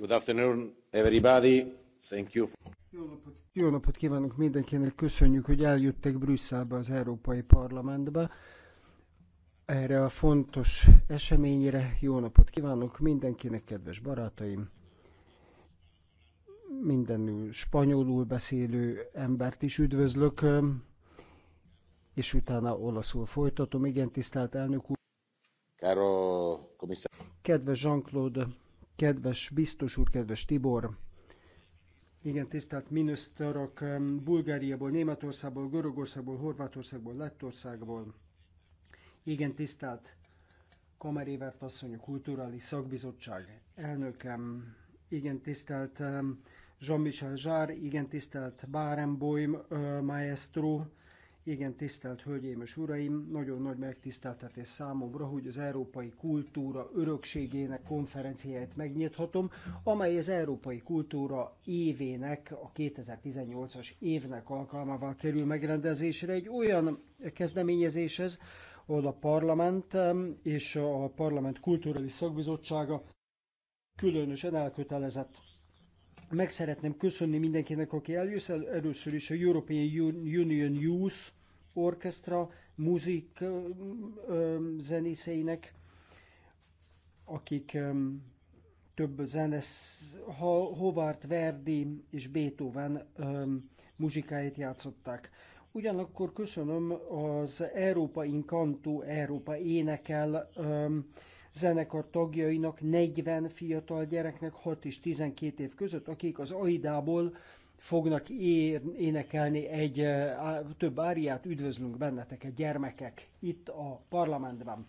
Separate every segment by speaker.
Speaker 1: Good afternoon, everybody. Thank you. Jó
Speaker 2: napot. Jó napot kívánok mindenkinek, köszönjük, hogy eljöttek Brüsszelbe az Európai Parlamentbe. Erre a fontos eseményre jó napot kívánok mindenkinek, kedves barátaim. minden spanyolul beszélő embert is üdvözlök, és utána olaszul folytatom. Igen, tisztelt elnök úr. Kedves Jean-Claude, Kedves biztos úr, kedves Tibor, igen, tisztelt miniszterok, Bulgáriából, Németországból, Görögországból, Horvátországból, Lettországból. Igen, tisztelt Évert asszony, a Kulturális Szakbizottság elnökem. Igen, tisztelt Jean-Michel Zsár, igen, tisztelt Bárenboim maestro, igen, tisztelt Hölgyeim és Uraim, nagyon nagy megtiszteltetés számomra, hogy az Európai Kultúra Örökségének konferenciáját megnyithatom, amely az Európai Kultúra évének, a 2018-as évnek alkalmával kerül megrendezésre. Egy olyan kezdeményezéshez, ahol a parlament és a parlament kulturális szakbizottsága különösen elkötelezett meg szeretném köszönni mindenkinek, aki először, először is a European Union Youth orkestra muzik zenészeinek, akik több zenesz, Howard Verdi és Beethoven muzsikáit játszották. Ugyanakkor köszönöm az Európa Incanto, Európa Énekel zenekar tagjainak, 40 fiatal gyereknek, 6 és 12 év között, akik az Aidából fognak énekelni egy több áriát. Üdvözlünk benneteket, gyermekek, itt a parlamentben.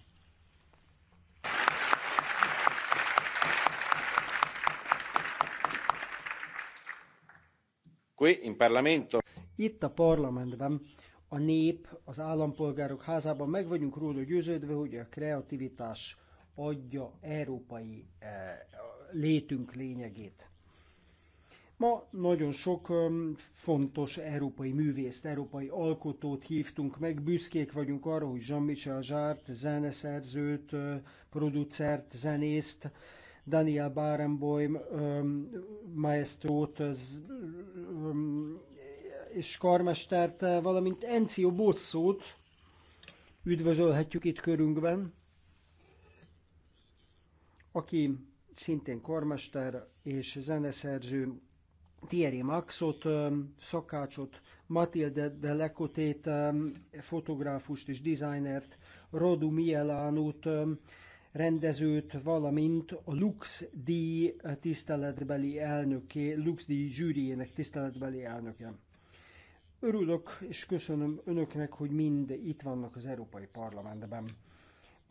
Speaker 2: Qui
Speaker 1: in Parlamento.
Speaker 2: Itt a parlamentben a nép, az állampolgárok házában meg vagyunk róla győződve, hogy a kreativitás adja európai eh, létünk lényegét. Ma nagyon sok fontos európai művészt, európai alkotót hívtunk meg, büszkék vagyunk arra, hogy Jean-Michel Zsárt, zeneszerzőt, producert, zenészt, Daniel Barenboim, maestrót és karmestert, valamint Encio Bosszót üdvözölhetjük itt körünkben, aki szintén karmester és zeneszerző, Thierry Maxot, szakácsot, Matilde de Lekotét, fotográfust és designert, Rodu Mielánót, rendezőt, valamint a Lux díj tiszteletbeli elnöké, Lux díj zsűriének tiszteletbeli elnöke. Örülök és köszönöm önöknek, hogy mind itt vannak az Európai Parlamentben.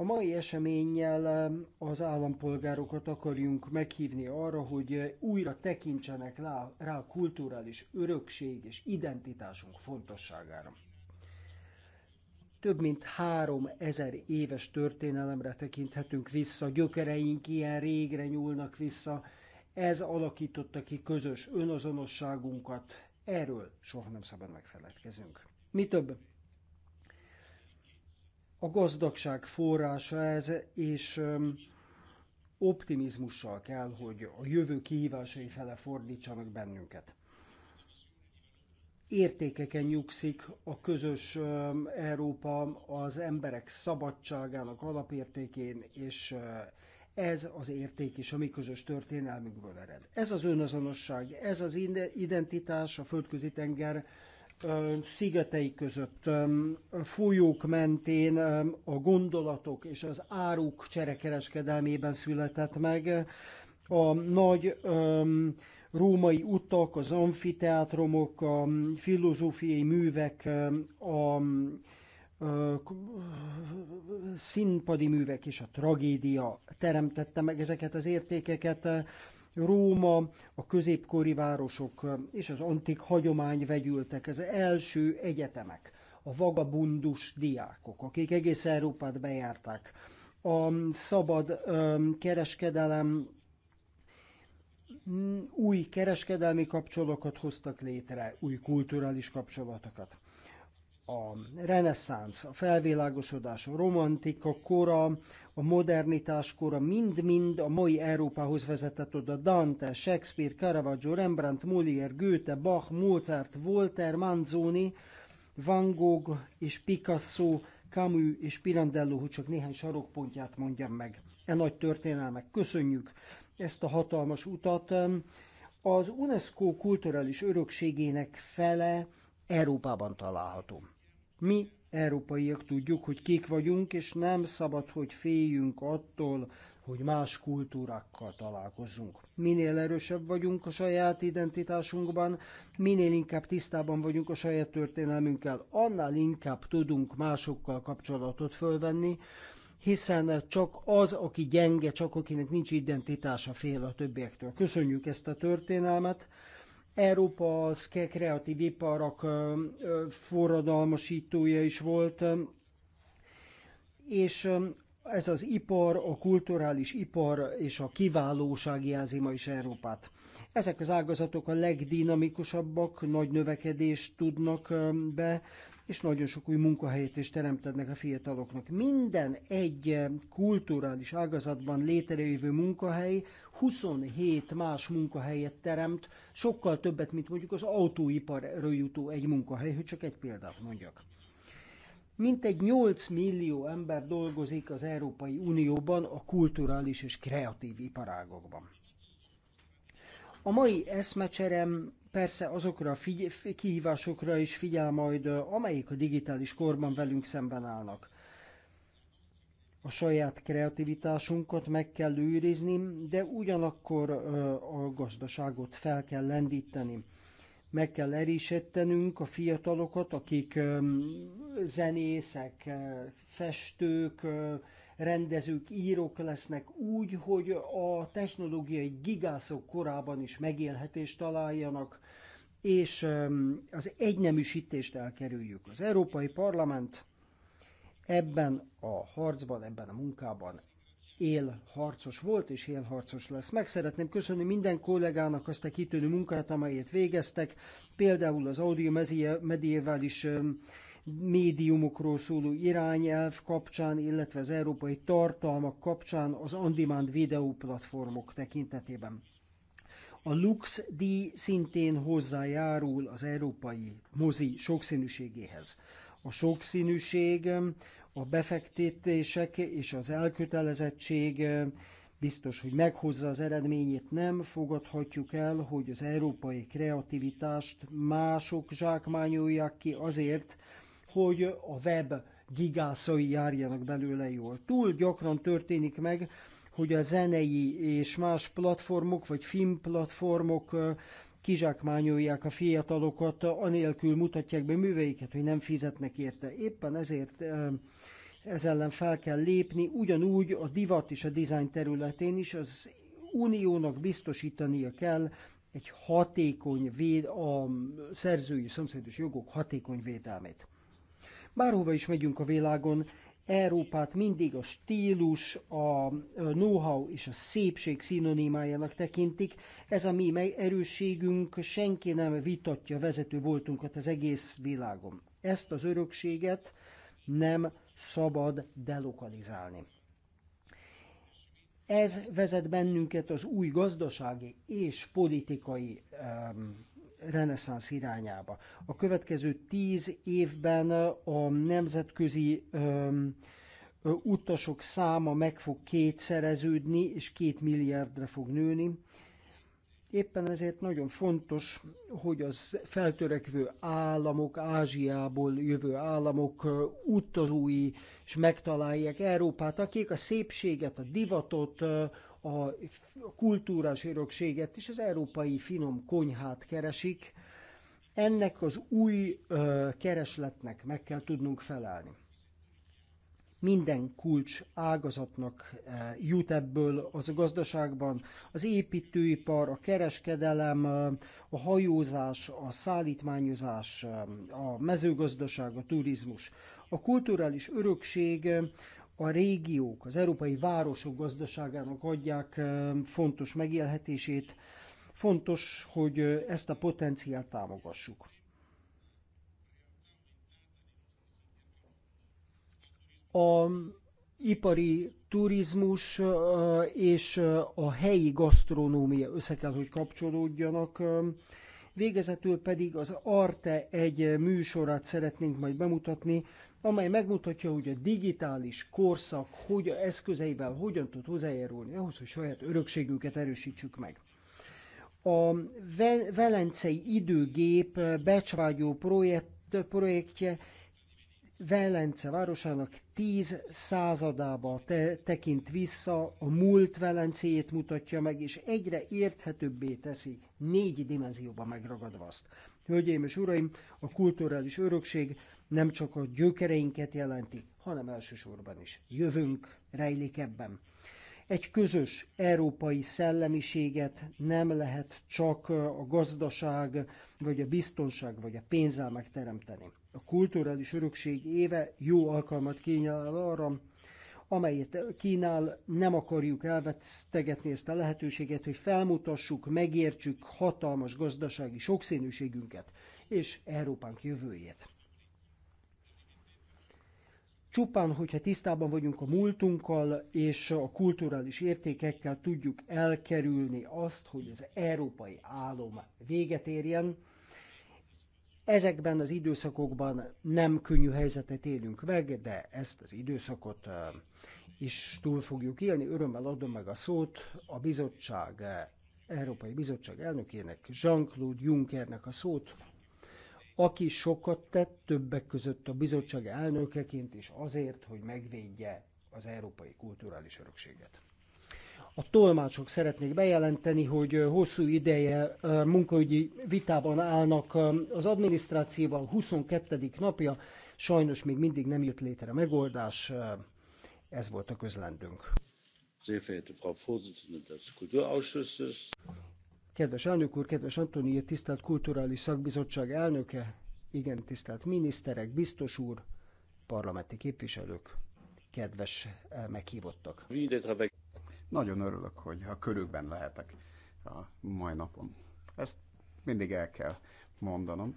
Speaker 2: A mai eseménnyel az állampolgárokat akarjunk meghívni arra, hogy eh, újra tekintsenek rá a kulturális örökség és identitásunk fontosságára. Több mint három ezer éves történelemre tekinthetünk vissza, gyökereink ilyen régre nyúlnak vissza, ez alakította ki közös önazonosságunkat, erről soha nem szabad megfeledkezünk. Mi több, a gazdagság forrása ez, és optimizmussal kell, hogy a jövő kihívásai fele fordítsanak bennünket. Értékeken nyugszik a közös Európa az emberek szabadságának alapértékén, és ez az érték is a mi közös történelmünkből ered. Ez az önazonosság, ez az identitás a földközi tenger szigetei között, folyók mentén a gondolatok és az áruk cserekereskedelmében született meg. A nagy római utak, az amfiteátromok, a filozófiai művek, a színpadi művek és a tragédia teremtette meg ezeket az értékeket. Róma, a középkori városok és az antik hagyomány vegyültek, ez első egyetemek, a vagabundus diákok, akik egész Európát bejárták. A szabad kereskedelem új kereskedelmi kapcsolatokat hoztak létre, új kulturális kapcsolatokat. A reneszánsz, a felvilágosodás, a romantika kora, a modernitás kora mind-mind a mai Európához vezetett oda Dante, Shakespeare, Caravaggio, Rembrandt, Molière, Goethe, Bach, Mozart, Voltaire, Manzoni, Van Gogh és Picasso, Camus és Pirandello, hogy csak néhány sarokpontját mondjam meg. E nagy történelmek. Köszönjük ezt a hatalmas utat. Az UNESCO kulturális örökségének fele Európában található. Mi európaiak tudjuk, hogy kik vagyunk, és nem szabad, hogy féljünk attól, hogy más kultúrákkal találkozunk. Minél erősebb vagyunk a saját identitásunkban, minél inkább tisztában vagyunk a saját történelmünkkel, annál inkább tudunk másokkal kapcsolatot fölvenni, hiszen csak az, aki gyenge, csak akinek nincs identitása, fél a többiektől. Köszönjük ezt a történelmet, Európa az kreatív iparak forradalmasítója is volt, és ez az ipar, a kulturális ipar és a kiválóság jelzi ma is Európát. Ezek az ágazatok a legdinamikusabbak, nagy növekedést tudnak be, és nagyon sok új munkahelyet is teremtednek a fiataloknak. Minden egy eh, kulturális ágazatban létrejövő munkahely 27 más munkahelyet teremt, sokkal többet, mint mondjuk az autóiparra jutó egy munkahely, hogy csak egy példát mondjak. Mintegy 8 millió ember dolgozik az Európai Unióban a kulturális és kreatív iparágokban. A mai eszmecserem persze azokra a kihívásokra is figyel majd, amelyik a digitális korban velünk szemben állnak. A saját kreativitásunkat meg kell őrizni, de ugyanakkor a gazdaságot fel kell lendíteni meg kell erősítenünk a fiatalokat, akik zenészek, festők, rendezők, írók lesznek úgy, hogy a technológiai gigászok korában is megélhetést találjanak, és az egyneműsítést elkerüljük. Az Európai Parlament ebben a harcban, ebben a munkában élharcos volt és élharcos lesz. Meg szeretném köszönni minden kollégának azt a kitűnő munkát, amelyet végeztek, például az audio, medievális médiumokról szóló irányelv kapcsán, illetve az európai tartalmak kapcsán az on-demand videó platformok tekintetében. A Lux díj szintén hozzájárul az európai mozi sokszínűségéhez. A sokszínűség, a befektetések és az elkötelezettség biztos, hogy meghozza az eredményét, nem fogadhatjuk el, hogy az európai kreativitást mások zsákmányolják ki azért, hogy a web gigászai járjanak belőle jól. Túl gyakran történik meg, hogy a zenei és más platformok, vagy filmplatformok kizsákmányolják a fiatalokat, anélkül mutatják be műveiket, hogy nem fizetnek érte. Éppen ezért ez ellen fel kell lépni, ugyanúgy a divat és a dizájn területén is az uniónak biztosítania kell egy hatékony véd, a szerzői szomszédos jogok hatékony védelmét. Bárhova is megyünk a világon, Európát mindig a stílus, a know-how és a szépség szinonimájának tekintik. Ez a mi erősségünk, senki nem vitatja vezető voltunkat az egész világon. Ezt az örökséget nem szabad delokalizálni. Ez vezet bennünket az új gazdasági és politikai um, reneszánsz irányába. A következő tíz évben a nemzetközi öm, utasok száma meg fog kétszereződni, és két milliárdra fog nőni. Éppen ezért nagyon fontos, hogy az feltörekvő államok, Ázsiából jövő államok utazói is megtalálják Európát, akik a szépséget, a divatot, a kultúrás örökséget és az európai finom konyhát keresik, ennek az új ö, keresletnek meg kell tudnunk felelni. Minden kulcs ágazatnak e, jut ebből az a gazdaságban. Az építőipar, a kereskedelem, a hajózás, a szállítmányozás, a mezőgazdaság, a turizmus. A kulturális örökség a régiók, az európai városok gazdaságának adják fontos megélhetését. Fontos, hogy ezt a potenciált támogassuk. A ipari turizmus és a helyi gasztronómia össze kell, hogy kapcsolódjanak. Végezetül pedig az Arte egy műsorát szeretnénk majd bemutatni, amely megmutatja, hogy a digitális korszak hogy a eszközeivel hogyan tud hozzájárulni ahhoz, hogy saját örökségünket erősítsük meg. A Velencei Időgép becsvágyó projekt, projektje Velence városának tíz századába te, tekint vissza, a múlt Velencéjét mutatja meg, és egyre érthetőbbé teszi, négy dimenzióban megragadva azt. Hölgyeim és uraim, a kulturális örökség nem csak a gyökereinket jelenti, hanem elsősorban is jövünk rejlik ebben. Egy közös európai szellemiséget nem lehet csak a gazdaság, vagy a biztonság, vagy a pénzzel megteremteni. A kulturális örökség éve jó alkalmat kínál arra, amelyet kínál, nem akarjuk elvesztegetni ezt a lehetőséget, hogy felmutassuk, megértsük hatalmas gazdasági sokszínűségünket és Európánk jövőjét. Csupán, hogyha tisztában vagyunk a múltunkkal és a kulturális értékekkel tudjuk elkerülni azt, hogy az európai álom véget érjen, Ezekben az időszakokban nem könnyű helyzetet élünk meg, de ezt az időszakot is túl fogjuk élni. Örömmel adom meg a szót a bizottság, Európai Bizottság elnökének, Jean-Claude Junckernek a szót, aki sokat tett többek között a bizottság elnökeként is azért, hogy megvédje az európai kulturális örökséget. A tolmácsok szeretnék bejelenteni, hogy hosszú ideje munkaügyi vitában állnak az adminisztrációval 22. napja, sajnos még mindig nem jött létre megoldás, ez volt a közlendünk.
Speaker 1: Sehr
Speaker 3: verehrte Frau Vorsitzende des Kulturausschusses,
Speaker 2: Kedves elnök úr, kedves Antoni tisztelt kulturális szakbizottság elnöke, igen, tisztelt miniszterek, biztos úr, parlamenti képviselők, kedves eh, meghívottak.
Speaker 4: Nagyon örülök, hogy a körükben lehetek a mai napon. Ezt mindig el kell mondanom.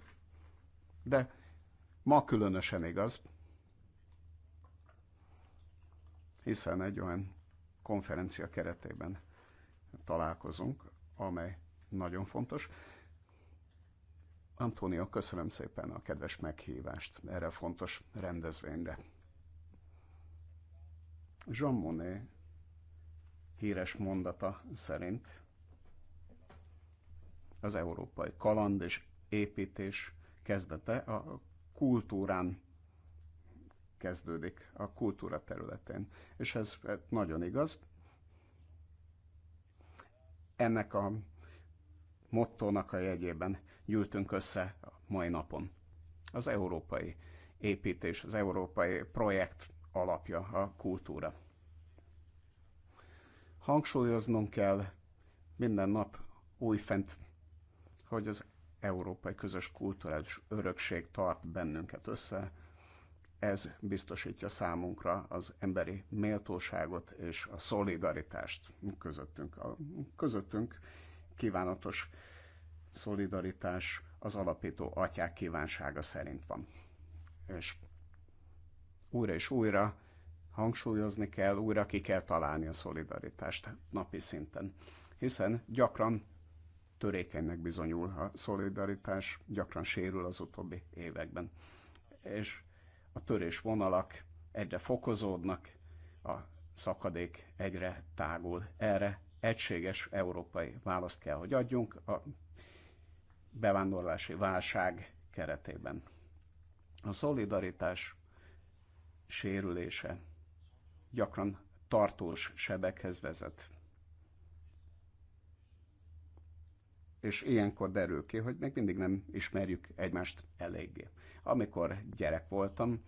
Speaker 4: De ma különösen igaz, hiszen egy olyan konferencia keretében találkozunk, amely nagyon fontos. Antónia, köszönöm szépen a kedves meghívást erre a fontos rendezvényre. Jean Monnet híres mondata szerint az európai kaland és építés kezdete a kultúrán kezdődik, a kultúra területén. És ez nagyon igaz. Ennek a mottónak a jegyében gyűltünk össze a mai napon. Az európai építés, az európai projekt alapja a kultúra. Hangsúlyoznunk kell minden nap újfent, hogy az európai közös kulturális örökség tart bennünket össze, ez biztosítja számunkra az emberi méltóságot és a szolidaritást közöttünk. A, közöttünk kívánatos szolidaritás az alapító atyák kívánsága szerint van. És újra és újra hangsúlyozni kell, újra ki kell találni a szolidaritást napi szinten. Hiszen gyakran törékenynek bizonyul a szolidaritás, gyakran sérül az utóbbi években. És a törés vonalak egyre fokozódnak, a szakadék egyre tágul. Erre egységes európai választ kell, hogy adjunk a bevándorlási válság keretében. A szolidaritás sérülése gyakran tartós sebekhez vezet. És ilyenkor derül ki, hogy még mindig nem ismerjük egymást eléggé. Amikor gyerek voltam,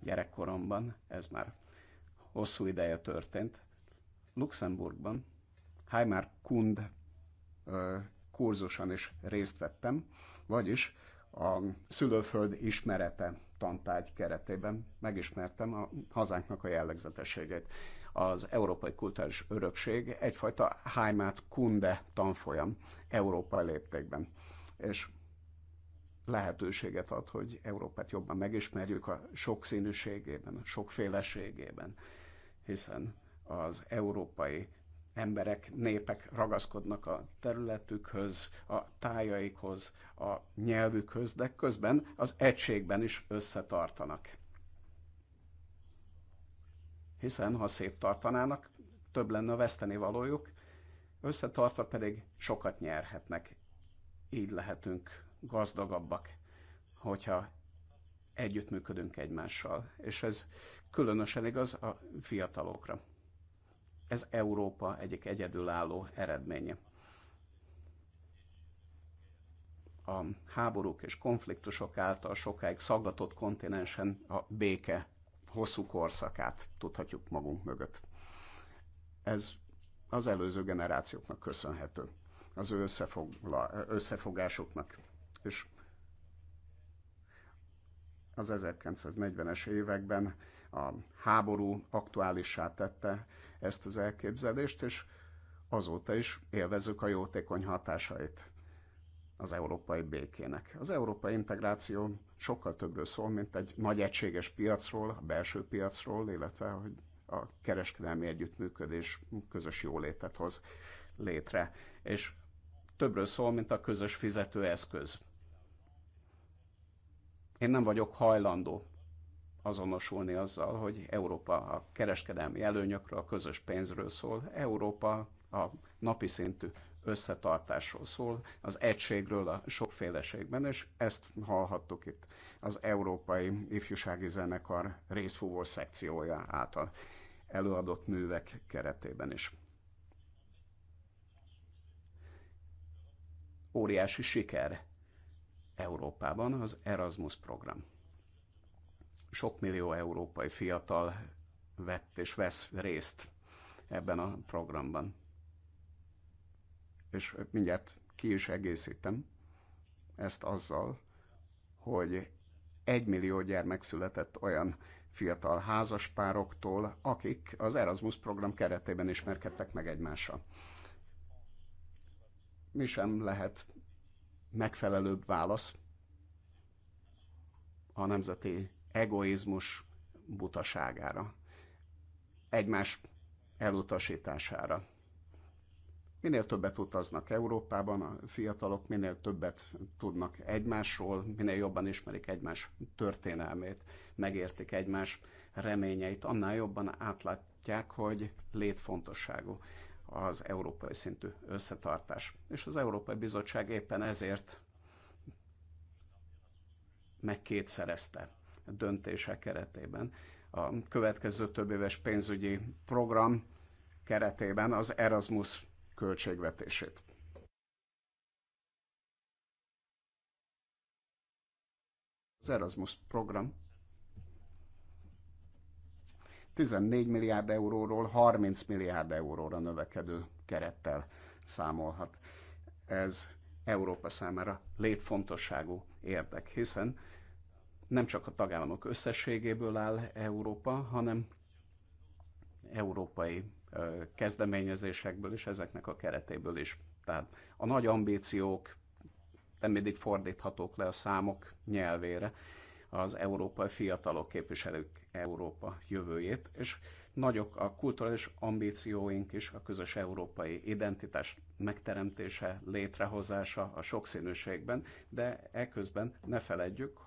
Speaker 4: gyerekkoromban, ez már hosszú ideje történt, Luxemburgban Heimer Kund kurzuson is részt vettem, vagyis a szülőföld ismerete tantárgy keretében megismertem a hazánknak a jellegzetességét. Az Európai Kulturális Örökség egyfajta Heimat Kunde tanfolyam Európa léptékben. És lehetőséget ad, hogy Európát jobban megismerjük a sokszínűségében, a sokféleségében, hiszen az európai emberek, népek ragaszkodnak a területükhöz, a tájaikhoz, a nyelvükhöz, de közben az egységben is összetartanak. Hiszen ha szép tartanának, több lenne a veszteni valójuk, összetartva pedig sokat nyerhetnek. Így lehetünk gazdagabbak, hogyha együttműködünk egymással. És ez különösen igaz a fiatalokra. Ez Európa egyik egyedülálló eredménye. A háborúk és konfliktusok által sokáig szaggatott kontinensen a béke hosszú korszakát tudhatjuk magunk mögött. Ez az előző generációknak köszönhető, az ő összefogla, összefogásoknak. És az 1940-es években a háború aktuálissá tette ezt az elképzelést, és azóta is élvezük a jótékony hatásait az európai békének. Az európai integráció sokkal többről szól, mint egy nagy egységes piacról, a belső piacról, illetve hogy a kereskedelmi együttműködés közös jólétet hoz létre. És többről szól, mint a közös fizetőeszköz. Én nem vagyok hajlandó azonosulni azzal, hogy Európa a kereskedelmi előnyökről, a közös pénzről szól, Európa a napi szintű összetartásról szól, az egységről a sokféleségben, és ezt hallhattuk itt az Európai Ifjúsági Zenekar részfúvó szekciója által előadott művek keretében is. Óriási siker Európában az Erasmus program sok millió európai fiatal vett és vesz részt ebben a programban. És mindjárt ki is egészítem ezt azzal, hogy egy millió gyermek született olyan fiatal házaspároktól, akik az Erasmus program keretében ismerkedtek meg egymással. Mi sem lehet megfelelőbb válasz a nemzeti egoizmus butaságára, egymás elutasítására. Minél többet utaznak Európában a fiatalok, minél többet tudnak egymásról, minél jobban ismerik egymás történelmét, megértik egymás reményeit, annál jobban átlátják, hogy létfontosságú az európai szintű összetartás. És az Európai Bizottság éppen ezért megkétszerezte döntése keretében. A következő több éves pénzügyi program keretében az Erasmus költségvetését. Az Erasmus program 14 milliárd euróról 30 milliárd euróra növekedő kerettel számolhat. Ez Európa számára létfontosságú érdek, hiszen nem csak a tagállamok összességéből áll Európa, hanem európai kezdeményezésekből és ezeknek a keretéből is. Tehát a nagy ambíciók nem mindig fordíthatók le a számok nyelvére az európai fiatalok képviselők Európa jövőjét, és nagyok a kulturális ambícióink is, a közös európai identitás megteremtése, létrehozása a sokszínűségben, de eközben ne feledjük,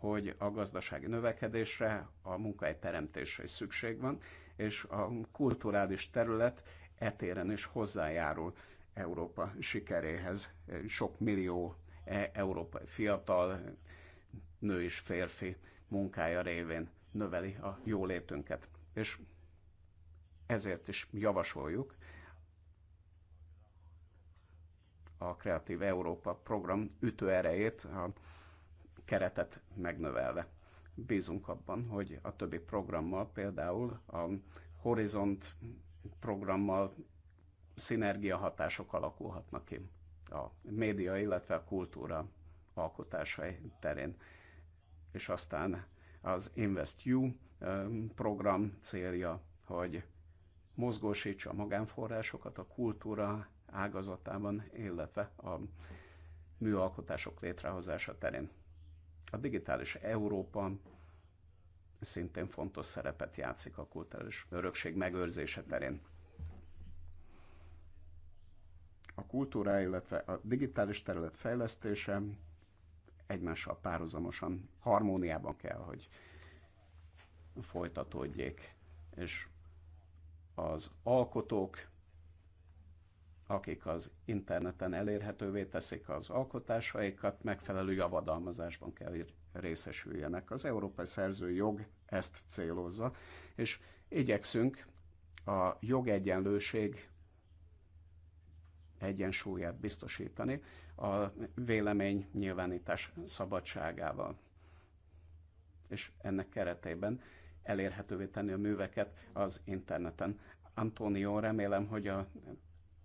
Speaker 4: hogy a gazdasági növekedésre, a teremtésre is szükség van, és a kulturális terület etéren is hozzájárul Európa sikeréhez. Sok millió e- európai fiatal nő és férfi munkája révén növeli a jólétünket. És ezért is javasoljuk a Kreatív Európa program ütőerejét a keretet megnövelve. Bízunk abban, hogy a többi programmal, például a Horizont programmal szinergia hatások alakulhatnak ki a média, illetve a kultúra alkotásai terén. És aztán az InvestU program célja, hogy mozgósítsa a magánforrásokat a kultúra ágazatában, illetve a műalkotások létrehozása terén. A digitális Európa szintén fontos szerepet játszik a kulturális örökség megőrzése terén. A kultúra, illetve a digitális terület fejlesztése egymással párhuzamosan, harmóniában kell, hogy folytatódjék. És az alkotók, akik az interneten elérhetővé teszik az alkotásaikat, megfelelő javadalmazásban kell, részesüljenek. Az Európai Szerző Jog ezt célozza, és igyekszünk a jogegyenlőség egyensúlyát biztosítani a vélemény nyilvánítás szabadságával. És ennek keretében elérhetővé tenni a műveket az interneten. Antonio, remélem, hogy a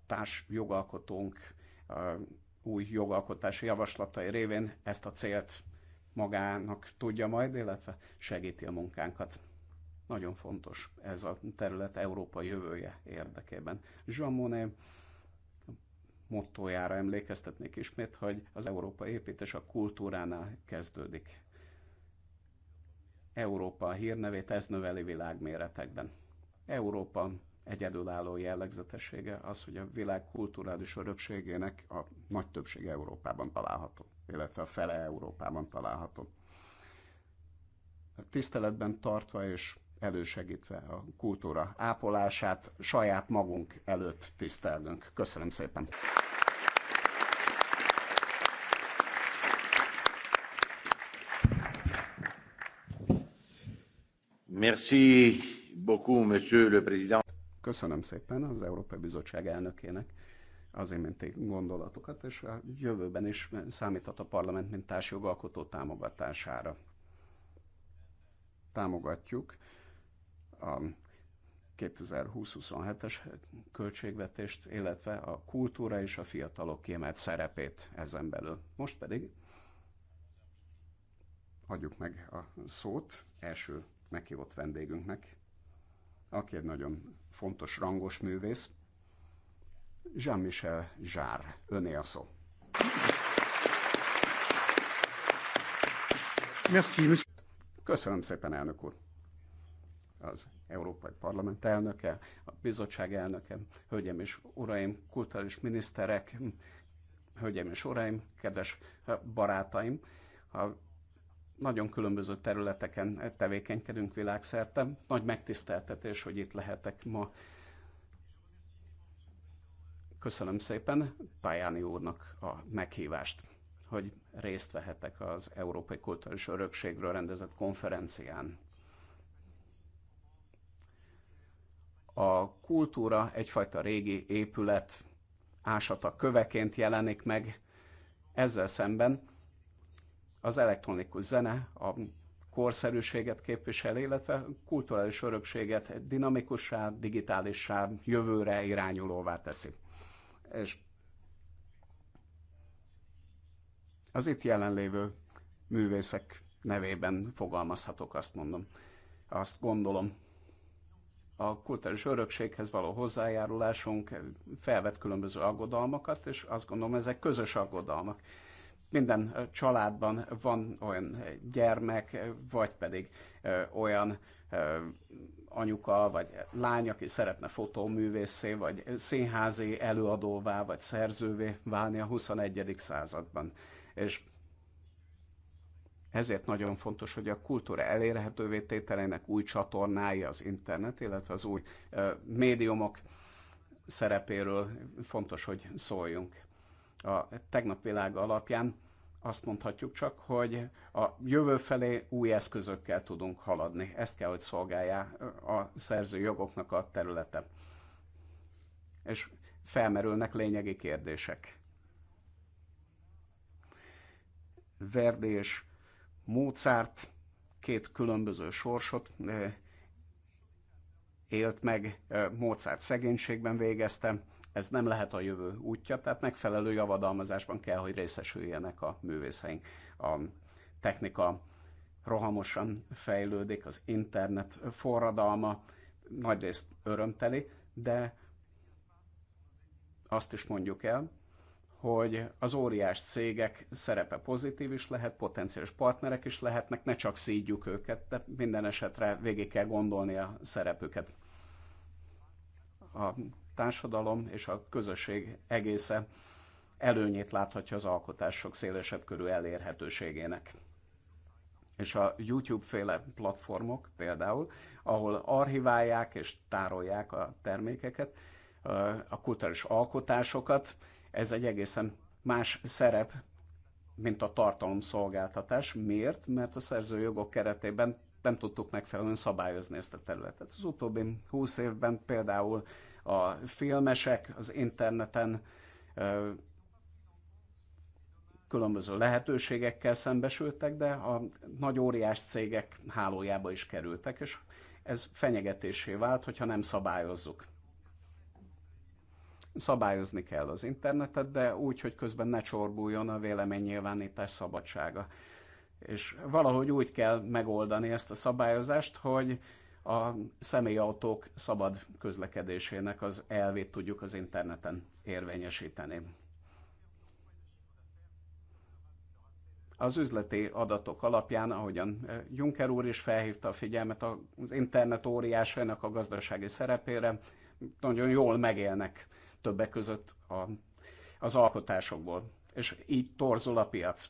Speaker 4: társ jogalkotónk új jogalkotási javaslatai révén ezt a célt magának tudja majd, illetve segíti a munkánkat. Nagyon fontos ez a terület Európa jövője érdekében. Jean Monnet mottojára emlékeztetnék ismét, hogy az európai építés a kultúránál kezdődik. Európa hírnevét ez növeli világméretekben. Európa egyedülálló jellegzetessége az, hogy a világ kulturális örökségének a nagy többsége Európában található, illetve a fele Európában található. tiszteletben tartva és elősegítve a kultúra ápolását saját magunk előtt tisztelnünk. Köszönöm szépen!
Speaker 1: Merci beaucoup, monsieur le président. Köszönöm szépen az Európai
Speaker 4: Bizottság elnökének az iménti gondolatokat, és a jövőben is számíthat a parlament, mint társjogalkotó támogatására. Támogatjuk a 2020-27-es költségvetést, illetve a kultúra és a fiatalok kiemelt szerepét ezen belül. Most pedig adjuk meg a szót első meghívott vendégünknek, aki egy nagyon fontos, rangos művész. Jean-Michel Jarre, öné a szó. Merci, Köszönöm szépen, elnök úr. Az Európai Parlament elnöke, a bizottság elnöke, hölgyeim és uraim, kulturális miniszterek, hölgyeim és uraim, kedves barátaim, a nagyon különböző területeken tevékenykedünk világszerte. Nagy megtiszteltetés, hogy itt lehetek ma. Köszönöm szépen Pályáni úrnak a meghívást, hogy részt vehetek az Európai Kulturális Örökségről rendezett konferencián. A kultúra egyfajta régi épület ásata köveként jelenik meg, ezzel szemben az elektronikus zene a korszerűséget képvisel, illetve kulturális örökséget dinamikussá, digitálissá, jövőre irányulóvá teszi. És az itt jelenlévő művészek nevében fogalmazhatok, azt mondom. Azt gondolom, a kulturális örökséghez való hozzájárulásunk felvet különböző aggodalmakat, és azt gondolom, ezek közös aggodalmak. Minden családban van olyan gyermek, vagy pedig olyan anyuka vagy lány, aki szeretne fotóművészé, vagy színházi előadóvá, vagy szerzővé válni a 21. században. És ezért nagyon fontos, hogy a kultúra elérhetővé tételének új csatornái az internet, illetve az új ö, médiumok szerepéről fontos, hogy szóljunk. A tegnap világa alapján azt mondhatjuk csak, hogy a jövő felé új eszközökkel tudunk haladni. Ezt kell, hogy szolgálja a szerző jogoknak a területe. És felmerülnek lényegi kérdések. Verdi és Mozart két különböző sorsot eh, élt meg, eh, Mozart szegénységben végezte, ez nem lehet a jövő útja, tehát megfelelő javadalmazásban kell, hogy részesüljenek a művészeink. A technika rohamosan fejlődik, az internet forradalma nagyrészt örömteli, de azt is mondjuk el, hogy az óriás cégek szerepe pozitív is lehet, potenciális partnerek is lehetnek, ne csak szídjuk őket, de minden esetre végig kell gondolni a szerepüket. A társadalom és a közösség egésze előnyét láthatja az alkotások szélesebb körű elérhetőségének. És a YouTube-féle platformok például, ahol archiválják és tárolják a termékeket, a kulturális alkotásokat, ez egy egészen más szerep, mint a tartalomszolgáltatás. Miért? Mert a szerzőjogok keretében nem tudtuk megfelelően szabályozni ezt a területet. Az utóbbi 20 évben például a filmesek az interneten különböző lehetőségekkel szembesültek, de a nagy óriás cégek hálójába is kerültek, és ez fenyegetésé vált, hogyha nem szabályozzuk. Szabályozni kell az internetet, de úgy, hogy közben ne csorbuljon a véleménynyilvánítás szabadsága. És valahogy úgy kell megoldani ezt a szabályozást, hogy a személyautók szabad közlekedésének az elvét tudjuk az interneten érvényesíteni. Az üzleti adatok alapján, ahogyan eh, Juncker úr is felhívta a figyelmet az internet óriásainak a gazdasági szerepére, nagyon jól megélnek többek között a, az alkotásokból. És így torzul a piac.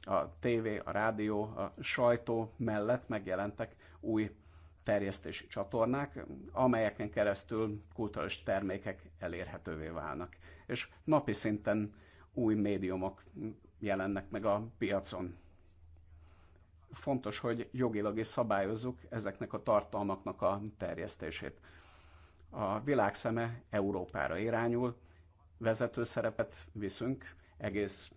Speaker 4: A tévé, a rádió, a sajtó mellett megjelentek új terjesztési csatornák, amelyeken keresztül kulturális termékek elérhetővé válnak. És napi szinten új médiumok jelennek meg a piacon. Fontos, hogy jogilag is szabályozzuk ezeknek a tartalmaknak a terjesztését. A világszeme Európára irányul, vezető szerepet viszünk egész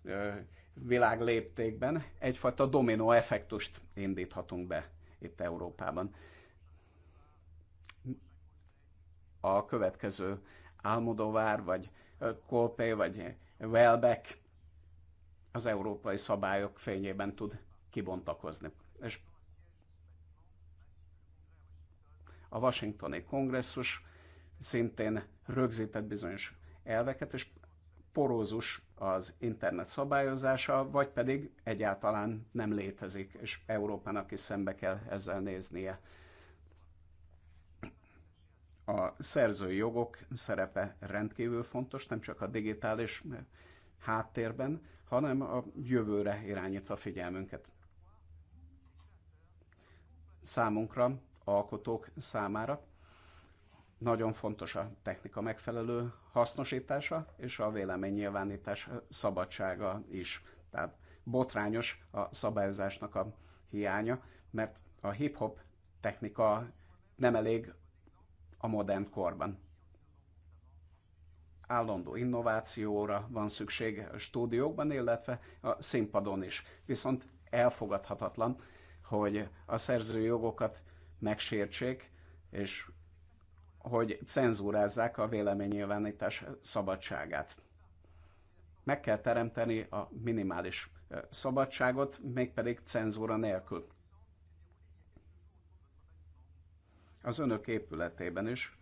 Speaker 4: világ léptékben, egyfajta dominó effektust indíthatunk be itt Európában a következő Almodovár, vagy Kolpe, vagy Welbeck az európai szabályok fényében tud kibontakozni. És a Washingtoni kongresszus szintén rögzített bizonyos elveket, és porózus az internet szabályozása, vagy pedig egyáltalán nem létezik, és Európának is szembe kell ezzel néznie a szerzői jogok szerepe rendkívül fontos, nem csak a digitális eh, háttérben, hanem a jövőre irányítva figyelmünket. Számunkra, alkotók számára nagyon fontos a technika megfelelő hasznosítása és a véleménynyilvánítás szabadsága is. Tehát botrányos a szabályozásnak a hiánya, mert a hip-hop technika nem elég a modern korban. Állandó innovációra van szükség a stúdiókban, illetve a színpadon is. Viszont elfogadhatatlan, hogy a jogokat megsértsék, és hogy cenzúrázzák a véleménynyilvánítás szabadságát. Meg kell teremteni a minimális szabadságot, mégpedig cenzúra nélkül. az önök épületében is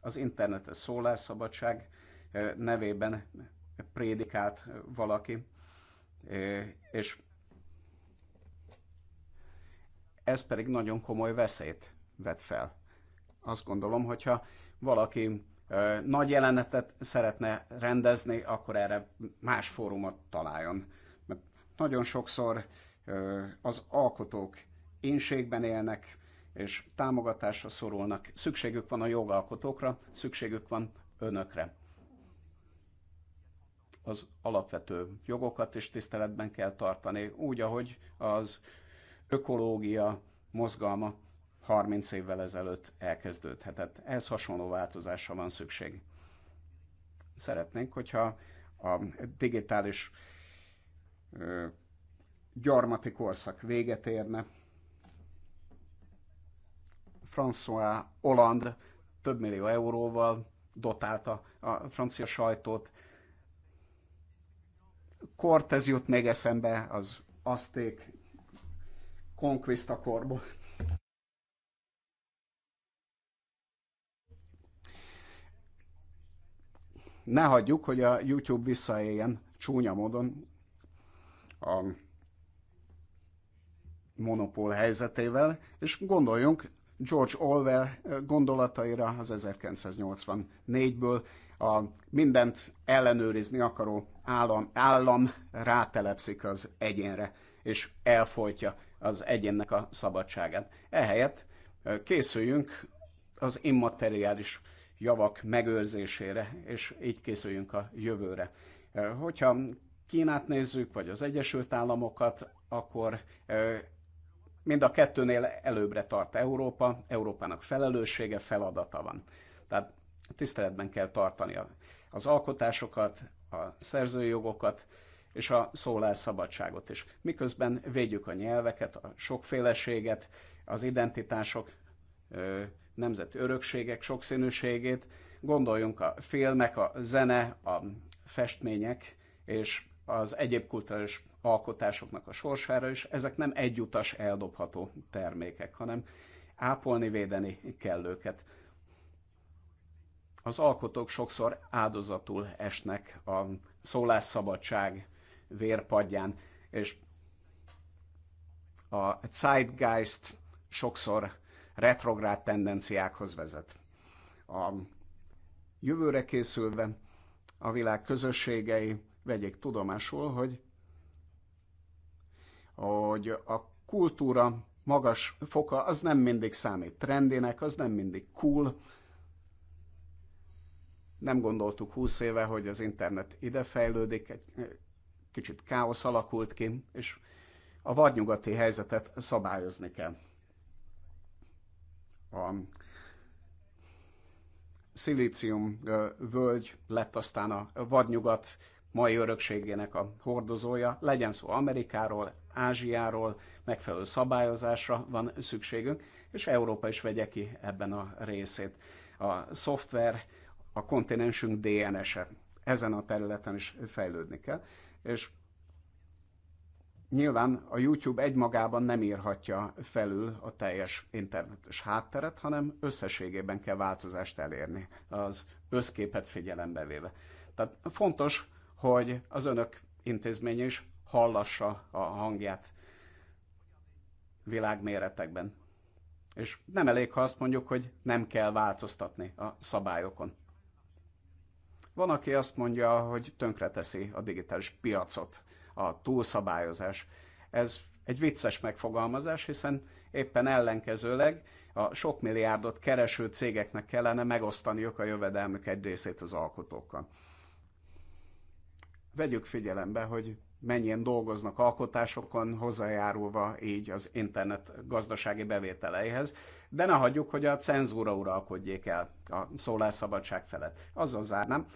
Speaker 4: az internetes szólásszabadság eh, nevében prédikált valaki, eh, és ez pedig nagyon komoly veszélyt vet fel. Azt gondolom, hogyha valaki eh, nagy jelenetet szeretne rendezni, akkor erre más fórumot találjon. Mert nagyon sokszor az alkotók énségben élnek, és támogatásra szorulnak. Szükségük van a jogalkotókra, szükségük van önökre. Az alapvető jogokat is tiszteletben kell tartani, úgy, ahogy az ökológia mozgalma 30 évvel ezelőtt elkezdődhetett. Ehhez hasonló változásra van szükség. Szeretnénk, hogyha a digitális gyarmati korszak véget érne, François Hollande több millió euróval dotálta a francia sajtót. Cortez jut még eszembe az azték konkvista korból. Ne hagyjuk, hogy a YouTube visszaéljen csúnya módon a monopól helyzetével, és gondoljunk George Orwell eh, gondolataira az 1984-ből a mindent ellenőrizni akaró állam, állam rátelepszik az egyénre, és elfolytja az egyénnek a szabadságát. Ehelyett eh, készüljünk az immateriális javak megőrzésére, és így készüljünk a jövőre. Eh, hogyha Kínát nézzük, vagy az Egyesült Államokat, akkor mind a kettőnél előbbre tart Európa, Európának felelőssége, feladata van. Tehát tiszteletben kell tartani az alkotásokat, a szerzői jogokat, és a szólásszabadságot is. Miközben védjük a nyelveket, a sokféleséget, az identitások, nemzeti örökségek sokszínűségét, gondoljunk a filmek, a zene, a festmények és az egyéb kulturális alkotásoknak a sorsára, és ezek nem egyutas eldobható termékek, hanem ápolni, védeni kell őket. Az alkotók sokszor áldozatul esnek a szólásszabadság vérpadján, és a zeitgeist sokszor retrográd tendenciákhoz vezet. A jövőre készülve a világ közösségei vegyék tudomásul, hogy hogy a kultúra magas foka az nem mindig számít trendinek, az nem mindig cool. Nem gondoltuk 20 éve, hogy az internet ide fejlődik, egy eh, kicsit káosz alakult ki, és a vadnyugati helyzetet szabályozni kell. A szilícium eh, völgy lett aztán a vadnyugat mai örökségének a hordozója, legyen szó Amerikáról, Ázsiáról, megfelelő szabályozásra van szükségünk, és Európa is vegye ki ebben a részét. A szoftver, a kontinensünk DNS-e. Ezen a területen is fejlődni kell. És nyilván a YouTube egymagában nem írhatja felül a teljes internetes hátteret, hanem összességében kell változást elérni, az összképet figyelembe véve. Tehát fontos, hogy az önök intézménye is hallassa a hangját világméretekben. És nem elég, ha azt mondjuk, hogy nem kell változtatni a szabályokon. Van, aki azt mondja, hogy tönkreteszi a digitális piacot, a túlszabályozás. Ez egy vicces megfogalmazás, hiszen éppen ellenkezőleg a sok milliárdot kereső cégeknek kellene megosztaniuk a jövedelmük egy részét az alkotókkal. Vegyük figyelembe, hogy mennyien dolgoznak alkotásokon, hozzájárulva így az internet gazdasági bevételeihez, de ne hagyjuk, hogy a cenzúra uralkodjék el a szólásszabadság felett. Azzal zárnám,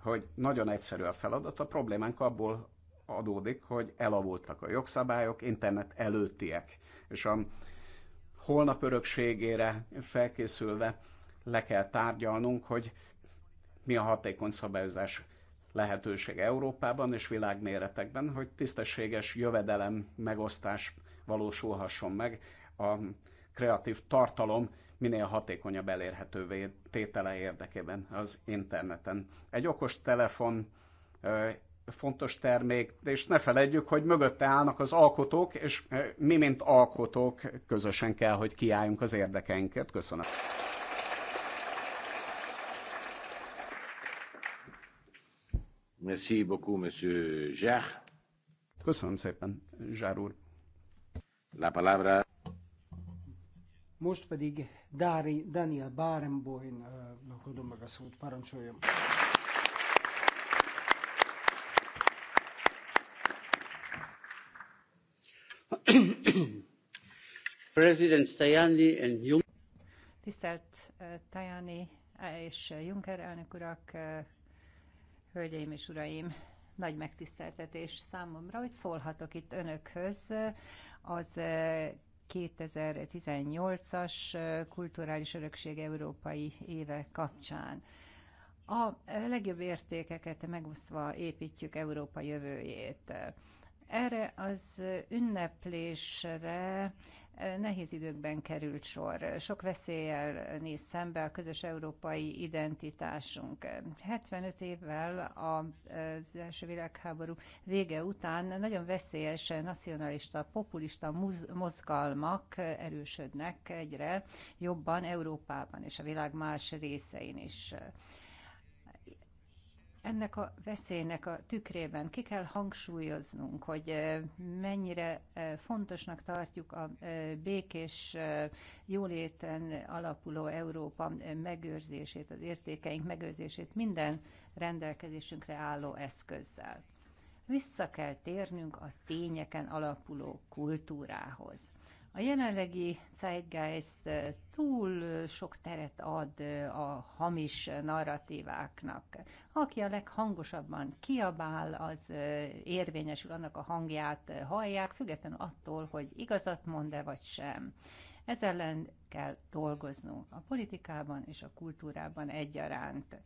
Speaker 4: hogy nagyon egyszerű a feladat, a problémánk abból adódik, hogy elavultak a jogszabályok, internet előttiek, és a holnap örökségére felkészülve le kell tárgyalnunk, hogy mi a hatékony szabályozás lehetőség Európában és világméretekben, hogy tisztességes jövedelem megosztás valósulhasson meg a kreatív tartalom minél hatékonyabb elérhetővé tétele érdekében az interneten. Egy okos telefon fontos termék, és ne feledjük, hogy mögötte állnak az alkotók, és mi, mint alkotók, közösen kell, hogy kiálljunk az érdekeinket.
Speaker 1: Köszönöm. Merci beaucoup, Monsieur Zsák. Köszönöm szépen, Zsár úr. La palabra.
Speaker 2: Most pedig Dári, Daniel Barenboimnak adom meg a szót, parancsoljam.
Speaker 3: President Tajani and Juncker.
Speaker 5: Tisztelt eh, Tajani és Juncker elnök urak, eh, Hölgyeim és uraim, nagy megtiszteltetés számomra, hogy szólhatok itt önökhöz az 2018-as eh, eh, Kulturális Örökség Európai Éve kapcsán. A eh, legjobb értékeket megúszva építjük Európa jövőjét. Erre az ünneplésre nehéz időkben került sor. Sok veszéllyel néz szembe a közös európai identitásunk. 75 évvel az első világháború vége után nagyon veszélyes nacionalista, populista mozgalmak erősödnek egyre jobban Európában és a világ más részein is ennek a veszélynek a tükrében ki kell hangsúlyoznunk, hogy mennyire fontosnak tartjuk a békés jóléten alapuló Európa megőrzését, az értékeink megőrzését minden rendelkezésünkre álló eszközzel. Vissza kell térnünk a tényeken alapuló kultúrához. A jelenlegi Zeitgeist túl sok teret ad a hamis narratíváknak. Aki a leghangosabban kiabál, az érvényesül, annak a hangját hallják, függetlenül attól, hogy igazat mond-e vagy sem. Ez ellen kell dolgoznunk a politikában és a kultúrában egyaránt.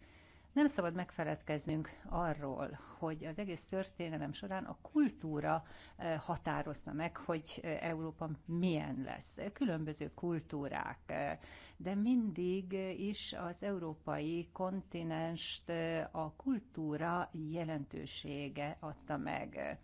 Speaker 5: Nem szabad megfeledkeznünk arról, hogy az egész történelem során a kultúra eh, határozta meg, hogy eh, Európa milyen lesz. Különböző kultúrák, eh, de mindig is az európai kontinenst a kultúra jelentősége adta meg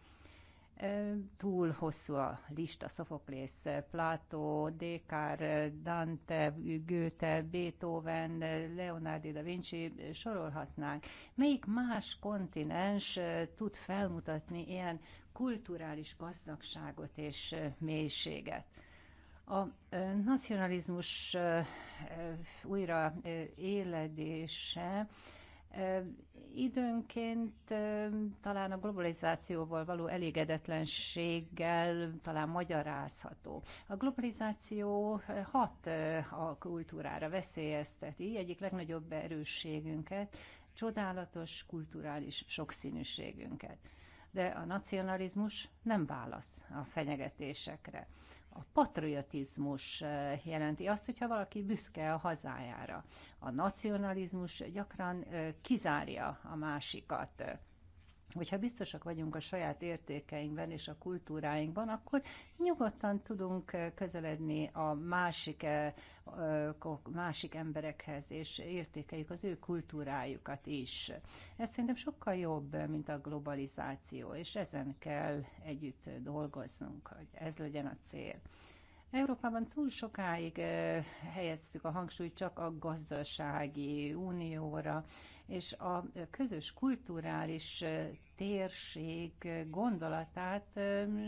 Speaker 5: Túl hosszú a lista, Sophocles, Plato, Descartes, Dante, Goethe, Beethoven, Leonardo da Vinci, sorolhatnánk. Melyik más kontinens tud felmutatni ilyen kulturális gazdagságot és mélységet? A nacionalizmus újra éledése Időnként talán a globalizációval való elégedetlenséggel talán magyarázható. A globalizáció hat a kultúrára, veszélyezteti egyik legnagyobb erősségünket, csodálatos kulturális sokszínűségünket. De a nacionalizmus nem válasz a fenyegetésekre. A patriotizmus eh, jelenti azt, hogyha valaki büszke a hazájára. A nacionalizmus gyakran eh, kizárja a másikat hogyha biztosak vagyunk a saját értékeinkben és a kultúráinkban, akkor nyugodtan tudunk eh, közeledni a másik, eh, eh, másik emberekhez, és értékeljük az ő kultúrájukat is. Ez szerintem sokkal jobb, mint a globalizáció, és ezen kell együtt dolgoznunk, hogy ez legyen a cél. Európában túl sokáig helyeztük a hangsúlyt csak a gazdasági unióra, és a közös kulturális térség gondolatát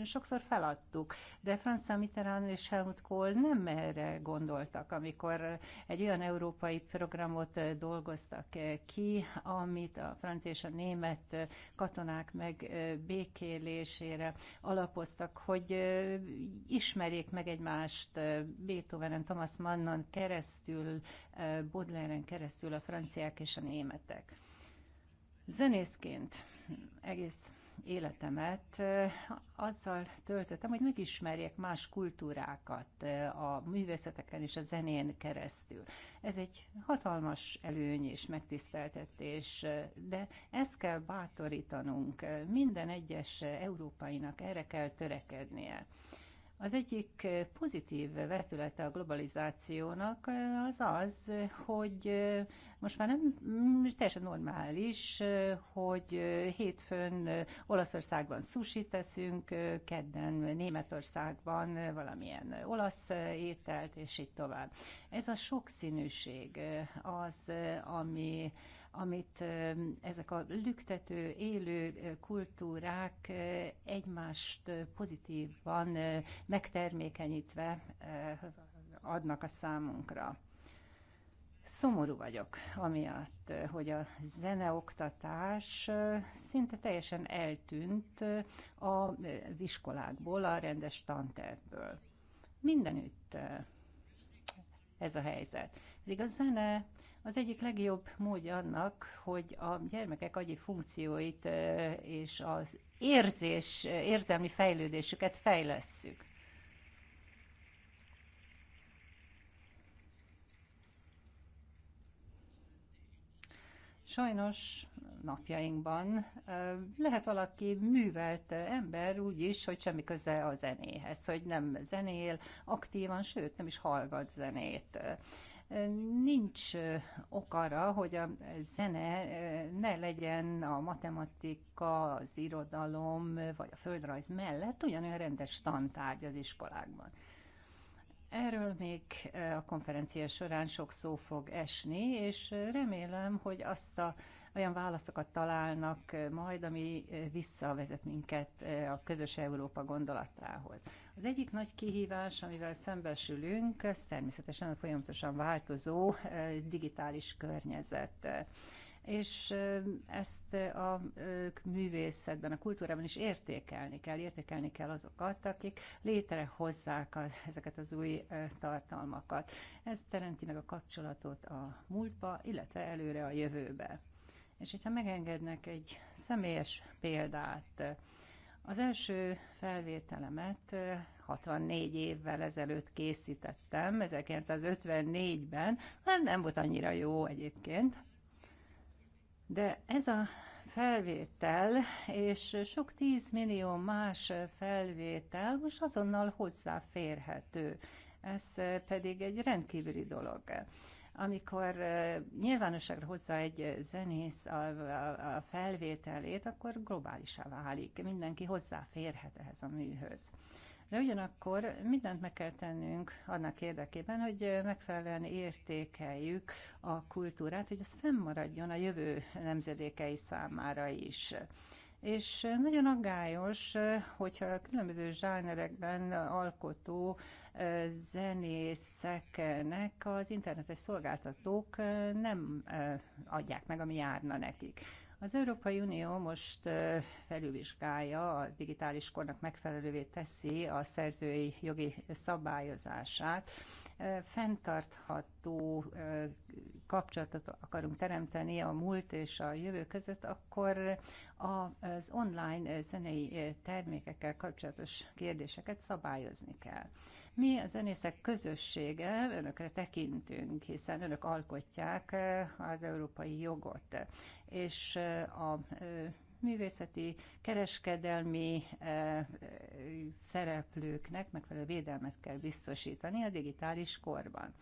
Speaker 5: sokszor feladtuk, de Francia Mitterrand és Helmut Kohl nem erre gondoltak, amikor egy olyan európai programot dolgoztak ki, amit a francia és a német katonák békélésére alapoztak, hogy ismerjék meg egymást Beethovenen, Thomas Mannon keresztül, Baudelaire-en keresztül a franciák és a németek. Zenészként egész életemet eh, azzal töltöttem, hogy megismerjek más kultúrákat eh, a művészeteken és a zenén keresztül. Ez egy hatalmas előny és megtiszteltetés, eh, de ezt kell bátorítanunk. Minden egyes európainak erre kell törekednie. Az egyik pozitív vetülete a globalizációnak az az, hogy most már nem teljesen normális, hogy hétfőn Olaszországban sushi teszünk, kedden Németországban valamilyen olasz ételt, és így tovább. Ez a sokszínűség az, ami amit ezek a lüktető, élő kultúrák egymást pozitívan megtermékenyítve adnak a számunkra. Szomorú vagyok, amiatt, hogy a zeneoktatás szinte teljesen eltűnt az iskolákból, a rendes tantervből. Mindenütt ez a helyzet. Pedig a zene az egyik legjobb módja annak, hogy a gyermekek agyi funkcióit és az érzés, érzelmi fejlődésüket fejlesszük. Sajnos napjainkban lehet valaki művelt ember úgy is, hogy semmi köze a zenéhez, hogy nem zenél aktívan, sőt nem is hallgat zenét. Nincs ok arra, hogy a zene ne legyen a matematika, az irodalom vagy a földrajz mellett ugyanolyan rendes tantárgy az iskolákban. Erről még a konferencia során sok szó fog esni, és remélem, hogy azt a olyan válaszokat találnak majd, ami visszavezet minket a közös Európa gondolatához. Az egyik nagy kihívás, amivel szembesülünk, ez természetesen a folyamatosan változó digitális környezet és ezt a művészetben, a kultúrában is értékelni kell, értékelni kell azokat, akik létrehozzák a, ezeket az új tartalmakat. Ez teremti meg a kapcsolatot a múltba, illetve előre a jövőbe. És hogyha megengednek egy személyes példát, az első felvételemet 64 eh, évvel ezelőtt készítettem, 1954-ben, nem, nem volt annyira jó egyébként, de ez a felvétel, és sok tízmillió más felvétel most azonnal hozzáférhető. Ez eh, pedig egy rendkívüli dolog. Amikor nyilvánosságra hozza egy zenész a, a, a felvételét, akkor globálisá válik. Mindenki hozzáférhet ehhez a műhöz. De ugyanakkor mindent meg kell tennünk annak érdekében, hogy megfelelően értékeljük a kultúrát, hogy az fennmaradjon a jövő nemzedékei számára is és nagyon aggályos, hogyha a különböző zsánerekben alkotó zenészeknek az internetes szolgáltatók nem adják meg, ami járna nekik. Az Európai Unió most felülvizsgálja, a digitális kornak megfelelővé teszi a szerzői jogi szabályozását, fenntartható kapcsolatot akarunk teremteni a múlt és a jövő között, akkor az online zenei termékekkel kapcsolatos kérdéseket szabályozni kell. Mi a zenészek közössége, önökre tekintünk, hiszen önök alkotják az európai jogot, és a művészeti, kereskedelmi eh, eh, szereplőknek megfelelő védelmet kell biztosítani a digitális korban.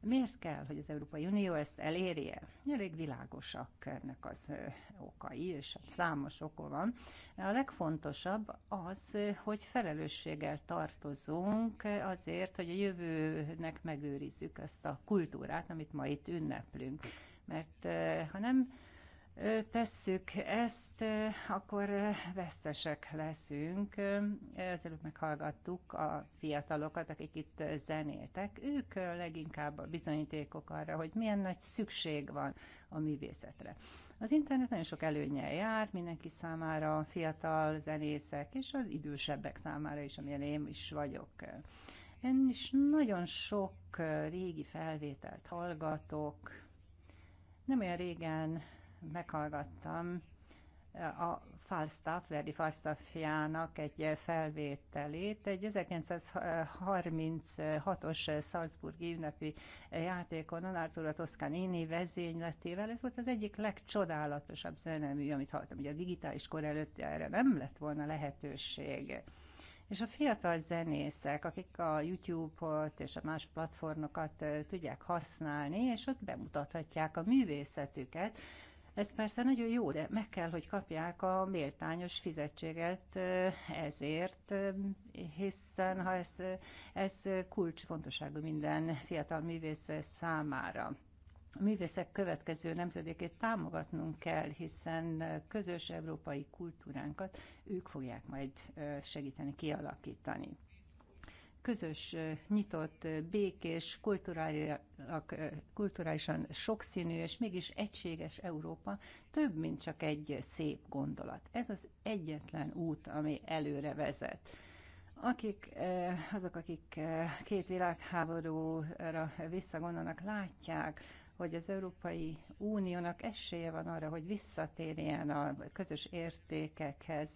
Speaker 5: Miért kell, hogy az Európai Unió ezt elérje? Elég világosak ennek az eh, okai, és hát számos oka van. A legfontosabb az, hogy felelősséggel tartozunk azért, hogy a jövőnek megőrizzük ezt a kultúrát, amit ma itt ünneplünk. Mert ha nem tesszük ezt, akkor vesztesek leszünk. Ezelőtt meghallgattuk a fiatalokat, akik itt zenéltek. Ők leginkább a bizonyítékok arra, hogy milyen nagy szükség van a művészetre. Az internet nagyon sok előnyel jár, mindenki számára, fiatal zenészek, és az idősebbek számára is, amilyen én is vagyok. Én is nagyon sok régi felvételt hallgatok. Nem olyan régen meghallgattam eh, a Falstaff, Verdi Falstaffjának egy felvételét, egy 1936-os Salzburgi ünnepi játékon Arturo Toscanini vezényletével. Ez volt az egyik legcsodálatosabb zenemű, amit hallottam. Ugye a digitális kor előtt erre nem lett volna lehetőség. És a fiatal zenészek, akik a YouTube-ot és a más platformokat eh, tudják használni, és ott bemutathatják a művészetüket, ez persze nagyon jó, de meg kell, hogy kapják a méltányos fizetséget ezért, hiszen ha ez, ez kulcsfontosságú minden fiatal művész számára. A művészek következő nemzedékét támogatnunk kell, hiszen közös európai kultúránkat ők fogják majd segíteni kialakítani közös, nyitott, békés, kulturálisan sokszínű és mégis egységes Európa több, mint csak egy szép gondolat. Ez az egyetlen út, ami előre vezet akik, azok, akik két világháborúra visszagondolnak, látják, hogy az Európai Uniónak esélye van arra, hogy visszatérjen a közös értékekhez,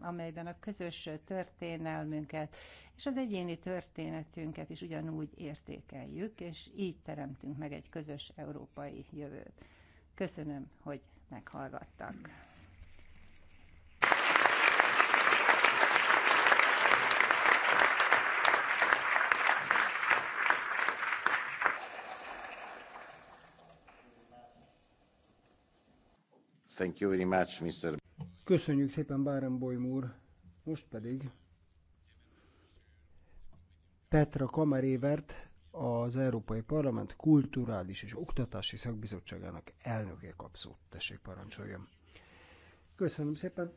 Speaker 5: amelyben a közös történelmünket és az egyéni történetünket is ugyanúgy értékeljük, és így teremtünk meg egy közös európai jövőt. Köszönöm, hogy meghallgattak.
Speaker 1: Thank you very much, Mr.
Speaker 2: Köszönjük szépen, Bárenboim úr. Most pedig Petra Kamerévert, az Európai Parlament Kulturális és Oktatási Szakbizottságának elnöke kap szót. Tessék, parancsoljon. Köszönöm szépen.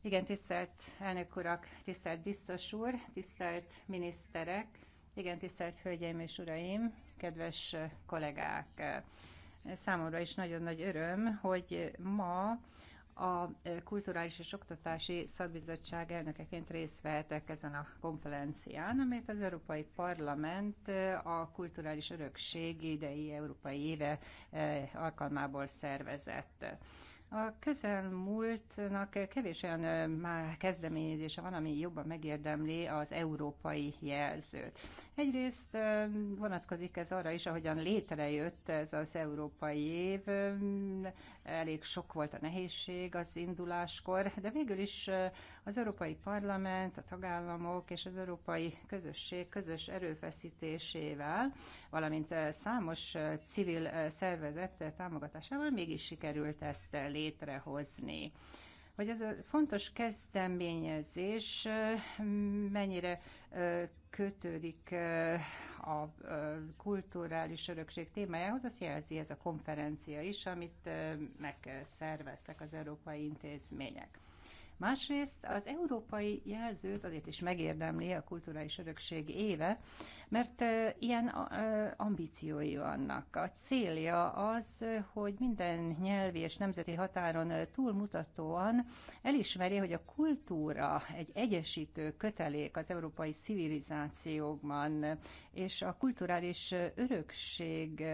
Speaker 5: Igen, tisztelt elnök urak, tisztelt biztos úr, tisztelt miniszterek, igen, tisztelt hölgyeim és uraim, kedves kollégák. Számomra is nagyon nagy öröm, hogy ma a Kulturális és Oktatási Szakbizottság elnökeként részt vehetek ezen a konferencián, amelyet az Európai Parlament a Kulturális Örökség idei Európai Éve eh, alkalmából szervezett. A közelmúltnak kevés olyan már kezdeményezése van, ami jobban megérdemli az európai jelzőt. Egyrészt vonatkozik ez arra is, ahogyan létrejött ez az európai év, elég sok volt a nehézség az induláskor, de végül is az Európai Parlament, a tagállamok és az Európai Közösség közös erőfeszítésével, valamint számos civil szervezet támogatásával mégis sikerült ezt létrehozni hogy ez a fontos kezdeményezés mennyire kötődik a kulturális örökség témájához, azt jelzi ez a konferencia is, amit megszerveztek az európai intézmények. Másrészt az európai jelzőt azért is megérdemli a kulturális örökség éve, mert ilyen ambíciói vannak. A célja az, hogy minden nyelvi és nemzeti határon túlmutatóan elismeri, hogy a kultúra egy egyesítő kötelék az európai civilizációkban, és a kulturális örökség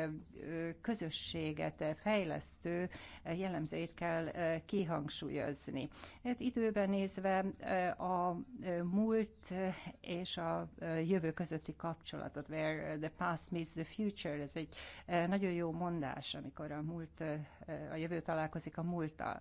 Speaker 5: közösséget fejlesztő jellemzőit kell kihangsúlyozni. Ez időben nézve a múlt és a jövő közötti kapcsolatban kapcsolatot, where the past meets the future, ez egy eh, nagyon jó mondás, amikor a múlt, eh, a jövő találkozik a múlttal.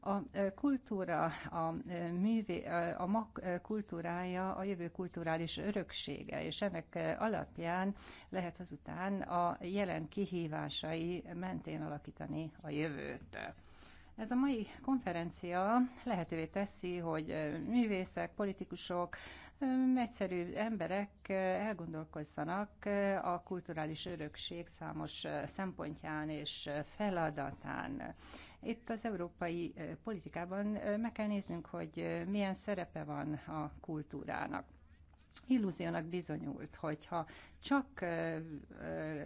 Speaker 5: A eh, kultúra, a, művé, a ma kultúrája a jövő kulturális öröksége, és ennek alapján lehet azután a jelen kihívásai mentén alakítani a jövőt. Ez a mai konferencia lehetővé teszi, hogy művészek, politikusok, egyszerű emberek elgondolkozzanak a kulturális örökség számos szempontján és feladatán. Itt az európai politikában meg kell néznünk, hogy milyen szerepe van a kultúrának illúziónak bizonyult, hogyha csak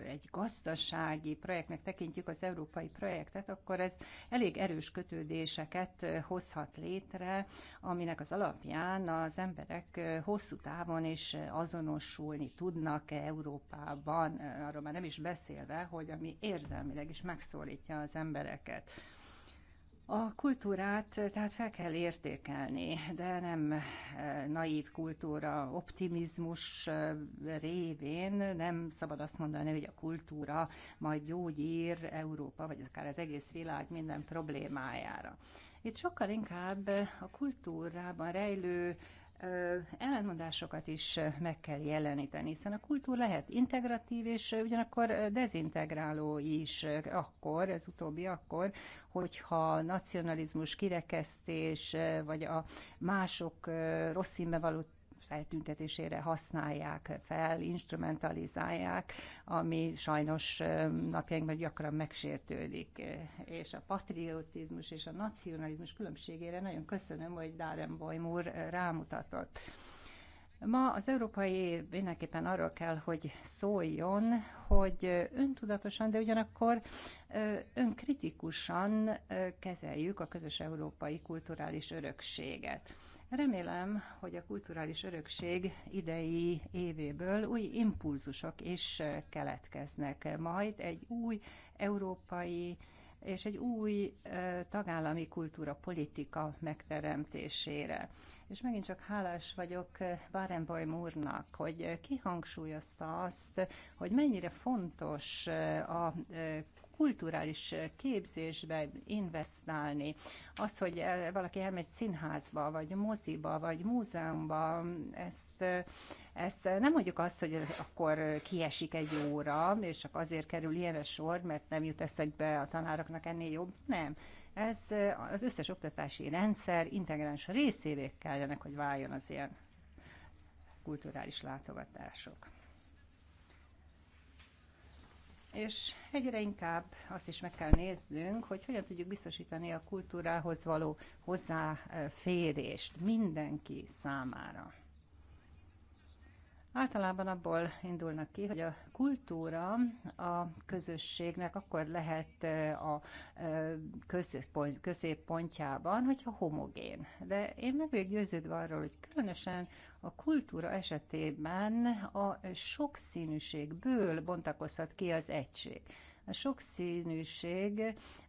Speaker 5: egy gazdasági projektnek tekintjük az európai projektet, akkor ez elég erős kötődéseket hozhat létre, aminek az alapján az emberek hosszú távon is azonosulni tudnak Európában, arról már nem is beszélve, hogy ami érzelmileg is megszólítja az embereket. A kultúrát tehát fel kell értékelni, de nem eh, naív kultúra, optimizmus eh, révén nem szabad azt mondani, hogy a kultúra majd gyógyír Európa, vagy akár az egész világ minden problémájára. Itt sokkal inkább a kultúrában rejlő ellentmondásokat is meg kell jeleníteni, hiszen a kultúra lehet integratív és ugyanakkor dezintegráló is akkor, ez utóbbi akkor, hogyha nacionalizmus, kirekesztés vagy a mások rossz színbe való feltüntetésére használják fel, instrumentalizálják, ami sajnos napjainkban gyakran megsértődik. És a patriotizmus és a nacionalizmus különbségére nagyon köszönöm, hogy Dáren Bojmúr rámutatott. Ma az európai év mindenképpen arról kell, hogy szóljon, hogy öntudatosan, de ugyanakkor önkritikusan kezeljük a közös európai kulturális örökséget. Remélem, hogy a kulturális örökség idei évéből új impulzusok is keletkeznek majd egy új európai és egy új tagállami kultúra politika megteremtésére. És megint csak hálás vagyok Barenboim úrnak, hogy kihangsúlyozta azt, hogy mennyire fontos a kulturális képzésbe investálni. Az, hogy valaki elmegy színházba, vagy moziba, vagy múzeumba, ezt, ezt nem mondjuk azt, hogy akkor kiesik egy óra, és csak azért kerül a sor, mert nem jut eszekbe a tanároknak ennél jobb. Nem. Ez az összes oktatási rendszer integráns részévé kellene, hogy váljon az ilyen kulturális látogatások és egyre inkább azt is meg kell néznünk, hogy hogyan tudjuk biztosítani a kultúrához való hozzáférést mindenki számára. Általában abból indulnak ki, hogy a kultúra a közösségnek akkor lehet a középpontjában, hogyha homogén. De én meg vagyok győződve arról, hogy különösen a kultúra esetében a sokszínűségből bontakozhat ki az egység. A sokszínűség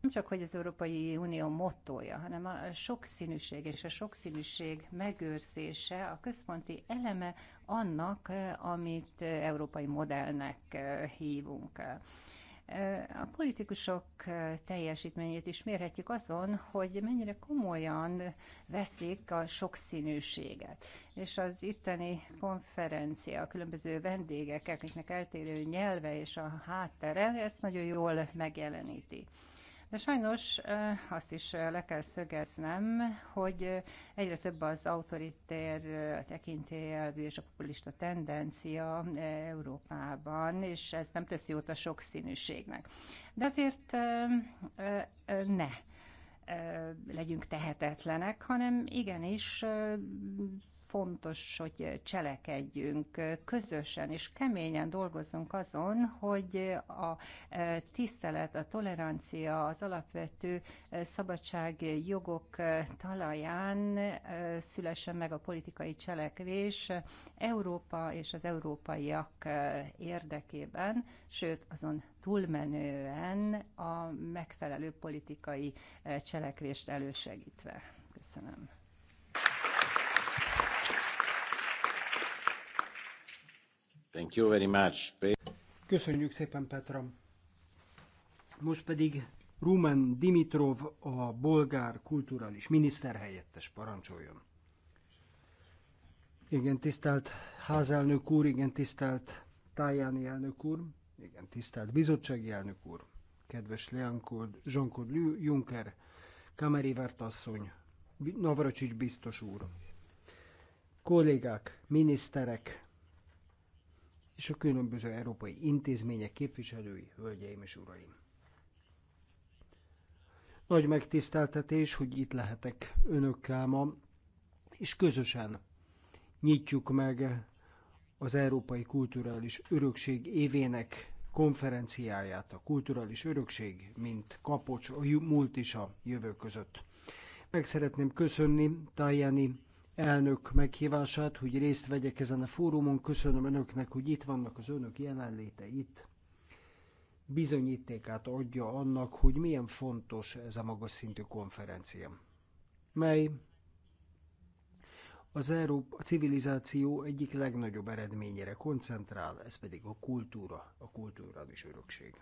Speaker 5: nem csak hogy az Európai Unió mottoja, hanem a sokszínűség és a sokszínűség megőrzése a központi eleme annak, amit európai modellnek hívunk. A politikusok teljesítményét is mérhetjük azon, hogy mennyire komolyan veszik a sokszínűséget. És az itteni konferencia, a különböző vendégek, akiknek eltérő nyelve és a háttere, ezt nagyon jól megjeleníti. De sajnos azt is le kell szögeznem, hogy egyre több az autoritér tekintélyelvű és a populista tendencia Európában, és ez nem teszi jót a sokszínűségnek. De azért ne legyünk tehetetlenek, hanem igenis fontos, hogy cselekedjünk közösen, és keményen dolgozunk azon, hogy a e, tisztelet, a tolerancia, az alapvető e, szabadságjogok e, talaján szülessen meg a politikai cselekvés Európa és az európaiak érdekében, sőt azon túlmenően a megfelelő politikai cselekvést elősegítve. Köszönöm.
Speaker 1: Thank you very much.
Speaker 2: Köszönjük szépen, Petra. Most pedig Rumen Dimitrov, a bolgár kulturális miniszter helyettes parancsoljon. Igen, tisztelt házelnök úr, igen, tisztelt tájáni elnök úr, igen, tisztelt bizottsági elnök úr, kedves Leankod, Jean-Claude Juncker, Kameri Vertasszony, Navracsics biztos úr, kollégák, miniszterek, és a különböző európai intézmények képviselői, hölgyeim és uraim. Nagy megtiszteltetés, hogy itt lehetek önökkel ma, és közösen nyitjuk meg az Európai Kulturális Örökség évének konferenciáját, a kulturális örökség, mint kapocs a múlt és a jövő között. Meg szeretném köszönni Tajani elnök meghívását, hogy részt vegyek ezen a fórumon. Köszönöm önöknek, hogy itt vannak az önök jelenléte itt. Bizonyítékát adja annak, hogy milyen fontos ez a magas szintű konferencia, mely az Európa a civilizáció egyik legnagyobb eredményére koncentrál, ez pedig a kultúra, a kulturális örökség.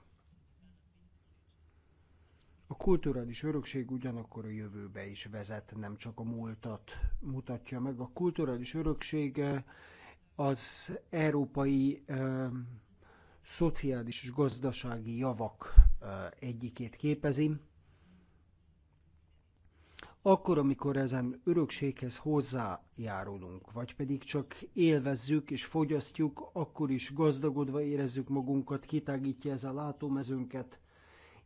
Speaker 2: A kulturális örökség ugyanakkor a jövőbe is vezet, nem csak a múltat mutatja meg. A kulturális örökség eh, az európai eh, szociális és gazdasági javak eh, egyikét képezi. Akkor, amikor ezen örökséghez hozzájárulunk, vagy pedig csak élvezzük és fogyasztjuk, akkor is gazdagodva érezzük magunkat, kitágítja ez a látómezőnket,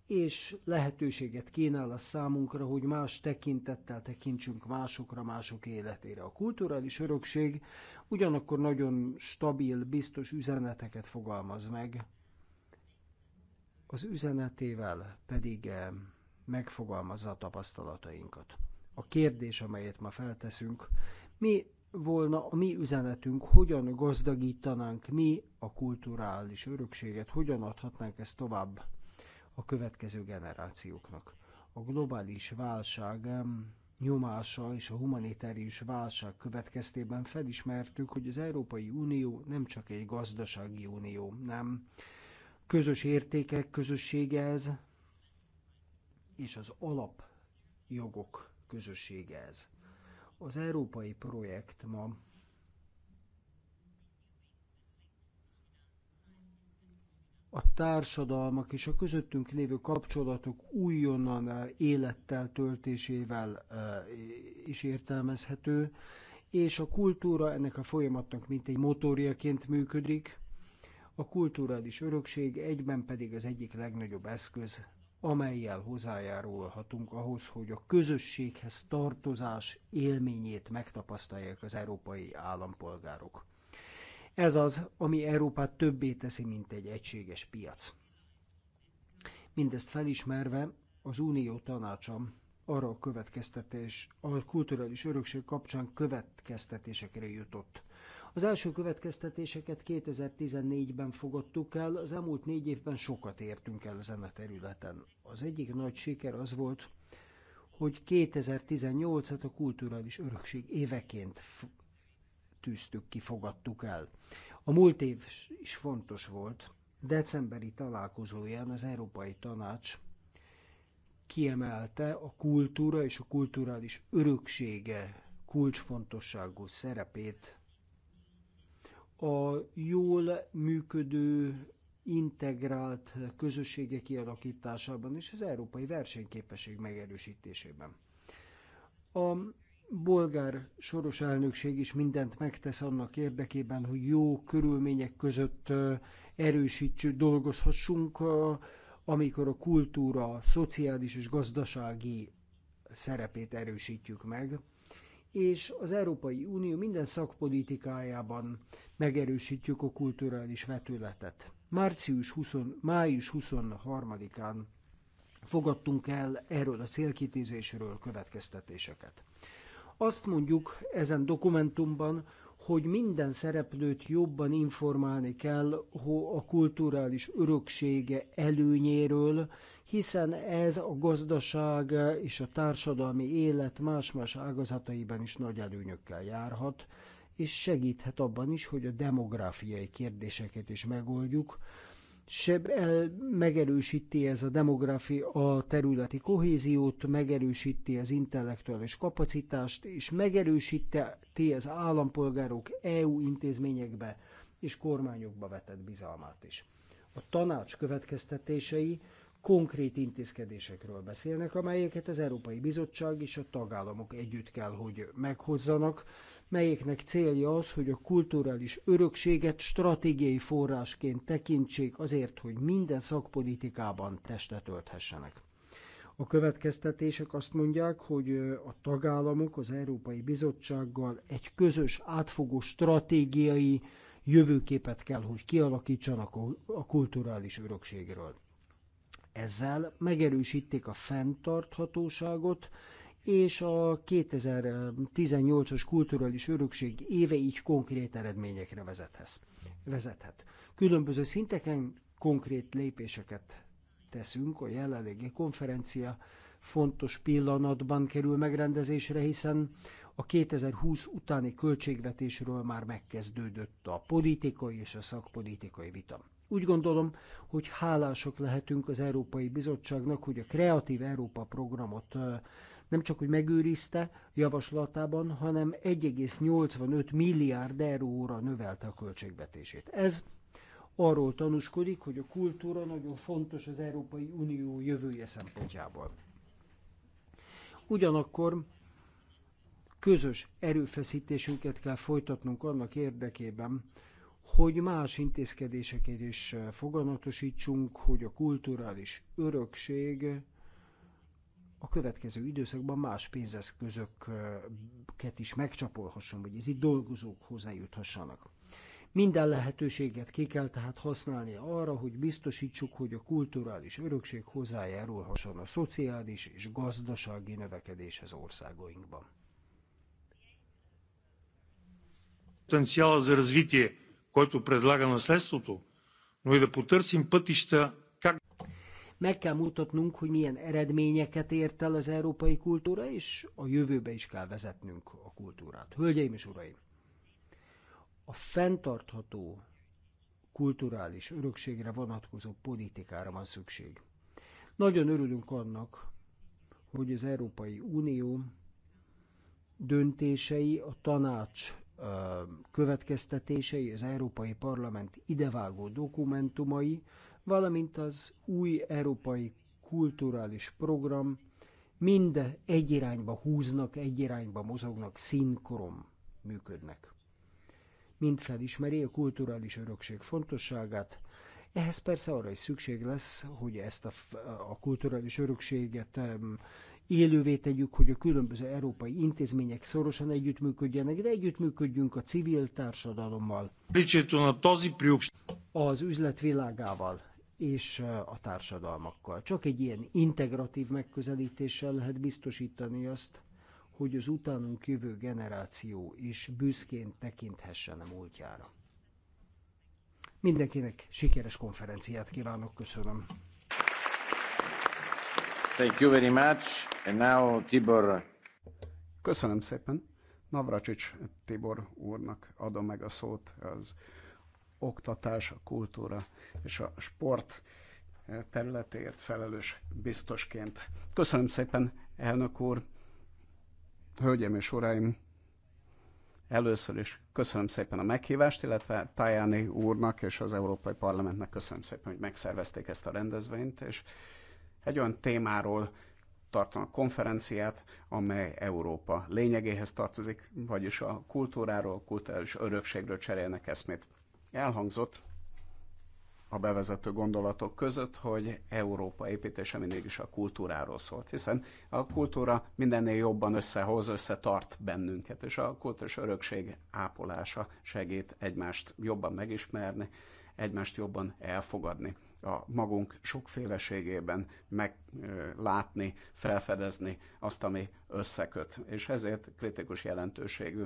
Speaker 2: és lehetőséget kínál a számunkra, hogy más tekintettel tekintsünk másokra, mások életére. A kulturális örökség ugyanakkor nagyon stabil, biztos üzeneteket fogalmaz meg, az üzenetével pedig eh, megfogalmazza a tapasztalatainkat. A kérdés, amelyet ma felteszünk, mi volna a mi üzenetünk, hogyan gazdagítanánk mi a kulturális örökséget, hogyan adhatnánk ezt tovább a következő generációknak. A globális válság nyomása és a humanitárius válság következtében felismertük, hogy az Európai Unió nem csak egy gazdasági unió, nem. Közös értékek közössége ez, és az alapjogok közössége ez. Az európai projekt ma a társadalmak és a közöttünk lévő kapcsolatok újonnan eh, élettel töltésével eh, is értelmezhető, és a kultúra ennek a folyamatnak mint egy motorjaként működik, a kulturális örökség egyben pedig az egyik legnagyobb eszköz, amelyel hozzájárulhatunk ahhoz, hogy a közösséghez tartozás élményét megtapasztalják az európai állampolgárok. Ez az, ami Európát többé teszi, mint egy egységes piac. Mindezt felismerve az Unió tanácsa arra a következtetés, a kulturális örökség kapcsán következtetésekre jutott. Az első következtetéseket 2014-ben fogadtuk el, az elmúlt négy évben sokat értünk el ezen a területen. Az egyik nagy siker az volt, hogy 2018-at a kulturális örökség éveként tűztük ki, fogadtuk el. A múlt év is fontos volt. Decemberi találkozóján az Európai Tanács kiemelte a kultúra és a kulturális öröksége kulcsfontosságú szerepét a jól működő integrált közösségek kialakításában és az európai versenyképesség megerősítésében. A bolgár soros elnökség is mindent megtesz annak érdekében, hogy jó körülmények között erősítsük, dolgozhassunk, amikor a kultúra, a szociális és gazdasági szerepét erősítjük meg, és az Európai Unió minden szakpolitikájában megerősítjük a kulturális vetületet. Március 20, május 23-án fogadtunk el erről a célkitézésről következtetéseket. Azt mondjuk ezen dokumentumban, hogy minden szereplőt jobban informálni kell a kulturális öröksége előnyéről, hiszen ez a gazdaság és a társadalmi élet más-más ágazataiban is nagy előnyökkel járhat, és segíthet abban is, hogy a demográfiai kérdéseket is megoldjuk, se el, megerősíti ez a demografi, a területi kohéziót, megerősíti az intellektuális kapacitást, és megerősíti az állampolgárok EU intézményekbe és kormányokba vetett bizalmát is. A tanács következtetései konkrét intézkedésekről beszélnek, amelyeket az Európai Bizottság és a tagállamok együtt kell, hogy meghozzanak, melyeknek célja az, hogy a kulturális örökséget stratégiai forrásként tekintsék azért, hogy minden szakpolitikában testet ölthessenek. A következtetések azt mondják, hogy a tagállamok az Európai Bizottsággal egy közös átfogó stratégiai jövőképet kell, hogy kialakítsanak a kulturális örökségről. Ezzel megerősítik a fenntarthatóságot, és a 2018 os kulturális örökség éve így konkrét eredményekre vezethez, vezethet. Különböző szinteken konkrét lépéseket teszünk, a jelenlegi konferencia fontos pillanatban kerül megrendezésre, hiszen a 2020 utáni költségvetésről már megkezdődött a politikai és a szakpolitikai vita. Úgy gondolom, hogy hálások lehetünk az Európai Bizottságnak, hogy a Kreatív Európa programot nem csak hogy megőrizte javaslatában, hanem 1,85 milliárd euróra növelte a költségvetését. Ez arról tanúskodik, hogy a kultúra nagyon fontos az Európai Unió jövője szempontjából. Ugyanakkor közös erőfeszítésünket kell folytatnunk annak érdekében, hogy más intézkedéseket is foganatosítsunk, hogy a kulturális örökség a következő időszakban más pénzeszközöket is megcsapolhasson, vagy ez itt dolgozók hozzájuthassanak. Minden lehetőséget ki kell tehát használni arra, hogy biztosítsuk, hogy a kulturális örökség hozzájárulhasson a szociális és gazdasági növekedéshez országainkban.
Speaker 6: Potenciál за развитие, който предлага наследството, но и да потърсим пътища
Speaker 2: meg kell mutatnunk, hogy milyen eredményeket ért el az európai kultúra, és a jövőbe is kell vezetnünk a kultúrát. Hölgyeim és uraim! A fenntartható kulturális örökségre vonatkozó politikára van szükség. Nagyon örülünk annak, hogy az Európai Unió döntései, a tanács következtetései, az Európai Parlament idevágó dokumentumai valamint az új európai kulturális program mind egy irányba húznak, egy irányba mozognak, szinkron működnek. Mind felismeri a kulturális örökség fontosságát, ehhez persze arra is szükség lesz, hogy ezt a, a kulturális örökséget élővé tegyük, hogy a különböző európai intézmények szorosan együttműködjenek, de együttműködjünk a civil társadalommal, az üzletvilágával, és a társadalmakkal. Csak egy ilyen integratív megközelítéssel lehet biztosítani azt, hogy az utánunk jövő generáció is büszkén tekinthessen a múltjára. Mindenkinek sikeres konferenciát kívánok, köszönöm. Thank you very much.
Speaker 4: And now Tibor. Köszönöm szépen. Navracsics Tibor úrnak adom meg a szót az oktatás, a kultúra és a sport eh, területéért felelős biztosként. Köszönöm szépen, elnök úr, hölgyeim és uraim! Először is köszönöm szépen a meghívást, illetve Tajani úrnak és az Európai Parlamentnek köszönöm szépen, hogy megszervezték ezt a rendezvényt, és egy olyan témáról tartanak konferenciát, amely Európa lényegéhez tartozik, vagyis a kultúráról, kulturális örökségről cserélnek eszmét. Elhangzott a bevezető gondolatok között, hogy Európa építése mindig is a kultúráról szólt, hiszen a kultúra mindennél jobban összehoz, összetart bennünket, és a kultúrás örökség ápolása segít egymást jobban megismerni, egymást jobban elfogadni, a magunk sokféleségében meglátni, felfedezni azt, ami összeköt. És ezért kritikus jelentőségű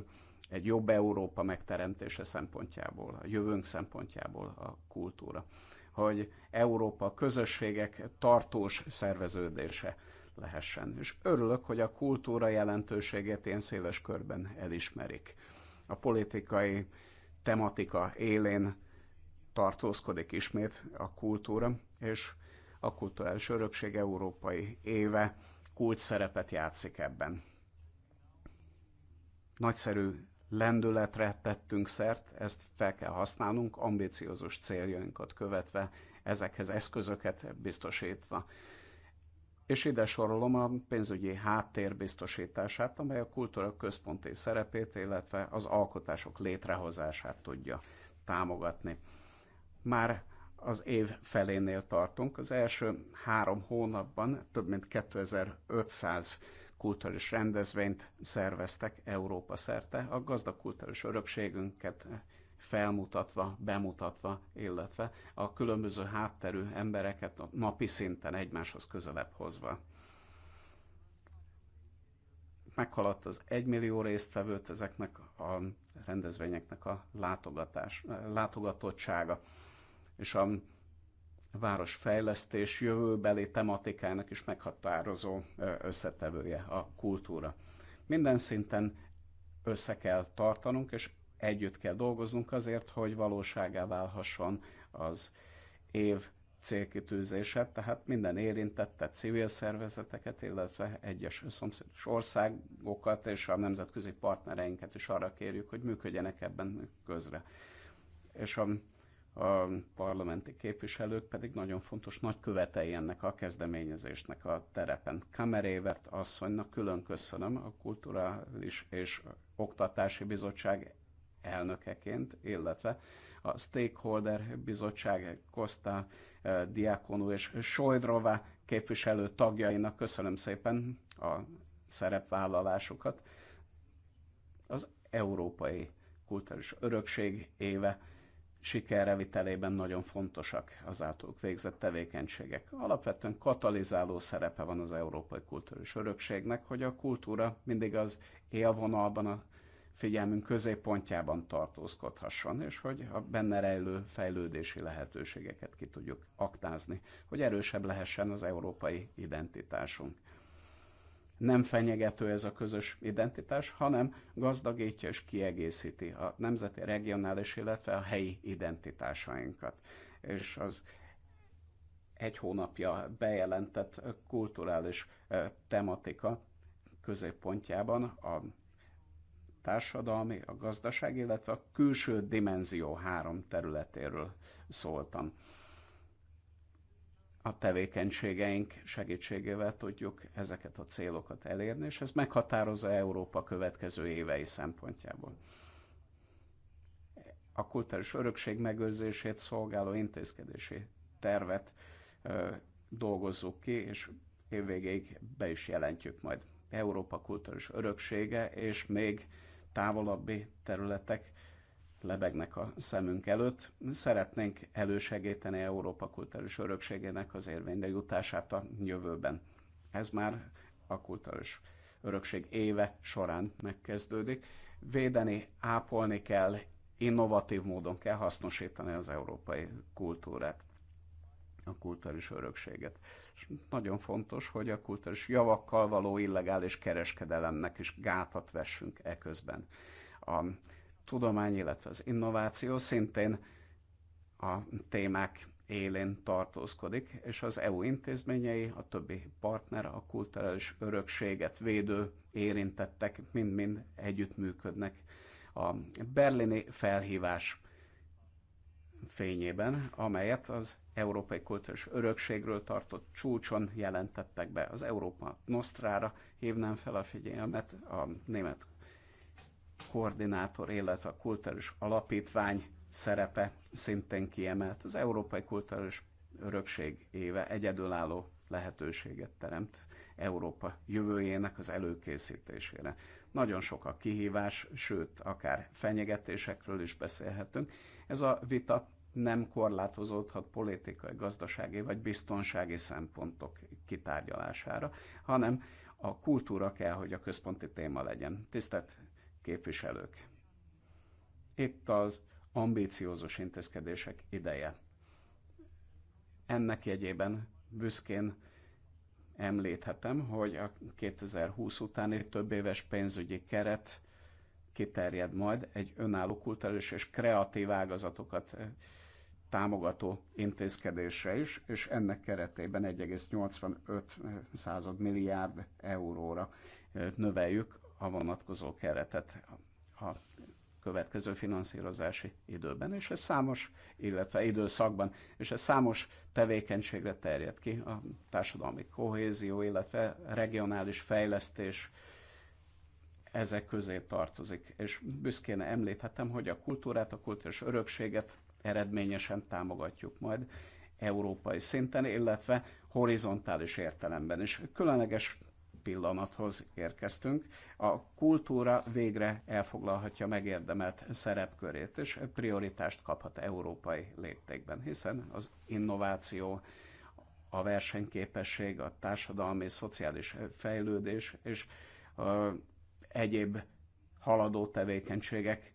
Speaker 4: egy jobb Európa megteremtése szempontjából, a jövőnk szempontjából a kultúra. Hogy Európa közösségek tartós szerveződése lehessen. És örülök, hogy a kultúra jelentőségét ilyen széles körben elismerik. A politikai tematika élén tartózkodik ismét a kultúra, és a kulturális örökség európai éve kult szerepet játszik ebben. Nagyszerű lendületre tettünk szert, ezt fel kell használnunk, ambiciózus céljainkat követve, ezekhez eszközöket biztosítva. És ide sorolom a pénzügyi háttér biztosítását, amely a kultúra központi szerepét, illetve az alkotások létrehozását tudja támogatni. Már az év felénél tartunk. Az első három hónapban több mint 2500 kulturális rendezvényt szerveztek Európa szerte, a gazdag kulturális örökségünket felmutatva, bemutatva, illetve a különböző hátterű embereket napi szinten egymáshoz közelebb hozva. Meghaladt az egymillió résztvevőt ezeknek a rendezvényeknek a látogatás, látogatottsága, és a városfejlesztés jövőbeli tematikának is meghatározó összetevője a kultúra. Minden szinten össze kell tartanunk, és együtt kell dolgoznunk azért, hogy valóságá válhasson az év célkitűzése, tehát minden érintettet, civil szervezeteket, illetve egyes szomszédos országokat és a nemzetközi partnereinket is arra kérjük, hogy működjenek ebben közre. És a a parlamenti képviselők pedig nagyon fontos nagykövetei ennek a kezdeményezésnek a terepen. Kamerévet asszonynak külön köszönöm a Kulturális és Oktatási Bizottság elnökeként, illetve a Stakeholder Bizottság Kosta eh, Diákonú és Sojdrova képviselő tagjainak köszönöm szépen a szerepvállalásukat. Az Európai Kulturális Örökség éve sikerrevitelében nagyon fontosak az általuk végzett tevékenységek. Alapvetően katalizáló szerepe van az európai kulturális örökségnek, hogy a kultúra mindig az élvonalban, a figyelmünk középpontjában tartózkodhasson, és hogy a benne rejlő fejlődési lehetőségeket ki tudjuk aktázni, hogy erősebb lehessen az európai identitásunk nem fenyegető ez a közös identitás, hanem gazdagítja és kiegészíti a nemzeti, regionális, illetve a helyi identitásainkat. És az egy hónapja bejelentett kulturális tematika középpontjában a társadalmi, a gazdaság, illetve a külső dimenzió három területéről szóltam a tevékenységeink segítségével tudjuk ezeket a célokat elérni, és ez meghatározza Európa következő évei szempontjából. A kulturális örökség megőrzését szolgáló intézkedési tervet ö, dolgozzuk ki, és évvégéig be is jelentjük majd. Európa kulturális öröksége és még távolabbi területek lebegnek a szemünk előtt. Szeretnénk elősegíteni Európa kulturális örökségének az érvényre jutását a jövőben. Ez már a kulturális örökség éve során megkezdődik. Védeni, ápolni kell, innovatív módon kell hasznosítani az európai kultúrát, a kulturális örökséget. És nagyon fontos, hogy a kulturális javakkal való illegális kereskedelemnek is gátat vessünk eközben. A tudomány, illetve az innováció szintén a témák élén tartózkodik, és az EU intézményei, a többi partner, a kulturális örökséget védő érintettek mind-mind együttműködnek. A berlini felhívás fényében, amelyet az Európai Kulturális Örökségről tartott csúcson jelentettek be. Az Európa nostrára hívnám fel a figyelmet, a német koordinátor, illetve a kulturális alapítvány szerepe szintén kiemelt. Az Európai Kulturális Örökség éve egyedülálló lehetőséget teremt Európa jövőjének az előkészítésére. Nagyon sok a kihívás, sőt, akár fenyegetésekről is beszélhetünk. Ez a vita nem korlátozódhat politikai, gazdasági vagy biztonsági szempontok kitárgyalására, hanem a kultúra kell, hogy a központi téma legyen. Tisztelt képviselők. Itt az ambíciózus intézkedések ideje. Ennek jegyében büszkén említhetem, hogy a 2020 utáni több éves pénzügyi keret kiterjed majd egy önálló kulturális és kreatív ágazatokat eh, támogató intézkedésre is, és ennek keretében 1,85 eh, század milliárd euróra eh, növeljük a vonatkozó keretet a következő finanszírozási időben, és ez számos, illetve időszakban, és ez számos tevékenységre terjed ki, a társadalmi kohézió, illetve regionális fejlesztés, ezek közé tartozik. És büszkén említhetem, hogy a kultúrát, a kultúrás örökséget eredményesen támogatjuk majd európai szinten, illetve horizontális értelemben is. Különleges pillanathoz érkeztünk. A kultúra végre elfoglalhatja megérdemelt szerepkörét, és prioritást kaphat európai léptékben, hiszen az innováció, a versenyképesség, a társadalmi, szociális fejlődés és a egyéb haladó tevékenységek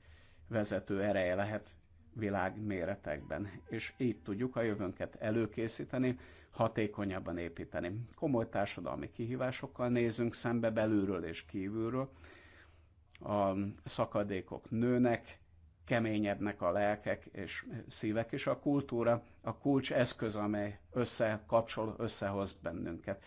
Speaker 4: vezető ereje lehet világméretekben. És így tudjuk a jövőnket előkészíteni, hatékonyabban építeni. Komoly társadalmi kihívásokkal nézünk szembe belülről és kívülről. A szakadékok nőnek, keményebbnek a lelkek és szívek, és a kultúra a kulcs eszköz, amely összekapcsol, összehoz bennünket.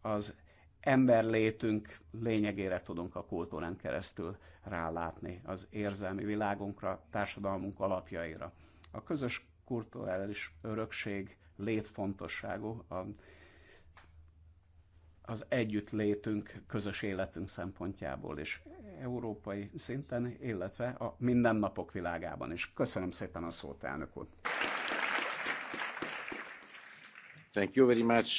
Speaker 4: Az emberlétünk lényegére tudunk a kultúrán keresztül rálátni, az érzelmi világunkra, társadalmunk alapjaira. A közös kulturális örökség létfontosságú a, az együttlétünk, közös életünk szempontjából is, európai szinten, illetve a mindennapok
Speaker 1: világában is. Köszönöm szépen a szót, elnök úr! Thank you very much,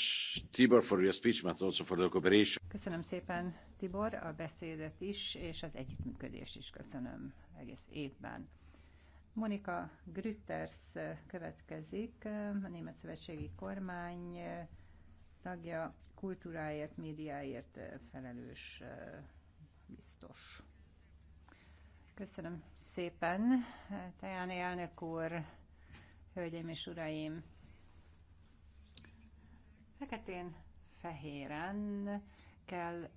Speaker 1: Tibor, for your speech, but also for the cooperation.
Speaker 5: Köszönöm szépen, Tibor, a beszédet is, és az együttműködést is köszönöm egész évben. Monika Grütters következik, a Német Szövetségi Kormány tagja, kultúráért, médiáért felelős biztos. Köszönöm szépen, Tajáni elnök úr, hölgyeim és uraim! Feketén, fehéren kell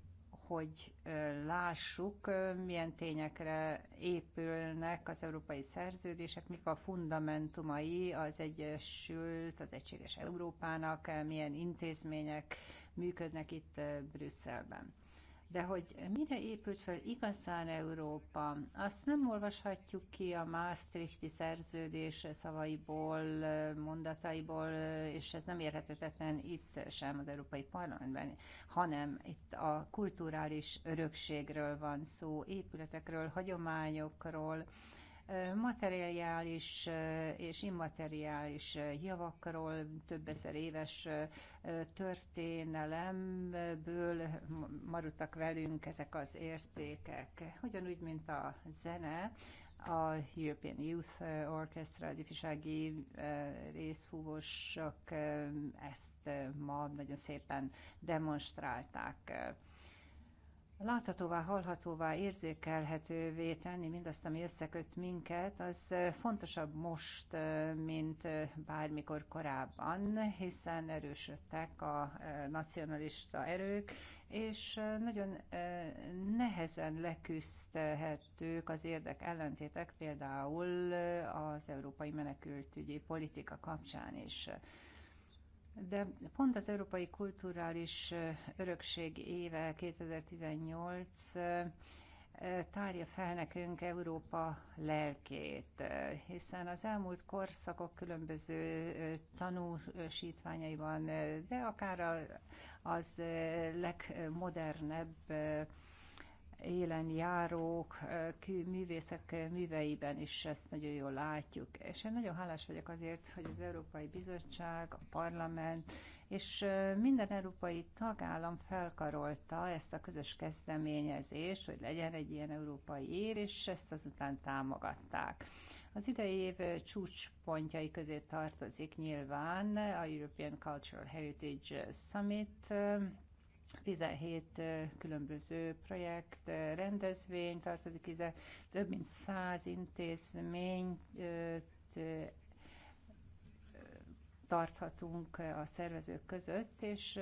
Speaker 5: hogy lássuk, milyen tényekre épülnek az európai szerződések, mik a fundamentumai az Egyesült, az Egységes Európának, milyen intézmények működnek itt Brüsszelben. De hogy mire épült fel igazán Európa, azt nem olvashatjuk ki a Maastrichti szerződés szavaiból, mondataiból, és ez nem érhetetlen itt sem az Európai Parlamentben, hanem itt a kulturális örökségről van szó, épületekről, hagyományokról, materiális és immateriális javakról, több ezer éves történelemből maradtak velünk ezek az értékek. Ugyanúgy, mint a zene, a European Youth Orchestra, az ifjúsági részfúvósok ezt ma nagyon szépen demonstrálták láthatóvá, hallhatóvá, érzékelhetővé tenni mindazt, ami összeköt minket, az fontosabb most, mint bármikor korábban, hiszen erősödtek a nacionalista erők, és nagyon nehezen leküzdhetők az érdek ellentétek, például az európai menekültügyi politika kapcsán is. De pont az Európai Kulturális Örökség éve 2018 tárja fel nekünk Európa lelkét, hiszen az elmúlt korszakok különböző tanúsítványaiban, de akár az legmodernebb élen járók, művészek műveiben is ezt nagyon jól látjuk. És én nagyon hálás vagyok azért, hogy az Európai Bizottság, a parlament és minden európai tagállam felkarolta ezt a közös kezdeményezést, hogy legyen egy ilyen európai ér, és ezt azután támogatták. Az idei év csúcspontjai közé tartozik nyilván a European Cultural Heritage Summit, 17 különböző projekt, rendezvény tartozik ide, több mint 100 intézményt tarthatunk a szervezők között, és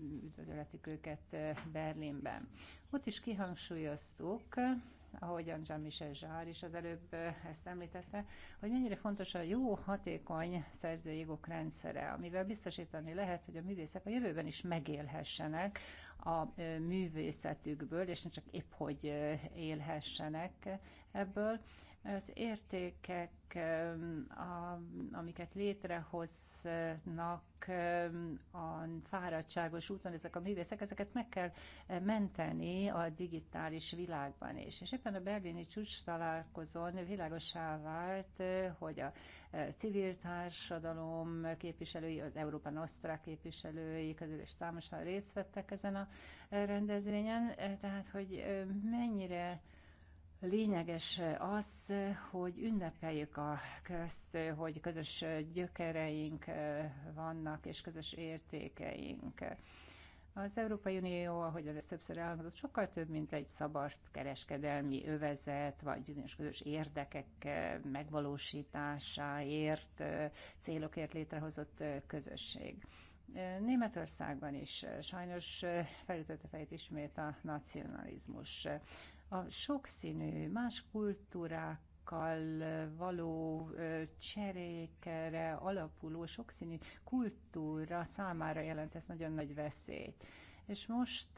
Speaker 5: üdvözöletik őket Berlinben. Ott is kihangsúlyoztuk, ahogyan Jean-Michel Zsár is az előbb ezt említette, hogy mennyire fontos a jó, hatékony szerzői jogok rendszere, amivel biztosítani lehet, hogy a művészek a jövőben is megélhessenek a művészetükből, és nem csak épp hogy élhessenek ebből az értékek, a, amiket létrehoznak a fáradtságos úton, ezek a művészek, ezeket meg kell menteni a digitális világban is. És éppen a berlini csúcs találkozón világosá vált, hogy a civil társadalom képviselői, az Európa Nostra képviselői közül is számosan részt vettek ezen a rendezvényen, tehát hogy mennyire Lényeges az, hogy ünnepeljük a közt, hogy közös gyökereink vannak, és közös értékeink. Az Európai Unió, ahogy ez többször elhangzott, sokkal több, mint egy szabad kereskedelmi övezet, vagy bizonyos közös érdekek megvalósításáért, célokért létrehozott közösség. Németországban is sajnos felütötte fejét ismét a nacionalizmus. A sokszínű, más kultúrák való cserékre alapuló sokszínű kultúra számára jelent ez nagyon nagy veszélyt. És most,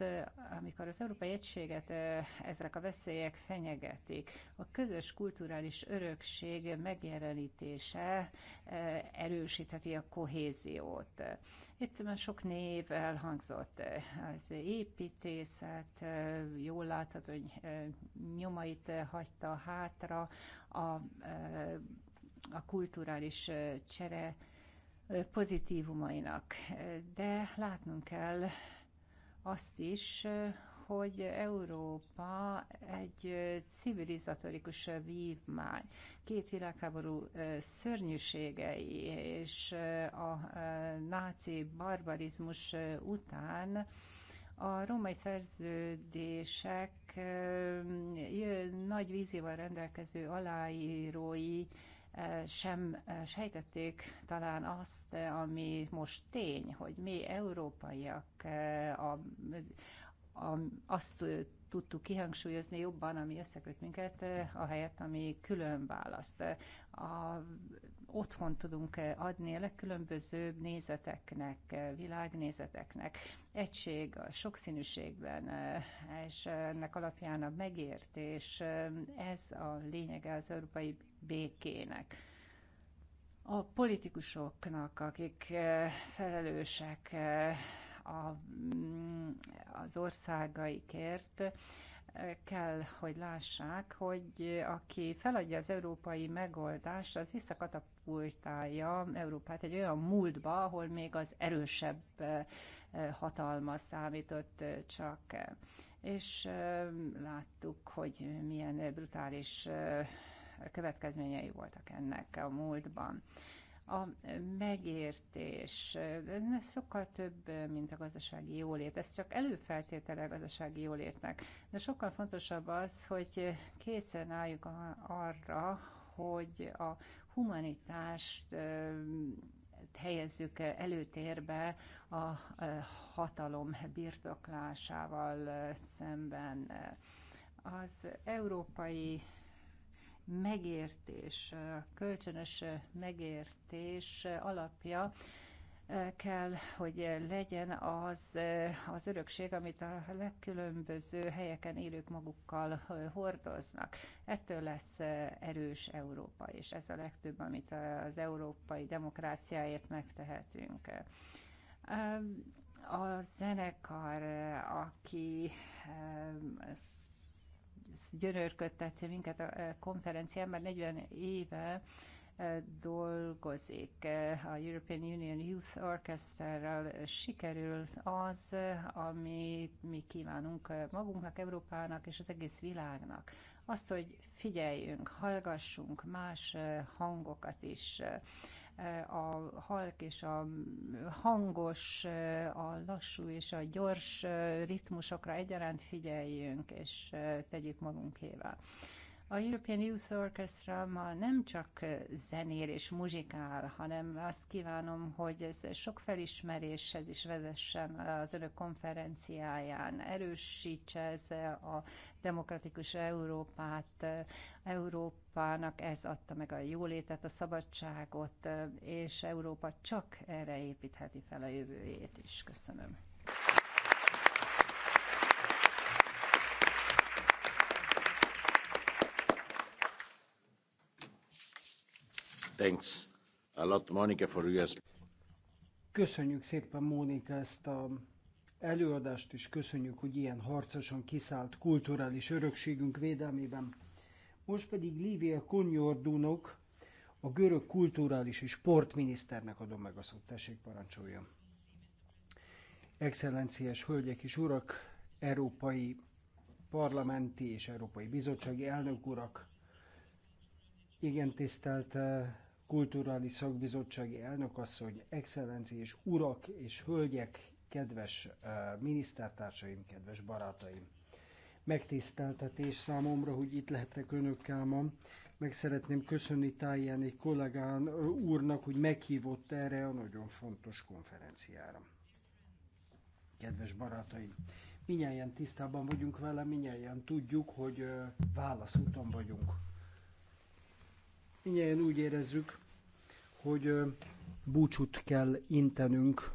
Speaker 5: amikor az Európai Egységet ezek a veszélyek fenyegetik, a közös kulturális örökség megjelenítése erősítheti a kohéziót. Itt már sok név elhangzott, az építészet, jól látható, hogy nyomait hagyta hátra a, a kulturális csere pozitívumainak, de látnunk kell azt is, hogy Európa egy civilizatorikus vívmány. Két világháború szörnyűségei és a náci barbarizmus után a római szerződések nagy vízival rendelkező aláírói sem sejtették talán azt, ami most tény, hogy mi európaiak a, a, azt tudtuk kihangsúlyozni jobban, ami összeköt minket, ahelyett, ami külön választ. A otthon tudunk adni a legkülönbözőbb nézeteknek, e, világnézeteknek. Egység a sokszínűségben, e, és ennek alapján a megértés, e, ez a lényege az európai békének a politikusoknak, akik felelősek a, mm, az országaikért, kell, hogy lássák, hogy aki feladja az európai megoldást, az visszakat a katapultálja Európát egy olyan múltba, ahol még az erősebb eh, eh, hatalma számított eh, csak. És láttuk, hogy milyen brutális következményei voltak ennek a múltban a megértés, ez sokkal több, mint a gazdasági jólét. Ez csak előfeltétele a gazdasági jólétnek. De sokkal fontosabb az, hogy készen álljuk arra, hogy a humanitást helyezzük előtérbe a hatalom birtoklásával szemben. Az európai megértés, kölcsönös megértés alapja kell, hogy legyen az, az örökség, amit a legkülönböző helyeken élők magukkal hordoznak. Ettől lesz erős Európa, és ez a legtöbb, amit az európai demokráciáért megtehetünk a zenekar, aki gyönyörködtett minket a konferencián, mert 40 éve dolgozik. A European Union Youth Orchesterrel sikerült az, amit mi kívánunk magunknak, Európának és az egész világnak. Azt, hogy figyeljünk, hallgassunk más hangokat is, a halk és a hangos, a lassú és a gyors ritmusokra egyaránt figyeljünk, és tegyük magunkével. A European Youth Orchestra ma nem csak zenér és muzsikál, hanem azt kívánom, hogy ez sok felismeréshez is vezessen az önök konferenciáján, erősítse ez a demokratikus Európát, Európának ez adta meg a jólétet, a szabadságot, és Európa csak erre építheti fel a jövőjét is. Köszönöm.
Speaker 1: Thanks a lot, Monica, for your...
Speaker 2: Köszönjük szépen, Mónika, ezt a előadást, és köszönjük, hogy ilyen harcosan kiszállt kulturális örökségünk védelmében. Most pedig Lívia Konyordunok, a görög kulturális és sportminiszternek adom meg a szót. Tessék, parancsoljon. Excellenciás hölgyek és urak, európai parlamenti és európai bizottsági elnök urak, igen tisztelt eh, kulturális szakbizottsági elnökasszony, excellenci és urak és hölgyek, kedves eh, minisztertársaim, kedves barátaim! Megtiszteltetés számomra, hogy itt lehetek önökkel ma. Meg szeretném köszönni táján egy kollégán eh, úrnak, hogy meghívott erre a nagyon fontos konferenciára. Kedves barátaim! Minnyáján tisztában vagyunk vele, minnyáján tudjuk, hogy eh, válaszúton vagyunk Mindjárt úgy érezzük, hogy búcsút kell intenünk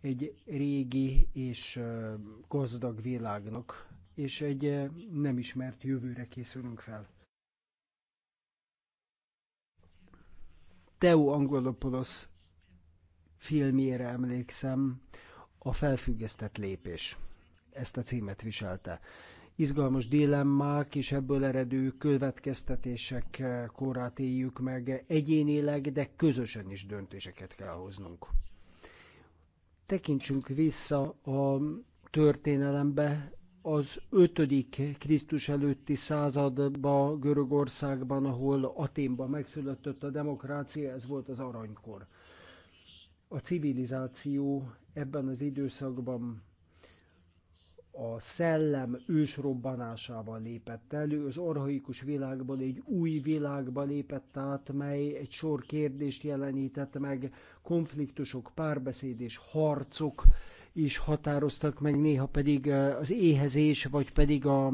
Speaker 2: egy régi és gazdag világnak, és egy nem ismert jövőre készülünk fel. Teo Angolopoulos filmjére emlékszem, a felfüggesztett lépés. Ezt a címet viselte izgalmas dilemmák és ebből eredő következtetések eh, korát éljük meg egyénileg, de közösen is döntéseket kell hoznunk. Tekintsünk vissza a történelembe, az 5. Krisztus előtti századba Görögországban, ahol Aténban megszületett a demokrácia, ez volt az aranykor. A civilizáció ebben az időszakban a szellem ősrobbanásával lépett elő, az orhaikus világban egy új világba lépett át, mely egy sor kérdést jelenített meg, konfliktusok, párbeszéd és harcok is határoztak meg, néha pedig eh, az éhezés, vagy pedig a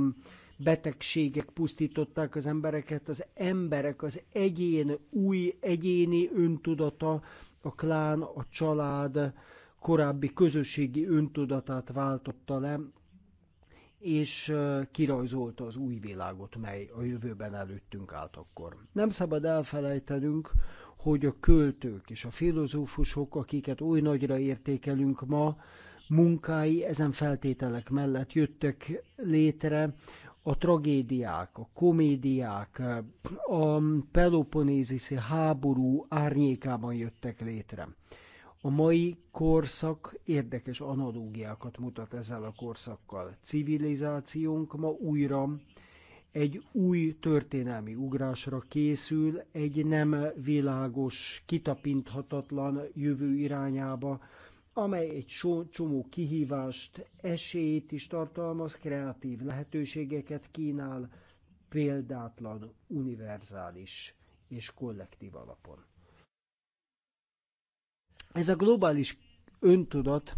Speaker 2: betegségek pusztították az embereket, az emberek, az egyén új egyéni öntudata, a klán, a család, korábbi közösségi öntudatát váltotta le, és kirajzolta az új világot, mely a jövőben előttünk állt akkor. Nem szabad elfelejtenünk, hogy a költők és a filozófusok, akiket oly nagyra értékelünk ma, munkái ezen feltételek mellett jöttek létre, a tragédiák, a komédiák, a peloponézisi háború árnyékában jöttek létre. A mai korszak érdekes analógiákat mutat ezzel a korszakkal. Civilizációnk ma újra egy új történelmi ugrásra készül, egy nem világos, kitapinthatatlan jövő irányába, amely egy csomó kihívást, esélyt is tartalmaz, kreatív lehetőségeket kínál, példátlan, univerzális és kollektív alapon. Ez a globális öntudat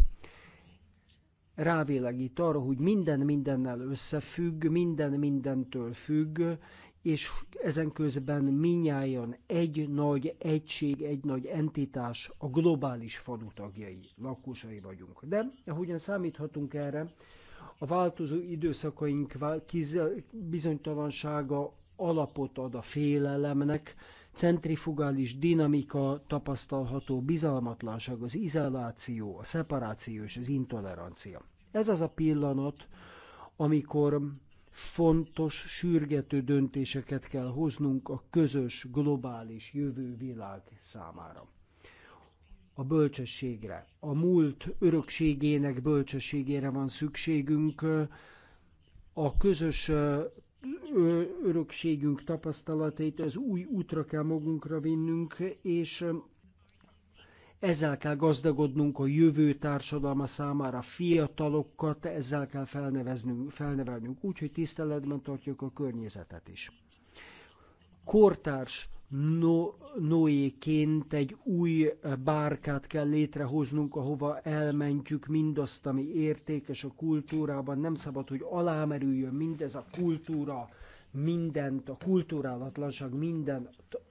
Speaker 2: rávilágít arra, hogy minden mindennel összefügg, minden mindentől függ, és ezen közben minnyáján egy nagy egység, egy nagy entitás, a globális falu tagjai, lakosai vagyunk. De ahogyan számíthatunk erre, a változó időszakaink bizonytalansága alapot ad a félelemnek, centrifugális dinamika tapasztalható, bizalmatlanság, az izoláció, a szeparáció és az intolerancia. Ez az a pillanat, amikor fontos, sürgető döntéseket kell hoznunk a közös, globális jövő világ számára. A bölcsességre, a múlt örökségének bölcsességére van szükségünk, a közös örökségünk tapasztalatait az új útra kell magunkra vinnünk, és ezzel kell gazdagodnunk a jövő társadalma számára fiatalokat, ezzel kell felneveznünk, felnevelnünk úgy, hogy tiszteletben tartjuk a környezetet is. Kortárs no, Noéként egy új bárkát kell létrehoznunk, ahova elmentjük mindazt, ami értékes a kultúrában. Nem szabad, hogy alámerüljön mindez a kultúra, mindent, a kulturálatlanság minden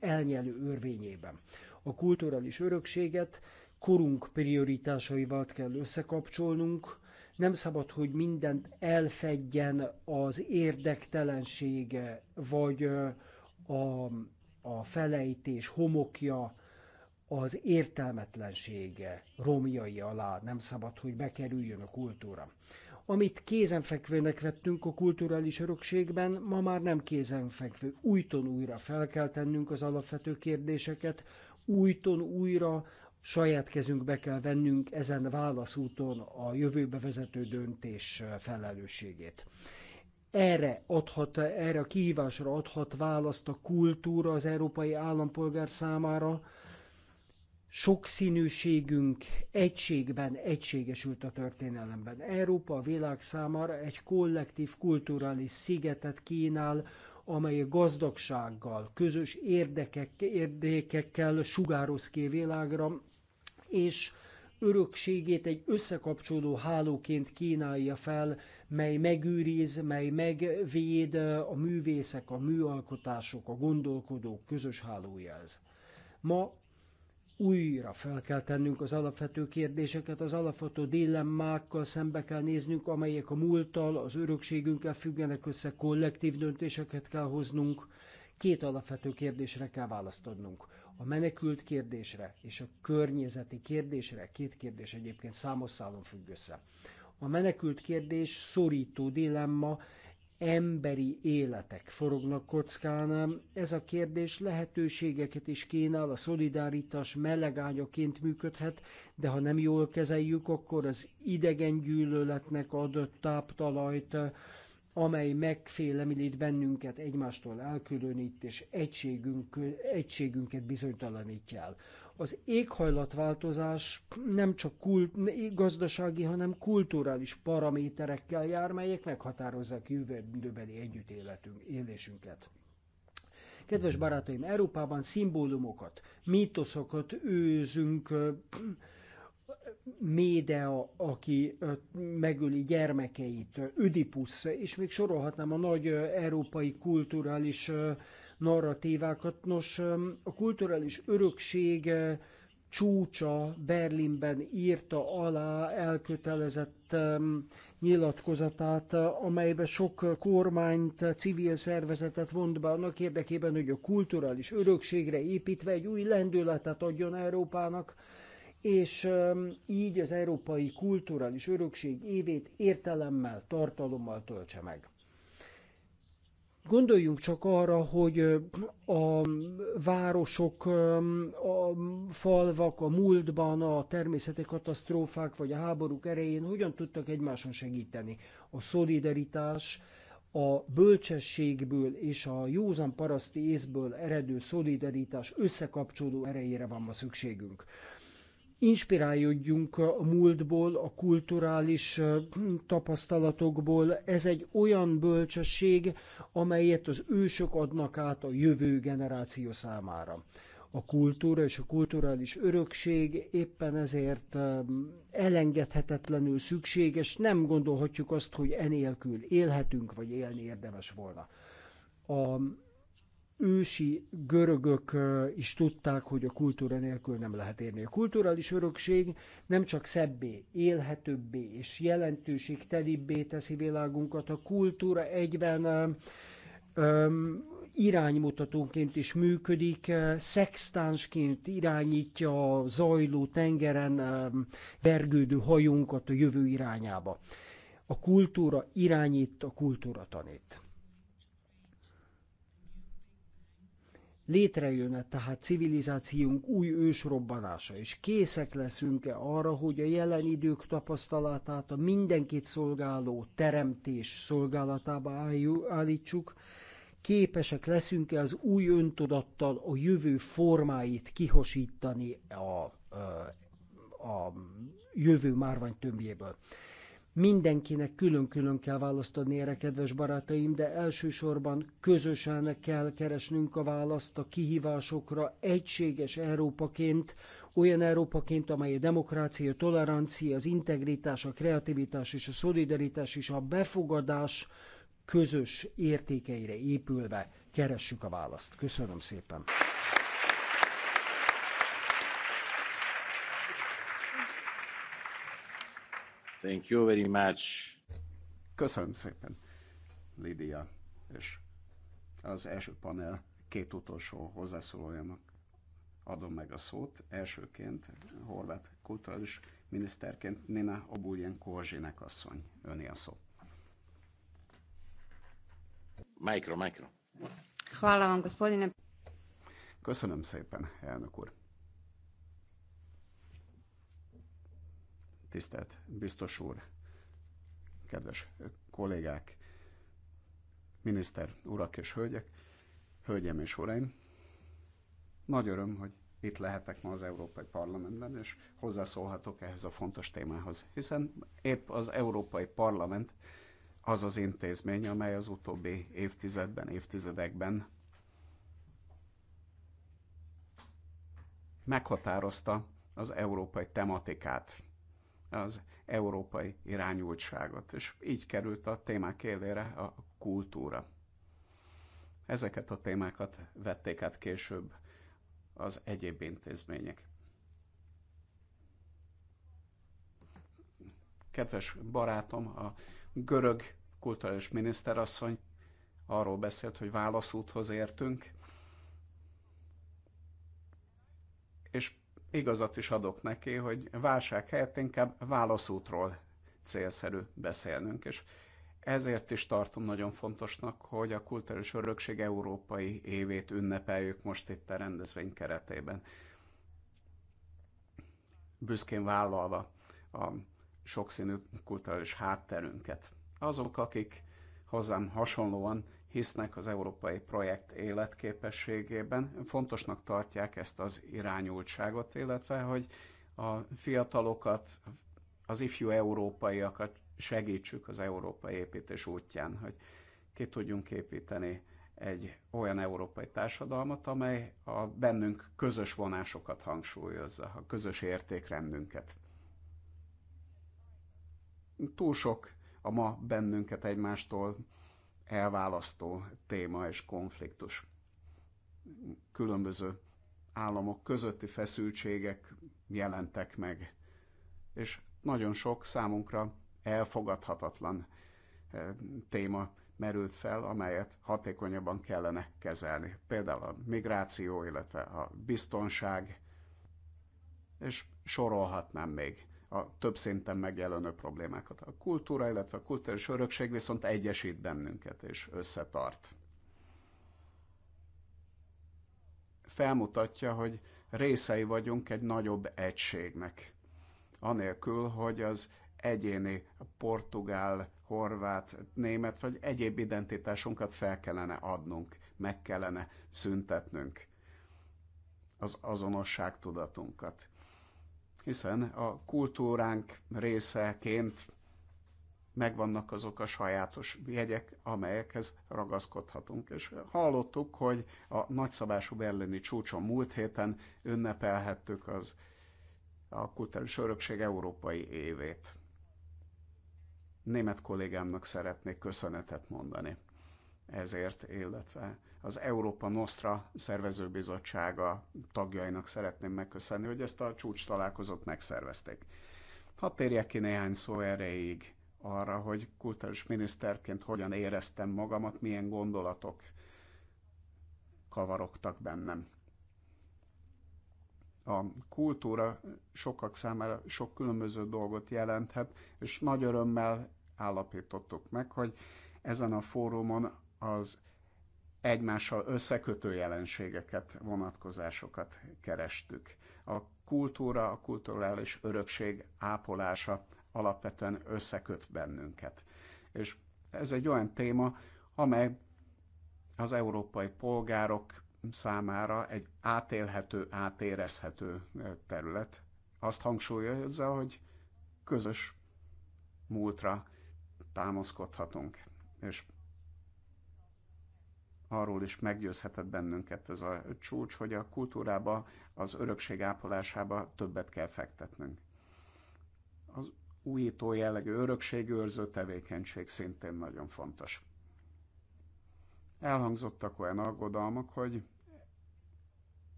Speaker 2: elnyelő örvényében. A kulturális örökséget korunk prioritásaival kell összekapcsolnunk, nem szabad, hogy mindent elfedjen az érdektelenség, vagy a a felejtés homokja, az értelmetlensége romjai alá nem szabad, hogy bekerüljön a kultúra. Amit kézenfekvőnek vettünk a kulturális örökségben, ma már nem kézenfekvő. Újton újra fel kell tennünk az alapvető kérdéseket, újton újra saját kezünkbe kell vennünk ezen válaszúton a jövőbe vezető döntés felelősségét erre adhat, erre a kihívásra adhat választ a kultúra az európai állampolgár számára. Sokszínűségünk egységben egységesült a történelemben. Európa a világ számára egy kollektív kulturális szigetet kínál, amely gazdagsággal, közös érdekek, érdekekkel sugároz ki a világra, és örökségét egy összekapcsoló hálóként kínálja fel, mely megőriz, mely megvéd a művészek, a műalkotások, a gondolkodók közös hálója ez. Ma újra fel kell tennünk az alapvető kérdéseket, az alapvető dilemmákkal szembe kell néznünk, amelyek a múlttal, az örökségünkkel függenek össze, kollektív döntéseket kell hoznunk. Két alapvető kérdésre kell választodnunk a menekült kérdésre és a környezeti kérdésre, két kérdés egyébként számos szálon függ össze. A menekült kérdés szorító dilemma, emberi életek forognak kockán. Ez a kérdés lehetőségeket is kínál, a szolidaritás melegágyaként működhet, de ha nem jól kezeljük, akkor az idegen gyűlöletnek adott táptalajt, amely megfélemlít bennünket, egymástól elkülönít, és egységünk, egységünket bizonytalanítja el. Az éghajlatváltozás nem csak kult, gazdasági, hanem kulturális paraméterekkel jár, melyek meghatározzák jövőbeli együttéletünk, élésünket. Kedves barátaim, Európában szimbólumokat, mítoszokat őzünk, Médea, aki megöli gyermekeit, Ödipusz, és még sorolhatnám a nagy európai kulturális narratívákat. Nos, a kulturális örökség csúcsa Berlinben írta alá elkötelezett nyilatkozatát, amelybe sok kormányt, civil szervezetet vont be annak érdekében, hogy a kulturális örökségre építve egy új lendületet adjon Európának, és így az európai kulturális örökség évét értelemmel, tartalommal töltse meg. Gondoljunk csak arra, hogy a városok, a falvak a múltban, a természeti katasztrófák vagy a háborúk erején hogyan tudtak egymáson segíteni. A szolidaritás, a bölcsességből és a józan paraszti észből eredő szolidaritás összekapcsoló erejére van ma szükségünk inspirálódjunk a múltból, a kulturális tapasztalatokból. Ez egy olyan bölcsesség, amelyet az ősök adnak át a jövő generáció számára. A kultúra és a kulturális örökség éppen ezért elengedhetetlenül szükséges, nem gondolhatjuk azt, hogy enélkül élhetünk, vagy élni érdemes volna. A ősi görögök is tudták, hogy a kultúra nélkül nem lehet érni. A kulturális örökség nem csak szebbé, élhetőbbé és jelentőségtelibbé teszi világunkat, a kultúra egyben iránymutatóként is működik, szextánsként irányítja a zajló tengeren vergődő hajunkat a jövő irányába. A kultúra irányít, a kultúra tanít. -e tehát civilizációnk új ősrobbanása, és készek leszünk-e arra, hogy a jelen idők tapasztalatát a mindenkit szolgáló teremtés szolgálatába állítsuk, képesek leszünk-e az új öntudattal a jövő formáit kihosítani
Speaker 7: a, a,
Speaker 2: a jövő márvány tömbjéből. Mindenkinek külön-külön kell választani erre, kedves barátaim, de elsősorban közösen kell keresnünk a választ a kihívásokra egységes Európaként, olyan Európaként, amely a demokrácia, a tolerancia, az integritás, a kreativitás és a szolidaritás és a befogadás közös értékeire épülve keressük a választ. Köszönöm szépen!
Speaker 1: Thank you very much. Köszönöm
Speaker 4: szépen, Lidia, és az első panel két utolsó hozzászólójának adom meg a szót. Elsőként horvát kulturális miniszterként Nina Obuljen Korzsinek asszony. Öné a szó.
Speaker 1: Mikro, mikro.
Speaker 4: Köszönöm szépen, elnök úr. tisztelt biztos úr, kedves kollégák, miniszter urak és hölgyek, hölgyem és uraim, nagy öröm, hogy itt lehetek ma az Európai Parlamentben, és hozzászólhatok ehhez a fontos témához, hiszen épp az Európai Parlament az az intézmény, amely az utóbbi évtizedben, évtizedekben meghatározta az európai tematikát, az európai irányultságot, és így került a témák élére a kultúra. Ezeket a témákat vették át később az egyéb intézmények. Kedves barátom, a görög kulturális miniszterasszony arról beszélt, hogy válaszúthoz értünk, igazat is adok neki, hogy válság helyett inkább válaszútról célszerű beszélnünk, és ezért is tartom nagyon fontosnak, hogy a kulturális örökség európai évét ünnepeljük most itt a rendezvény keretében. Büszkén vállalva a sokszínű kulturális hátterünket. Azok, akik hozzám hasonlóan hisznek az európai projekt életképességében, fontosnak tartják ezt az irányultságot, illetve hogy a fiatalokat, az ifjú európaiakat segítsük az európai építés útján, hogy ki tudjunk építeni egy olyan európai társadalmat, amely a bennünk közös vonásokat hangsúlyozza, a közös értékrendünket. Túl sok a ma bennünket egymástól elválasztó téma és konfliktus. Különböző államok közötti feszültségek jelentek meg, és nagyon sok számunkra elfogadhatatlan eh, téma merült fel, amelyet hatékonyabban kellene kezelni. Például a migráció, illetve a biztonság, és sorolhatnám még a több szinten megjelenő problémákat. A kultúra, illetve a kulturális örökség viszont egyesít bennünket és összetart. Felmutatja, hogy részei vagyunk egy nagyobb egységnek. Anélkül, hogy az egyéni portugál, horvát, német vagy egyéb identitásunkat fel kellene adnunk, meg kellene szüntetnünk az azonosságtudatunkat hiszen a kultúránk részeként megvannak azok a sajátos jegyek, amelyekhez ragaszkodhatunk. És hallottuk, hogy a nagyszabású berlini csúcson múlt héten ünnepelhettük az a kulturális örökség európai évét. Német kollégámnak szeretnék köszönetet mondani ezért, illetve az Európa Nostra szervezőbizottsága tagjainak szeretném megköszönni, hogy ezt a csúcs találkozót megszervezték. Hadd térjek ki néhány szó erejéig arra, hogy kultúrás miniszterként hogyan éreztem magamat, milyen gondolatok kavarogtak bennem. A kultúra sokak számára sok különböző dolgot jelenthet, és nagy örömmel állapítottuk meg, hogy ezen a fórumon az egymással összekötő jelenségeket, vonatkozásokat kerestük. A kultúra, a kulturális örökség ápolása alapvetően összeköt bennünket. És ez egy olyan téma, amely az európai polgárok számára egy átélhető, átérezhető terület. Azt hangsúlyozza, hogy közös múltra támaszkodhatunk. És arról is meggyőzhetett bennünket ez a csúcs, hogy a kultúrába, az örökség ápolásába többet kell fektetnünk. Az újító jellegű örökségőrző tevékenység szintén nagyon fontos. Elhangzottak olyan aggodalmak, hogy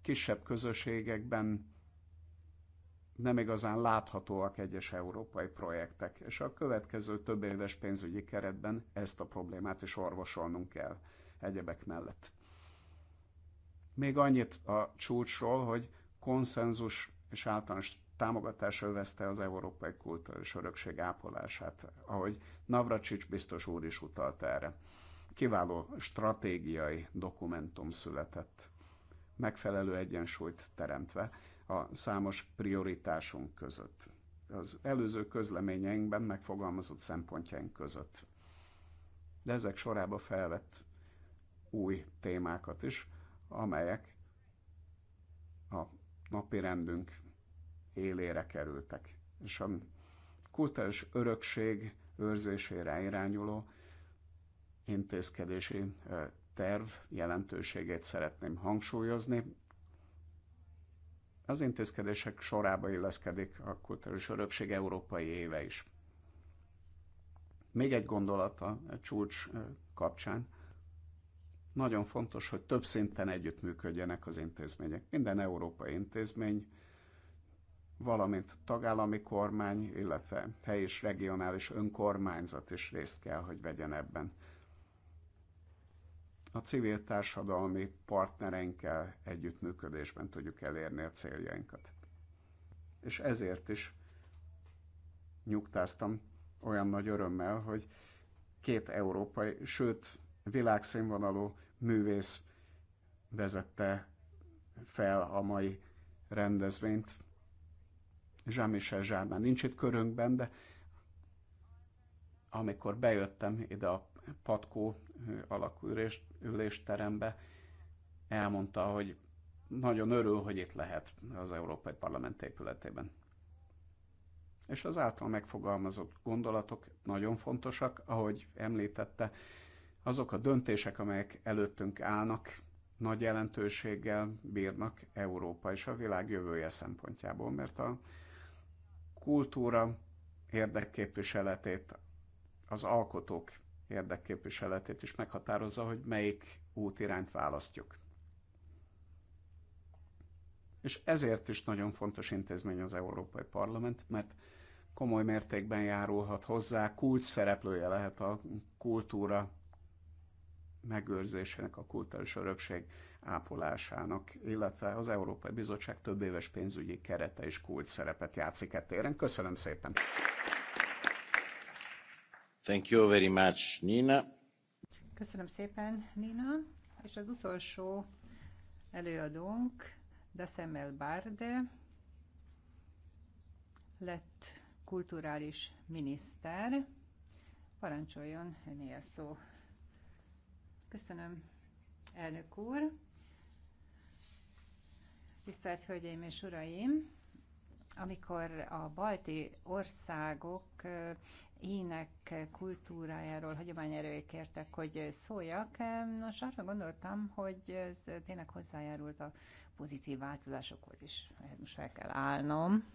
Speaker 4: kisebb közösségekben nem igazán láthatóak egyes európai projektek, és a következő több éves pénzügyi keretben ezt a problémát is orvosolnunk kell egyebek mellett. Még annyit a csúcsról, hogy konszenzus és általános támogatás övezte az európai kulturális örökség ápolását, ahogy Navracsics biztos úr is utalt erre. Kiváló stratégiai dokumentum született, megfelelő egyensúlyt teremtve a számos prioritásunk között, az előző közleményeinkben megfogalmazott szempontjaink között. De ezek sorába felvett új témákat is, amelyek a napi rendünk élére kerültek. És a kultúrás örökség őrzésére irányuló intézkedési terv jelentőségét szeretném hangsúlyozni, az intézkedések sorába illeszkedik a kulturális örökség európai éve is. Még egy gondolat a e csúcs e, kapcsán. Nagyon fontos, hogy több szinten együttműködjenek az intézmények. Minden európai intézmény, valamint tagállami kormány, illetve helyi és regionális önkormányzat is részt kell, hogy vegyen ebben a civil társadalmi partnerenkkel együttműködésben tudjuk elérni a céljainkat. És ezért is nyugtáztam olyan nagy örömmel, hogy két európai, sőt világszínvonalú művész vezette fel a mai rendezvényt. Jean-Michel nincs itt körünkben, de amikor bejöttem ide a patkó ülésterembe elmondta, hogy nagyon örül, hogy itt lehet az Európai Parlament épületében. És az által megfogalmazott gondolatok nagyon fontosak, ahogy említette, azok a döntések, amelyek előttünk állnak, nagy jelentőséggel bírnak Európa és a világ jövője szempontjából, mert a kultúra érdekképviseletét az alkotók érdekképviseletét is meghatározza, hogy melyik útirányt választjuk. És ezért is nagyon fontos intézmény az Európai Parlament, mert komoly mértékben járulhat hozzá, kulcs szereplője lehet a kultúra megőrzésének, a kultúrás örökség ápolásának, illetve az Európai Bizottság több éves pénzügyi kerete is kulcs szerepet játszik ettéren. Köszönöm szépen!
Speaker 1: Thank you very much, Nina.
Speaker 5: Köszönöm szépen, Nina. És az utolsó előadónk, Dasemel Barde, lett kulturális miniszter. Parancsoljon önél szó. Köszönöm, elnök úr. Tisztelt Hölgyeim és Uraim! Amikor a balti országok ének kultúrájáról, hagyományerői kértek, hogy szóljak. Nos, arra gondoltam, hogy ez tényleg hozzájárult a pozitív változásokhoz is. Ehhez most fel kell állnom.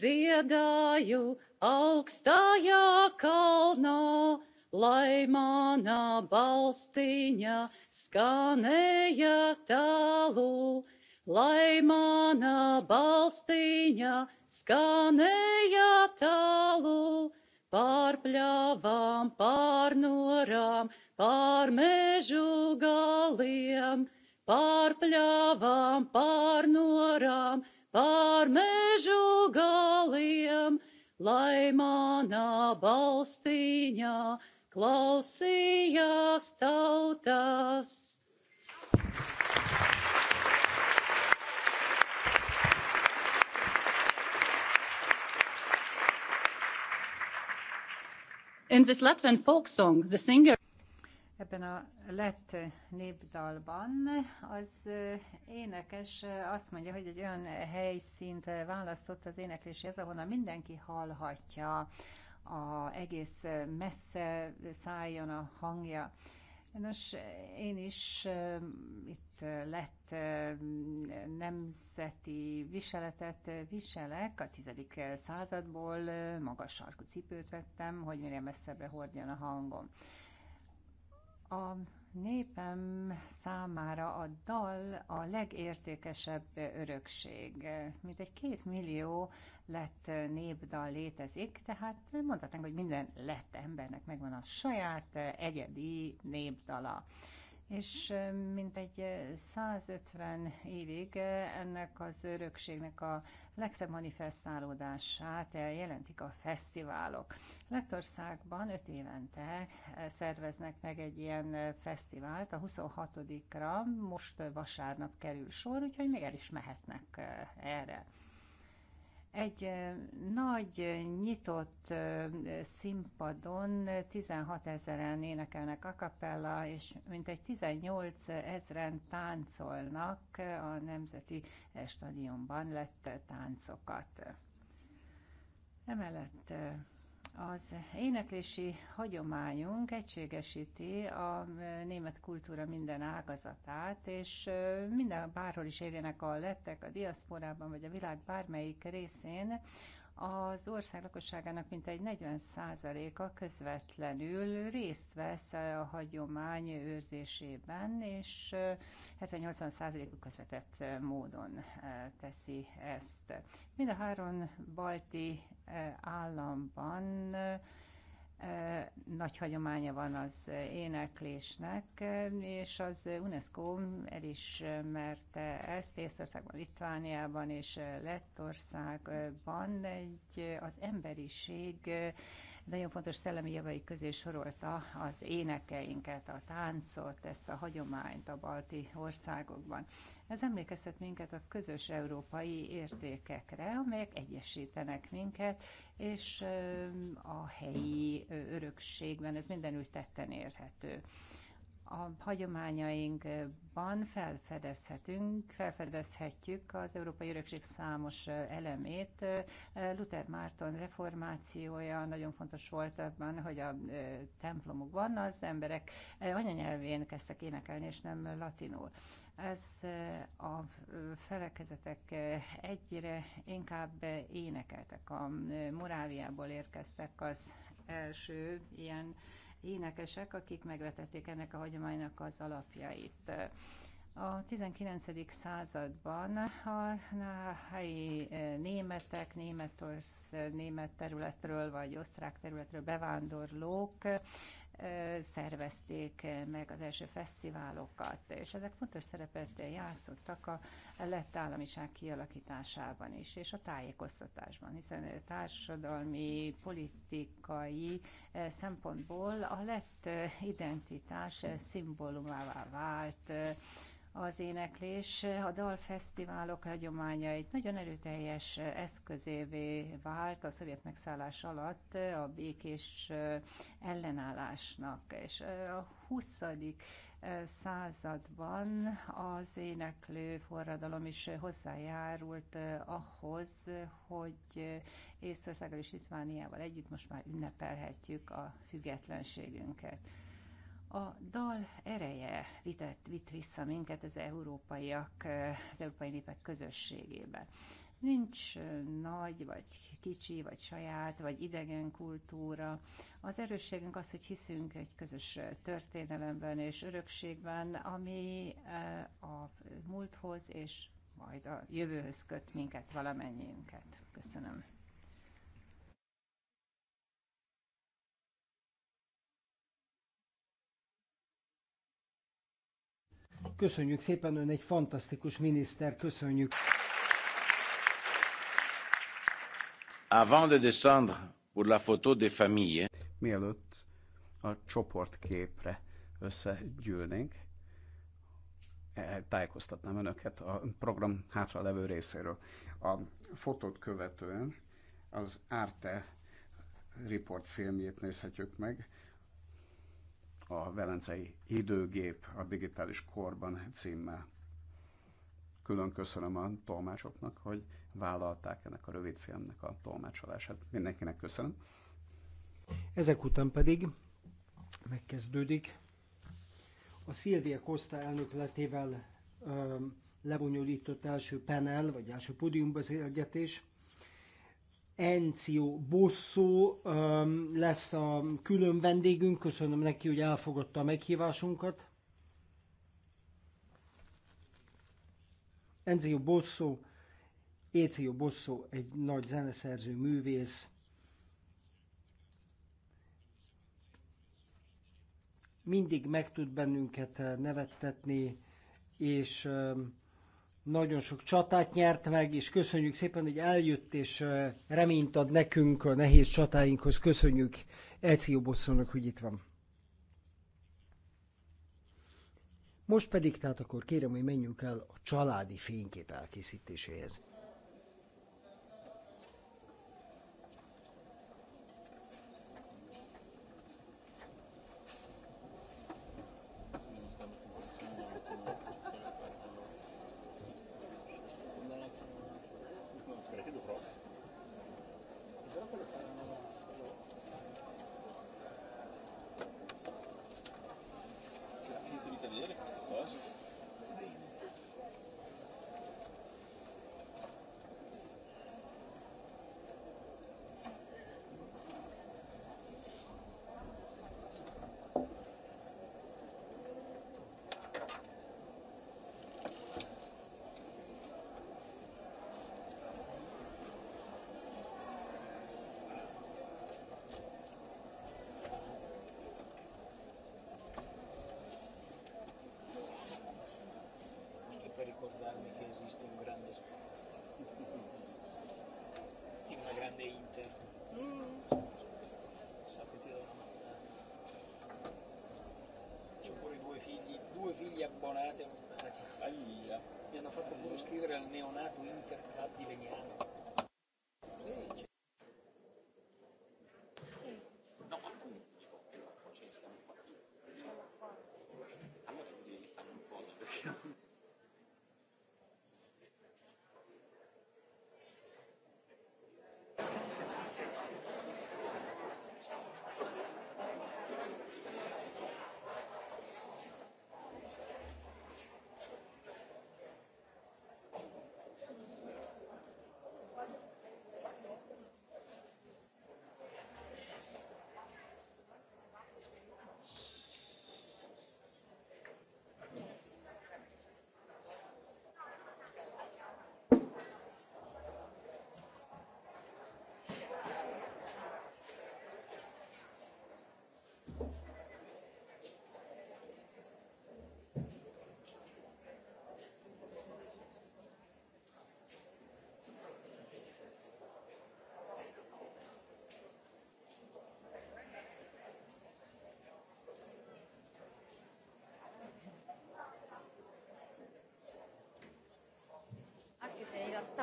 Speaker 5: Ziedāju augstajā kalnā, lai manā balstīņā skanēja tālu, lai manā balstīņā skanēja tālu. Pār pļāvām, pār norām, pār mežu galiem, pār pļāvām, pār norām, pār mežu galiem, lai manā balstīņā klausījās tautas. In this Latvian folk song, the singer Ebben a lett népdalban az eh, énekes eh, azt mondja, hogy egy olyan helyszínt eh, választott az énekléshez, ahonnan mindenki hallhatja, a, egész messze szálljon a hangja. Nos, én is itt lett nemzeti viseletet viselek, a tizedik századból magas sarkú cipőt vettem, hogy minél messzebbre hordjon a hangom. A népem számára a dal a legértékesebb örökség. Mint egy két millió lett népdal létezik, tehát mondhatnánk, hogy minden lett embernek megvan a saját egyedi népdala és mint egy 150 évig ennek az örökségnek a legszebb manifestálódását jelentik a fesztiválok. Lettországban öt évente szerveznek meg egy ilyen fesztivált, a 26-ra most vasárnap kerül sor, úgyhogy még el is mehetnek erre. Egy nagy, nyitott színpadon 16 ezeren énekelnek a kapella, és mintegy 18 ezeren táncolnak a Nemzeti Stadionban lett táncokat. Emellett az éneklési hagyományunk egységesíti a német kultúra minden ágazatát, és minden bárhol is érjenek a lettek, a diaszporában vagy a világ bármelyik részén, az ország lakosságának mintegy 40%-a közvetlenül részt vesz a hagyomány őrzésében, és 70-80%-uk közvetett módon teszi ezt. Mind a három balti államban nagy hagyománya van az éneklésnek, és az UNESCO elismerte ezt Észországban, Litvániában és Lettországban egy az emberiség nagyon fontos szellemi javai közé sorolta az énekeinket, a táncot, ezt a hagyományt a balti országokban. Ez emlékeztet minket a közös európai értékekre, amelyek egyesítenek minket, és a helyi örökségben ez mindenütt tetten érhető a hagyományainkban felfedezhetünk, felfedezhetjük az Európai Örökség számos elemét. Luther Márton reformációja nagyon fontos volt abban, hogy a templomokban az emberek anyanyelvén kezdtek énekelni, és nem latinul. Ez a felekezetek egyre inkább énekeltek. A Moráviából érkeztek az első ilyen énekesek, akik megvetették ennek a hagyománynak az alapjait. A 19. században a helyi eh, németek, németorsz, német területről vagy osztrák területről bevándorlók szervezték meg az első fesztiválokat, és ezek fontos szerepet játszottak a lett államiság kialakításában is, és a tájékoztatásban, hiszen társadalmi, politikai szempontból a lett identitás szimbólumává vált, az éneklés a dalfesztiválok hagyománya egy nagyon erőteljes eszközévé vált a szovjet megszállás alatt a békés ellenállásnak, és a 20 században az éneklő forradalom is hozzájárult ahhoz, hogy Észtországgal és Litvániával együtt most már ünnepelhetjük a függetlenségünket. A dal ereje vitett, vitt vissza minket az európaiak, az európai népek közösségébe. Nincs nagy, vagy kicsi, vagy saját, vagy idegen kultúra. Az erősségünk az, hogy hiszünk egy közös történelemben és örökségben, ami a múlthoz és majd a jövőhöz köt minket valamennyiünket. Köszönöm.
Speaker 2: Köszönjük szépen, ön egy fantasztikus miniszter, köszönjük.
Speaker 1: Avant de descendre pour la photo des familles.
Speaker 4: Mielőtt a csoportképre összegyűlnénk, eh, tájékoztatnám önöket a program hátra levő részéről. A fotót követően az Arte Report filmjét nézhetjük meg, a Velencei Időgép a digitális korban címmel. Külön köszönöm a tolmácsoknak, hogy vállalták ennek a rövid filmnek a tolmácsolását. Mindenkinek köszönöm.
Speaker 2: Ezek után pedig megkezdődik a Szilvia Costa elnökletével lebonyolított első panel, vagy első pódiumbeszélgetés. Encio Bosszó lesz a külön vendégünk. Köszönöm neki, hogy elfogadta a meghívásunkat. Encio Bosszó, Écio Bosszó egy nagy zeneszerző művész, mindig meg tud bennünket nevettetni, és nagyon sok csatát nyert meg, és köszönjük szépen, hogy eljött és reményt ad nekünk a nehéz csatáinkhoz. Köszönjük Eció Bosszónak, hogy itt van. Most pedig, tehát akkor kérem, hogy menjünk el a családi fénykép elkészítéséhez.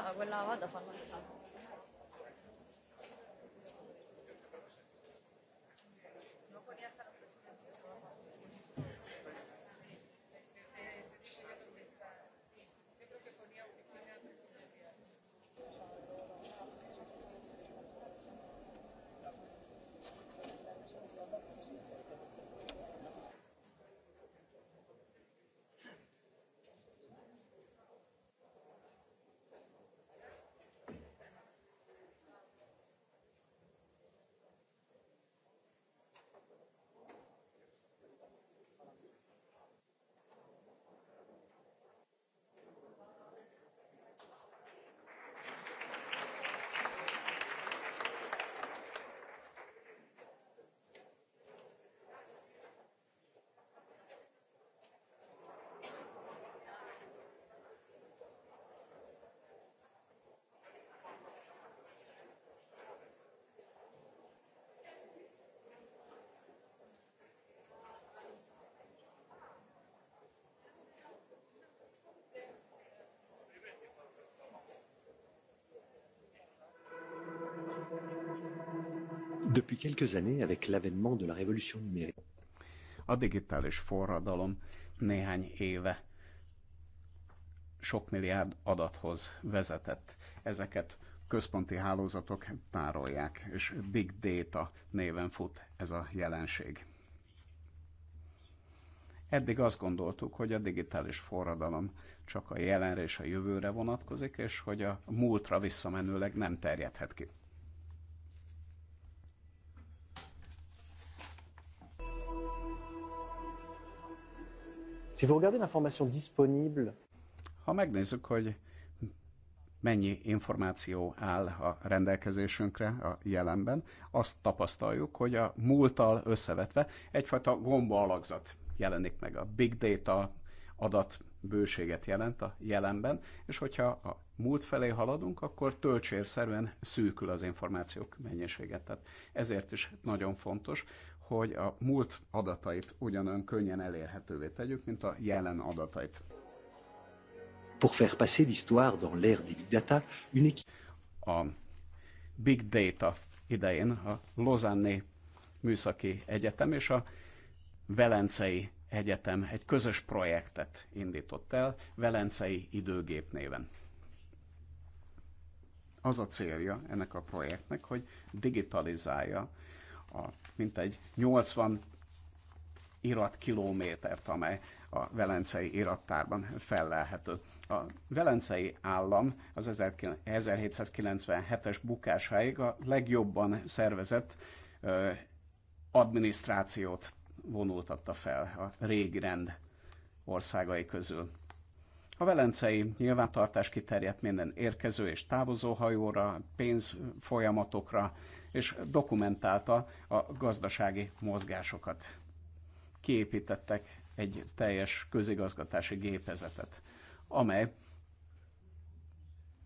Speaker 3: volta, quella vado
Speaker 6: depuis quelques années avec l'avènement
Speaker 4: de la révolution numérique. A digitális forradalom néhány éve sok milliárd adathoz vezetett. Ezeket központi hálózatok tárolják, és Big Data néven fut ez a jelenség. Eddig azt gondoltuk, hogy a digitális forradalom csak a jelenre és a jövőre vonatkozik, és hogy a múltra visszamenőleg nem terjedhet ki. Si vous regardez l'information disponible, ha megnézzük, hogy mennyi információ áll a rendelkezésünkre a jelenben, azt tapasztaljuk, hogy a múltal összevetve egyfajta gomba alakzat jelenik meg. A big data adat bőséget jelent a jelenben, és hogyha a múlt felé haladunk, akkor töltsérszerűen szűkül az információk mennyiséget. Tehát ezért is nagyon fontos, hogy a múlt adatait ugyanolyan könnyen elérhetővé tegyük, mint a jelen adatait. Pour faire passer l'histoire dans l'ère des big data, une A big data idején a Lozanne Műszaki Egyetem és a Velencei Egyetem egy közös projektet indított el, Velencei Időgép néven. Az a célja ennek a projektnek, hogy digitalizálja a mintegy 80 iratkilométert, amely a Velencei irattárban fellelhető. A Velencei állam az 1797-es bukásáig a legjobban szervezett ö, adminisztrációt vonultatta fel a régi rend országai közül. A velencei nyilvántartás kiterjedt minden érkező és távozó hajóra, pénzfolyamatokra, és dokumentálta a gazdasági mozgásokat. Kiépítettek egy teljes közigazgatási gépezetet, amely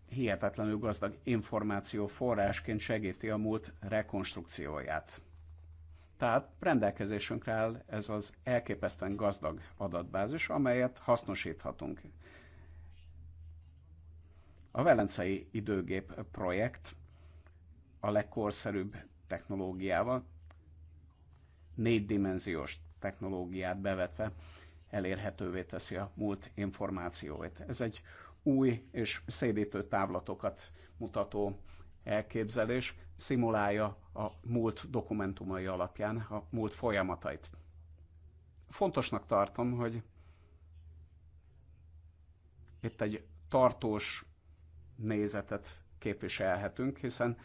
Speaker 4: hihetetlenül gazdag információ forrásként segíti a múlt rekonstrukcióját. Tehát rendelkezésünkre áll ez az elképesztően gazdag adatbázis, amelyet hasznosíthatunk. A Velencei Időgép projekt a legkorszerűbb technológiával, négydimenziós technológiát bevetve elérhetővé teszi a múlt információit. Ez egy új és szédítő távlatokat mutató elképzelés, szimulálja a múlt dokumentumai alapján a múlt folyamatait. Fontosnak tartom, hogy itt egy tartós nézetet képviselhetünk, hiszen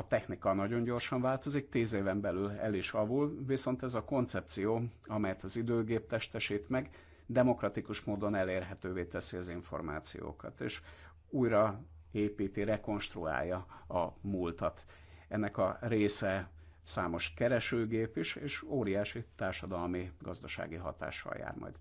Speaker 4: a technika nagyon gyorsan változik, tíz éven belül el is avul, viszont ez a koncepció, amelyet az időgép testesít meg, demokratikus módon elérhetővé teszi az információkat, és újra építi, rekonstruálja a múltat. Ennek a része számos keresőgép is, és óriási társadalmi, gazdasági hatással jár majd.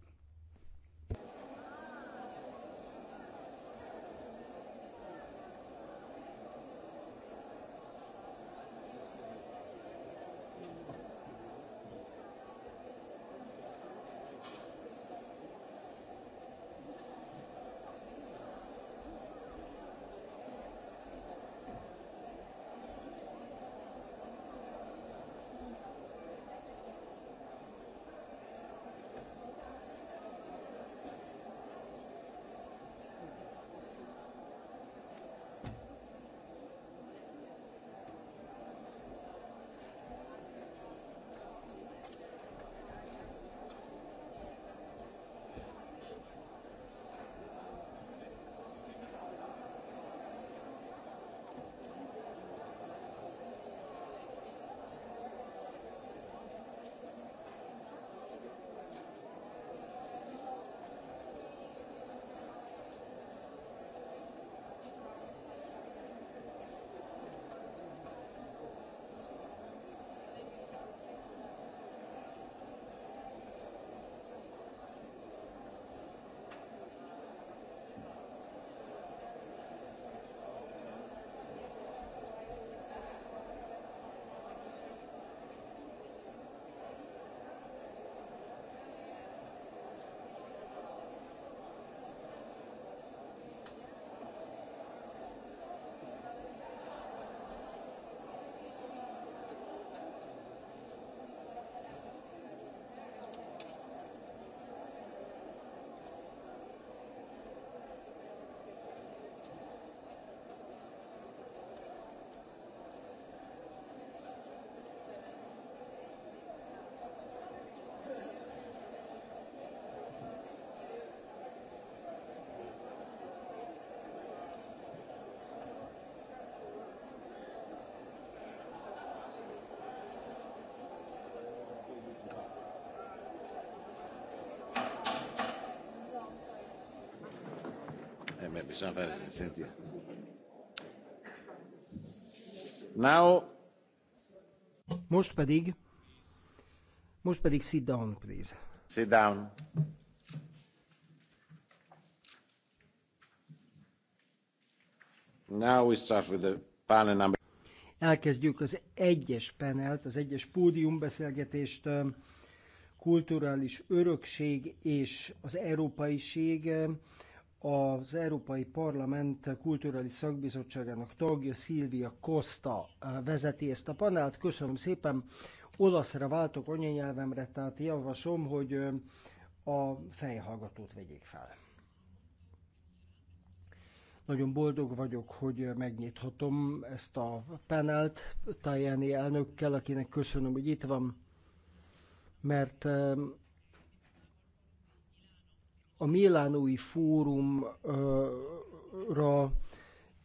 Speaker 1: bisogna fare sentire. Now.
Speaker 2: Most pedig, most pedig sit down, please.
Speaker 1: Sit down. Now we start with the panel number.
Speaker 2: Elkezdjük az egyes panelt, az egyes pódiumbeszélgetést, kulturális örökség és az európaiség az Európai Parlament Kulturális Szakbizottságának tagja Szilvia Costa eh, vezeti ezt a panelt. Köszönöm szépen, olaszra váltok anyanyelvemre, tehát javaslom, hogy eh, a fejhallgatót vegyék fel. Nagyon boldog vagyok, hogy megnyithatom ezt a panelt Tajani elnökkel, akinek köszönöm, hogy itt van, mert eh, a Milánói fórumra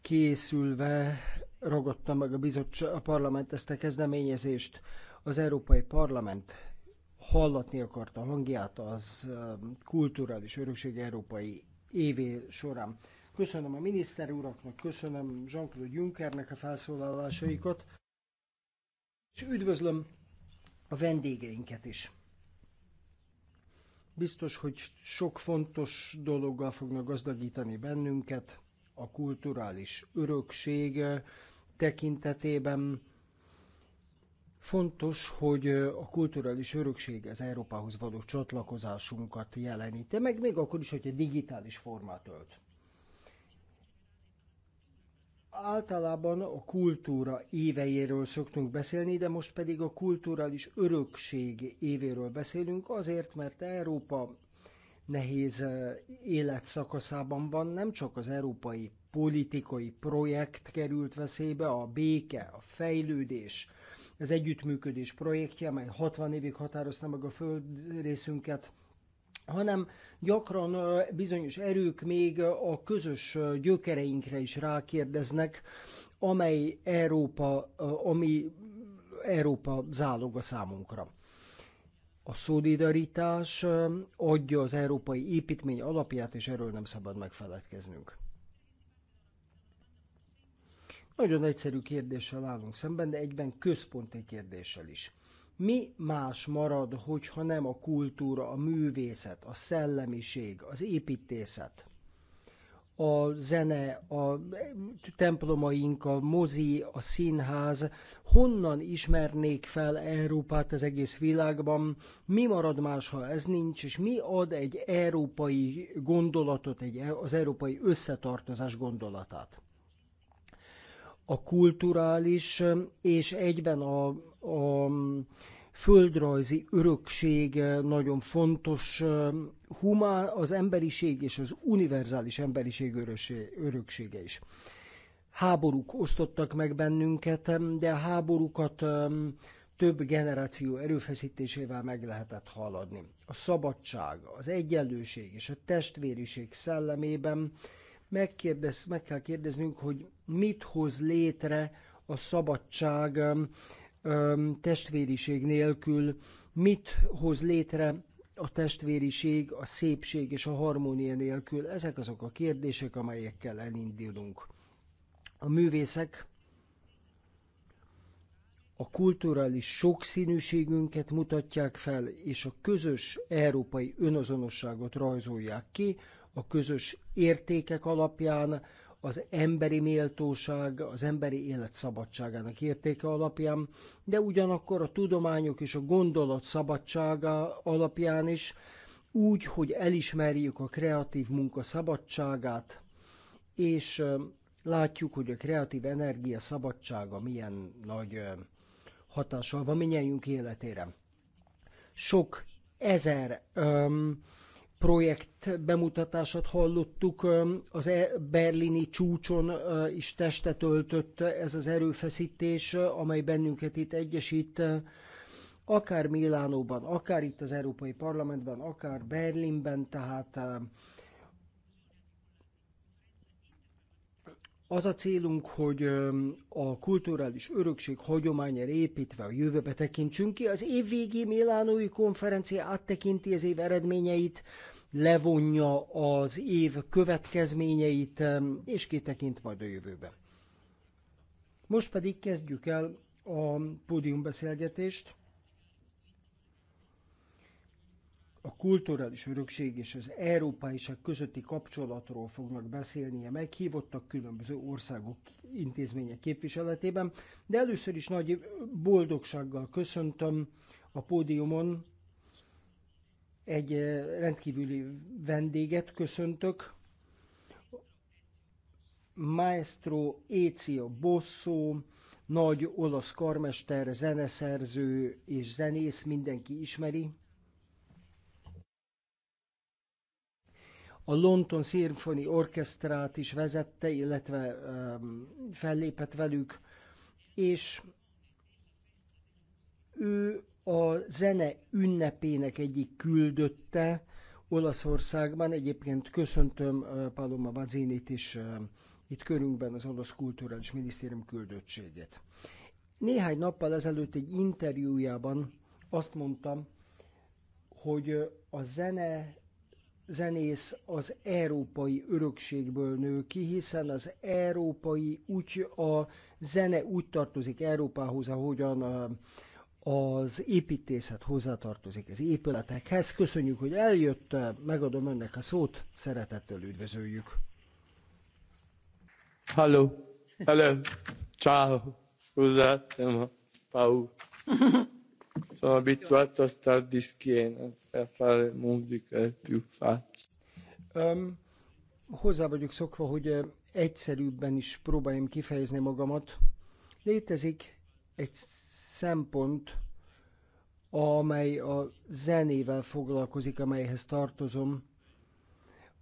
Speaker 2: készülve ragadta meg a, bizottság, a parlament ezt a kezdeményezést. Az Európai Parlament hallatni akarta a hangját az um, kulturális örökség európai évé során. Köszönöm a miniszter uraknak, köszönöm Jean-Claude Junckernek a felszólalásaikat, és üdvözlöm a vendégeinket is. Biztos, hogy sok fontos dologgal fognak gazdagítani bennünket a kulturális örökség tekintetében. Fontos, hogy a kulturális örökség az Európához való csatlakozásunkat jeleníti, meg még akkor is, hogy a digitális formát ölt. Általában a kultúra éveiről szoktunk beszélni, de most pedig a kulturális örökség évéről beszélünk, azért, mert Európa nehéz eh, életszakaszában van, nem csak az európai politikai projekt került veszélybe, a béke, a fejlődés, az együttműködés projektje, amely 60 évig határozta meg a földrészünket, hanem gyakran bizonyos erők még a közös gyökereinkre is rákérdeznek, amely Európa, ami Európa záloga számunkra. A szolidaritás adja az európai építmény alapját, és erről nem szabad megfeledkeznünk. Nagyon egyszerű kérdéssel állunk szemben, de egyben központi kérdéssel is. Mi más marad, hogyha nem a kultúra, a művészet, a szellemiség, az építészet, a zene, a templomaink, a mozi, a színház, honnan ismernék fel Európát az egész világban, mi marad más, ha ez nincs, és mi ad egy európai gondolatot, egy, e- az európai összetartozás gondolatát. A kulturális és egyben a, a mm, földrajzi örökség eh, nagyon fontos, eh, humán, az emberiség és az univerzális emberiség öröksége is. Háborúk osztottak meg bennünket, de a háborúkat több generáció erőfeszítésével meg lehetett haladni. A szabadság, az egyenlőség és a testvériség szellemében megkérdez, meg kell kérdeznünk, hogy mit hoz létre a szabadság, testvériség nélkül mit hoz létre a testvériség, a szépség és a harmónia nélkül. Ezek azok a kérdések, amelyekkel elindulunk. A művészek a kulturális sokszínűségünket mutatják fel, és a közös európai önazonosságot rajzolják ki, a közös értékek alapján, az emberi méltóság, az emberi élet szabadságának értéke alapján, de ugyanakkor a tudományok és a gondolat szabadsága alapján is, úgy, hogy elismerjük a kreatív munka szabadságát, és látjuk, hogy a kreatív energia szabadsága milyen nagy hatással van minnyájunk életére. Sok ezer um, projekt bemutatását hallottuk, az e berlini csúcson is testet öltött ez az erőfeszítés, amely bennünket itt egyesít, akár Milánóban, akár itt az Európai Parlamentben, akár Berlinben, tehát az a célunk, hogy a kulturális örökség hagyományára építve a jövőbe tekintsünk ki. Az év végi Milánói konferencia áttekinti az év eredményeit, levonja az év következményeit, és kitekint majd a jövőbe. Most pedig kezdjük el a pódiumbeszélgetést. A kulturális örökség és az európaiság közötti kapcsolatról fognak beszélni a meghívottak különböző országok intézmények képviseletében, de először is nagy boldogsággal köszöntöm a pódiumon egy rendkívüli vendéget köszöntök, Maestro Ezio Bosso, nagy olasz karmester, zeneszerző és zenész, mindenki ismeri. A London Symphony Orchestrát is vezette, illetve um, fellépett velük, és ő a zene ünnepének egyik küldötte Olaszországban. Egyébként köszöntöm Paloma Bazinit is itt körünkben az Olasz Kulturális Minisztérium küldöttségét. Néhány nappal ezelőtt egy interjújában azt mondtam, hogy a zene zenész az európai örökségből nő ki, hiszen az európai úgy, a zene úgy tartozik Európához, ahogyan a, az építészet hozzátartozik az épületekhez. Köszönjük, hogy eljött, megadom önnek a szót, szeretettel üdvözöljük. Hello, hello, ciao, usa, pau.
Speaker 8: Sono abituato a star di schiena per fare musica più facile.
Speaker 2: Um, hozzá vagyok szokva, hogy eh, egyszerűbben is próbáljam kifejezni magamat. Létezik egy szempont, amely a zenével foglalkozik, amelyhez tartozom.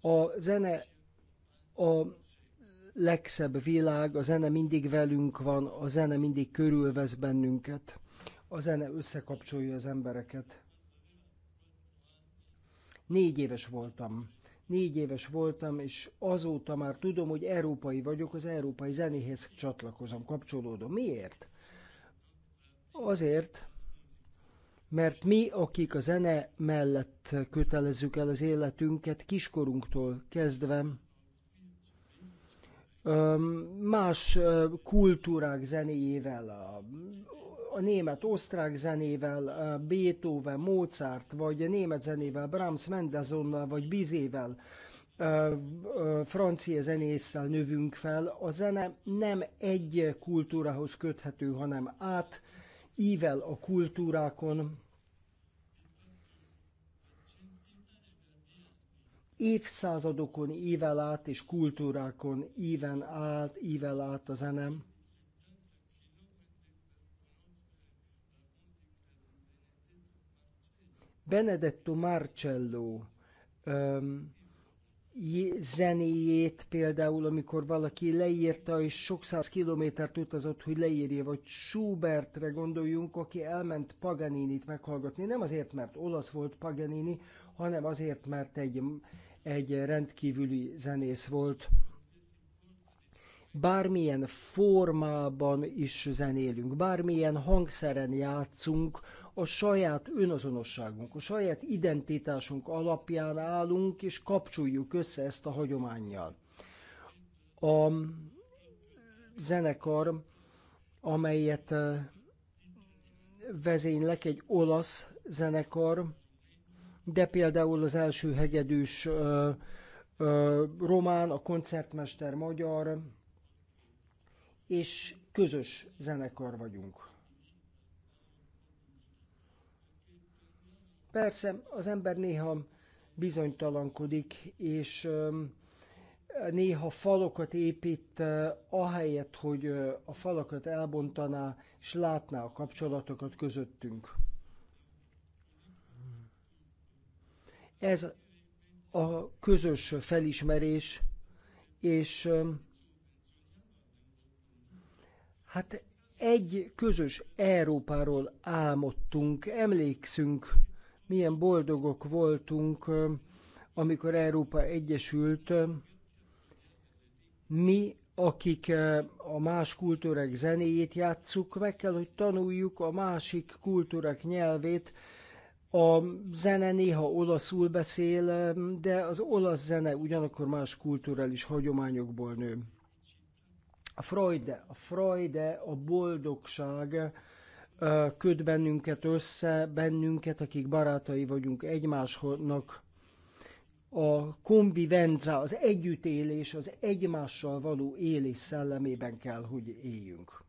Speaker 2: A zene a legszebb világ, a zene mindig velünk van, a zene mindig körülvesz bennünket, a zene összekapcsolja az embereket. Négy éves voltam. Négy éves voltam, és azóta már tudom, hogy európai vagyok, az európai zenéhez csatlakozom, kapcsolódom. Miért? Azért, mert mi, akik a zene mellett kötelezzük el az életünket kiskorunktól kezdve, más kultúrák zenéjével, a, német-osztrák zenével, Beethoven, Mozart, vagy a német zenével, Brahms, Mendezonnal, vagy Bizével, francia zenésszel növünk fel. A zene nem egy kultúrához köthető, hanem át ível a kultúrákon, évszázadokon ível át és kultúrákon íven át, ível át a zenem. Benedetto Marcello, um, zenéjét például, amikor valaki leírta, és sok száz kilométert utazott, hogy leírja, vagy Schubertre gondoljunk, aki elment Paganinit meghallgatni, nem azért, mert olasz volt Paganini, hanem azért, mert egy, egy rendkívüli zenész volt. Bármilyen formában is zenélünk, bármilyen hangszeren játszunk, a saját önazonosságunk, a saját identitásunk alapján állunk, és kapcsoljuk össze ezt a hagyományjal. A zenekar, amelyet vezénylek, egy olasz zenekar, de például az első hegedűs ö, ö, román, a koncertmester magyar, és közös zenekar vagyunk. Persze az ember néha bizonytalankodik, és néha falakat épít, ahelyett, hogy a falakat elbontaná, és látná a kapcsolatokat közöttünk. Ez a közös felismerés, és hát egy közös Európáról álmodtunk, emlékszünk milyen boldogok voltunk, amikor Európa egyesült, mi, akik a más kultúrák zenéjét játsszuk, meg kell, hogy tanuljuk a másik kultúrák nyelvét. A zene néha olaszul beszél, de az olasz zene ugyanakkor más kulturális hagyományokból nő. A Freude, a Freude, a boldogság, köt bennünket össze, bennünket, akik barátai vagyunk egymásnak. A kombivenza, az együttélés, az egymással való élés szellemében kell, hogy éljünk.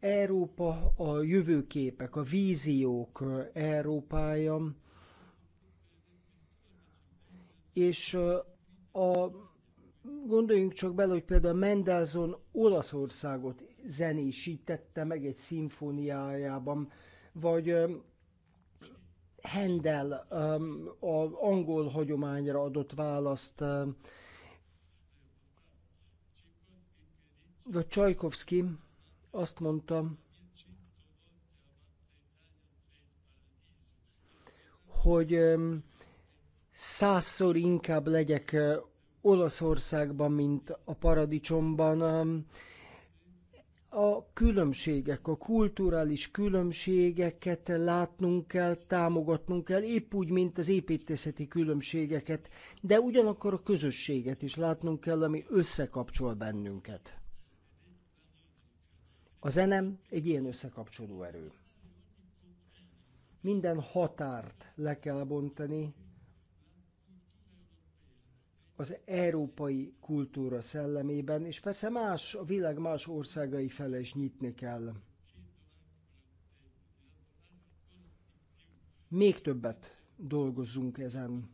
Speaker 2: Európa a jövőképek, a víziók Európája, és a, gondoljunk csak bele, hogy például Mendelssohn Olaszországot zenésítette meg egy szimfóniájában, vagy Handel a angol hagyományra adott választ, vagy Csajkovszki azt mondta, hogy um, százszor inkább legyek Olaszországban, mint a paradicsomban. A különbségek, a kulturális különbségeket látnunk kell, támogatnunk kell, épp úgy, mint az építészeti különbségeket, de ugyanakkor a közösséget is látnunk kell, ami összekapcsol bennünket. A zenem egy ilyen összekapcsoló erő. Minden határt le kell bontani, az európai kultúra szellemében, és persze más, a világ más országai fele is nyitni kell. Még többet dolgozzunk ezen.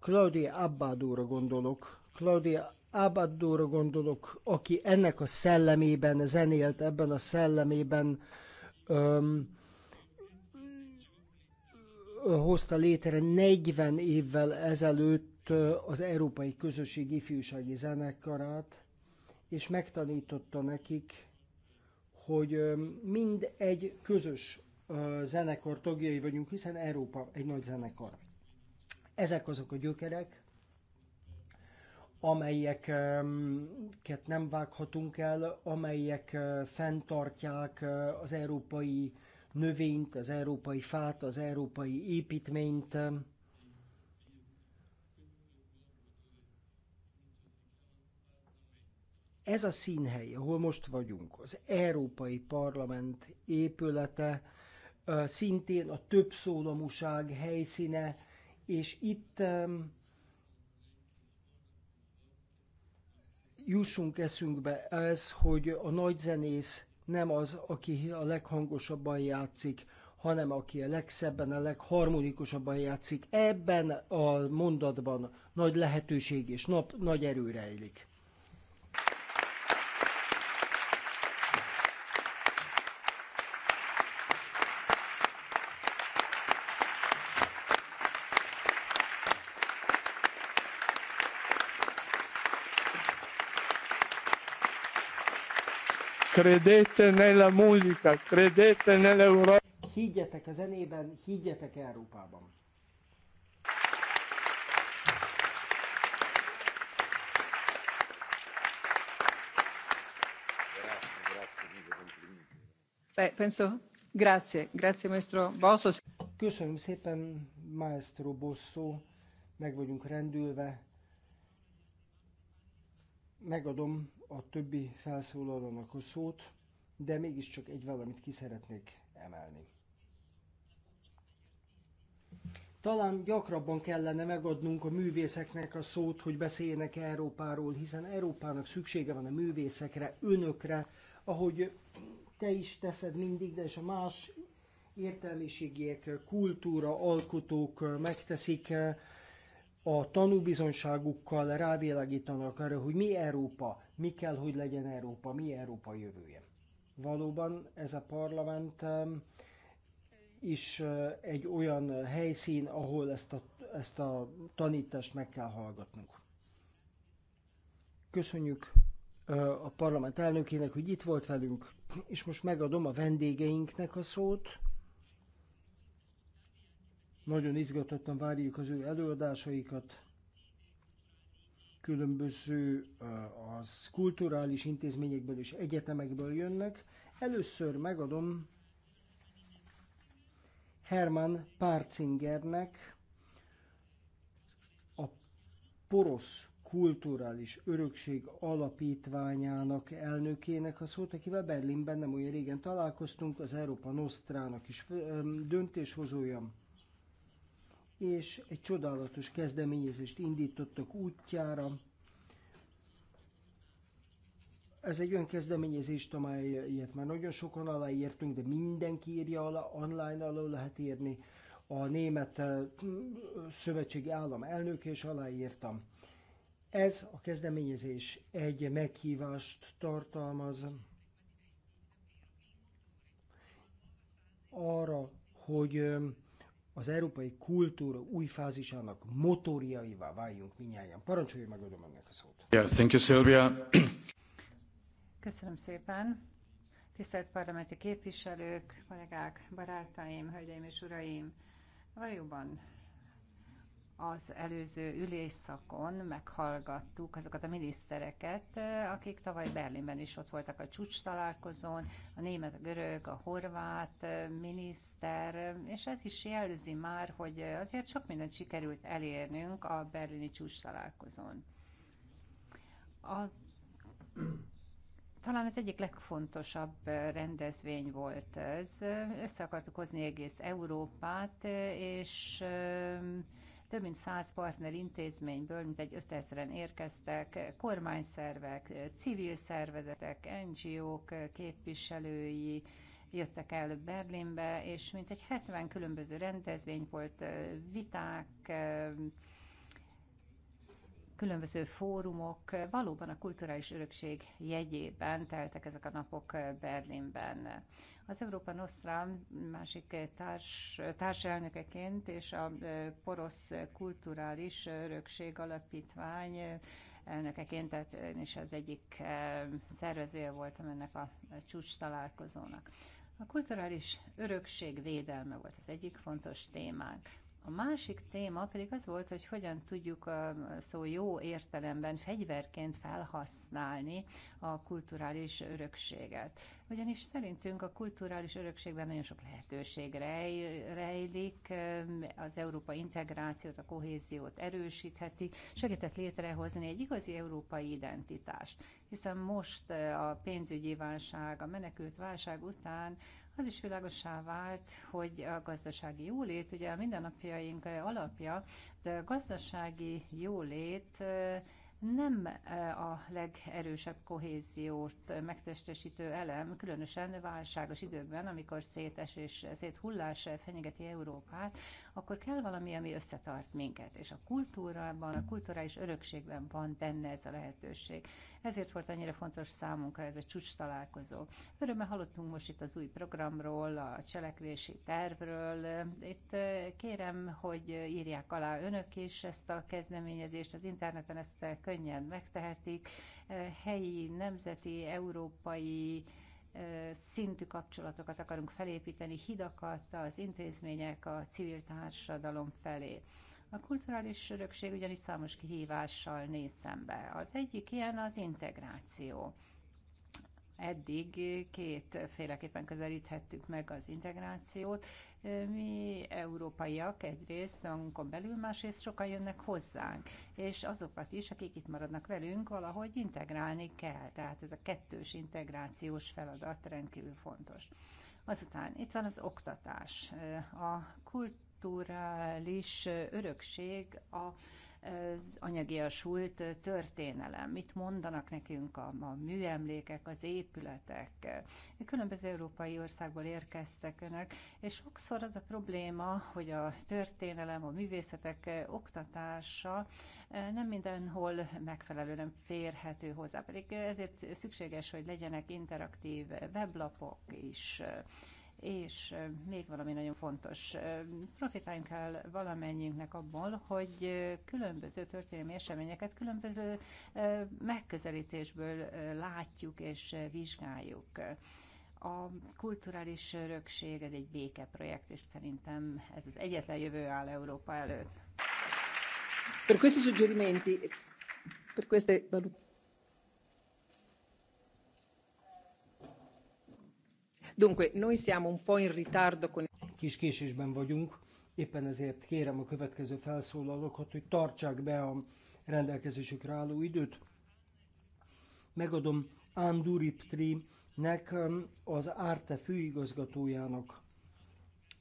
Speaker 2: Claudia Abbadóra gondolok. Claudia Abbadóra gondolok, aki ennek a szellemében zenélt, ebben a szellemében Um, hozta létre 40 évvel ezelőtt az Európai Közösség Ifjúsági Zenekarát, és megtanította nekik, hogy mind egy közös zenekar tagjai vagyunk, hiszen Európa egy nagy zenekar. Ezek azok a gyökerek, amelyeket nem vághatunk el, amelyek fenntartják az európai növényt, az európai fát, az európai építményt. Ez a színhely, ahol most vagyunk, az Európai Parlament épülete, szintén a többszólamúság helyszíne, és itt jussunk eszünkbe ez, hogy a nagyzenész nem az, aki a leghangosabban játszik, hanem aki a legszebben, a legharmonikusabban játszik. Ebben a mondatban nagy lehetőség és nap, nagy erő rejlik.
Speaker 8: Credete nella musica, credete
Speaker 2: nell'Europa. Higgyetek a zenében, higgyetek Európában. Penso, grazie, grazie maestro Bosso. Köszönöm szépen, maestro Bosso, meg vagyunk rendülve. Megadom a többi felszólalónak a szót, de mégiscsak egy valamit ki szeretnék emelni. Talán gyakrabban kellene megadnunk a művészeknek a szót, hogy beszéljenek Európáról, hiszen Európának szüksége van a művészekre, önökre, ahogy te is teszed mindig, de és a más értelmiségiek, kultúra, alkotók megteszik, a tanúbizonságukkal rávilágítanak arra, hogy mi Európa, mi kell, hogy legyen Európa, mi Európa jövője. Valóban ez a parlament is egy olyan helyszín, ahol ezt a, ezt a tanítást meg kell hallgatnunk. Köszönjük a parlament elnökének, hogy itt volt velünk, és most megadom a vendégeinknek a szót. Nagyon izgatottan várjuk az ő előadásaikat. Különböző az kulturális intézményekből és egyetemekből jönnek. Először megadom Hermann Párcingernek a Porosz Kulturális Örökség Alapítványának elnökének a szót, akivel Berlinben nem olyan régen találkoztunk, az Európa Nostrának is döntéshozója és egy csodálatos kezdeményezést indítottak útjára. Ez egy olyan kezdeményezést, amelyet már nagyon sokan aláírtunk, de mindenki írja alá, online alá lehet írni. A német eh, szövetségi állam elnöke is aláírtam. Ez a kezdeményezés egy meghívást tartalmaz arra, hogy eh, az európai kultúra új fázisának motorjaivá váljunk minnyáján. Parancsoljon, megadom önnek a szót.
Speaker 8: Yeah,
Speaker 3: thank you, Sylvia.
Speaker 5: Köszönöm szépen. Tisztelt parlamenti képviselők, kollégák, barátaim, hölgyeim és uraim! Valóban az előző ülésszakon meghallgattuk azokat a minisztereket, akik tavaly Berlinben is ott voltak a csúcs találkozón, a német, a görög, a horvát miniszter, és ez is jelzi már, hogy azért sok mindent sikerült elérnünk a berlini csúcs találkozón. A talán az egyik legfontosabb rendezvény volt ez. Össze akartuk hozni egész Európát, és több mint száz partner intézményből, mint egy 5000-en érkeztek, kormányszervek, civil szervezetek, NGO-k, képviselői, jöttek el Berlinbe, és mintegy 70 különböző rendezvény volt, viták, különböző fórumok valóban a kulturális örökség jegyében teltek ezek a napok Berlinben. Az Európa Nostra másik társ, társelnökeként és a Porosz Kulturális Örökség Alapítvány elnökeként, tehát én is az egyik szervezője voltam ennek a csúcs találkozónak. A kulturális örökség védelme volt az egyik fontos témánk. A másik téma pedig az volt, hogy hogyan tudjuk a szó jó értelemben fegyverként felhasználni a kulturális örökséget. Ugyanis szerintünk a kulturális örökségben nagyon sok lehetőség rej, rejlik, az európai integrációt, a kohéziót erősítheti, segített létrehozni egy igazi európai identitást. Hiszen most a pénzügyi válság, a menekült válság után az is világosá vált, hogy a gazdasági jólét ugye a mindennapjaink alapja, de a gazdasági jólét nem a legerősebb kohéziót megtestesítő elem, különösen válságos időkben, amikor szétes és széthullás fenyegeti Európát, akkor kell valami, ami összetart minket. És a kultúrában, a kulturális örökségben van benne ez a lehetőség. Ezért volt annyira fontos számunkra ez a csúcs találkozó. Örömmel hallottunk most itt az új programról, a cselekvési tervről. Itt kérem, hogy írják alá önök is ezt a kezdeményezést. Az interneten ezt könnyen megtehetik. Helyi, nemzeti, európai szintű kapcsolatokat akarunk felépíteni, hidakat az intézmények, a civil társadalom felé. A kulturális örökség ugyanis számos kihívással néz szembe. Az egyik ilyen az integráció eddig kétféleképpen közelíthettük meg az integrációt. Mi európaiak egyrészt magunkon belül, másrészt sokan jönnek hozzánk, és azokat is, akik itt maradnak velünk, valahogy integrálni kell. Tehát ez a kettős integrációs feladat rendkívül fontos. Azután itt van az oktatás. A kulturális örökség a anyagiasult történelem. Mit mondanak nekünk a, a műemlékek, az épületek? Különböző európai országból érkeztek önök, és sokszor az a probléma, hogy a történelem, a művészetek oktatása eh, nem mindenhol megfelelő, nem férhető hozzá. Pedig ezért szükséges, hogy legyenek interaktív weblapok is, és még valami nagyon fontos. Profitáljunk el valamennyiünknek abból, hogy különböző történelmi eseményeket különböző megközelítésből látjuk és vizsgáljuk. A kulturális örökség, ez egy békeprojekt, és szerintem ez az egyetlen jövő áll Európa előtt.
Speaker 9: Per questi suggerimenti, per queste valutazioni, Dunque, noi siamo un po' in
Speaker 2: ritardo con... Kis késésben vagyunk, éppen ezért kérem a következő felszólalókat, hogy tartsák be a rendelkezésükre álló időt. Megadom Anduriptri-nek, um, az Árte főigazgatójának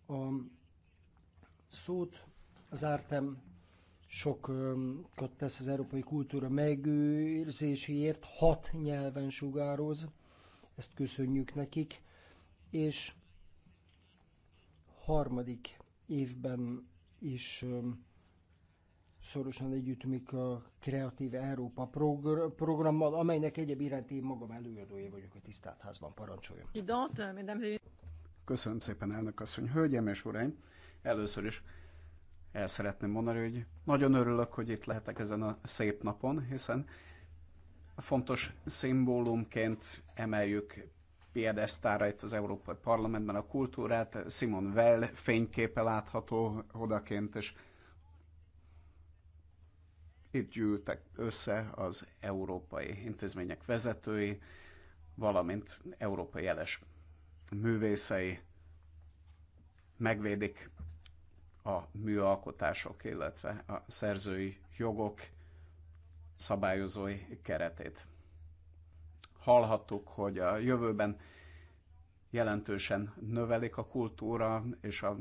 Speaker 2: a szót. Az Ártem sokat tesz az európai kultúra megőrzéséért, hat nyelven sugároz, ezt köszönjük nekik és harmadik évben is szorosan együttműk a Kreatív Európa progr- programmal, amelynek egyéb iránt én magam előadója vagyok a tisztelt házban, parancsoljon. Köszönöm
Speaker 4: szépen, elnök asszony. Hölgyem és uraim, először is el szeretném mondani, hogy nagyon örülök, hogy itt lehetek ezen a szép napon, hiszen fontos szimbólumként emeljük piedesztára itt az Európai Parlamentben a kultúrát. Simon Well fényképe látható odaként, és itt gyűltek össze az európai intézmények vezetői, valamint európai jeles művészei megvédik a műalkotások, illetve a szerzői jogok szabályozói keretét hallhattuk, hogy a jövőben jelentősen növelik a kultúra és a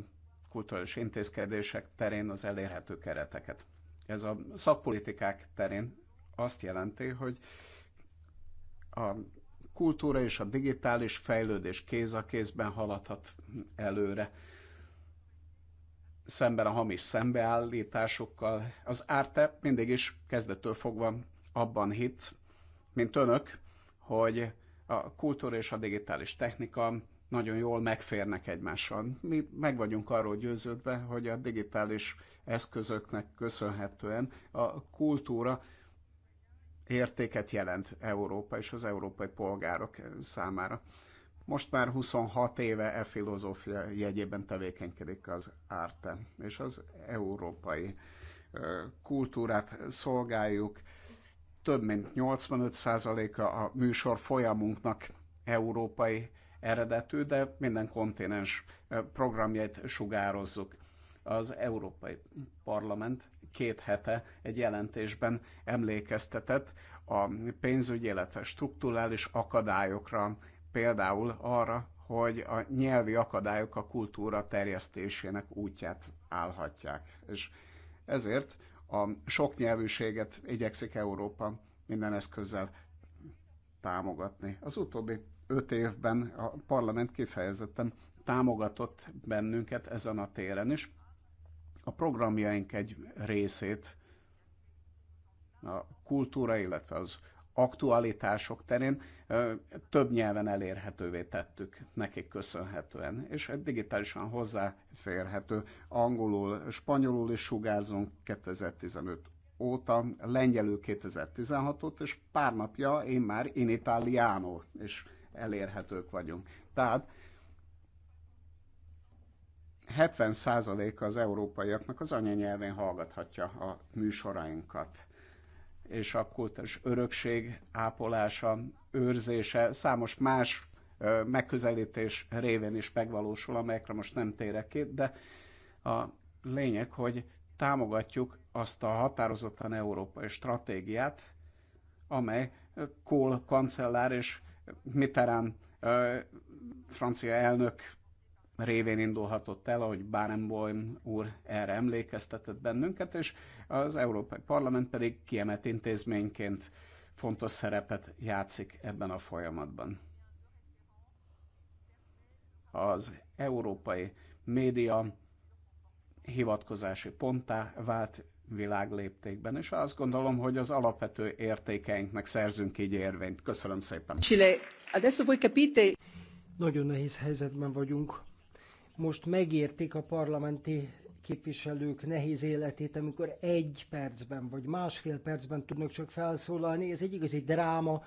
Speaker 4: kulturális intézkedések terén az elérhető kereteket. Ez a szakpolitikák terén azt jelenti, hogy a kultúra és a digitális fejlődés kéz a kézben haladhat előre. Szemben a hamis szembeállításokkal. Az árte mindig is kezdettől fogva abban hit, mint önök, hogy a kultúra és a digitális technika nagyon jól megférnek egymással. Mi meg vagyunk arról győződve, hogy a digitális eszközöknek köszönhetően a kultúra értéket jelent Európa és az európai polgárok számára. Most már 26 éve e filozófia jegyében tevékenykedik az Arte, és az európai kultúrát szolgáljuk, több mint 85%-a a műsor folyamunknak európai eredetű, de minden kontinens programjait sugározzuk. Az Európai Parlament két hete egy jelentésben emlékeztetett a pénzügyi, illetve strukturális akadályokra, például arra, hogy a nyelvi akadályok a kultúra terjesztésének útját állhatják. És ezért a sok nyelvűséget igyekszik Európa minden eszközzel támogatni. Az utóbbi öt évben a parlament kifejezetten támogatott bennünket ezen a téren is. A programjaink egy részét a kultúra, illetve az aktualitások terén több nyelven elérhetővé tettük nekik köszönhetően, és digitálisan hozzáférhető angolul, spanyolul is sugárzunk 2015 óta, lengyelül 2016 óta, és pár napja én már in italiano, és elérhetők vagyunk. Tehát 70% az európaiaknak az anyanyelvén hallgathatja a műsorainkat és a az örökség ápolása, őrzése, számos más megközelítés révén is megvalósul, amelyekre most nem térek ki, de a lényeg, hogy támogatjuk azt a határozottan európai stratégiát, amely Kohl kancellár és Mitterrand francia elnök révén indulhatott el, ahogy Barenboim úr erre emlékeztetett bennünket, és az Európai Parlament pedig kiemelt intézményként fontos szerepet játszik ebben a folyamatban. Az európai média hivatkozási pontá vált világléptékben, és azt gondolom, hogy az alapvető értékeinknek szerzünk így érvényt. Köszönöm szépen. Chile,
Speaker 2: adesso voi capite. Nagyon nehéz helyzetben vagyunk most megértik a parlamenti képviselők nehéz életét, amikor egy percben vagy másfél percben tudnak csak felszólalni. Ez egy igazi dráma,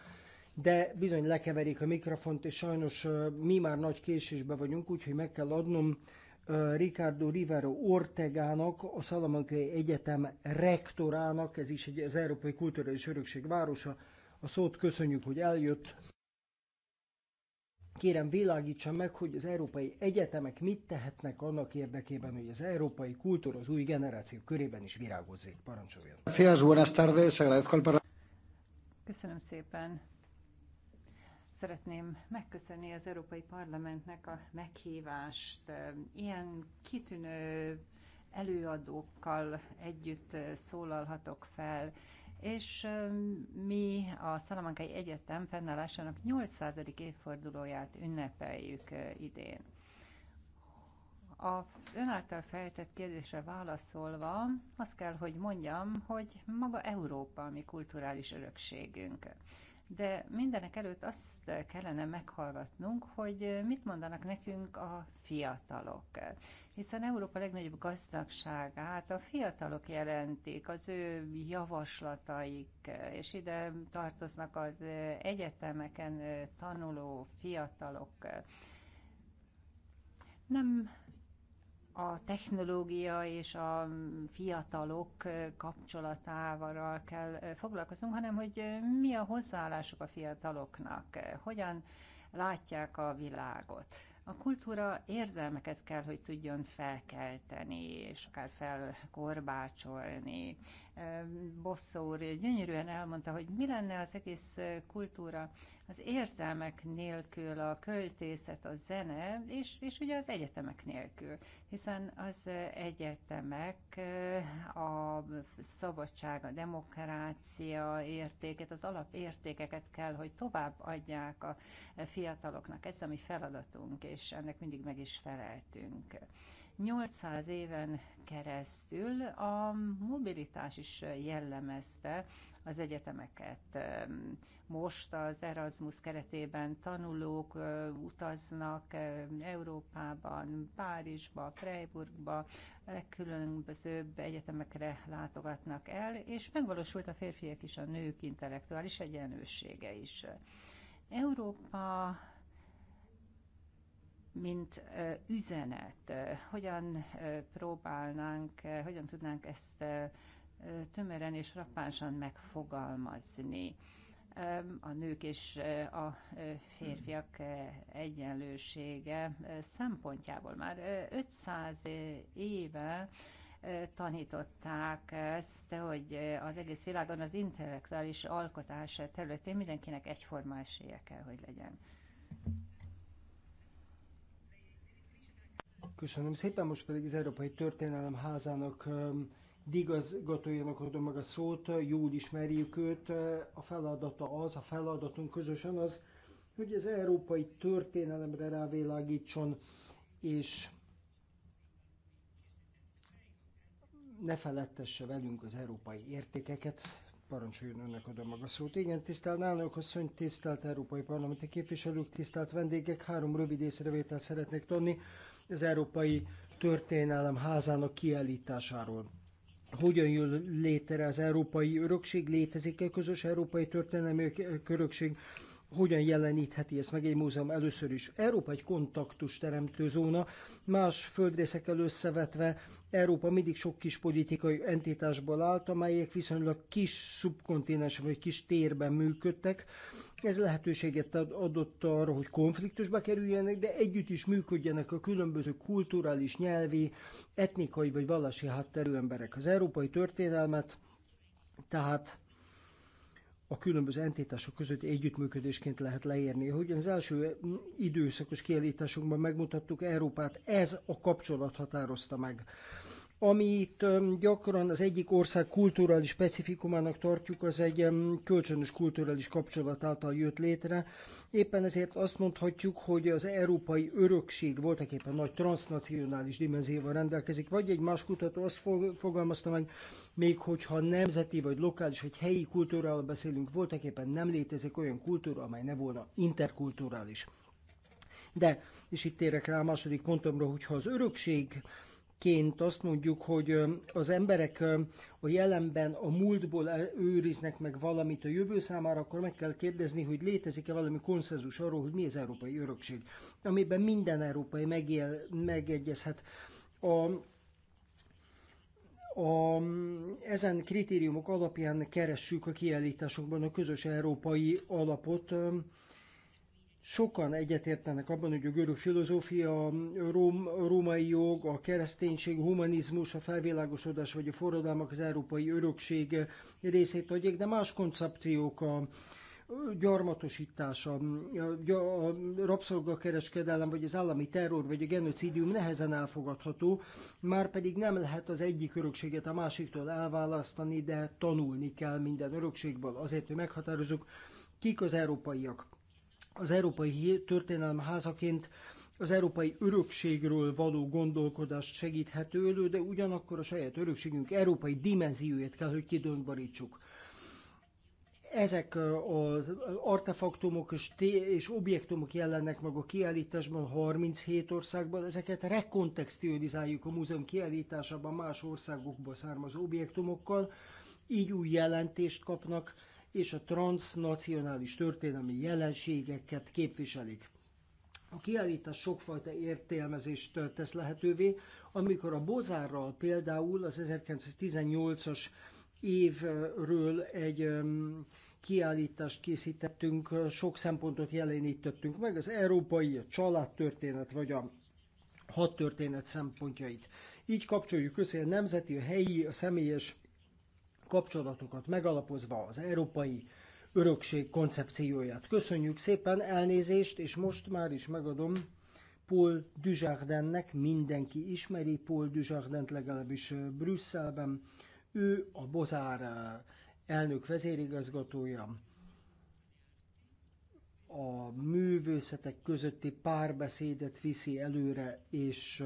Speaker 2: de bizony lekeverik a mikrofont, és sajnos mi már nagy késésbe vagyunk, úgyhogy meg kell adnom Ricardo Rivero Ortegának, a Szalamankai Egyetem rektorának, ez is egy, az Európai Kulturális Örökség városa. A szót köszönjük, hogy eljött. Kérem világítsa meg, hogy az európai egyetemek mit tehetnek annak érdekében, hogy az európai kultúra az új generáció körében is virágozzék. Parancsoljon.
Speaker 5: Köszönöm szépen. Szeretném megköszönni az Európai Parlamentnek a meghívást. Ilyen kitűnő előadókkal együtt szólalhatok fel, és mi a Szalamankai Egyetem fennállásának 800. évfordulóját ünnepeljük idén. A ön által feltett kérdésre válaszolva azt kell, hogy mondjam, hogy maga Európa a mi kulturális örökségünk de mindenek előtt azt kellene meghallgatnunk, hogy mit mondanak nekünk a fiatalok. Hiszen Európa legnagyobb gazdagságát a fiatalok jelentik, az ő javaslataik, és ide tartoznak az egyetemeken tanuló fiatalok. Nem a technológia és a fiatalok kapcsolatával kell foglalkoznunk, hanem hogy mi a hozzáállásuk a fiataloknak, hogyan látják a világot. A kultúra érzelmeket kell, hogy tudjon felkelteni, és akár felkorbácsolni. Bosszó úr gyönyörűen elmondta, hogy mi lenne az egész kultúra az érzelmek nélkül, a költészet, a zene, és, és ugye az egyetemek nélkül, hiszen az egyetemek eh, a szabadság, a demokrácia értéket, az alapértékeket kell, hogy tovább adják a fiataloknak. Ez a mi feladatunk, és ennek mindig meg is feleltünk. 800 éven keresztül a mobilitás is jellemezte az egyetemeket. Most az Erasmus keretében tanulók utaznak Európában, Párizsba, Freiburgba, legkülönbözőbb egyetemekre látogatnak el, és megvalósult a férfiak is a nők intellektuális egyenlősége is. Európa mint üzenet. Hogyan próbálnánk, hogyan tudnánk ezt tömören és rapánsan megfogalmazni. A nők és a férfiak egyenlősége szempontjából már 500 éve tanították ezt, hogy az egész világon az intellektuális alkotás területén mindenkinek egyforma esélye kell, hogy legyen.
Speaker 2: Köszönöm szépen, most pedig az Európai Történelem Házának digazgatójának adom meg a szót, jól ismerjük őt, a feladata az, a feladatunk közösen az, hogy az európai történelemre rávilágítson, és ne felettesse velünk az európai értékeket. Parancsoljon önnek adom maga szót. Igen, tisztelt nálunk, asszony, tisztelt európai parlamenti képviselők, tisztelt vendégek, három rövid észrevételt szeretnék tanni az Európai Történelem házának kiállításáról. Hogyan jön létre az Európai Örökség? Létezik-e közös Európai Történelmi Örökség? hogyan jelenítheti ezt meg egy múzeum először is. Európa egy kontaktus teremtő zóna, más földrészekkel összevetve Európa mindig sok kis politikai entitásból állt, amelyek viszonylag kis szubkontinensen vagy kis térben működtek. Ez lehetőséget adott arra, hogy konfliktusba kerüljenek, de együtt is működjenek a különböző kulturális, nyelvi, etnikai vagy vallási hátterű emberek. Az európai történelmet tehát a különböző entitások közötti együttműködésként lehet leírni. Hogy az első időszakos kiállításunkban megmutattuk Európát, ez a kapcsolat határozta meg amit gyakran az egyik ország kulturális specifikumának tartjuk, az egy kölcsönös kulturális kapcsolat által jött létre. Éppen ezért azt mondhatjuk, hogy az európai örökség voltak éppen nagy transnacionális dimenzióval rendelkezik, vagy egy más kutató azt fogalmazta meg, még hogyha nemzeti, vagy lokális, vagy helyi kultúrával beszélünk, voltak éppen nem létezik olyan kultúra, amely ne volna interkulturális. De, és itt térek rá a második pontomra, hogyha az örökség ként azt mondjuk, hogy az emberek a jelenben a múltból őriznek meg valamit a jövő számára, akkor meg kell kérdezni, hogy létezik-e valami konszenzus arról, hogy mi az európai örökség, amiben minden európai megél, megegyezhet. A, a, ezen kritériumok alapján keressük a kiállításokban a közös európai alapot, sokan egyetértenek abban, hogy a görög filozófia, a róm, a római jog, a kereszténység, a humanizmus, a felvilágosodás vagy a forradalmak az európai örökség részét adják, de más koncepciók a gyarmatosítása, a rabszolgakereskedelem, vagy az állami terror, vagy a genocidium nehezen elfogadható, már pedig nem lehet az egyik örökséget a másiktól elválasztani, de tanulni kell minden örökségből, azért, hogy meghatározunk, kik az európaiak az Európai Történelem házaként az európai örökségről való gondolkodást segíthető elő, de ugyanakkor a saját örökségünk európai dimenzióját kell, hogy kidönbarítsuk. Ezek az artefaktumok és, té- és objektumok jelennek meg a kiállításban 37 országban, ezeket rekontextualizáljuk a múzeum kiállításában más országokból származó objektumokkal, így új jelentést kapnak, és a transnacionális történelmi jelenségeket képviselik. A kiállítás sokfajta értelmezést tesz lehetővé, amikor a Bozárral például az 1918-as évről egy kiállítást készítettünk, sok szempontot jelenítettünk meg, az európai, a családtörténet vagy a hadtörténet szempontjait. Így kapcsoljuk össze a nemzeti, a helyi, a személyes kapcsolatokat megalapozva az európai örökség koncepcióját. Köszönjük szépen, elnézést, és most már is megadom Paul Dujardinnek, mindenki ismeri Paul Dujardint legalábbis Brüsszelben, ő a Bozár elnök vezérigazgatója, a művészetek közötti párbeszédet viszi előre, és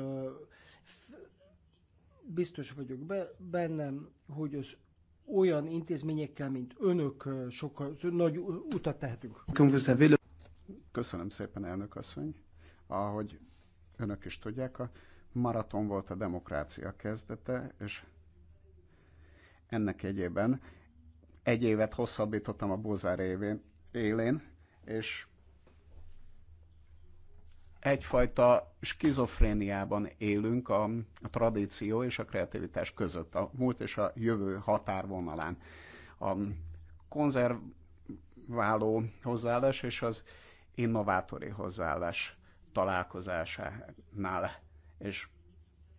Speaker 2: biztos vagyok be, bennem, hogy az olyan intézményekkel, mint önök sokkal nagy utat tehetünk.
Speaker 4: Köszönöm szépen, elnök asszony. Ahogy önök is tudják, a maraton volt a demokrácia kezdete, és ennek egyében egy évet hosszabbítottam a Bozár évén, élén, és egyfajta skizofréniában élünk a, a tradíció és a kreativitás között, a múlt és a jövő határvonalán. A konzerváló hozzáállás és az innovátori hozzáállás találkozásánál. És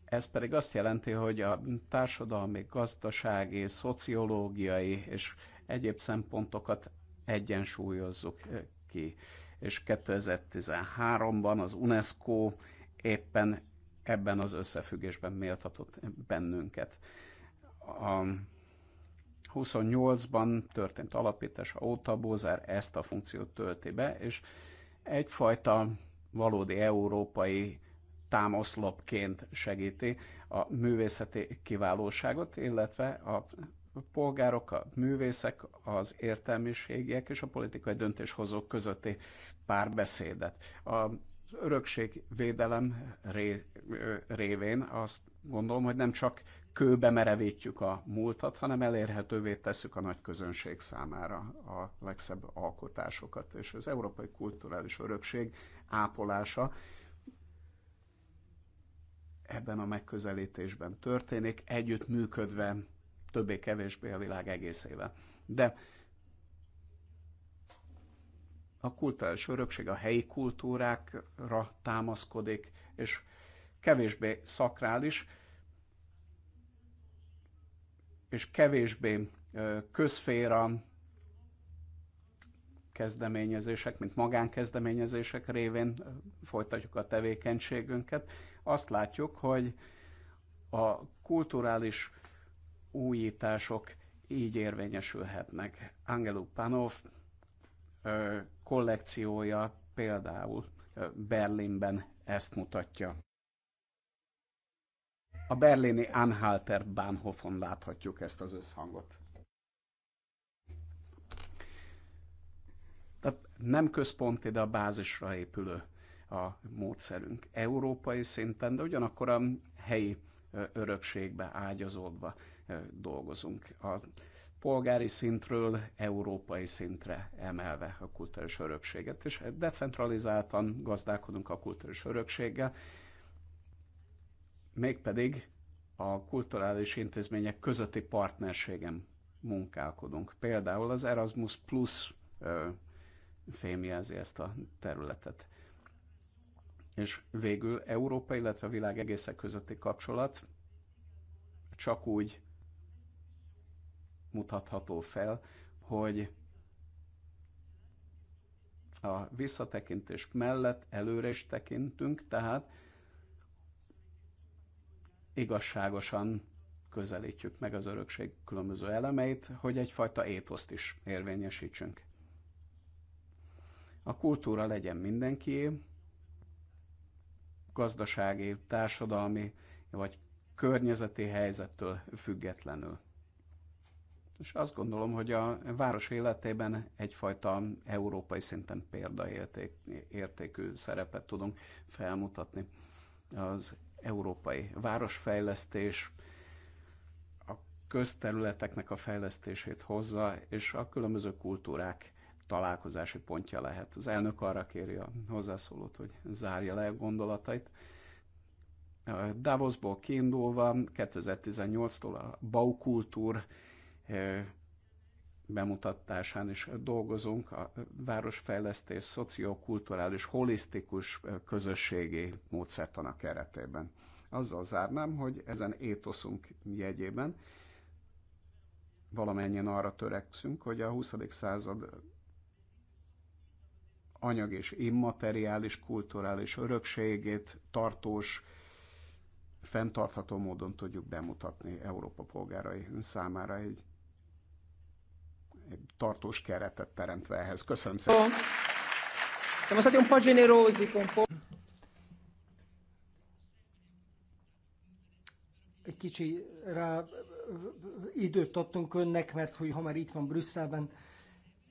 Speaker 4: ez pedig azt jelenti, hogy a társadalmi, gazdasági, szociológiai és egyéb szempontokat egyensúlyozzuk ki és 2013-ban az UNESCO éppen ebben az összefüggésben méltatott bennünket. A 28-ban történt alapítás, óta Bozár ezt a funkciót tölti be, és egyfajta valódi európai támaszlapként segíti a művészeti kiválóságot, illetve a polgárok, a művészek, az értelmiségiek és a politikai döntéshozók közötti párbeszédet. A örökségvédelem ré, révén azt gondolom, hogy nem csak kőbe merevítjük a múltat, hanem elérhetővé tesszük a nagy közönség számára a legszebb alkotásokat. És az európai kulturális örökség ápolása ebben a megközelítésben történik, együttműködve többé-kevésbé a világ egészével. De a kulturális örökség a helyi kultúrákra támaszkodik, és kevésbé szakrális, és kevésbé közféra kezdeményezések, mint magánkezdeményezések révén folytatjuk a tevékenységünket. Azt látjuk, hogy a kulturális újítások így érvényesülhetnek. Angelo Panov kollekciója például Berlinben ezt mutatja. A berlini Anhalter Bahnhofon láthatjuk ezt az összhangot. Tehát nem központi, de a bázisra épülő a módszerünk európai szinten, de ugyanakkor a helyi örökségbe ágyazódva dolgozunk. A polgári szintről európai szintre emelve a kulturális örökséget, és decentralizáltan gazdálkodunk a kulturális örökséggel, mégpedig a kulturális intézmények közötti partnerségem munkálkodunk. Például az Erasmus Plus fémjelzi ezt a területet. És végül Európa, illetve a világ egészek közötti kapcsolat csak úgy mutatható fel, hogy a visszatekintés mellett előre is tekintünk, tehát igazságosan közelítjük meg az örökség különböző elemeit, hogy egyfajta étoszt is érvényesítsünk. A kultúra legyen mindenkié, gazdasági, társadalmi vagy környezeti helyzettől függetlenül. És azt gondolom, hogy a város életében egyfajta európai szinten példaértékű szerepet tudunk felmutatni. Az európai városfejlesztés a közterületeknek a fejlesztését hozza, és a különböző kultúrák találkozási pontja lehet. Az elnök arra kéri a hozzászólót, hogy zárja le a gondolatait. Davosból kiindulva 2018-tól a Baukultúr kultúr bemutatásán is dolgozunk, a városfejlesztés szociokulturális, holisztikus közösségi módszertana keretében. Azzal zárnám, hogy ezen étoszunk jegyében valamennyien arra törekszünk, hogy a 20. század anyag és immateriális, kulturális örökségét tartós, fenntartható módon tudjuk bemutatni Európa polgárai számára egy tartós keretet teremtve ehhez. Köszönöm szépen.
Speaker 9: Siamo stati un po' generosi con
Speaker 2: Egy kicsi rá időt adtunk önnek, mert hogy ha már itt van Brüsszelben,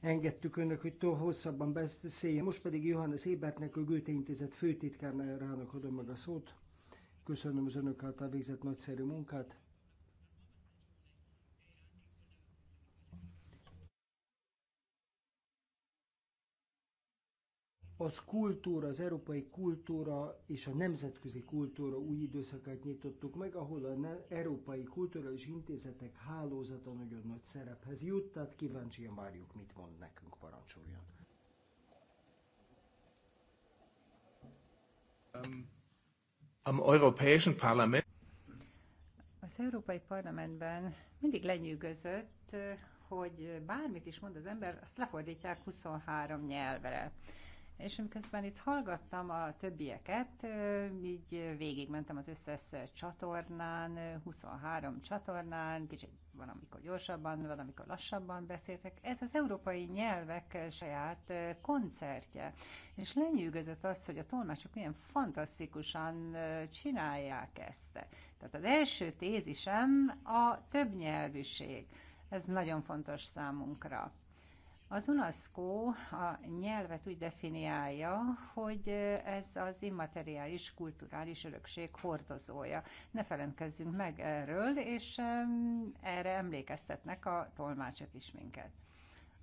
Speaker 2: engedtük önnek, hogy túl hosszabban beszéljen. Most pedig Johannes Ébertnek, a Goethe Intézet főtitkárnájának adom meg a szót. Köszönöm az önök által végzett nagyszerű munkát. az kultúra, az európai kultúra és a nemzetközi kultúra új időszakát nyitottuk meg, ahol a ne- európai és intézetek hálózata nagyon nagy szerephez jut, tehát kíváncsian várjuk, mit mond nekünk, parancsoljon.
Speaker 4: Um, am Europäischen Parlament
Speaker 5: az Európai Parlamentben mindig lenyűgözött, hogy bármit is mond az ember, azt lefordítják 23 nyelvre. És miközben itt hallgattam a többieket, így végigmentem az összes csatornán, 23 csatornán, kicsit valamikor gyorsabban, valamikor lassabban beszéltek. Ez az európai nyelvek saját koncertje. És lenyűgözött az, hogy a tolmácsok milyen fantasztikusan csinálják ezt. Tehát az első tézisem a többnyelvűség. Ez nagyon fontos számunkra. Az UNESCO a nyelvet úgy definiálja, hogy ez az immateriális kulturális örökség hordozója. Ne feledkezzünk meg erről, és erre emlékeztetnek a tolmácsok is minket.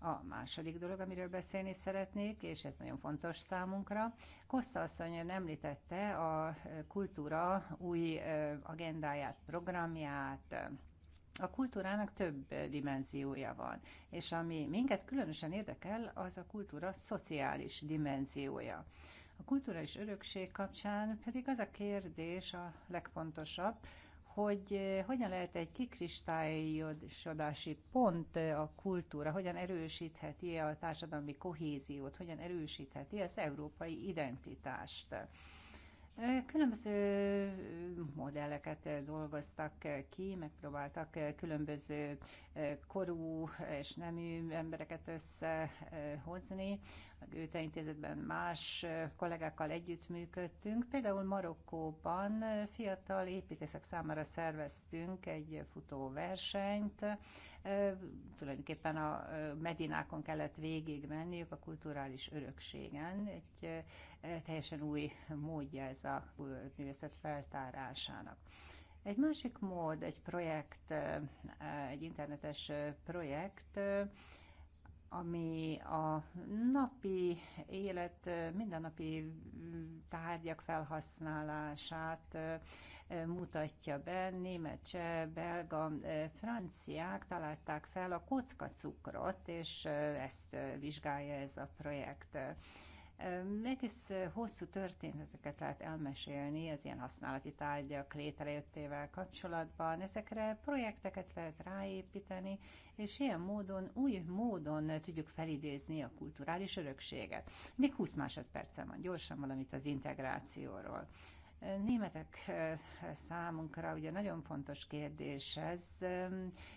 Speaker 5: A második dolog, amiről beszélni szeretnék, és ez nagyon fontos számunkra, Kosta asszony említette a kultúra új agendáját, programját, a kultúrának több dimenziója van, és ami minket különösen érdekel, az a kultúra szociális dimenziója. A kulturális örökség kapcsán pedig az a kérdés a legfontosabb, hogy eh, hogyan lehet egy kikristályosodási pont eh, a kultúra, hogyan erősítheti a társadalmi kohéziót, hogyan erősítheti az európai identitást. Különböző modelleket dolgoztak ki, megpróbáltak különböző korú és nemű embereket összehozni, a Göte Intézetben más kollégákkal együttműködtünk. Például Marokkóban fiatal építészek számára szerveztünk egy futóversenyt. Tulajdonképpen a Medinákon kellett végigmenniük a kulturális örökségen. Egy teljesen új módja ez a művészet feltárásának. Egy másik mód, egy projekt, egy internetes projekt, ami a napi élet, mindennapi tárgyak felhasználását mutatja be. Német, cseh, belga, franciák találták fel a kockacukrot, és ezt vizsgálja ez a projekt. Egész hosszú történeteket lehet elmesélni az ilyen használati tárgyak létrejöttével kapcsolatban. Ezekre projekteket lehet ráépíteni, és ilyen módon, új módon tudjuk felidézni a kulturális örökséget. Még 20 másodpercen van, gyorsan valamit az integrációról. Németek eh, számunkra ugye nagyon fontos kérdés ez.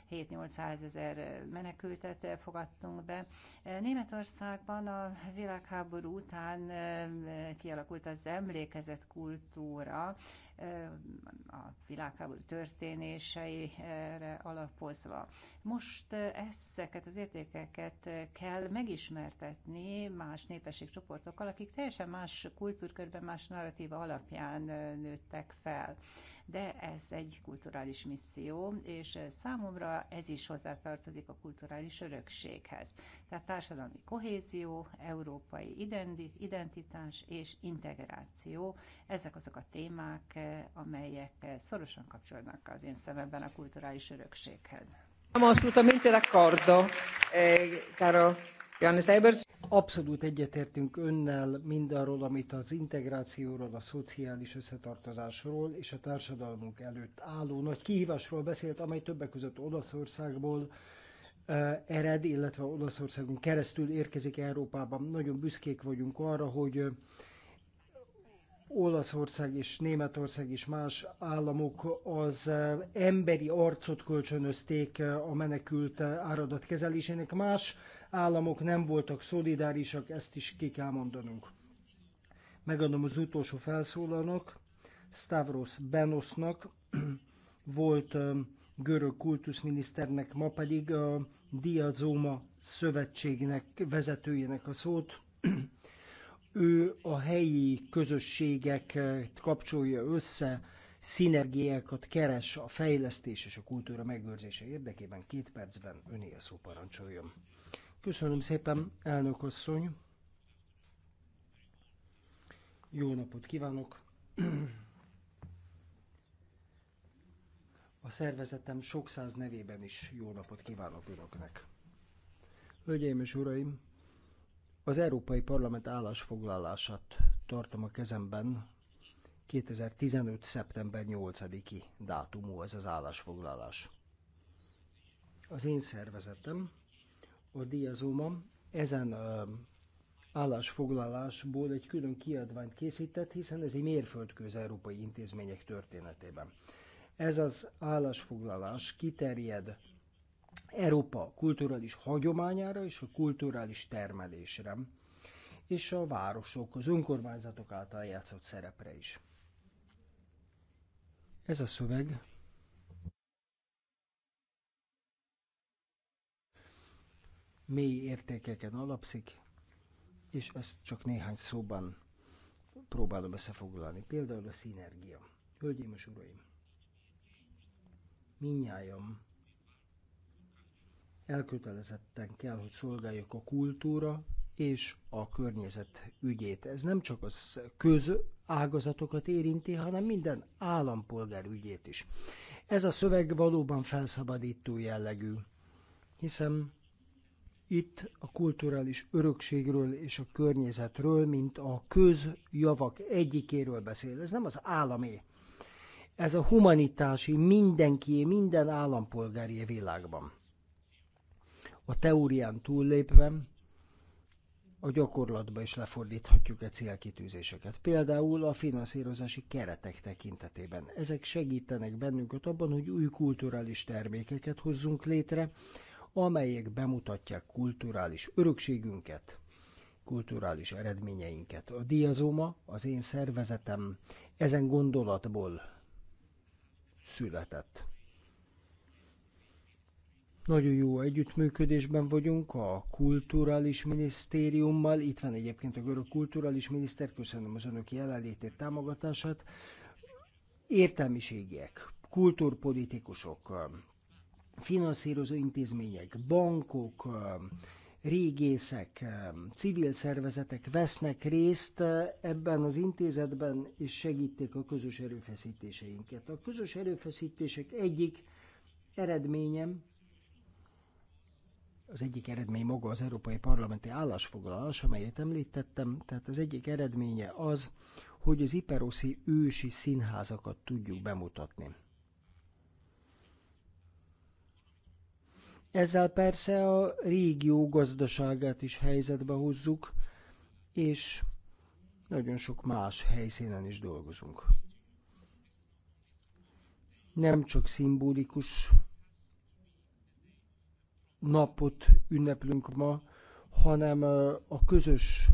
Speaker 5: 7-800 ezer menekültet eh, fogadtunk be. Eh, Németországban a világháború után kialakult az emlékezet kultúra, a világháború történéseire alapozva. Most ezeket az értékeket kell megismertetni más népességcsoportokkal, akik teljesen más kultúrkörben, más narratíva alapján nőttek fel de ez egy kulturális misszió, és számomra ez is hozzátartozik a kulturális örökséghez. Tehát társadalmi kohézió, európai identitás és integráció, ezek azok a témák, amelyek szorosan kapcsolnak az én szememben a kulturális örökséghez.
Speaker 9: Siamo assolutamente
Speaker 2: d'accordo, eh, caro Janis Eberts. Abszolút egyetértünk önnel mindarról, amit az integrációról, a szociális összetartozásról és a társadalmunk előtt álló nagy kihívásról beszélt, amely többek között Olaszországból eh, ered, illetve Olaszországon keresztül érkezik Európában. Nagyon büszkék vagyunk arra, hogy Olaszország és Németország és más államok az eh, emberi arcot kölcsönözték eh, a menekült áradat kezelésének. Más államok nem voltak szolidárisak, ezt is ki kell mondanunk. Megadom az utolsó felszólalnak, Stavros Benosnak, volt um, görög kultuszminiszternek, ma pedig a Diazoma szövetségnek vezetőjének a szót. Ő a helyi közösségeket eh, kapcsolja össze, szinergiákat keres a fejlesztés és a kultúra megőrzése érdekében. Két percben öné a szó parancsoljon. Köszönöm szépen, elnök asszony. Jó napot kívánok! A szervezetem sok száz nevében is jó napot kívánok Önöknek. Hölgyeim és Uraim! Az Európai Parlament állásfoglalását tartom a kezemben. 2015. szeptember 8-i dátumú ez az állásfoglalás. Az én szervezetem a diazomam ezen állásfoglalásból egy külön kiadványt készített, hiszen ez egy mérföldkő az európai intézmények történetében. Ez az állásfoglalás kiterjed Európa kulturális hagyományára és a kulturális termelésre, és a városok, az önkormányzatok által játszott szerepre is. Ez a szöveg mély értékeken alapszik, és ezt csak néhány szóban próbálom összefoglalni. Például a szinergia. Hölgyeim és uraim, minnyájam elkötelezetten kell, hogy szolgáljuk a kultúra és a környezet ügyét. Ez nem csak az közágazatokat érinti, hanem minden állampolgár ügyét is. Ez a szöveg valóban felszabadító jellegű, hiszen itt a kulturális örökségről és a környezetről, mint a közjavak egyikéről beszél. Ez nem az államé. Ez a humanitási mindenkié, minden állampolgári világban. A teórián túllépve a gyakorlatba is lefordíthatjuk a e célkitűzéseket. Például a finanszírozási keretek tekintetében. Ezek segítenek bennünket abban, hogy új kulturális termékeket hozzunk létre, amelyek bemutatják kulturális örökségünket, kulturális eredményeinket. A diazoma, az én szervezetem ezen gondolatból született. Nagyon jó együttműködésben vagyunk a Kulturális Minisztériummal. Itt van egyébként a görög kulturális miniszter, köszönöm az önök jelenlétét, támogatását. Értelmiségiek, kulturpolitikusok finanszírozó intézmények, bankok, régészek, civil szervezetek vesznek részt ebben az intézetben, és segítik a közös erőfeszítéseinket. A közös erőfeszítések egyik eredményem, az egyik eredmény maga az Európai Parlamenti állásfoglalás, amelyet említettem, tehát az egyik eredménye az, hogy az iperoszi ősi színházakat tudjuk bemutatni. Ezzel persze a régió gazdaságát is helyzetbe hozzuk, és nagyon sok más helyszínen is dolgozunk. Nem csak szimbolikus napot ünneplünk ma, hanem a közös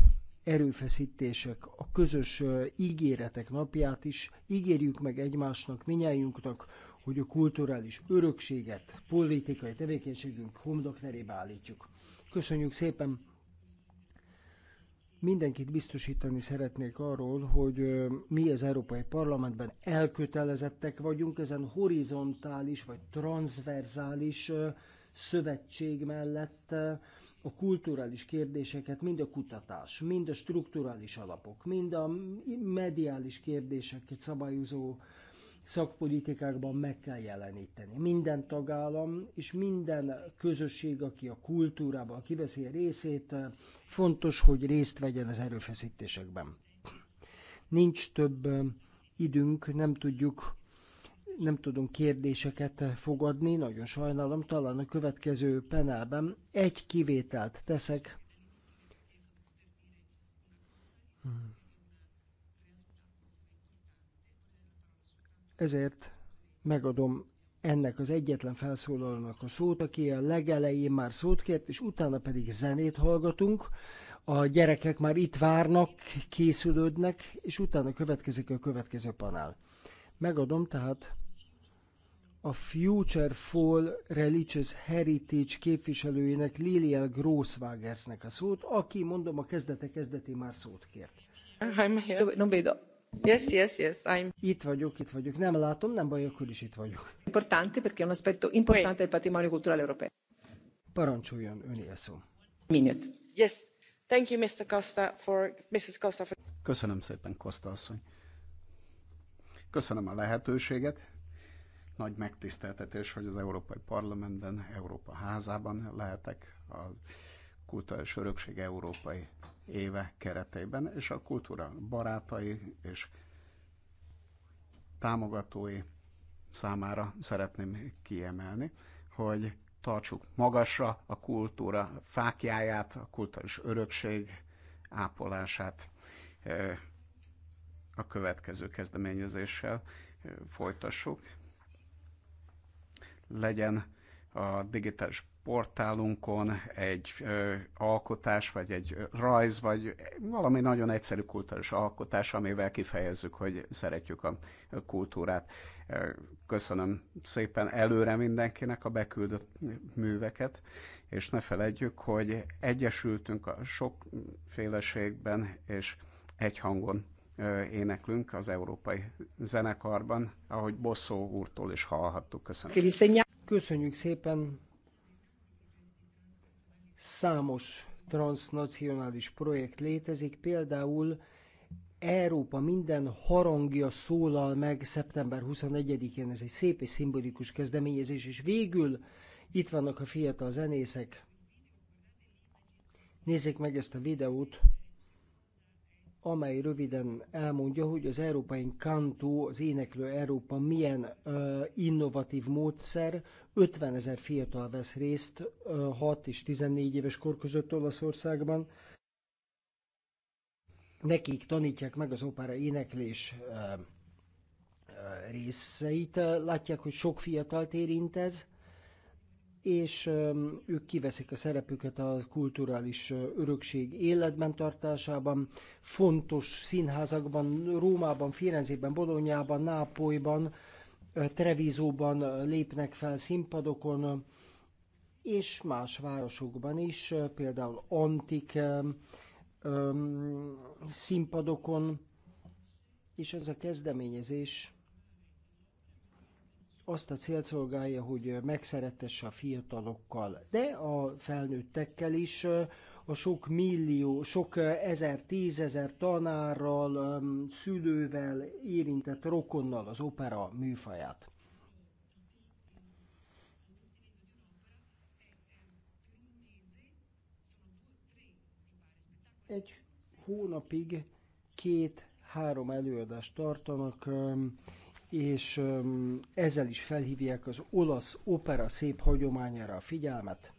Speaker 2: erőfeszítések, a közös ígéretek napját is. Ígérjük meg egymásnak, minnyájunknak, hogy a kulturális örökséget politikai tevékenységünk homdoknerébe állítjuk. Köszönjük szépen! Mindenkit biztosítani szeretnék arról, hogy mi az Európai Parlamentben elkötelezettek vagyunk ezen horizontális vagy transzverzális szövetség mellett a kulturális kérdéseket mind a kutatás, mind a strukturális alapok, mind a mediális kérdéseket szabályozó szakpolitikákban meg kell jeleníteni. Minden tagállam és minden közösség, aki a kultúrában kiveszi a részét, fontos, hogy részt vegyen az erőfeszítésekben. Nincs több időnk, nem tudjuk nem tudunk kérdéseket fogadni, nagyon sajnálom, talán a következő penelben egy kivételt teszek. Hmm. Ezért megadom ennek az egyetlen felszólalónak a szót, aki a legelején már szót kért, és utána pedig zenét hallgatunk. A gyerekek már itt várnak, készülődnek, és utána következik a következő panel. Megadom tehát a Future Fall Religious Heritage képviselőjének Liliel Grosswagersnek a szót, aki, mondom, a kezdete kezdetén már szót kért. I'm here. No, no, Yes, yes, yes, I'm... Itt vagyok, itt vagyok. Nem látom,
Speaker 9: nem baj, akkor is itt vagyok. Importante, perché è un aspetto importante del patrimonio culturale europeo.
Speaker 2: Parancsoljon, ön a szó. Minut. Yes, thank you, Mr.
Speaker 9: Costa, for,
Speaker 2: Mrs. Costa. For...
Speaker 4: Köszönöm szépen, Costa asszony. Köszönöm a lehetőséget. Nagy megtiszteltetés, hogy az Európai Parlamentben, Európa házában lehetek az kulturális örökség európai éve kereteiben, és a kultúra barátai és támogatói számára szeretném kiemelni, hogy tartsuk magasra a kultúra fákjáját, a kulturális örökség ápolását e, a következő kezdeményezéssel e, folytassuk. Legyen a digitális portálunkon egy ö, alkotás, vagy egy rajz, vagy valami nagyon egyszerű kultúrás alkotás, amivel kifejezzük, hogy szeretjük a kultúrát. Köszönöm szépen előre mindenkinek a beküldött műveket, és ne feledjük, hogy egyesültünk a sokféleségben, és egy hangon éneklünk az európai zenekarban, ahogy Bosszó úrtól is hallhattuk. Köszönöm.
Speaker 2: Köszönjük szépen Számos transnacionális projekt létezik, például Európa minden harangja szólal meg szeptember 21-én, ez egy szép és szimbolikus kezdeményezés, és végül itt vannak a fiatal zenészek. Nézzék meg ezt a videót, amely röviden elmondja, hogy az Európai Kantó, az Éneklő Európa milyen ö, innovatív módszer, 50 ezer fiatal vesz részt ö, 6 és 14 éves kor között Olaszországban. Nekik tanítják meg az opera éneklés ö, részeit. Látják, hogy sok fiatalt érint ez, és ők kiveszik a szerepüket a kulturális örökség életben tartásában. Fontos színházakban, Rómában, Firenzében, Bolonyában, Nápolyban, Trevízóban lépnek fel színpadokon, és más városokban is, például antik színpadokon, és ez a kezdeményezés azt a célt szolgálja, hogy megszeretesse a fiatalokkal, de a felnőttekkel is, a sok millió, sok ezer, tízezer tanárral, szülővel, érintett rokonnal az opera műfaját. Egy hónapig két-három előadást tartanak, és ezzel is felhívják az olasz opera szép hagyományára a figyelmet.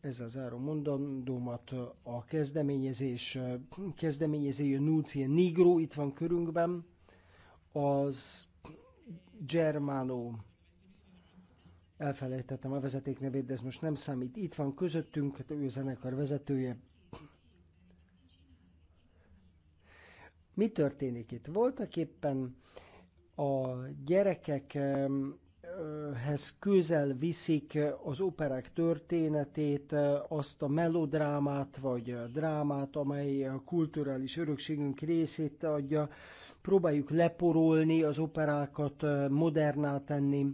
Speaker 2: Ezzel záró mondandómat a kezdeményezés kezdeményezője Núcie Nigro itt van körünkben, az Germano elfelejtettem a vezeték nevét, de ez most nem számít. Itt van közöttünk, hát ő zenekar vezetője, Mi történik itt? Voltak éppen a gyerekekhez közel viszik az operák történetét, eh, azt a melodrámát vagy drámát, amely a kulturális örökségünk részét adja. Próbáljuk leporolni az operákat, eh, moderná tenni.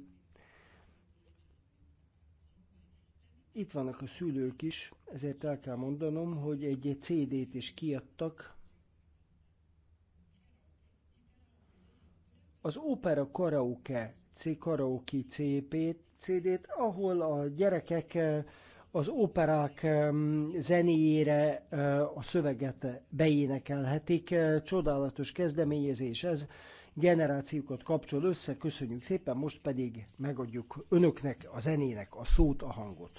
Speaker 2: Itt vannak a szülők is, ezért el kell mondanom, hogy egy CD-t is kiadtak, az Opera Karaoke C Karaoke CP CD-t, ahol a gyerekek az operák zenéjére a szöveget beénekelhetik. Csodálatos kezdeményezés ez, generációkat kapcsol össze, köszönjük szépen, most pedig megadjuk önöknek, a zenének a szót, a hangot.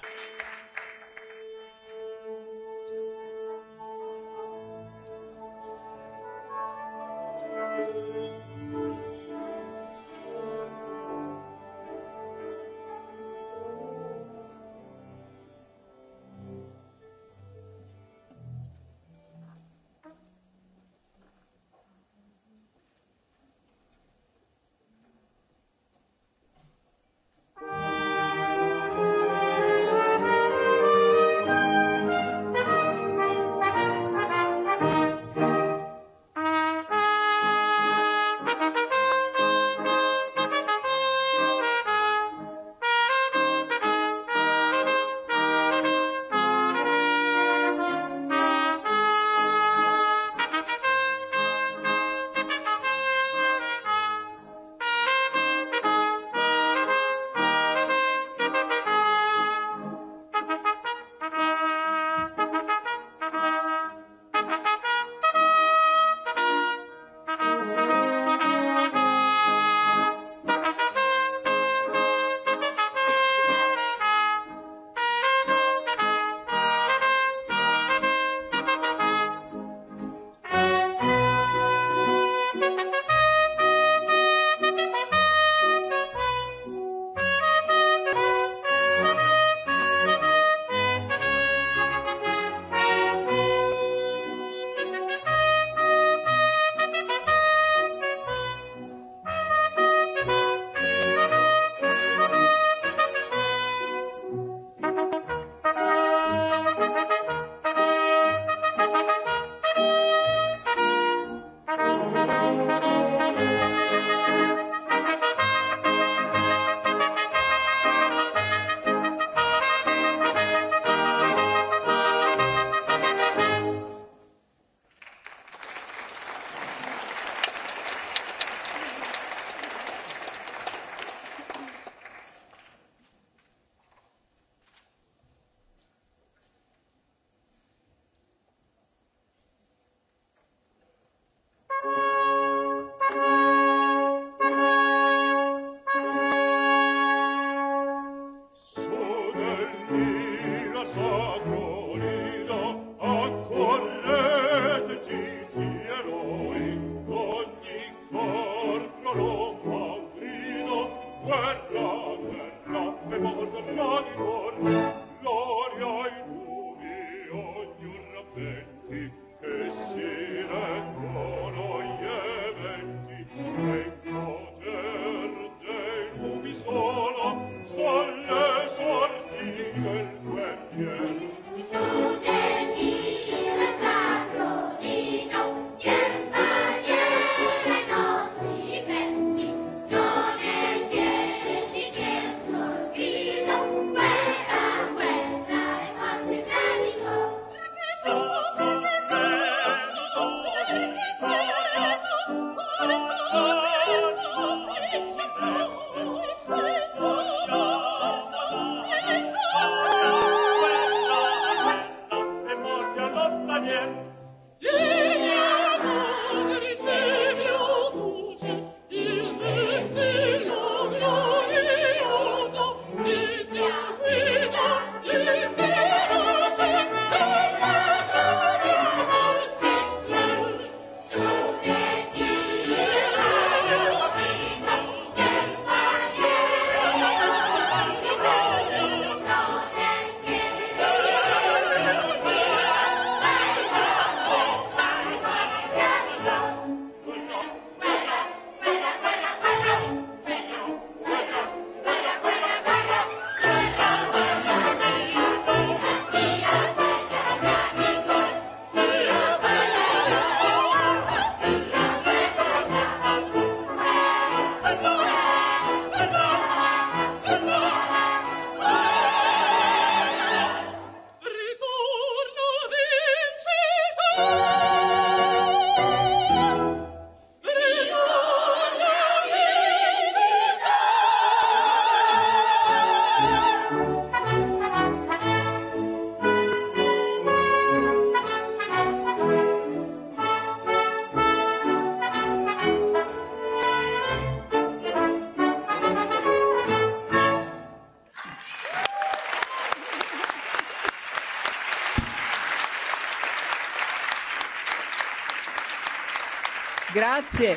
Speaker 10: Grazie.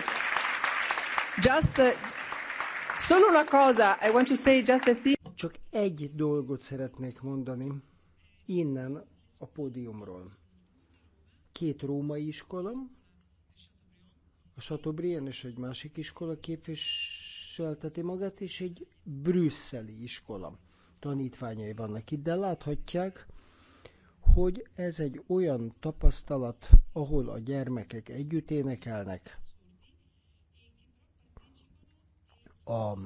Speaker 9: Just uh, solo una cosa, I want to say just a thing. Csak egy
Speaker 2: dolgot szeretnék mondani innen a pódiumról. Két római iskola, a Satobrien és egy másik iskola képviselteti magát, és egy brüsszeli iskola tanítványai vannak itt, de láthatják, hogy ez egy olyan tapasztalat, ahol a gyermekek együtt énekelnek, a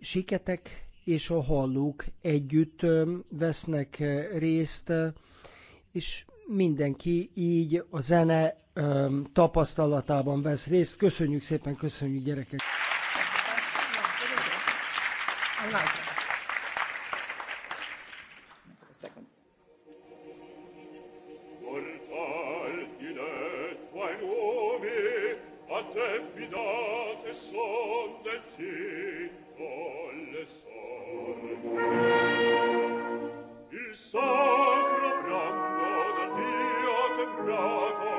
Speaker 2: siketek és a hallók együtt vesznek részt, és mindenki így a zene tapasztalatában vesz részt. Köszönjük szépen, köszönjük gyerekek!
Speaker 10: I like it.
Speaker 11: Il sacro brando del Dio temprato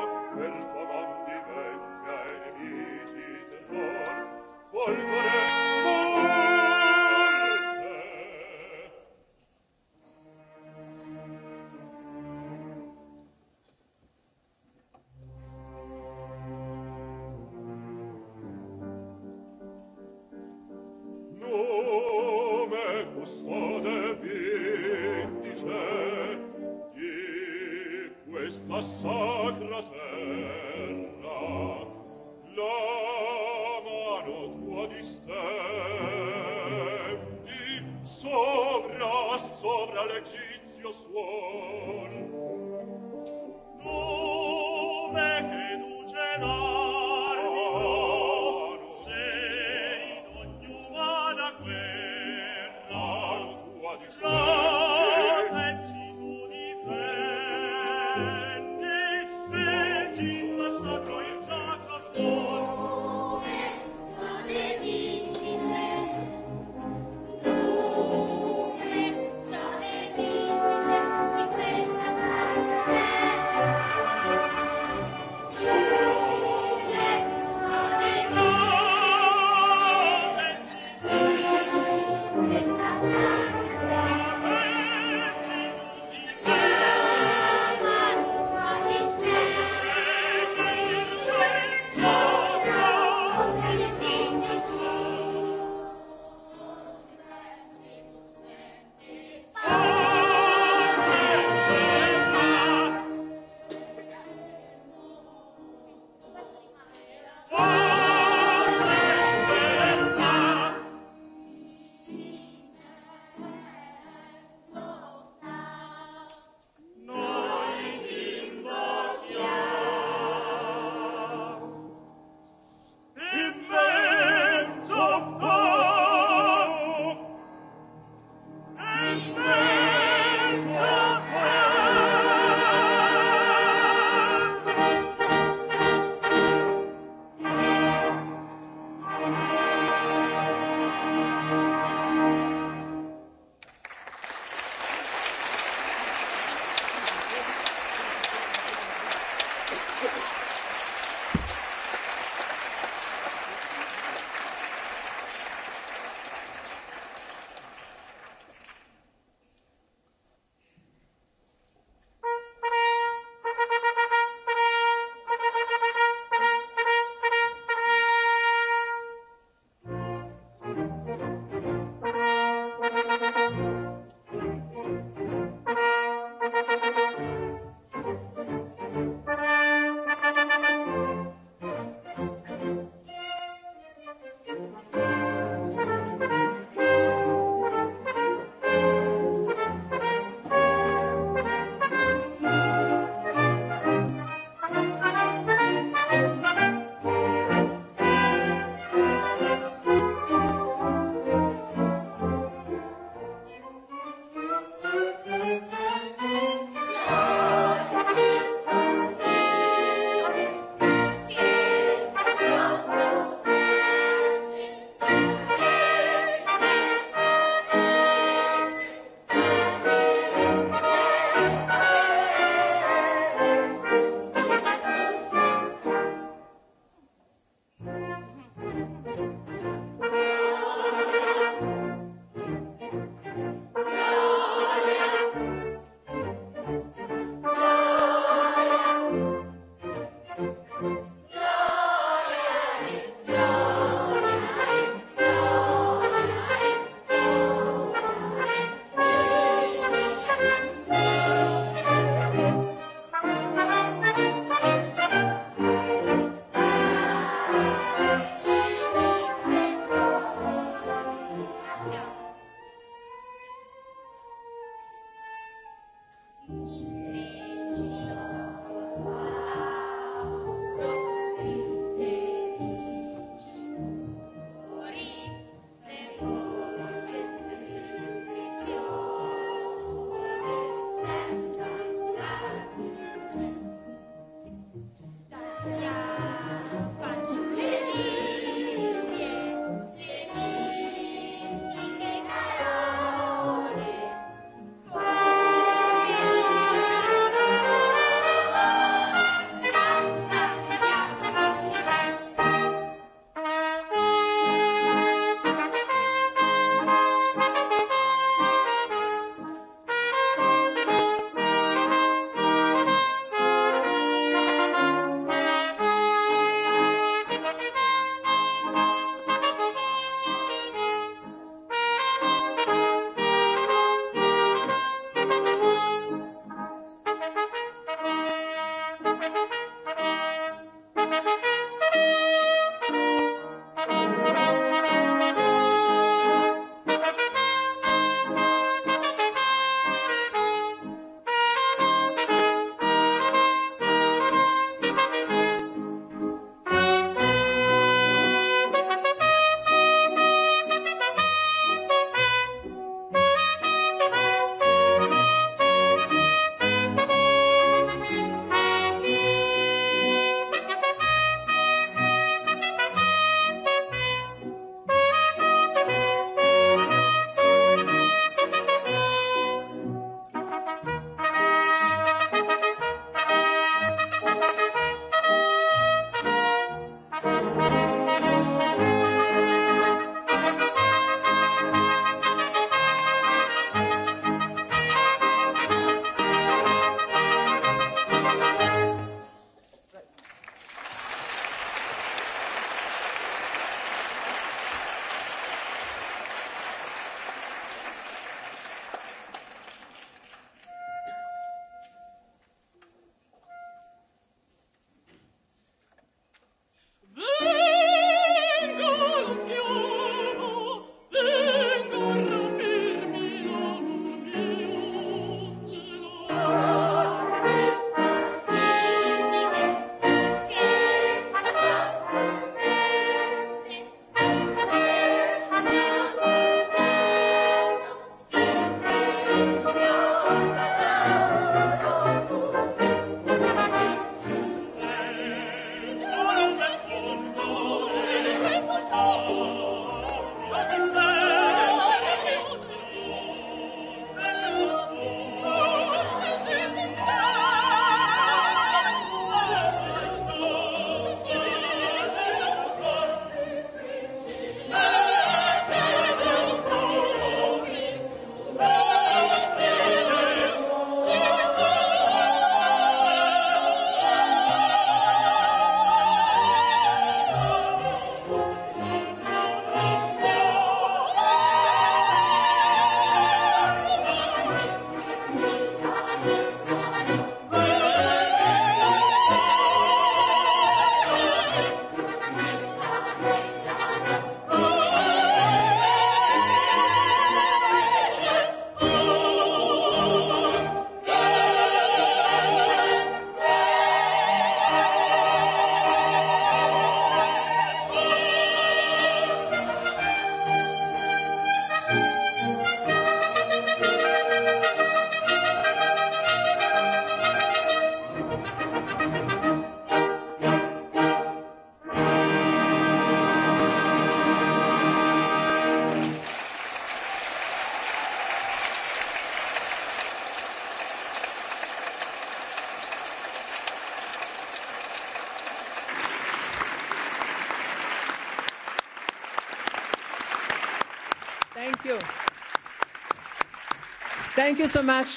Speaker 9: Thank you so much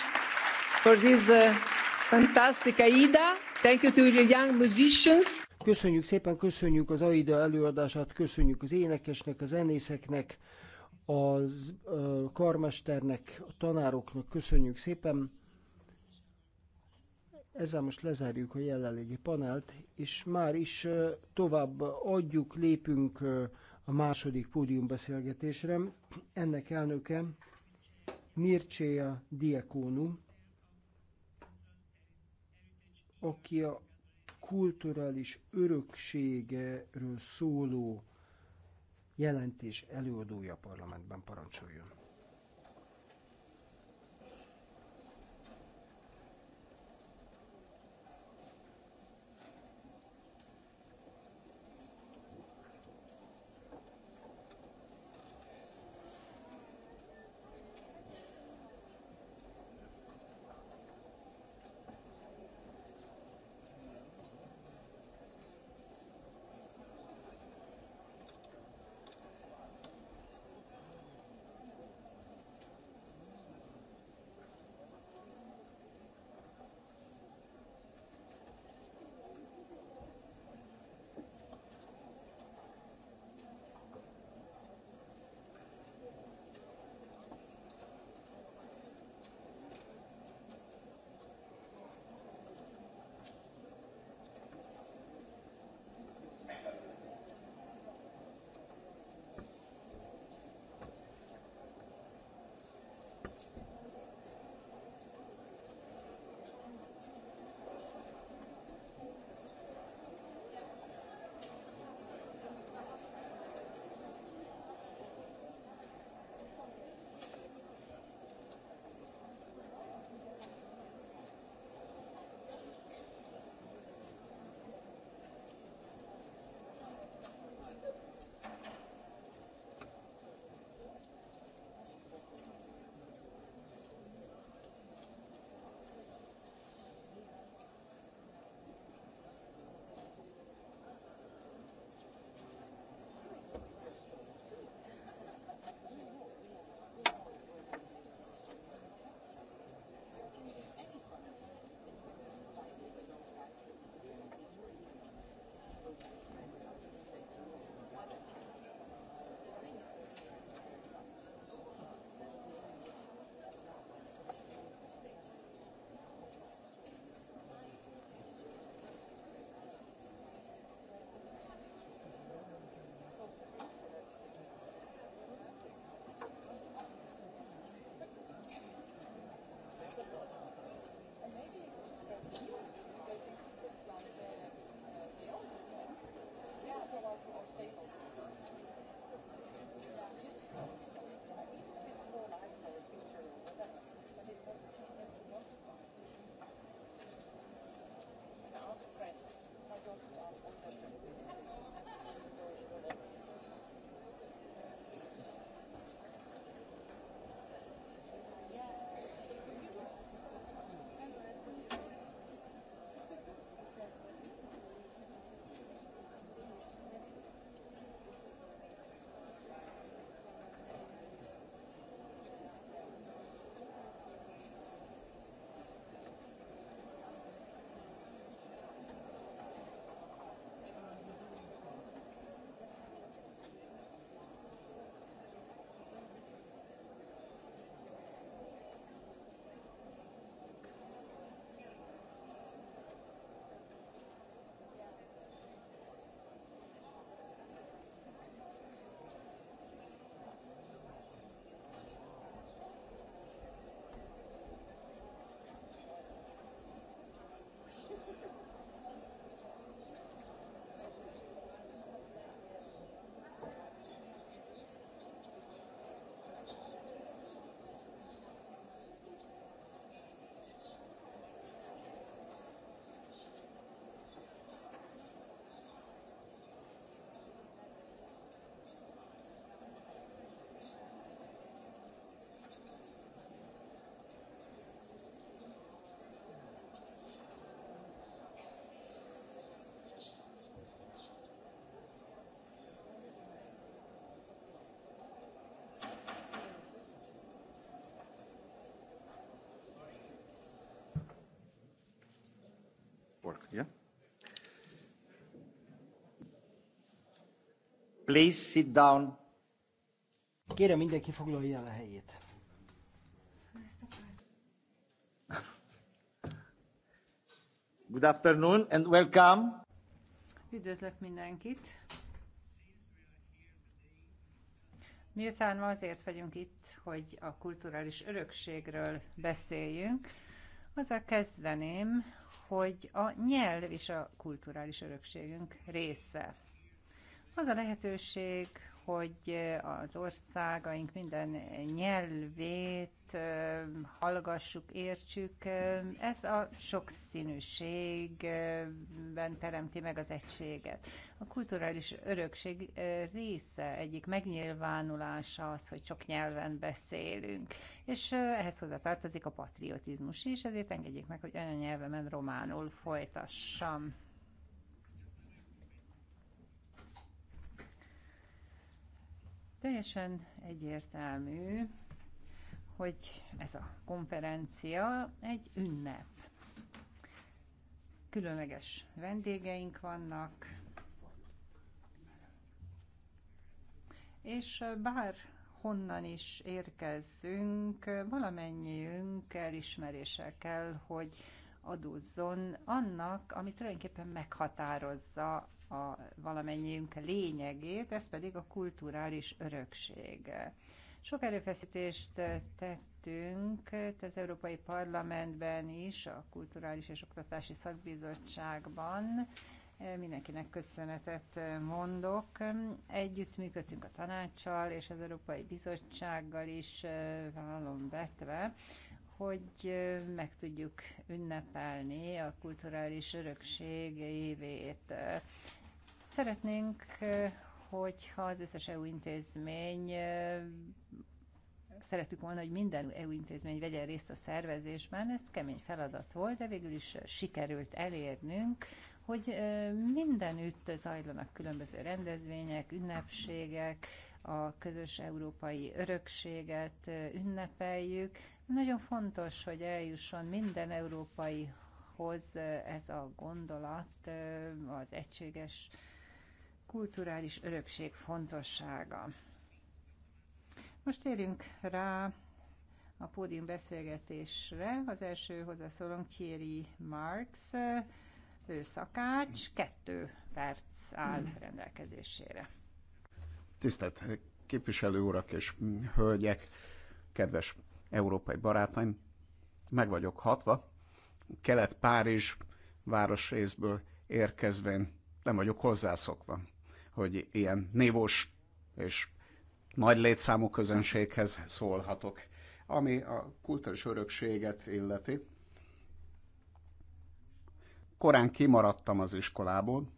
Speaker 9: for this uh,
Speaker 2: fantastic
Speaker 9: AIDA. Thank you to the young musicians.
Speaker 2: Köszönjük szépen, köszönjük az AIDA előadását, köszönjük az énekesnek, a zenészeknek, az uh, karmesternek, a tanároknak, köszönjük szépen. Ezzel most lezárjuk a jelenlegi panelt, és már is tovább adjuk, lépünk a második pódiumbeszélgetésre. Ennek elnöke Mircea Diakonu, aki a kulturális örökségeről szóló jelentés előadója a parlamentben parancsoljon.
Speaker 1: work, yeah? Please sit down.
Speaker 2: Kérem, mindenki foglalja el a helyét.
Speaker 1: Good afternoon and welcome.
Speaker 5: Üdvözlök mindenkit. Miután ma azért vagyunk itt, hogy a kulturális örökségről beszéljünk, azzal kezdeném, hogy a nyelv is a kulturális örökségünk része. Az a lehetőség, hogy az országaink minden nyelvét hallgassuk, értsük. Ez a sokszínűségben teremti meg az egységet. A kulturális örökség része, egyik megnyilvánulása az, hogy sok nyelven beszélünk. És ehhez hozzátartozik a patriotizmus is, ezért engedjék meg, hogy anyanyelvemen románul folytassam. Teljesen egyértelmű, hogy ez a konferencia egy ünnep. Különleges vendégeink vannak, és eh, bár honnan is érkezzünk, eh, valamennyiünk elismeréssel kell, hogy adózzon annak, ami tulajdonképpen meghatározza a valamennyiünk lényegét, ez pedig a kulturális örökség. Sok erőfeszítést tettünk az Európai Parlamentben is, a Kulturális és Oktatási Szakbizottságban. Mindenkinek köszönetet mondok. Együtt működtünk a tanácssal és az Európai Bizottsággal is vállom vetve, hogy meg tudjuk ünnepelni a kulturális örökség évét. Szeretnénk, hogyha az összes EU intézmény szerettük volna, hogy minden EU intézmény vegyen részt a szervezésben, ez kemény feladat volt, de végül is sikerült elérnünk, hogy mindenütt zajlanak különböző rendezvények, ünnepségek, a közös európai örökséget ünnepeljük. Nagyon fontos, hogy eljusson minden európaihoz ez a gondolat, az egységes kulturális örökség fontossága. Most térjünk rá a pódium beszélgetésre. Az első hozzászólónk Thierry Marx, ő szakács, kettő perc áll rendelkezésére.
Speaker 4: Tisztelt képviselő urak és hölgyek, kedves európai barátaim, meg vagyok hatva, Kelet-Párizs városrészből érkezve nem vagyok hozzászokva hogy ilyen névos és nagy létszámú közönséghez szólhatok. Ami a kultúrás örökséget illeti, korán kimaradtam az iskolából,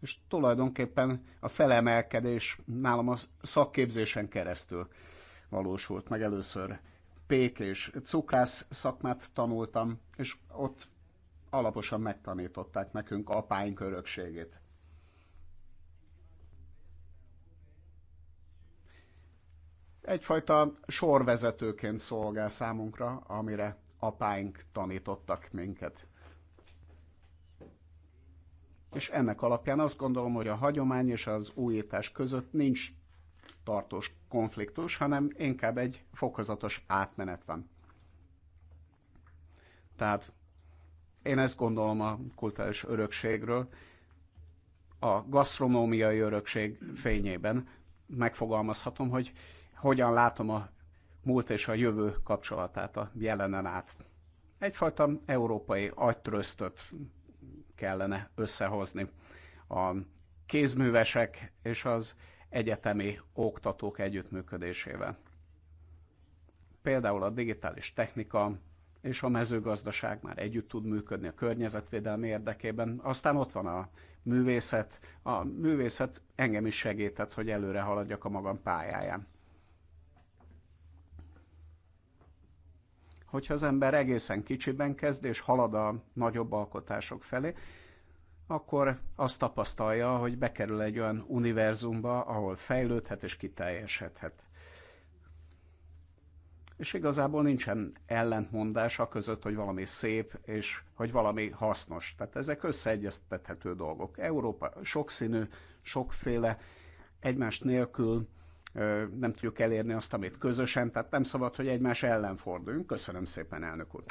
Speaker 4: és tulajdonképpen a felemelkedés nálam a szakképzésen keresztül valósult meg először. Pék és cukrász szakmát tanultam, és ott alaposan megtanították nekünk apáink örökségét. egyfajta sorvezetőként szolgál számunkra, amire apáink tanítottak minket. És ennek alapján azt gondolom, hogy a hagyomány és az újítás között nincs tartós konfliktus, hanem inkább egy fokozatos átmenet van. Tehát én ezt gondolom a kulturális örökségről, a gasztronómiai örökség fényében megfogalmazhatom, hogy hogyan látom a múlt és a jövő kapcsolatát a jelenen át. Egyfajta európai agytröztöt kellene összehozni. A kézművesek és az egyetemi oktatók együttműködésével. Például a digitális technika és a mezőgazdaság már együtt tud működni a környezetvédelmi érdekében. Aztán ott van a művészet. A művészet engem is segített, hogy előre haladjak a magam pályáján. hogyha az ember egészen kicsiben kezd és halad a nagyobb alkotások felé, akkor azt tapasztalja, hogy bekerül egy olyan univerzumba, ahol fejlődhet és kiteljesedhet. És igazából nincsen ellentmondás a között, hogy valami szép és hogy valami hasznos. Tehát ezek összeegyeztethető dolgok. Európa sokszínű, sokféle, egymást nélkül nem tudjuk elérni azt, amit közösen, tehát nem szabad, hogy egymás ellen forduljunk. Köszönöm szépen, elnök úr.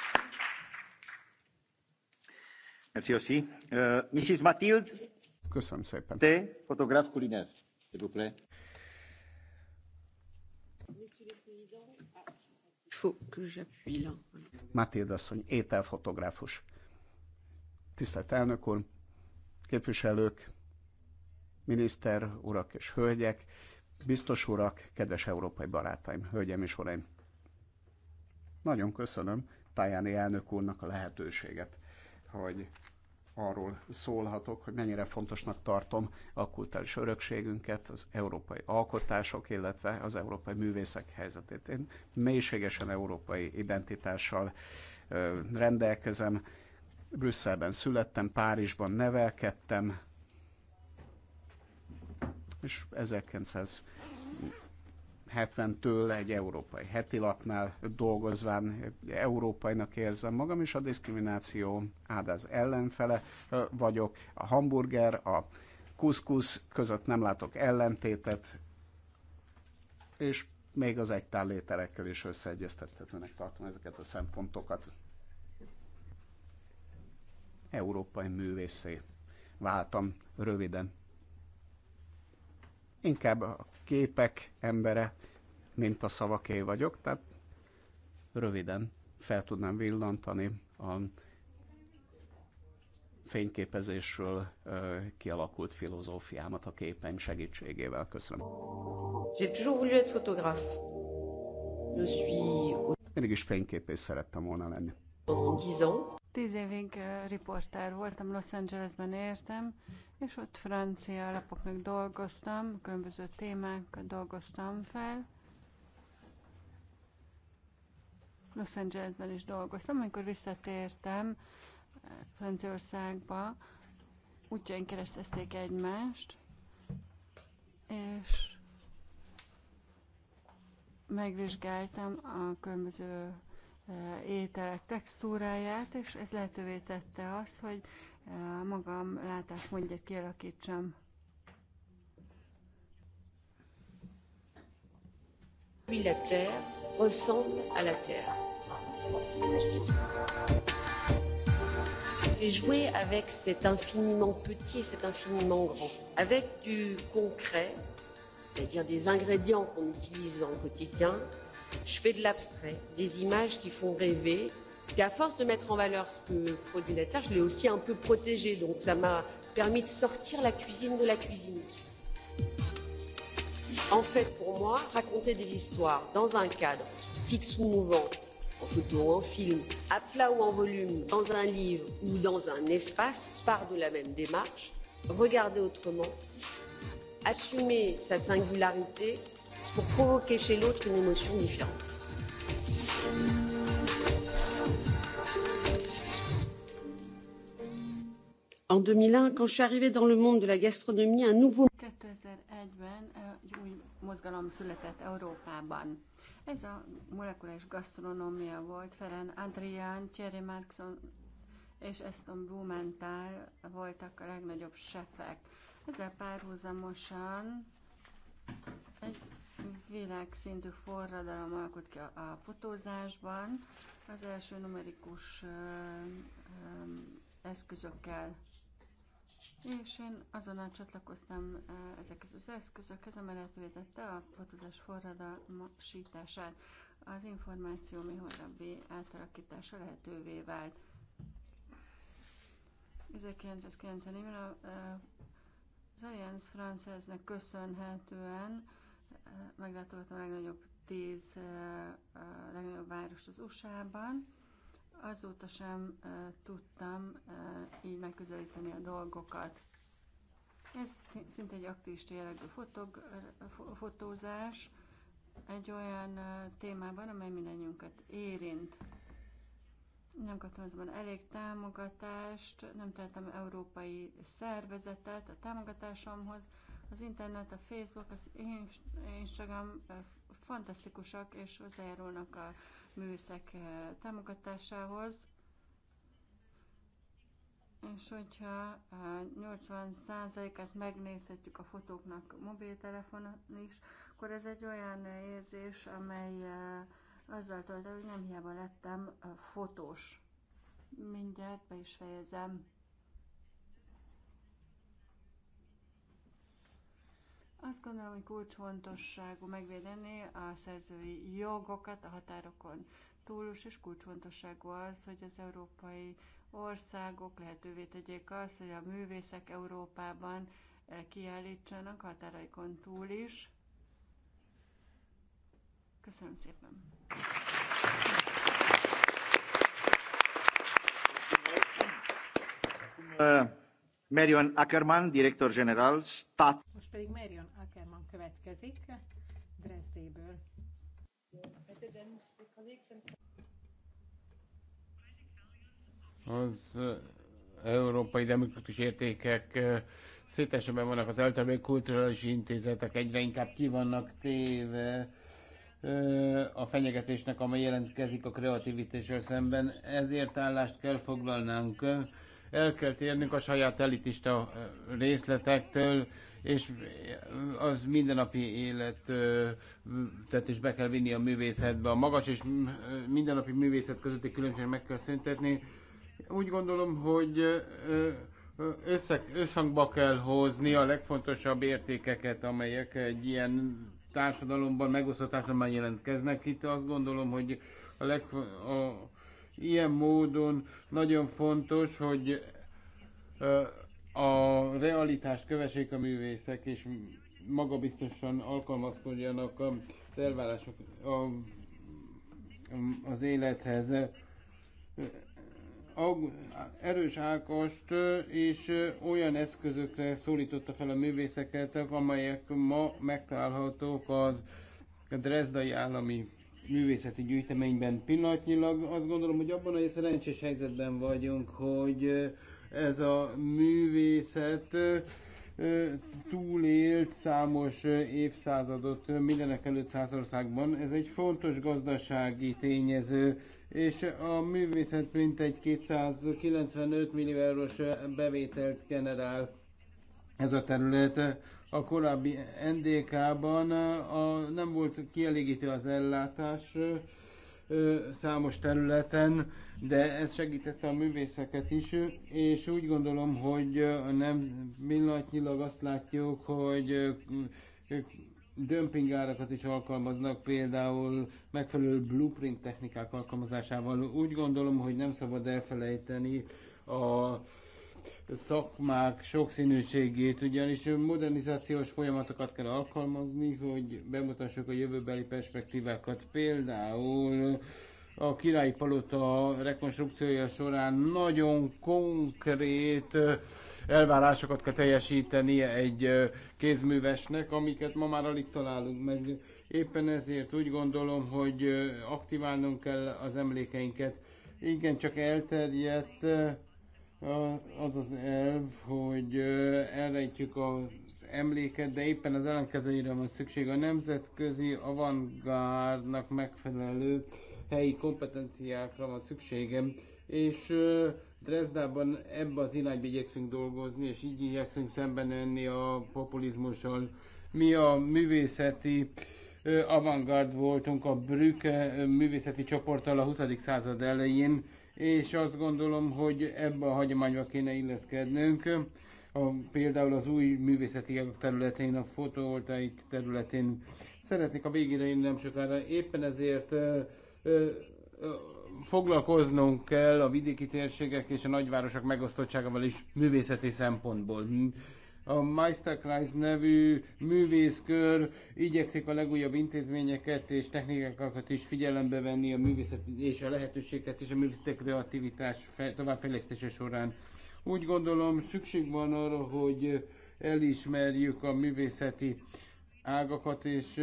Speaker 4: Merci aussi. Uh, Mrs. Mathilde. Köszönöm szépen. Te,
Speaker 1: fotográf kuliner, s'il vous plaît.
Speaker 4: Mathilde asszony, ételfotográfus. Tisztelt elnök úr, képviselők, miniszter, urak és hölgyek, Biztos urak, kedves európai barátaim, hölgyem és uraim! Nagyon köszönöm Tajani elnök úrnak a lehetőséget, hogy arról szólhatok, hogy mennyire fontosnak tartom a kultúrás örökségünket, az európai alkotások, illetve az európai művészek helyzetét. Én mélységesen európai identitással rendelkezem, Brüsszelben születtem, Párizsban nevelkedtem, és 1900 70-től egy európai heti lapnál dolgozván európainak érzem magam, és a diszkrimináció áldás ellenfele vagyok. A hamburger, a kuszkusz között nem látok ellentétet, és még az egytál ételekkel is összeegyeztethetőnek tartom ezeket a szempontokat. Európai művészé váltam röviden inkább a képek embere, mint a szavaké vagyok, tehát röviden fel tudnám villantani a fényképezésről ö, kialakult filozófiámat a képeim segítségével. Köszönöm.
Speaker 12: J'ai toujours voulu être photographe.
Speaker 4: Je suis... Mindig is fényképész szerettem volna lenni. Pendant 10
Speaker 12: ans. Tíz évig riportár voltam, Los Angelesben értem, és ott francia lapoknak dolgoztam, különböző témákat dolgoztam fel. Los Angelesben is dolgoztam, amikor visszatértem Franciaországba, útjaink keresztezték egymást, és megvizsgáltam a különböző ételek textúráját, és ez lehetővé tette azt, hogy eh, magam látásmódját kialakítsam.
Speaker 7: Puis la terre ressemble à la terre.
Speaker 12: J'ai joué avec cet infiniment petit et cet infiniment grand, avec du concret, c'est-à-dire des ingrédients qu'on utilise dans le quotidien, je fais de l'abstrait, des images qui font rêver. Puis à force de mettre en valeur ce que produit la terre, je l'ai aussi un peu protégé. Donc ça m'a permis de sortir la cuisine de la cuisine. En fait, pour moi, raconter des histoires dans un cadre fixe ou mouvant,
Speaker 5: en photo ou en film,
Speaker 12: à plat ou en volume, dans un livre ou dans un espace, part de la même démarche, regarder autrement,
Speaker 11: assumer sa singularité pour provoquer chez l'autre une émotion différente.
Speaker 12: En 2001, quand je suis arrivée dans le monde de la gastronomie, un nouveau euh, mozgalom született Európában. Ez a molekulás gasztronómia volt, Feren Adrián, Thierry Markson és Eston Blumenthal voltak a legnagyobb sefek. Ezzel párhuzamosan egy világszintű forradalom alakult ki a, a fotózásban. Az első numerikus ö, ö, eszközökkel és én azonnal csatlakoztam ezekhez az eszközökhez, amely lehetővé tette a fotózás forradalmasítását. Az információ mi holnapbi átalakítása lehetővé vált. 1994-ben az Alliance Française-nek köszönhetően meglátogatom a legnagyobb tíz a legnagyobb várost az USA-ban. Azóta sem tudtam így megközelíteni a dolgokat. Ez szinte egy aktivista jellegű fotog, fotózás egy olyan témában, amely mindannyiunkat érint. Nem kaptam azonban elég támogatást, nem tettem európai szervezetet a támogatásomhoz, az internet, a Facebook, az Instagram eh, fantasztikusak, és hozzájárulnak a műszek eh, támogatásához. És hogyha 80%-át eh, megnézhetjük a fotóknak mobiltelefonon is, akkor ez egy olyan érzés, amely azzal tölt, hogy nem hiába lettem fotós. Mindjárt be is fejezem. Azt gondolom, hogy kulcsfontosságú megvédeni a szerzői jogokat a határokon túlus, és kulcsfontosságú az, hogy az európai országok lehetővé tegyék azt, hogy a művészek Európában eh, kiállítsanak határaikon túl is. Köszönöm szépen!
Speaker 2: Köszönöm. Eh, Marion Ackermann, Director General,
Speaker 7: Stat. Most pedig Marion Ackermann következik Dresdéből.
Speaker 8: Az eh, európai demokratikus értékek eh, szétesőben vannak az eltermék kulturális intézetek, egyre inkább ki vannak téve eh, a fenyegetésnek, amely jelentkezik a kreativitéssel szemben. Ezért állást kell foglalnánk el kell térnünk a saját elitista részletektől, és az mindennapi életet is be kell vinni a művészetbe. A magas és mindennapi művészet közötti különbség meg kell szüntetni. Úgy gondolom, hogy össze, összhangba kell hozni a legfontosabb értékeket, amelyek egy ilyen társadalomban, megosztott társadalomban jelentkeznek. Itt azt gondolom, hogy a, legf- a Ilyen módon nagyon fontos, hogy a realitást kövessék a művészek, és magabiztosan alkalmazkodjanak a elvárások a, az élethez. Ag, erős Ákost és olyan eszközökre szólította fel a művészeket, amelyek ma megtalálhatók az Dresdai Állami művészeti gyűjteményben pillanatnyilag. Azt gondolom, hogy abban a szerencsés helyzetben vagyunk, hogy ez a művészet túlélt számos évszázadot mindenek előtt Százországban. Ez egy fontos gazdasági tényező, és a művészet egy 295 millió eurós bevételt generál ez a terület a korábbi NDK-ban a, nem volt kielégítő az ellátás ö, számos területen, de ez segítette a művészeket is, és úgy gondolom, hogy nem pillanatnyilag azt látjuk, hogy dömpingárakat is alkalmaznak, például megfelelő blueprint technikák alkalmazásával. Úgy gondolom, hogy nem szabad elfelejteni a szakmák sokszínűségét, ugyanis modernizációs folyamatokat kell alkalmazni, hogy bemutassuk a jövőbeli perspektívákat. Például a királyi palota rekonstrukciója során nagyon konkrét elvárásokat kell teljesítenie egy kézművesnek, amiket ma már alig találunk meg. Éppen ezért úgy gondolom, hogy aktiválnunk kell az emlékeinket. Igen, csak elterjedt az az elv, hogy elrejtjük az emléket, de éppen az ellenkezőjére van szükség. A nemzetközi avantgárdnak megfelelő helyi kompetenciákra van szükségem, és Dresdában ebbe az irányba igyekszünk dolgozni, és így igyekszünk szembenönni a populizmussal. Mi a művészeti avantgárd voltunk a Brücke művészeti csoporttal a 20. század elején, és azt gondolom, hogy ebbe a hagyományba kéne illeszkednünk. A, például az új művészeti területén, a fotovoltaik területén szeretnék a végére én nem sokára. Éppen ezért ö, ö, ö, foglalkoznunk kell a vidéki térségek és a nagyvárosok megosztottságával is művészeti szempontból. A Meisterkreis nevű művészkör igyekszik a legújabb intézményeket és technikákat is figyelembe venni a művészet és a lehetőséget és a művészeti kreativitás továbbfejlesztése során. Úgy gondolom szükség van arra, hogy elismerjük a művészeti ágakat, és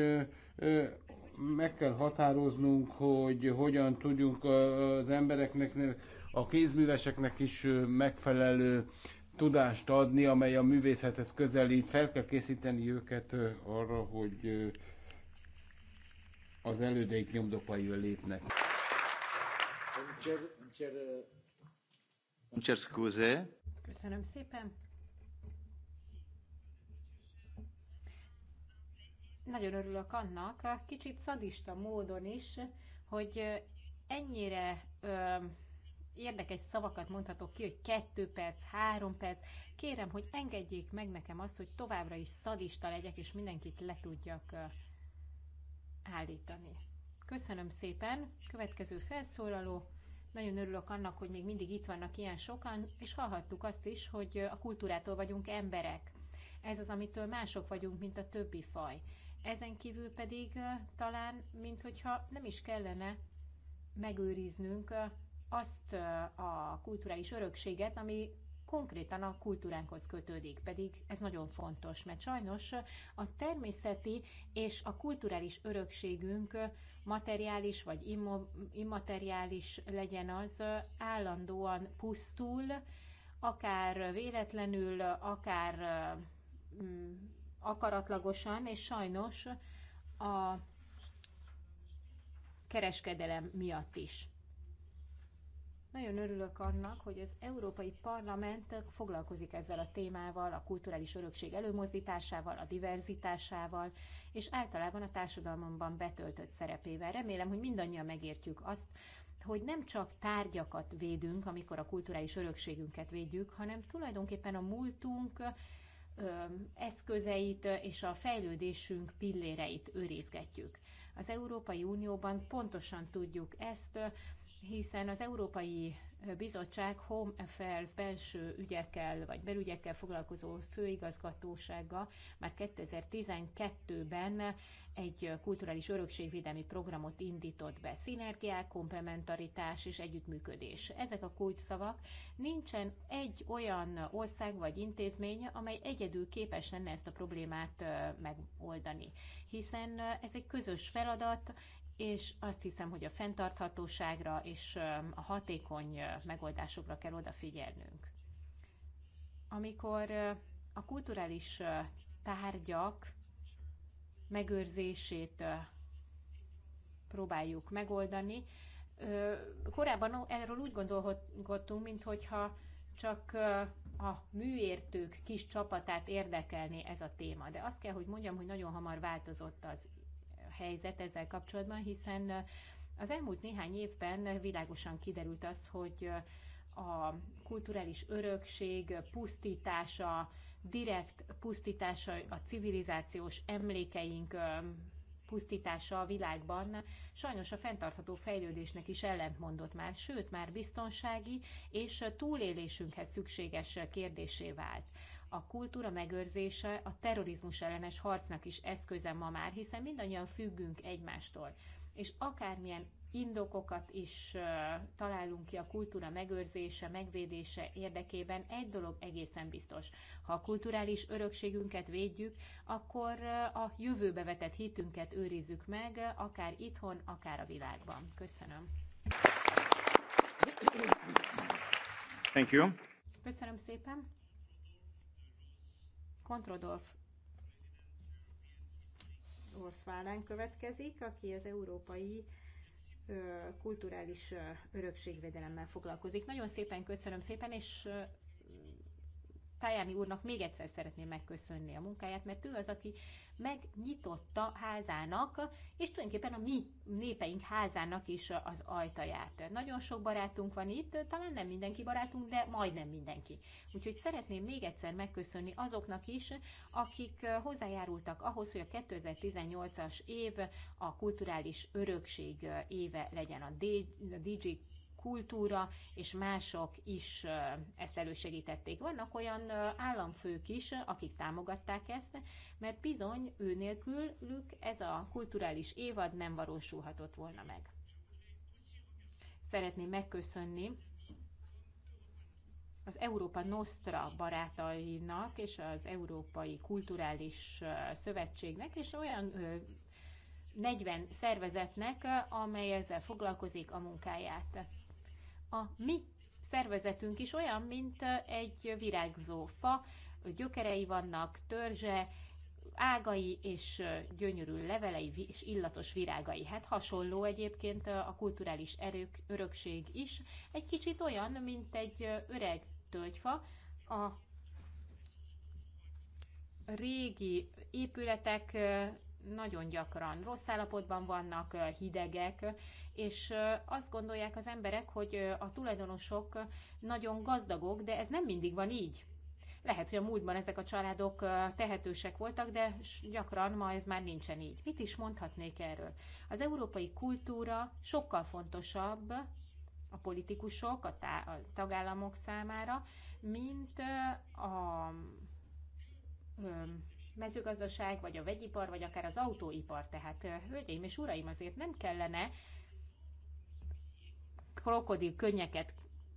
Speaker 8: meg kell határoznunk, hogy hogyan tudjunk az embereknek, a kézműveseknek is megfelelő tudást adni, amely a művészethez közelít. Fel kell készíteni őket arra, hogy az elődeik nyomdokaival lépnek.
Speaker 7: Köszönöm szépen. Nagyon örülök annak, kicsit szadista módon is, hogy ennyire érdekes szavakat mondhatok ki, hogy kettő perc, három perc. Kérem, hogy engedjék meg nekem azt, hogy továbbra is szadista legyek, és mindenkit le tudjak állítani. Köszönöm szépen. Következő felszólaló. Nagyon örülök annak, hogy még mindig itt vannak ilyen sokan, és hallhattuk azt is, hogy a kultúrától vagyunk emberek. Ez az, amitől mások vagyunk, mint a többi faj. Ezen kívül pedig talán, mint hogyha nem is kellene megőriznünk azt a kulturális örökséget, ami konkrétan a kultúránkhoz kötődik, pedig ez nagyon fontos, mert sajnos a természeti és a kulturális örökségünk materiális vagy immateriális legyen az, állandóan pusztul, akár véletlenül, akár mm, akaratlagosan, és sajnos a kereskedelem miatt is. Nagyon örülök annak, hogy az Európai Parlament foglalkozik ezzel a témával, a kulturális örökség előmozdításával, a diverzitásával, és általában a társadalomban betöltött szerepével. Remélem, hogy mindannyian megértjük azt, hogy nem csak tárgyakat védünk, amikor a kulturális örökségünket védjük, hanem tulajdonképpen a múltunk eszközeit és a fejlődésünk pilléreit őrizgetjük. Az Európai Unióban pontosan tudjuk ezt, hiszen az Európai Bizottság Home Affairs belső ügyekkel vagy belügyekkel foglalkozó főigazgatósága már 2012-ben egy kulturális örökségvédelmi programot indított be. Szinergiák, komplementaritás és együttműködés. Ezek a kulcsszavak. Nincsen egy olyan ország vagy intézmény, amely egyedül képes lenne ezt a problémát megoldani, hiszen ez egy közös feladat, és azt hiszem, hogy a fenntarthatóságra és a hatékony megoldásokra kell odafigyelnünk. Amikor a kulturális tárgyak megőrzését próbáljuk megoldani, korábban erről úgy gondolkodtunk, mintha csak a műértők kis csapatát érdekelni ez a téma. De azt kell, hogy mondjam, hogy nagyon hamar változott az helyzet ezzel kapcsolatban, hiszen az elmúlt néhány évben világosan kiderült az, hogy a kulturális örökség pusztítása, direkt pusztítása, a civilizációs emlékeink pusztítása a világban sajnos a fenntartható fejlődésnek is ellentmondott már, sőt már biztonsági és túlélésünkhez szükséges kérdésé vált a kultúra megőrzése a terrorizmus ellenes harcnak is eszköze ma már, hiszen mindannyian függünk egymástól. És akármilyen indokokat is találunk ki a kultúra megőrzése, megvédése érdekében, egy dolog egészen biztos. Ha a kulturális örökségünket védjük, akkor a jövőbe vetett hitünket őrizzük meg, akár itthon, akár a világban. Köszönöm. Thank you. Köszönöm szépen. Rodolf Orszválán következik, aki az európai kulturális örökségvédelemmel foglalkozik. Nagyon szépen köszönöm szépen, és Tajani úrnak még egyszer szeretném megköszönni a munkáját, mert ő az, aki megnyitotta házának, és tulajdonképpen a mi népeink házának is az ajtaját. Nagyon sok barátunk van itt, talán nem mindenki barátunk, de majdnem mindenki. Úgyhogy szeretném még egyszer megköszönni azoknak is, akik hozzájárultak ahhoz, hogy a 2018-as év a kulturális örökség éve legyen a DJ kultúra és mások is ezt elősegítették. Vannak olyan államfők is, akik támogatták ezt, mert bizony ő nélkülük ez a kulturális évad nem valósulhatott volna meg. Szeretném megköszönni az Európa Nostra barátainak és az Európai Kulturális Szövetségnek, és olyan 40 szervezetnek, amely ezzel foglalkozik a munkáját a mi szervezetünk is olyan, mint egy virágzó fa, gyökerei vannak, törzse, ágai és gyönyörű levelei és illatos virágai. Hát hasonló egyébként a kulturális erők, örökség is. Egy kicsit olyan, mint egy öreg tölgyfa. A régi épületek nagyon gyakran rossz állapotban vannak, hidegek, és azt gondolják az emberek, hogy a tulajdonosok nagyon gazdagok, de ez nem mindig van így. Lehet, hogy a múltban ezek a családok tehetősek voltak, de gyakran ma ez már nincsen így. Mit is mondhatnék erről? Az európai kultúra sokkal fontosabb a politikusok, a, tá- a tagállamok számára, mint a, a mezőgazdaság, vagy a vegyipar, vagy akár az autóipar. Tehát, hölgyeim és uraim, azért nem kellene krokodil könnyeket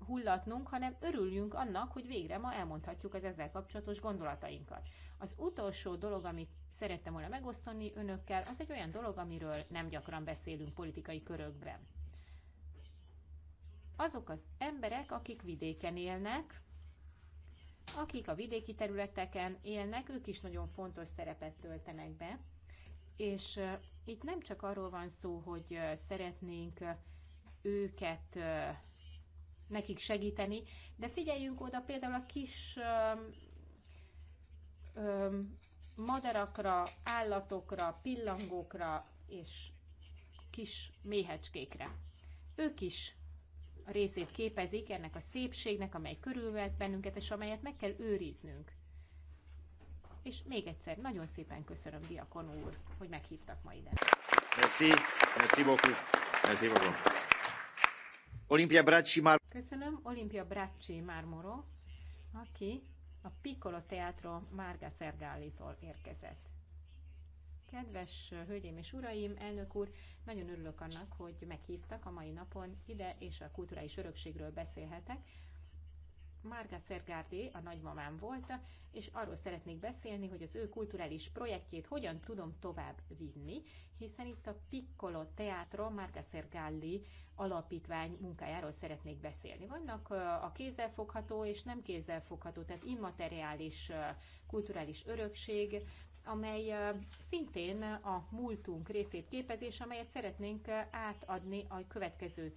Speaker 7: hullatnunk, hanem örüljünk annak, hogy végre ma elmondhatjuk az ezzel kapcsolatos gondolatainkat. Az utolsó dolog, amit szerettem volna megosztani önökkel, az egy olyan dolog, amiről nem gyakran beszélünk politikai körökben. Azok az emberek, akik vidéken élnek, akik a vidéki területeken élnek, ők is nagyon fontos szerepet töltenek be. És itt nem csak arról van szó, hogy szeretnénk őket nekik segíteni, de figyeljünk oda például a kis madarakra, állatokra, pillangókra és kis méhecskékre. Ők is a részét képezik ennek a szépségnek, amely körülvesz bennünket, és amelyet meg kell őriznünk. És még egyszer nagyon szépen köszönöm Diakon úr, hogy meghívtak ma ide.
Speaker 6: Merci, merci beaucoup.
Speaker 2: Merci beaucoup. Olimpia Bracci Mar...
Speaker 7: Köszönöm, Olimpia Bracci Marmoro, aki a Piccolo Teatro Marga Sergálitól érkezett. Kedves hölgyeim és uraim, elnök úr, nagyon örülök annak, hogy meghívtak a mai napon ide, és a kulturális örökségről beszélhetek. Marga Szergárdé a nagymamám volt, és arról szeretnék beszélni, hogy az ő kulturális projektjét hogyan tudom tovább vinni, hiszen itt a Piccolo Teatro Marga Szergalli alapítvány munkájáról szeretnék beszélni. Vannak a kézzelfogható és nem kézzelfogható, tehát immateriális kulturális örökség, amely szintén a múltunk részét képezi, és amelyet szeretnénk átadni a következő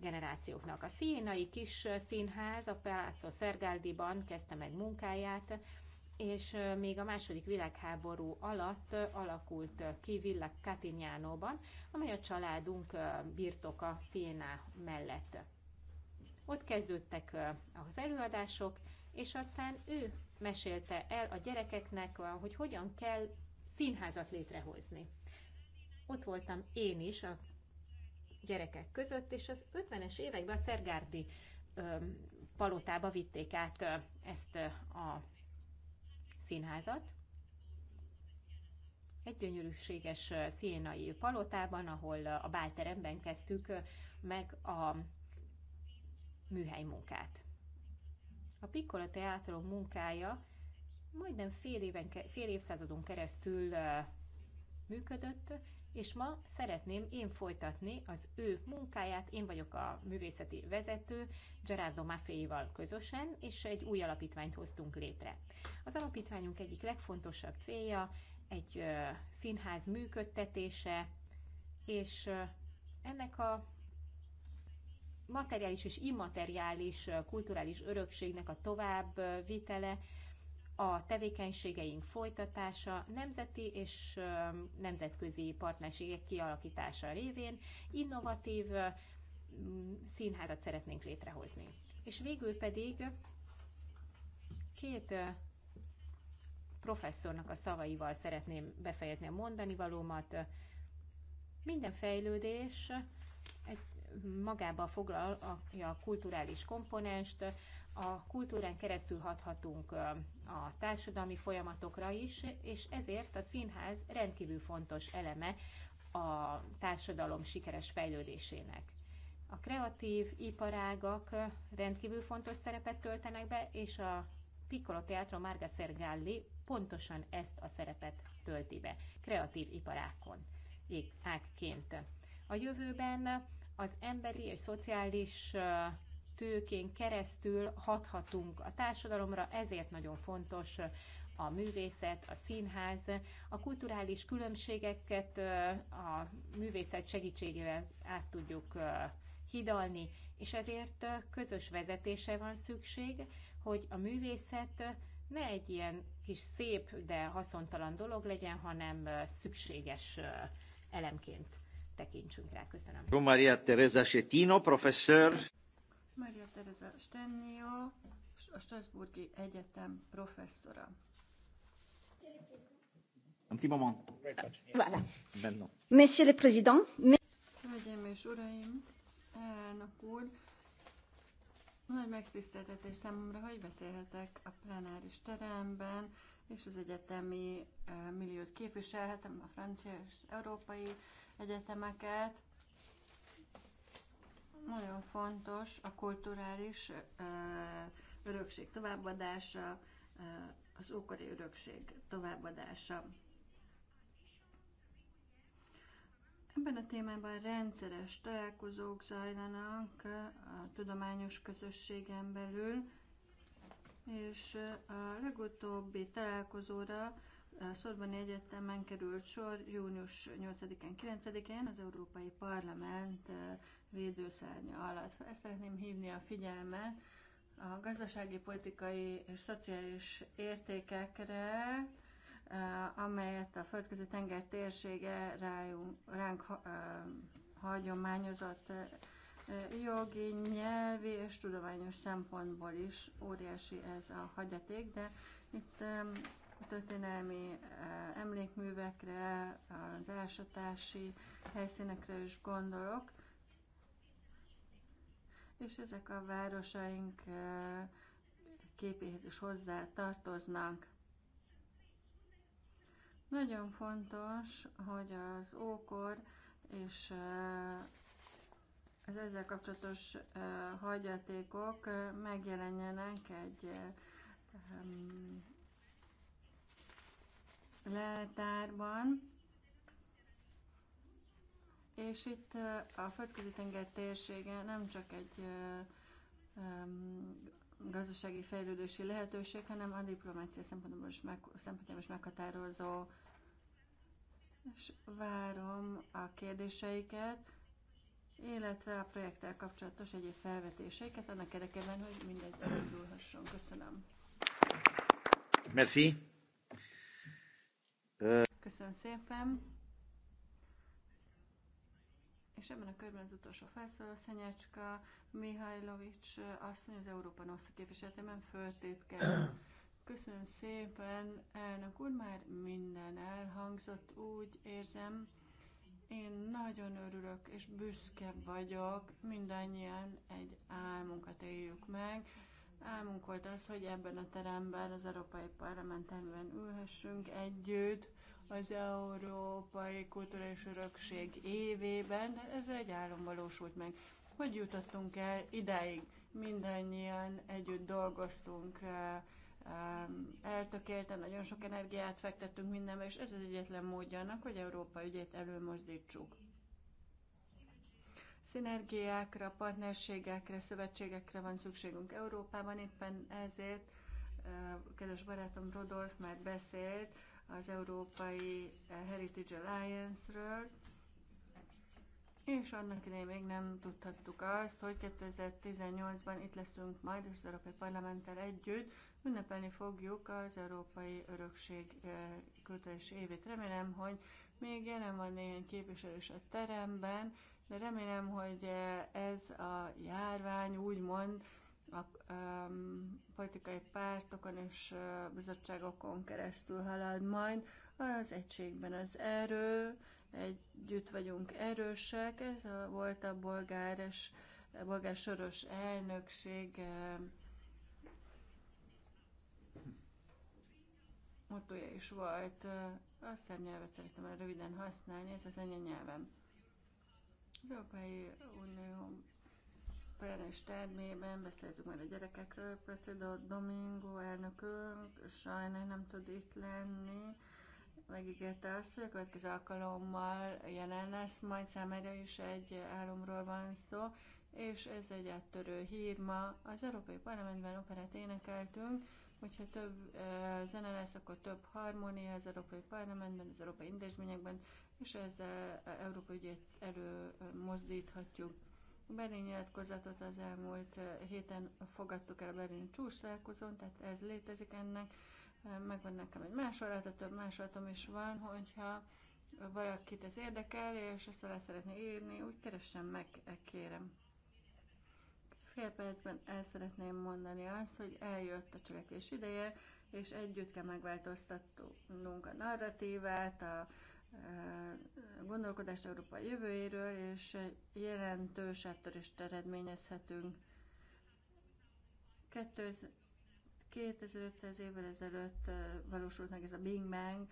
Speaker 7: generációknak. A Szénai Kis Színház a Palazzo Szergáldiban kezdte meg munkáját, és még a második világháború alatt alakult ki Villa Catignano-ban, amely a családunk birtoka Széna mellett. Ott kezdődtek az előadások, és aztán ő mesélte el a gyerekeknek, hogy hogyan kell színházat létrehozni. Ott voltam én is a gyerekek között, és az 50-es években a Szergárdi palotába vitték át ezt a színházat. Egy gyönyörűséges színai palotában, ahol a bálteremben kezdtük meg a műhely munkát. A piccolo Teátrum munkája majdnem fél, éven, fél évszázadon keresztül működött, és ma szeretném én folytatni az ő munkáját. Én vagyok a művészeti vezető Gerardo Maffeival közösen, és egy új alapítványt hoztunk létre. Az alapítványunk egyik legfontosabb célja egy színház működtetése, és ennek a materiális és immateriális kulturális örökségnek a továbbvitele, a tevékenységeink folytatása nemzeti és nemzetközi partnerségek kialakítása révén innovatív színházat szeretnénk létrehozni. És végül pedig két professzornak a szavaival szeretném befejezni a mondani valómat. Minden fejlődés egy magába foglalja a kulturális komponenst, a kultúrán keresztül hathatunk a társadalmi folyamatokra is, és ezért a színház rendkívül fontos eleme a társadalom sikeres fejlődésének. A kreatív iparágak rendkívül fontos szerepet töltenek be, és a Piccolo Teatro Marga Sergalli pontosan ezt a szerepet tölti be, kreatív iparákon, ágként. A jövőben az emberi és szociális tőkén keresztül hathatunk a társadalomra, ezért nagyon fontos a művészet, a színház, a kulturális különbségeket a művészet segítségével át tudjuk hidalni, és ezért közös vezetése van szükség, hogy a művészet ne egy ilyen kis szép, de haszontalan dolog legyen, hanem szükséges elemként tekintsünk rá. Köszönöm.
Speaker 1: Maria Teresa Stenio, professzor.
Speaker 7: Maria Teresa Stenio,
Speaker 12: a Strasburgi Egyetem professzora. Un petit moment. Voilà.
Speaker 4: Monsieur le Président.
Speaker 12: Hölgyeim és uraim, elnök úr, nagy megtiszteltetés számomra, hogy beszélhetek a plenáris teremben, és az egyetemi eh, milliót képviselhetem, a francia és európai egyetemeket. Nagyon fontos a kulturális örökség továbbadása, az ókori örökség továbbadása. Ebben a témában rendszeres találkozók zajlanak a tudományos közösségen belül, és a legutóbbi találkozóra Szorban Egyetemen került sor június 8-án, 9-én az Európai Parlament védőszárnya alatt. Ezt szeretném hívni a figyelmet a gazdasági, politikai és szociális értékekre, amelyet a földközi tenger térsége rájunk, ránk hagyományozott jogi, nyelvi és tudományos szempontból is óriási ez a hagyaték, de itt a történelmi eh, emlékművekre, az ásatási helyszínekre is gondolok, és ezek a városaink eh, képéhez is hozzá tartoznak. Nagyon fontos, hogy az ókor és eh, az ezzel kapcsolatos hagyatékok megjelenjenek egy leltárban, és itt a földközi tenger térsége nem csak egy gazdasági fejlődési lehetőség, hanem a diplomácia szempontjából is, meg, szempontjából is meghatározó. És várom a kérdéseiket, illetve a projekttel kapcsolatos egyéb felvetéseiket annak érdekében, hogy mindez elindulhasson. Köszönöm. Merci. Köszönöm szépen. És ebben a körben az utolsó felszóló Szenyecska Mihajlovics eh, asszony az Európa Nostra képviseletében föltétkel. Köszönöm szépen, elnök úr, már minden elhangzott, úgy érzem. Én nagyon örülök és büszke vagyok, mindannyian egy álmunkat éljük meg Álmunk volt az, hogy ebben a teremben, az Európai Parlamentemben ülhessünk együtt az Európai és Örökség évében, de ez egy álom valósult meg. Hogy jutottunk el ideig Mindannyian együtt dolgoztunk, eh, eh, eltökélten, nagyon sok energiát fektettünk mindenbe, és ez az egyetlen módja annak, hogy Európa ügyét előmozdítsuk. Szinergiákra, partnerségekre, szövetségekre van szükségünk Európában, éppen ezért kedves barátom Rodolf már beszélt az Európai Heritage Alliance-ről, és annak idején még nem tudhattuk azt, hogy 2018-ban itt leszünk majd az Európai Parlamenttel együtt, ünnepelni fogjuk az Európai Örökség kulturális évét. Remélem, hogy még jelen van néhány képviselős a teremben, de remélem, hogy e, ez a járvány úgymond a um, politikai pártokon és uh, bizottságokon keresztül halad majd. Az egységben az erő, együtt vagyunk erősek, ez a, volt a bolgáres, e, bolgár soros elnökség uh, motója is volt. Uh, azt a nyelvet szeretem röviden használni, ez az anyanyelvem. Európai Unió plenáris termében beszéltünk már a gyerekekről, Placido Domingo elnökünk sajnál nem tud itt lenni, megígérte azt, hogy a következő alkalommal jelen lesz, majd számára is egy álomról van szó, és ez egy áttörő hír ma. Az Európai Parlamentben operát énekeltünk, hogyha több e, zene lesz, akkor több harmónia az Európai Parlamentben, az Európai Intézményekben, és ezzel e, Európa ügyét előmozdíthatjuk. A Berlin nyilatkozatot az elmúlt e, héten fogadtuk el a Berlin csúcsalálkozón, tehát ez létezik ennek. E, megvan nekem egy másolata, több másolatom is van, hogyha valakit ez érdekel, és ezt alá szeretné írni, úgy keressen meg, kérem. Fél percben el szeretném mondani azt, hogy eljött a cselekvés ideje, és együtt kell megváltoztatnunk a narratívát, a gondolkodást Európa jövőjéről, és jelentős áttörést eredményezhetünk. 2500 évvel ezelőtt valósult meg ez a Big Bang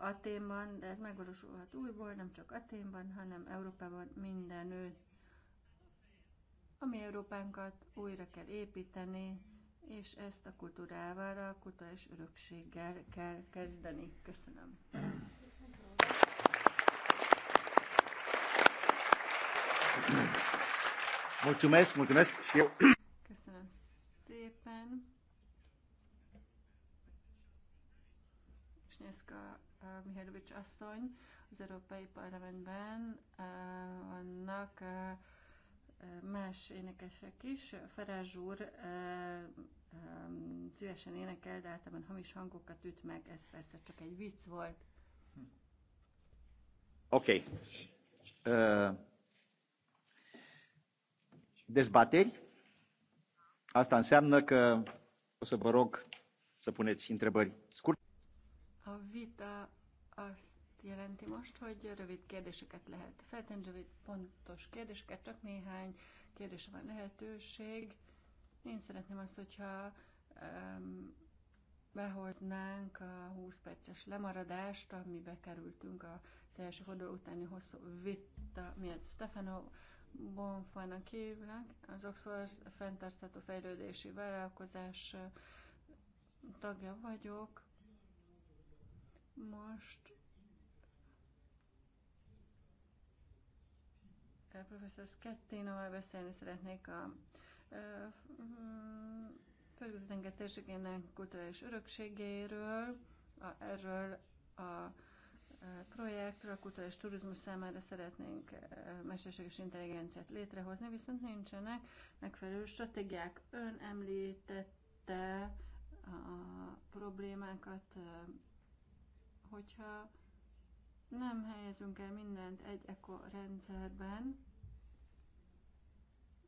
Speaker 12: Aténban, de ez megvalósulhat újból, nem csak Aténban, hanem Európában mindenütt. Ami Európánkat újra kell építeni, és ezt a kultúrával, a kulturális örökséggel kell kezdeni. Köszönöm.
Speaker 2: Mulțumesc, mulțumesc. Köszönöm
Speaker 12: szépen. Snyeszka uh, Mihailovics asszony az Európai Parlamentben uh, vannak uh, más énekesek is. Ferázs úr um, szívesen énekel, de általában hamis hangokat üt meg, ez persze csak egy vicc volt.
Speaker 2: Oké. Okay. Uh dezbateri. Asta înseamnă
Speaker 6: că o să vă rog să puneți întrebări scurte.
Speaker 12: A vita azt jelenti most, hogy rövid kérdéseket lehet feltenni, rövid pontos kérdéseket, csak néhány kérdése van lehetőség. Én szeretném azt, hogyha um, behoznánk a 20 perces lemaradást, amibe kerültünk az első forduló utáni hosszú vita miatt. Stefano bonfának hívnak, az Oxford fenntartható fejlődési vállalkozás tagja vagyok. Most professzor Skettinoval beszélni szeretnék a Földközi-tenger kulturális örökségéről, a, erről a projektről, kutatás turizmus számára szeretnénk mesterséges intelligenciát létrehozni, viszont nincsenek megfelelő stratégiák. Ön említette a problémákat, hogyha nem helyezünk el mindent egy rendszerben,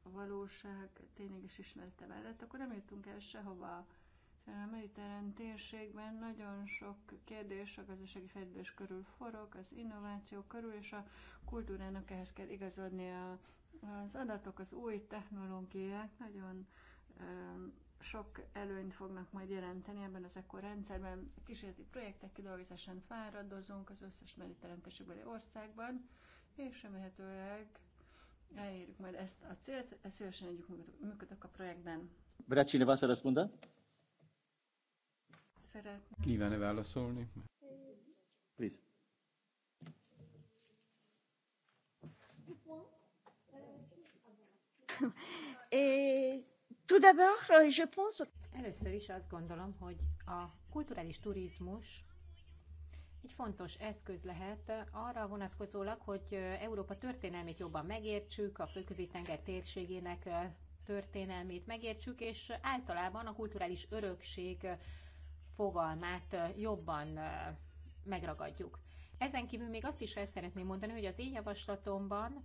Speaker 12: a valóság tényleg is ismerete mellett, akkor nem jutunk el sehova. A mediterrán térségben nagyon sok kérdés a gazdasági fejlődés körül forog, az innováció körül, és a kultúrának ehhez kell igazodnia. Az adatok, az új technológiák nagyon sok előnyt fognak majd jelenteni ebben az rendszerben. Kísérleti projektek kidolgozásán fáradozunk az összes mediterrán országban, és remélhetőleg elérjük majd ezt a célt, ezt szívesen együtt működök a projektben.
Speaker 1: Bracsi, ne a a szeretném. Kívánne válaszolni?
Speaker 8: Please.
Speaker 7: tout d'abord, je pense... Először is azt gondolom, hogy a kulturális turizmus egy fontos eszköz lehet arra vonatkozólag, hogy Európa történelmét jobban megértsük, a Fölközi-tenger térségének történelmét megértsük, és általában a kulturális örökség fogalmát jobban megragadjuk. Ezen kívül még azt is el szeretném mondani, hogy az én javaslatomban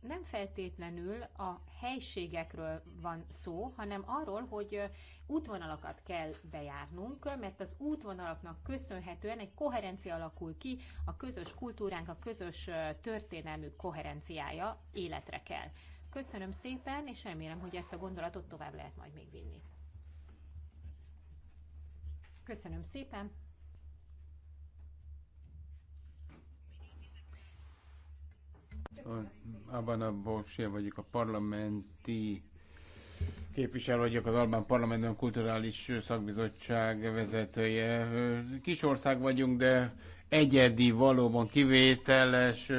Speaker 7: nem feltétlenül a helységekről van szó, hanem arról, hogy útvonalakat kell bejárnunk, mert az útvonalaknak köszönhetően egy koherencia alakul ki, a közös kultúránk, a közös történelmük koherenciája életre kell. Köszönöm szépen, és remélem, hogy ezt a gondolatot tovább lehet majd még vinni. Köszönöm szépen!
Speaker 8: Abban a Borsia vagyok a parlamenti képviselő vagyok az Albán Parlamentben Kulturális Szakbizottság vezetője. Kis ország vagyunk, de egyedi, valóban kivételes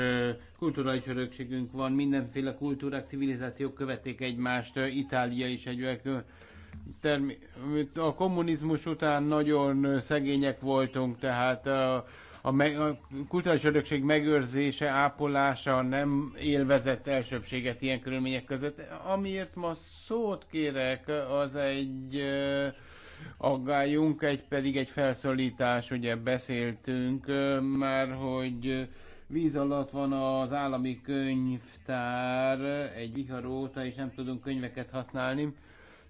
Speaker 8: kulturális örökségünk van. Mindenféle kultúrák, civilizációk követték egymást. Itália is egy a kommunizmus után nagyon szegények voltunk, tehát a, a, me, a kulturális örökség megőrzése, ápolása nem élvezett elsőbséget ilyen körülmények között. Amiért ma szót kérek, az egy aggályunk, egy pedig egy felszólítás, ugye beszéltünk már, hogy víz alatt van az állami könyvtár, egy óta, és nem tudunk könyveket használni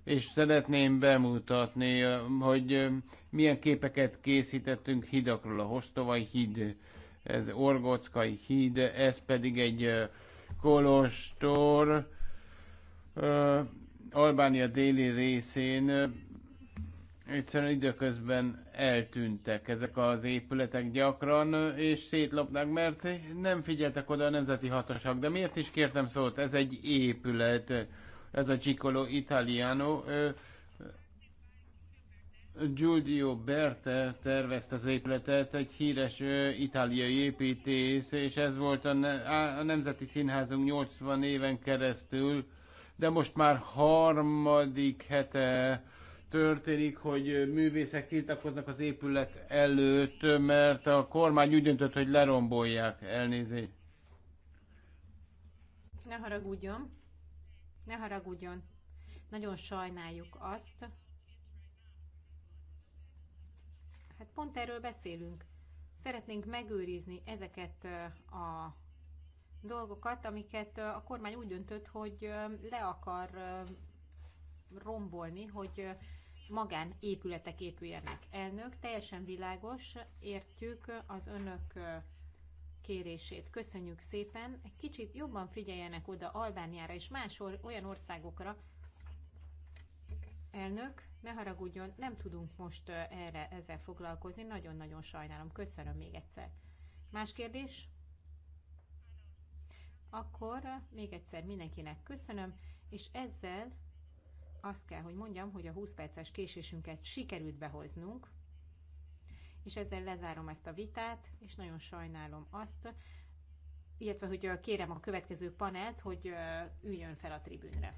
Speaker 8: és szeretném bemutatni, hogy milyen képeket készítettünk hidakról. A Hostovai híd, ez Orgockai híd, ez pedig egy kolostor Albánia déli részén. Egyszerűen időközben eltűntek ezek az épületek gyakran, és szétlopnak, mert nem figyeltek oda a nemzeti hatóság. De miért is kértem szót? Ez egy épület ez a Piccolo Italiano. Giulio Berte tervezte az épületet, egy híres itáliai építész, és ez volt a, ne- a Nemzeti Színházunk 80 éven keresztül, de most már harmadik hete történik, hogy művészek tiltakoznak az épület előtt, mert a kormány úgy döntött, hogy lerombolják elnézést.
Speaker 7: Ne haragudjon. Ne haragudjon, nagyon sajnáljuk azt. Hát pont erről beszélünk. Szeretnénk megőrizni ezeket a dolgokat, amiket a kormány úgy döntött, hogy le akar rombolni, hogy magán épületek épüljenek. Elnök, teljesen világos, értjük az önök kérését. Köszönjük szépen. Egy kicsit jobban figyeljenek oda Albániára és más olyan országokra. Elnök, ne haragudjon, nem tudunk most erre ezzel foglalkozni. Nagyon-nagyon sajnálom. Köszönöm még egyszer. Más kérdés? Akkor még egyszer mindenkinek köszönöm, és ezzel azt kell, hogy mondjam, hogy a 20 perces késésünket sikerült behoznunk és ezzel lezárom ezt a vitát, és nagyon sajnálom azt, illetve hogy kérem a következő panelt, hogy üljön fel a tribűnre.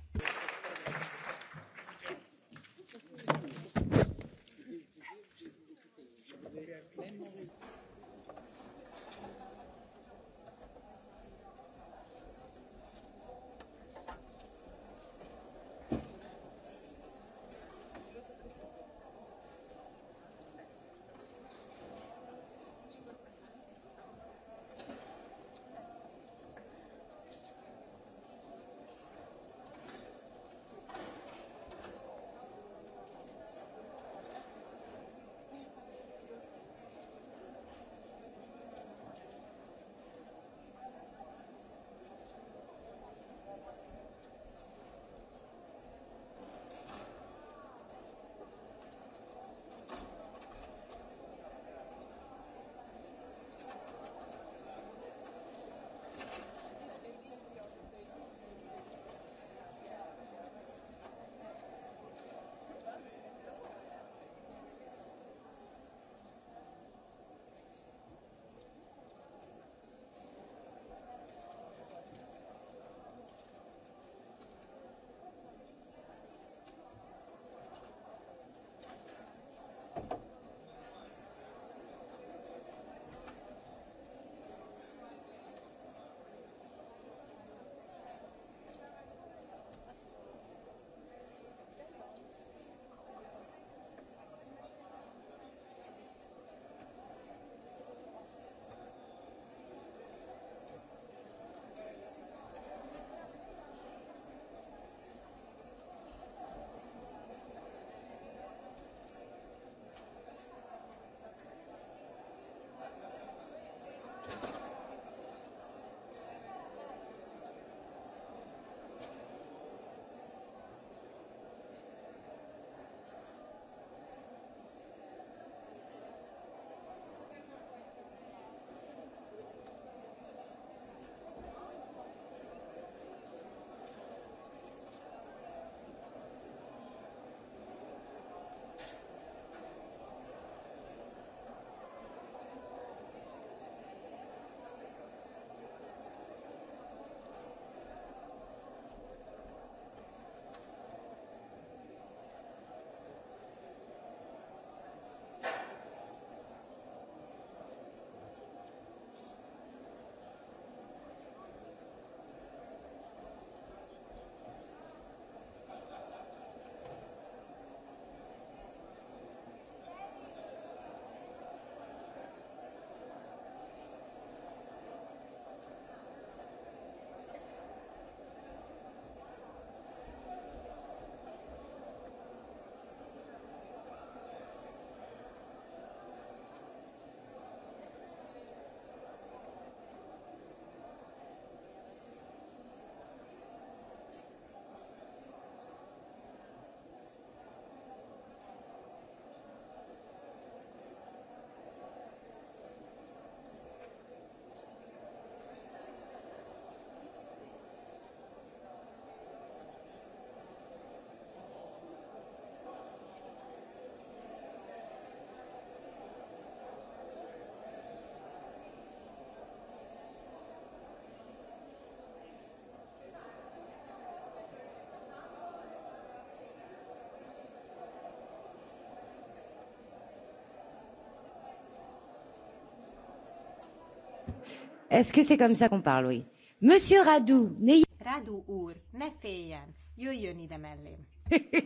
Speaker 5: Est-ce que c'est comme ça qu'on parle, oui? Monsieur Radu,
Speaker 7: ne... Radu úr, ne féljen, jöjjön ide mellém.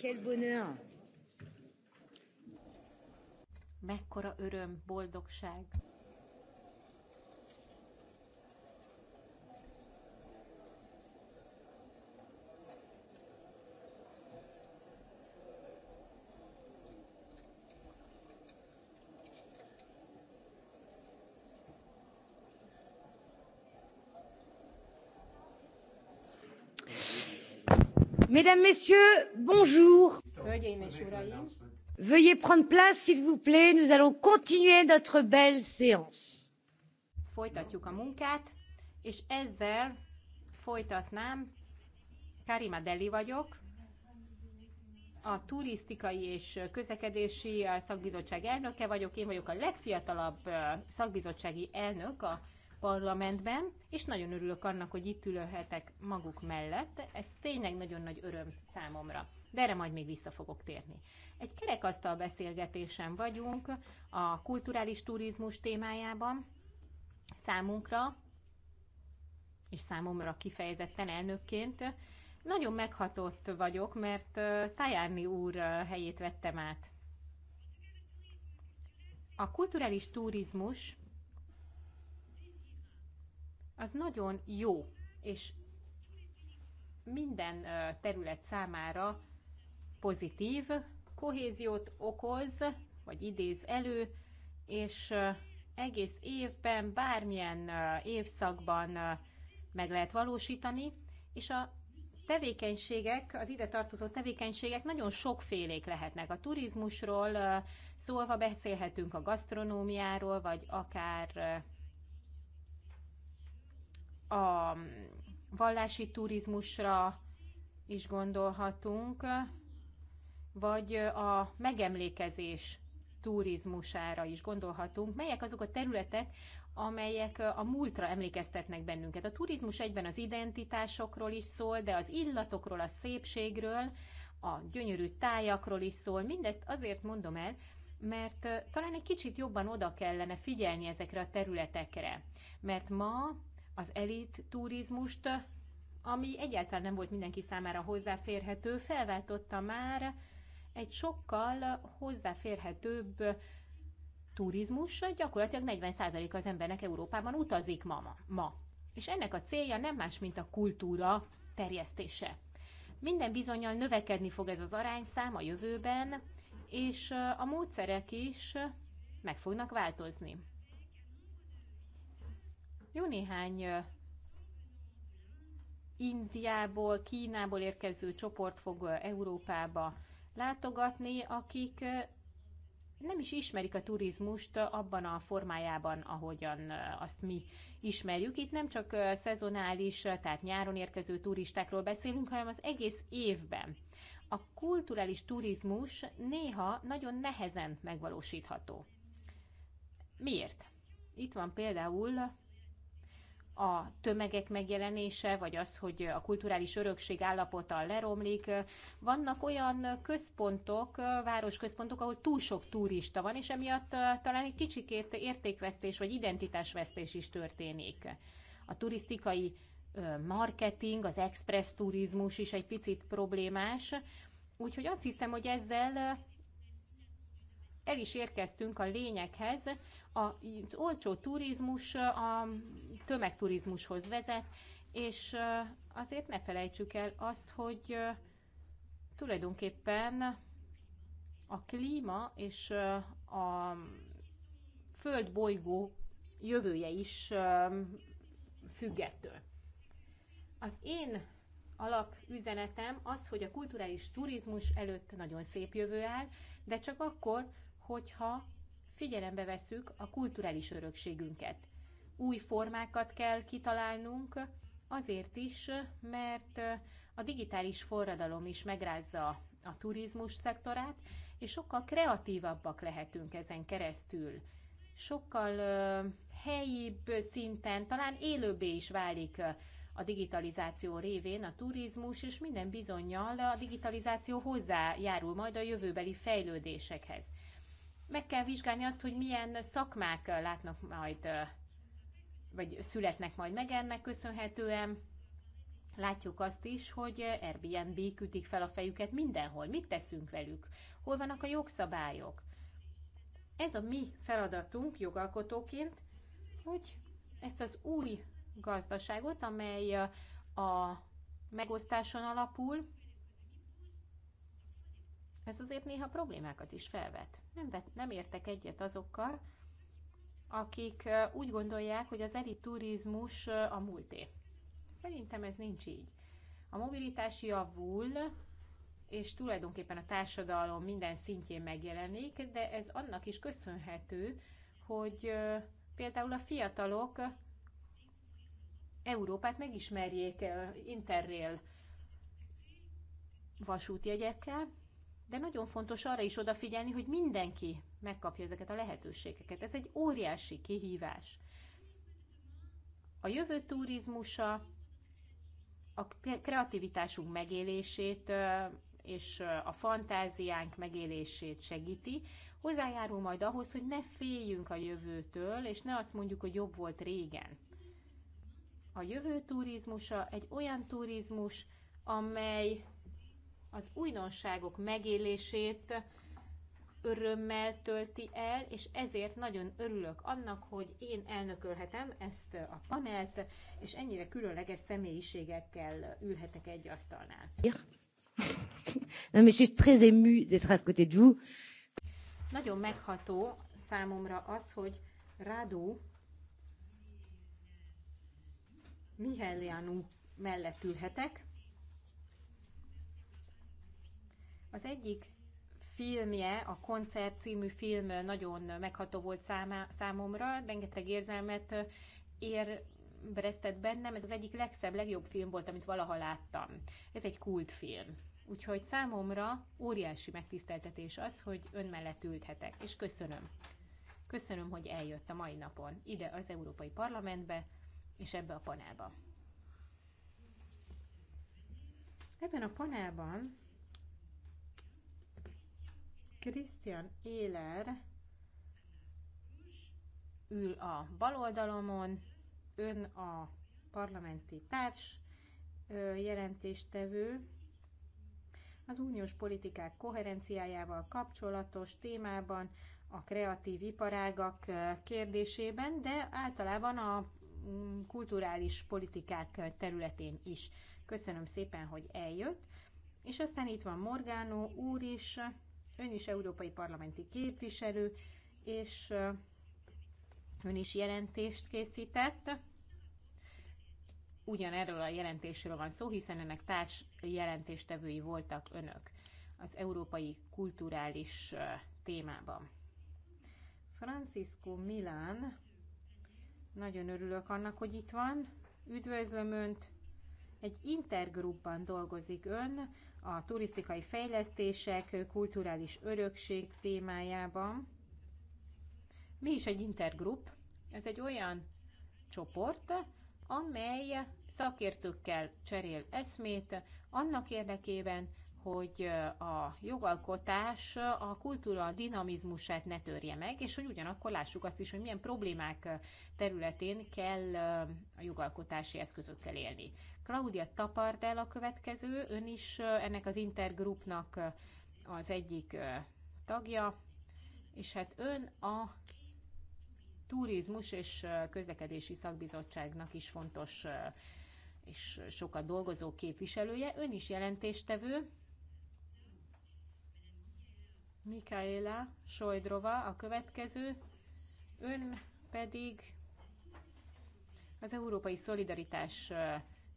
Speaker 7: Quel bonheur! Mekkora öröm, boldogság!
Speaker 5: Mesdames, Messieurs, bonjour. Veuillez prendre place, s'il vous plaît. Nous allons continuer notre belle séance.
Speaker 7: Folytatjuk a munkát, és ezzel folytatnám. Karima Deli vagyok, a turisztikai és közlekedési szakbizottság elnöke vagyok. Én vagyok a legfiatalabb szakbizottsági elnök a parlamentben, és nagyon örülök annak, hogy itt ülhetek maguk mellett. Ez tényleg nagyon nagy öröm számomra. De erre majd még vissza fogok térni. Egy kerekasztal beszélgetésen vagyunk a kulturális turizmus témájában. Számunkra, és számomra kifejezetten elnökként, nagyon meghatott vagyok, mert Tajárni úr helyét vettem át. A kulturális turizmus az nagyon jó, és minden terület számára pozitív, kohéziót okoz, vagy idéz elő, és egész évben, bármilyen évszakban meg lehet valósítani, és a tevékenységek, az ide tartozó tevékenységek nagyon sokfélék lehetnek. A turizmusról szólva beszélhetünk a gasztronómiáról, vagy akár a vallási turizmusra is gondolhatunk, vagy a megemlékezés turizmusára is gondolhatunk, melyek azok a területek, amelyek a múltra emlékeztetnek bennünket. A turizmus egyben az identitásokról is szól, de az illatokról, a szépségről, a gyönyörű tájakról is szól. Mindezt azért mondom el, mert talán egy kicsit jobban oda kellene figyelni ezekre a területekre. Mert ma az elit turizmust, ami egyáltalán nem volt mindenki számára hozzáférhető, felváltotta már egy sokkal hozzáférhetőbb turizmus, gyakorlatilag 40% az embernek Európában utazik ma, ma. És ennek a célja nem más, mint a kultúra terjesztése. Minden bizonyal növekedni fog ez az arányszám a jövőben, és a módszerek is meg fognak változni. Jó néhány Indiából, Kínából érkező csoport fog Európába látogatni, akik nem is ismerik a turizmust abban a formájában, ahogyan azt mi ismerjük. Itt nem csak szezonális, tehát nyáron érkező turistákról beszélünk, hanem az egész évben. A kulturális turizmus néha nagyon nehezen megvalósítható. Miért? Itt van például a tömegek megjelenése, vagy az, hogy a kulturális örökség állapota leromlik. Vannak olyan központok, városközpontok, ahol túl sok turista van, és emiatt talán egy kicsikét értékvesztés vagy identitásvesztés is történik. A turisztikai marketing, az express turizmus is egy picit problémás, úgyhogy azt hiszem, hogy ezzel el is érkeztünk a lényeghez, az olcsó turizmus a tömegturizmushoz vezet, és azért ne felejtsük el azt, hogy tulajdonképpen a klíma és a földbolygó jövője is függettől. Az én alapüzenetem az, hogy a kulturális turizmus előtt nagyon szép jövő áll, de csak akkor, hogyha figyelembe vesszük a kulturális örökségünket. Új formákat kell kitalálnunk, azért is, mert a digitális forradalom is megrázza a turizmus szektorát, és sokkal kreatívabbak lehetünk ezen keresztül. Sokkal helyibb szinten, talán élőbbé is válik a digitalizáció révén a turizmus, és minden bizonyal a digitalizáció hozzájárul majd a jövőbeli fejlődésekhez meg kell vizsgálni azt, hogy milyen szakmák látnak majd, vagy születnek majd meg ennek köszönhetően. Látjuk azt is, hogy Airbnb kütik fel a fejüket mindenhol. Mit teszünk velük? Hol vannak a jogszabályok? Ez a mi feladatunk jogalkotóként, hogy ezt az új gazdaságot, amely a megosztáson alapul, ez azért néha problémákat is felvet. Nem, vet, nem értek egyet azokkal, akik úgy gondolják, hogy az turizmus a múlté. Szerintem ez nincs így. A mobilitás javul, és tulajdonképpen a társadalom minden szintjén megjelenik, de ez annak is köszönhető, hogy például a fiatalok Európát megismerjék interrail vasútjegyekkel, de nagyon fontos arra is odafigyelni, hogy mindenki megkapja ezeket a lehetőségeket. Ez egy óriási kihívás. A jövő turizmusa a kreativitásunk megélését és a fantáziánk megélését segíti, hozzájárul majd ahhoz, hogy ne féljünk a jövőtől, és ne azt mondjuk, hogy jobb volt régen. A jövő turizmusa egy olyan turizmus, amely az újdonságok megélését örömmel tölti el, és ezért nagyon örülök annak, hogy én elnökölhetem ezt a panelt, és ennyire különleges személyiségekkel ülhetek egy asztalnál.
Speaker 5: Nem, és is très ému d'être à côté de vous.
Speaker 7: Nagyon megható számomra az, hogy Radu Mihelianu mellett ülhetek, Az egyik filmje, a Koncert című film nagyon megható volt számá, számomra, rengeteg érzelmet érbresztett bennem, ez az egyik legszebb, legjobb film volt, amit valaha láttam. Ez egy kultfilm. Úgyhogy számomra óriási megtiszteltetés az, hogy ön mellett ülthetek, és köszönöm. Köszönöm, hogy eljött a mai napon ide az Európai Parlamentbe és ebbe a panelba. Ebben a panelban Christian Éler ül a bal oldalomon, ön a parlamenti társ jelentéstevő, az uniós politikák koherenciájával kapcsolatos témában, a kreatív iparágak kérdésében, de általában a mm, kulturális politikák területén is. Köszönöm szépen, hogy eljött. És aztán itt van Morgánó úr is, ön is európai parlamenti képviselő, és ön is jelentést készített. Ugyanerről a jelentésről van szó, hiszen ennek társ jelentéstevői voltak önök az európai kulturális témában. Francisco Milán, nagyon örülök annak, hogy itt van. Üdvözlöm Önt! Egy intergrupban dolgozik Ön, a turisztikai fejlesztések, kulturális örökség témájában. Mi is egy intergrup, ez egy olyan csoport, amely szakértőkkel cserél eszmét annak érdekében, hogy a jogalkotás a kultúra dinamizmusát ne törje meg, és hogy ugyanakkor lássuk azt is, hogy milyen problémák területén kell a jogalkotási eszközökkel élni. Claudia Tapardel a következő, ön is ennek az intergrupnak az egyik tagja, és hát ön a turizmus és közlekedési szakbizottságnak is fontos és sokat dolgozó képviselője, ön is jelentéstevő. Mikaela Sojdrova a következő, ön pedig az Európai Szolidaritás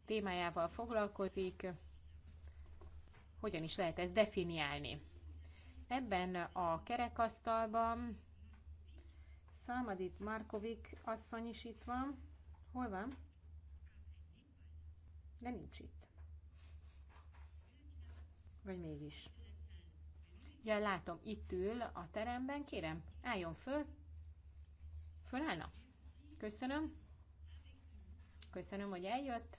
Speaker 7: témájával foglalkozik, hogyan is lehet ezt definiálni. Ebben a kerekasztalban Számadit Markovik asszony is itt van. Hol van? De nincs itt. Vagy mégis. Ja, látom, itt ül a teremben. Kérem, álljon föl. Fölállna? Köszönöm. Köszönöm, hogy eljött.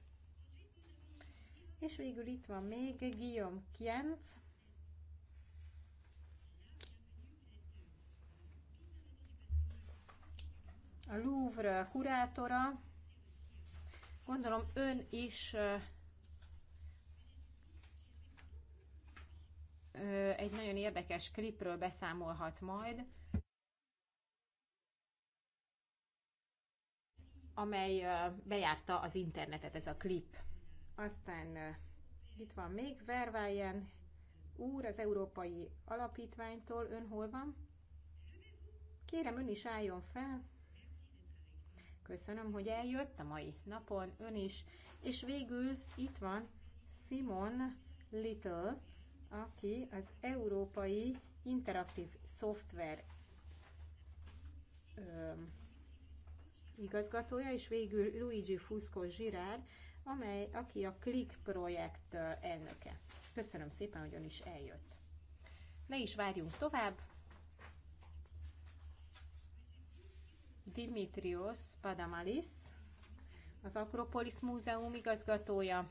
Speaker 7: És végül itt van még Guillaume Kienz, a Louvre kurátora. Gondolom ön is egy nagyon érdekes klipről beszámolhat majd, amely bejárta az internetet ez a klip. Aztán itt van még Vervájen úr az Európai Alapítványtól. Ön hol van? Kérem, ön is álljon fel. Köszönöm, hogy eljött a mai napon, ön is. És végül itt van Simon Little, aki az Európai Interaktív Szoftver igazgatója, és végül Luigi Fusco Girard, amely, aki a Click projekt elnöke. Köszönöm szépen, hogy ön is eljött. Ne is várjunk tovább. Dimitrios Padamalis, az Akropolis Múzeum igazgatója,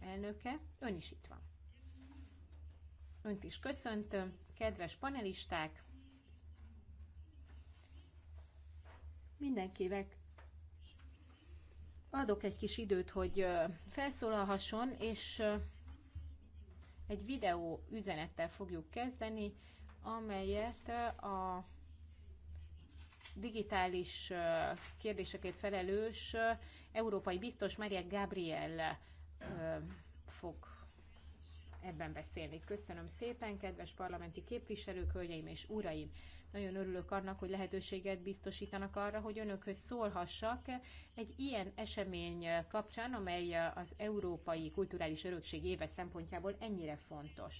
Speaker 7: elnöke, ön is itt van. Önt is köszöntöm, kedves panelisták! Mindenkinek adok egy kis időt, hogy felszólalhasson, és egy videó üzenettel fogjuk kezdeni, amelyet a digitális kérdésekért felelős európai biztos Mária Gabriel fog ebben beszélni. Köszönöm szépen, kedves parlamenti képviselők, hölgyeim és uraim! Nagyon örülök annak, hogy lehetőséget biztosítanak arra, hogy önökhöz szólhassak egy ilyen esemény kapcsán, amely az Európai Kulturális Örökség éve szempontjából ennyire fontos.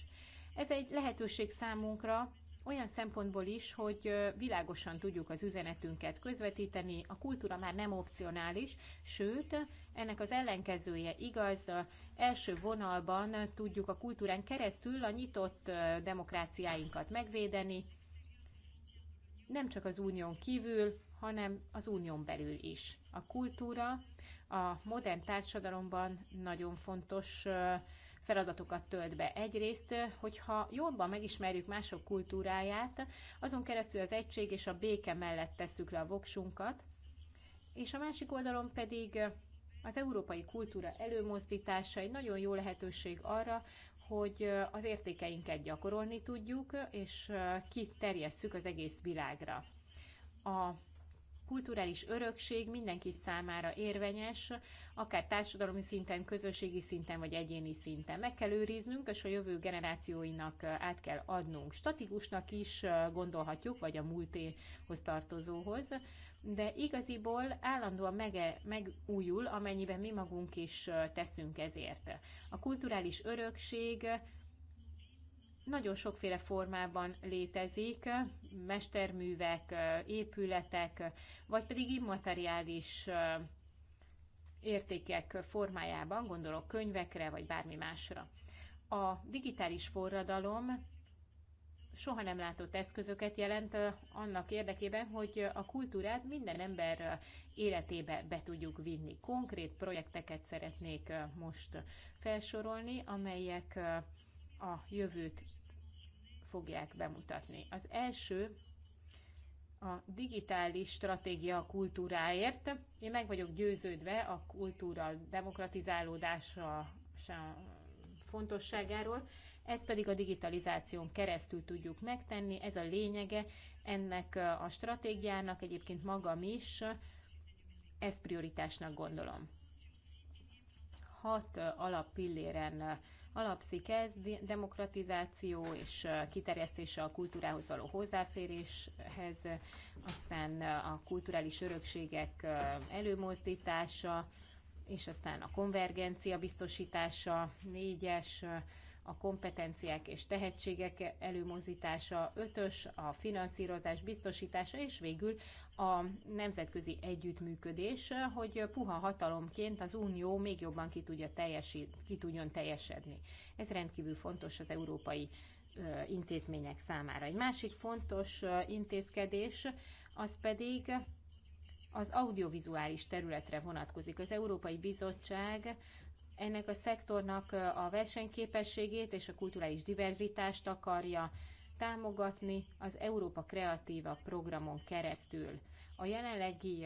Speaker 7: Ez egy lehetőség számunkra, olyan szempontból is, hogy világosan tudjuk az üzenetünket közvetíteni, a kultúra már nem opcionális, sőt, ennek az ellenkezője igaz, első vonalban tudjuk a kultúrán keresztül a nyitott demokráciáinkat megvédeni, nem csak az unión kívül, hanem az unión belül is. A kultúra a modern társadalomban nagyon fontos feladatokat tölt be. Egyrészt, hogyha jobban megismerjük mások kultúráját, azon keresztül az egység és a béke mellett tesszük le a voksunkat, és a másik oldalon pedig az európai kultúra előmozdítása egy nagyon jó lehetőség arra, hogy az értékeinket gyakorolni tudjuk, és kiterjesszük az egész világra. A kulturális örökség mindenki számára érvényes, akár társadalmi szinten, közösségi szinten vagy egyéni szinten. Meg kell őriznünk, és a jövő generációinak át kell adnunk. Statikusnak is gondolhatjuk, vagy a múltéhoz tartozóhoz de igaziból állandóan mege, megújul, amennyiben mi magunk is teszünk ezért. A kulturális örökség nagyon sokféle formában létezik, mesterművek, épületek, vagy pedig immateriális értékek formájában, gondolok könyvekre, vagy bármi másra. A digitális forradalom soha nem látott eszközöket jelent annak érdekében, hogy a kultúrát minden ember életébe be tudjuk vinni. Konkrét projekteket szeretnék most felsorolni, amelyek a jövőt fogják bemutatni. Az első a digitális stratégia a kultúráért. Én meg vagyok győződve a kultúra demokratizálódása fontosságáról, ezt pedig a digitalizáción keresztül tudjuk megtenni, ez a lényege ennek a stratégiának, egyébként magam is ezt prioritásnak gondolom. Hat alappilléren alapszik ez, demokratizáció és kiterjesztése a kultúrához való hozzáféréshez, aztán a kulturális örökségek előmozdítása, és aztán a konvergencia biztosítása, négyes a kompetenciák és tehetségek előmozítása, ötös a finanszírozás biztosítása, és végül a nemzetközi együttműködés, hogy puha hatalomként az Unió még jobban ki, tudja ki tudjon teljesedni. Ez rendkívül fontos az európai intézmények számára. Egy másik fontos intézkedés az pedig az audiovizuális területre vonatkozik. Az Európai Bizottság ennek a szektornak a versenyképességét és a kulturális diverzitást akarja támogatni az Európa Kreatíva programon keresztül. A jelenlegi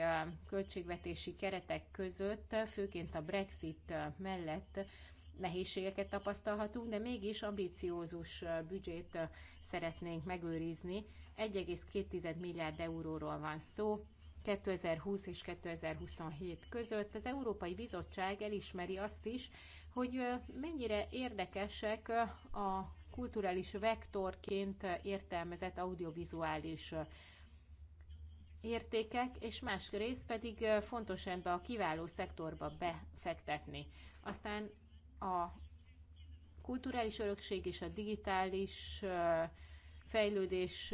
Speaker 7: költségvetési keretek között, főként a Brexit mellett nehézségeket tapasztalhatunk, de mégis ambiciózus büdzsét szeretnénk megőrizni. 1,2 milliárd euróról van szó, 2020 és 2027 között. Az Európai Bizottság elismeri azt is, hogy mennyire érdekesek a kulturális vektorként értelmezett audiovizuális értékek, és másrészt pedig fontos ebbe a kiváló szektorba befektetni. Aztán a kulturális örökség és a digitális fejlődés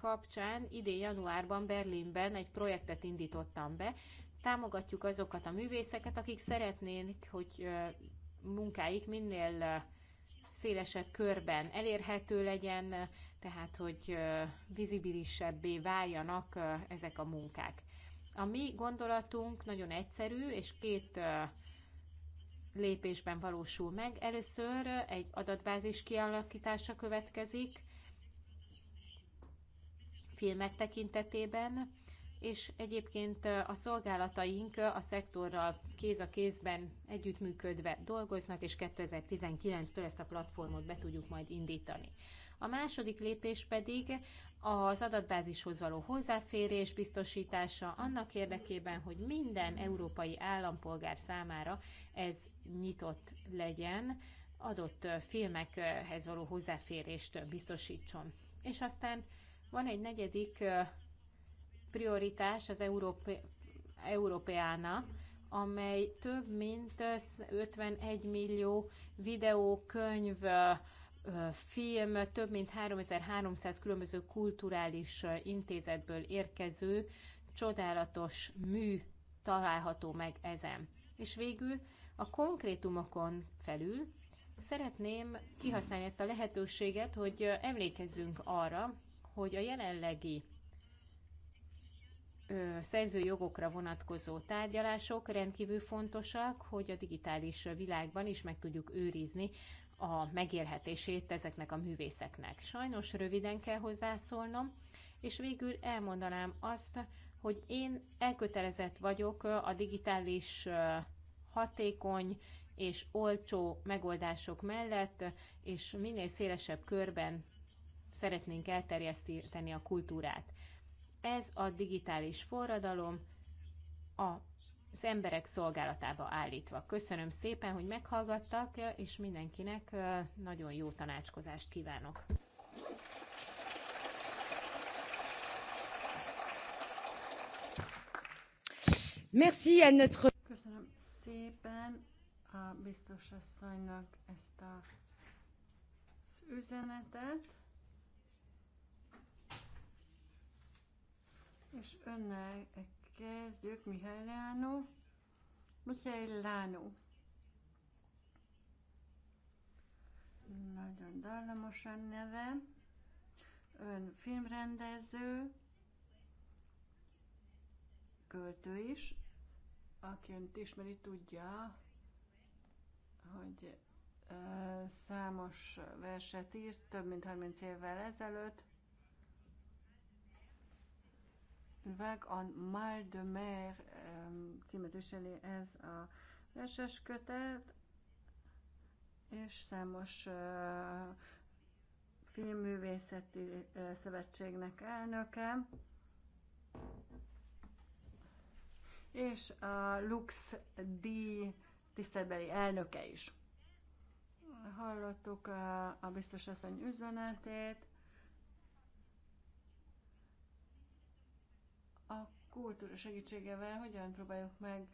Speaker 7: kapcsán idén januárban Berlinben egy projektet indítottam be. Támogatjuk azokat a művészeket, akik szeretnének, hogy munkáik minél szélesebb körben elérhető legyen, tehát hogy vizibilisebbé váljanak ezek a munkák. A mi gondolatunk nagyon egyszerű, és két lépésben valósul meg. Először egy adatbázis kialakítása következik, filmek tekintetében, és egyébként a szolgálataink a szektorral kéz a kézben együttműködve dolgoznak, és 2019-től ezt a platformot be tudjuk majd indítani. A második lépés pedig az adatbázishoz való hozzáférés biztosítása annak érdekében, hogy minden európai állampolgár számára ez nyitott legyen, adott filmekhez való hozzáférést biztosítson. És aztán van egy negyedik prioritás az Európeána, amely több mint 51 millió videó, könyv, film, több mint 3300 különböző kulturális intézetből érkező csodálatos mű található meg ezen. És végül a konkrétumokon felül szeretném kihasználni ezt a lehetőséget, hogy emlékezzünk arra, hogy a jelenlegi szerzőjogokra vonatkozó tárgyalások rendkívül fontosak, hogy a digitális világban is meg tudjuk őrizni a megélhetését ezeknek a művészeknek. Sajnos röviden kell hozzászólnom, és végül elmondanám azt, hogy én elkötelezett vagyok a digitális hatékony és olcsó megoldások mellett, és minél szélesebb körben szeretnénk elterjeszteni a kultúrát. Ez a digitális forradalom a az emberek szolgálatába állítva. Köszönöm szépen, hogy meghallgattak, és mindenkinek nagyon jó tanácskozást kívánok. Merci à notre... Köszönöm
Speaker 12: szépen a biztos asszonynak ezt a üzenetet. És önnel kezdjük, Mihály Leánó. Mihály Leánó. Nagyon dallamosan neve. Ön filmrendező, költő is. Aki önt ismeri, tudja, hogy számos verset írt több mint 30 évvel ezelőtt, üveg, a Mal de Mer címet viseli ez a verses kötet, és számos filmművészeti szövetségnek elnöke, és a Lux D tiszteletbeli elnöke is. Hallottuk a, a biztos asszony üzenetét, a kultúra segítségevel hogyan próbáljuk meg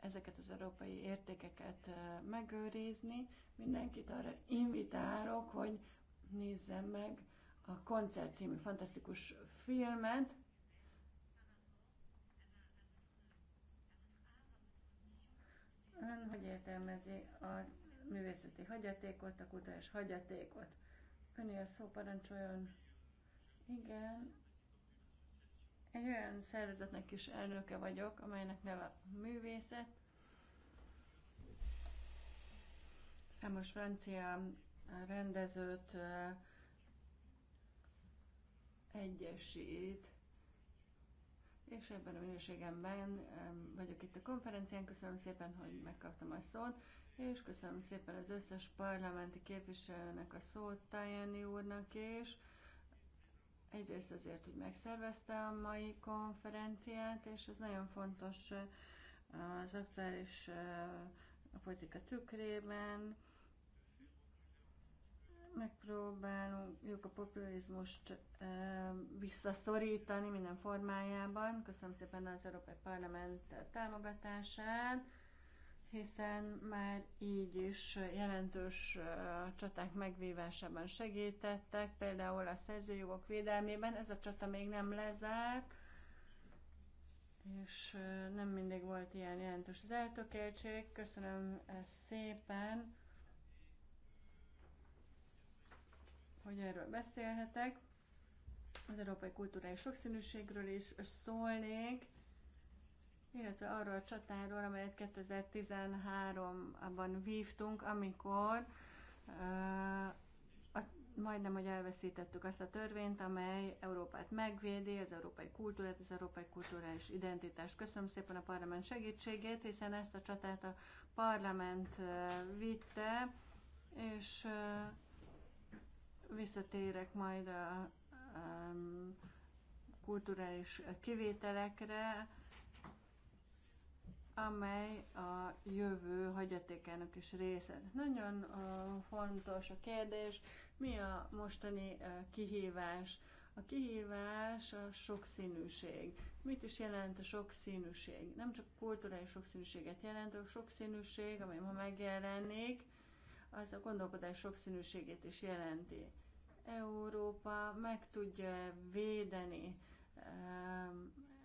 Speaker 12: ezeket az európai értékeket megőrizni. Mindenkit arra invitálok, hogy nézzen meg a Koncert című fantasztikus filmet, Ön hogy értelmezi a művészeti hagyatékot, a kulturális hagyatékot? Öné a szó parancsoljon. Igen, egy olyan szervezetnek is elnöke vagyok, amelynek neve művészet. Számos francia rendezőt egyesít, és ebben a minőségemben vagyok itt a konferencián. Köszönöm szépen, hogy megkaptam a szót, és köszönöm szépen az összes parlamenti képviselőnek a szót, Tajani úrnak is Egyrészt azért, hogy megszervezte a mai konferenciát, és ez nagyon fontos az aktuális a politika tükrében. Megpróbálunk a populizmust visszaszorítani minden formájában. Köszönöm szépen az Európai Parlament támogatását hiszen már így is jelentős csaták megvívásában segítettek, például a szerzőjogok védelmében. Ez a csata még nem lezárt, és nem mindig volt ilyen jelentős az eltökéltség. Köszönöm szépen, hogy erről beszélhetek. Az európai kulturális sokszínűségről is szólnék illetve arról a csatáról, amelyet 2013-ban vívtunk, amikor uh, a, majdnem, hogy elveszítettük azt a törvényt, amely Európát megvédi, az európai kultúrát, az európai kulturális identitást. Köszönöm szépen a parlament segítségét, hiszen ezt a csatát a parlament uh, vitte, és uh, visszatérek majd a um, kulturális kivételekre, amely a jövő hagyatékának is része. Nagyon uh, fontos a kérdés, mi a mostani uh, kihívás. A kihívás a sokszínűség. Mit is jelent a sokszínűség? Nem csak kulturális sokszínűséget jelent, a sokszínűség, amely ma megjelenik, az a gondolkodás sokszínűségét is jelenti. Európa meg tudja védeni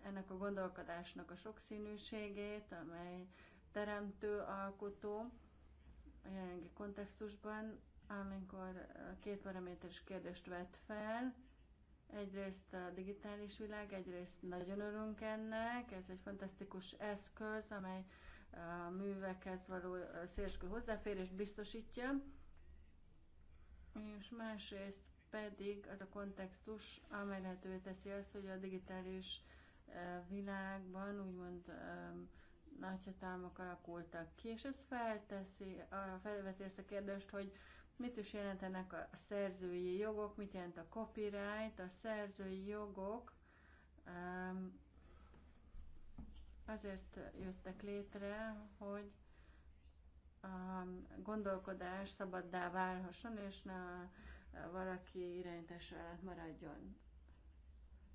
Speaker 12: ennek a gondolkodásnak a sokszínűségét, amely teremtő, alkotó a jelenlegi kontextusban, amikor két paraméteres kérdést vett fel, egyrészt a digitális világ, egyrészt nagyon örülünk ennek, ez egy fantasztikus eszköz, amely a művekhez való széleskörű hozzáférést biztosítja, és másrészt pedig az a kontextus, amely lehetővé teszi azt, hogy a digitális világban úgymond nagyhatalmak alakultak ki, és ez felteszi, felveti ezt a kérdést, hogy mit is jelentenek a szerzői jogok, mit jelent a copyright, a szerzői jogok azért jöttek létre, hogy a gondolkodás szabaddá válhasson, és ne valaki irányítása alatt maradjon.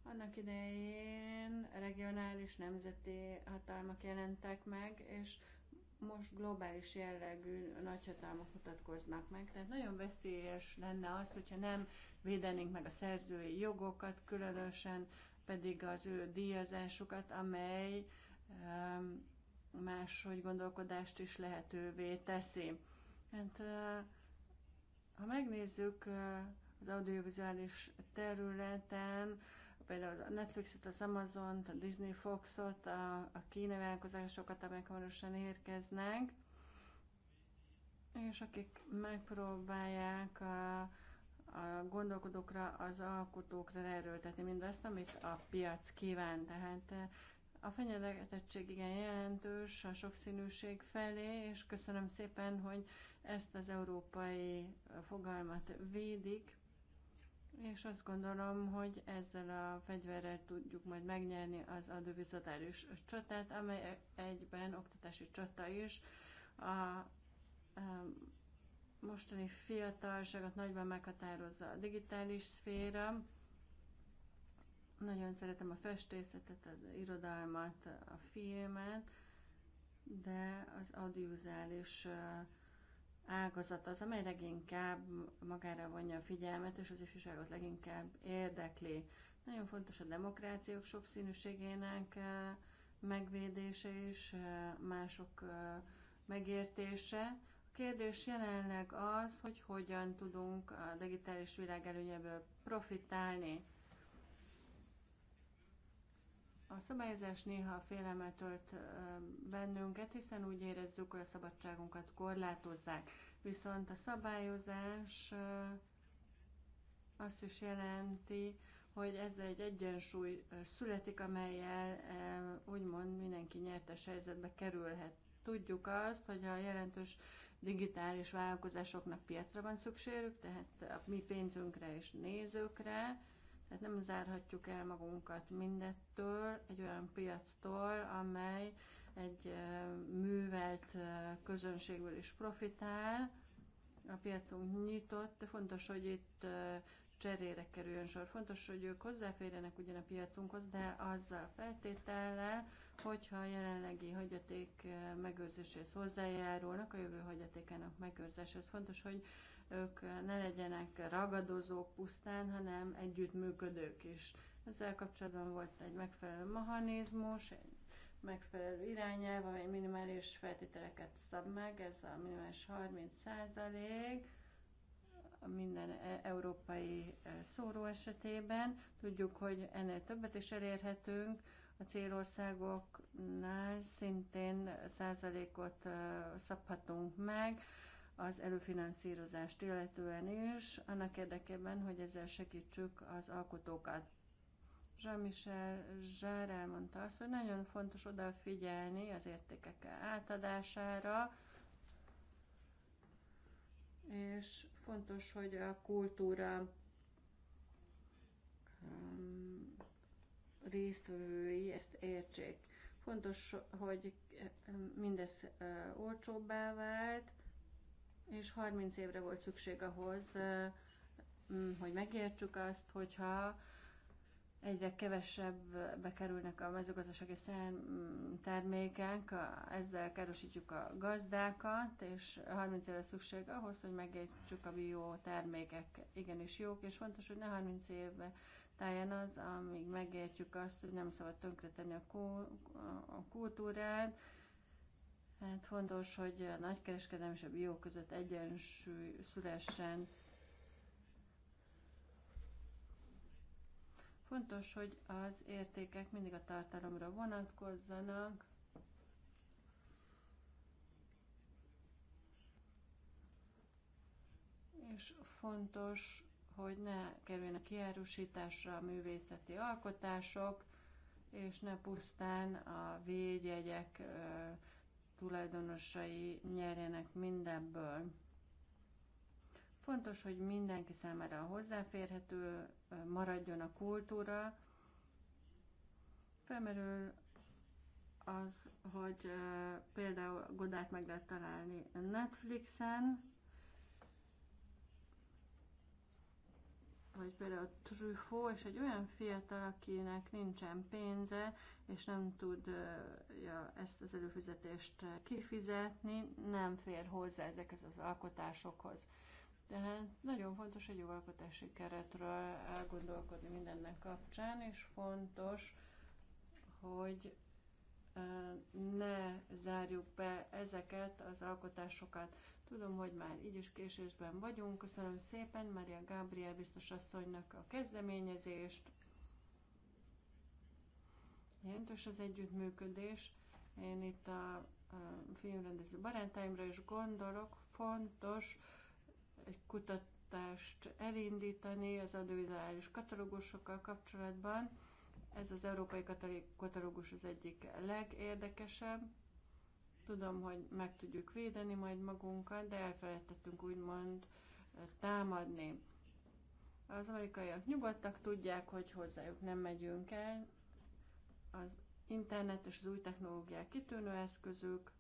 Speaker 12: Annak idején regionális nemzeti hatalmak jelentek meg, és most globális jellegű nagyhatalmak mutatkoznak meg. Tehát nagyon veszélyes lenne az, hogyha nem védenénk meg a szerzői jogokat, különösen pedig az ő díjazásukat, amely máshogy gondolkodást is lehetővé teszi. Hát, ha megnézzük az audiovizuális területen, például a Netflixet, az Amazon, a Disney Foxot, a, a kínai vállalkozásokat, amelyek hamarosan érkeznek, és akik megpróbálják a, a gondolkodókra, az alkotókra erőltetni mindazt, amit a piac kíván. Tehát eh, a fenyegetettség igen jelentős a sokszínűség felé, és köszönöm szépen, hogy ezt az európai fogalmat védik. És azt gondolom, hogy ezzel a fegyverrel tudjuk majd megnyerni az adóvizatáris csatát, amely egyben oktatási csata is. A, a mostani fiatalságot nagyban meghatározza a digitális szféra. Nagyon szeretem a festészetet, az irodalmat, a filmet, de az audiovizuális uh, ágazat az, amely leginkább magára vonja a figyelmet, és az ifjúságot leginkább érdekli. Nagyon fontos a demokrációk sokszínűségének eh, megvédése és eh, mások eh, megértése. A kérdés jelenleg az, hogy hogyan tudunk a digitális világ előnyeből profitálni. A szabályozás néha félelmet ölt bennünket, hiszen úgy érezzük, hogy a szabadságunkat korlátozzák. Viszont a szabályozás azt is jelenti, hogy ez egy egyensúly születik, amelyel úgymond mindenki nyertes helyzetbe kerülhet. Tudjuk azt, hogy a jelentős digitális vállalkozásoknak piacra van szükségük, tehát a mi pénzünkre és nézőkre, tehát nem zárhatjuk el magunkat mindettől, egy olyan piactól, amely egy művelt közönségből is profitál. A piacunk nyitott, de fontos, hogy itt cserére kerüljön sor. Fontos, hogy ők hozzáférjenek ugyan a piacunkhoz, de azzal a feltétellel, hogyha a jelenlegi hagyaték megőrzéséhez hozzájárulnak, a jövő hagyatékának megőrzéséhez. Fontos, hogy ők ne legyenek ragadozók pusztán, hanem együttműködők is. Ezzel kapcsolatban volt egy megfelelő mechanizmus, egy megfelelő irányelv, amely minimális feltételeket szab meg, ez a minimális 30 százalék minden e- európai e, szóró esetében. Tudjuk, hogy ennél többet is elérhetünk, a célországoknál szintén százalékot e, szabhatunk meg, az előfinanszírozást illetően is, annak érdekében, hogy ezzel segítsük az alkotókat. Jean-Michel Zsár elmondta azt, hogy nagyon fontos odafigyelni az értékek átadására, és fontos, hogy a kultúra um, résztvevői ezt értsék. Fontos, hogy mindez uh, olcsóbbá vált, és 30 évre volt szükség ahhoz, mm, hogy megértsük azt, hogyha egyre kevesebb bekerülnek a mezőgazdasági mm, termékek, ezzel károsítjuk a gazdákat, és 30 évre szükség ahhoz, hogy megértsük a bió termékek igenis jók, és fontos, hogy ne 30 évbe táján az, amíg megértjük azt, hogy nem szabad tönkretenni a, kó, a kultúrát, tehát fontos, hogy a nagykereskedelem és a bió között egyensúly szülessen. Fontos, hogy az értékek mindig a tartalomra vonatkozzanak, és fontos, hogy ne kerüljenek kiárusításra a művészeti alkotások, és ne pusztán a védjegyek tulajdonosai nyerjenek mindebből. Fontos, hogy mindenki számára hozzáférhető maradjon a kultúra. Felmerül az, hogy például Godát meg lehet találni Netflixen, vagy például Truffaut, és egy olyan fiatal, akinek nincsen pénze, és nem tudja ezt az előfizetést kifizetni, nem fér hozzá ezekhez az alkotásokhoz. Tehát nagyon fontos egy jó alkotási keretről elgondolkodni mindennek kapcsán, és fontos, hogy ne zárjuk be ezeket az alkotásokat. Tudom, hogy már így is késésben vagyunk. Köszönöm szépen Maria Gabriel biztos asszonynak a kezdeményezést. Jelentős az együttműködés. Én itt a, a filmrendező barátaimra is gondolok. Fontos egy kutatást elindítani az audiovizuális katalógusokkal kapcsolatban. Ez az európai katalógus az egyik legérdekesebb Tudom, hogy meg tudjuk védeni majd magunkat, de elfelejtettünk úgymond eh, támadni. Az amerikaiak nyugodtak, tudják, hogy hozzájuk nem megyünk el. Az internet és az új technológiák kitűnő eszközük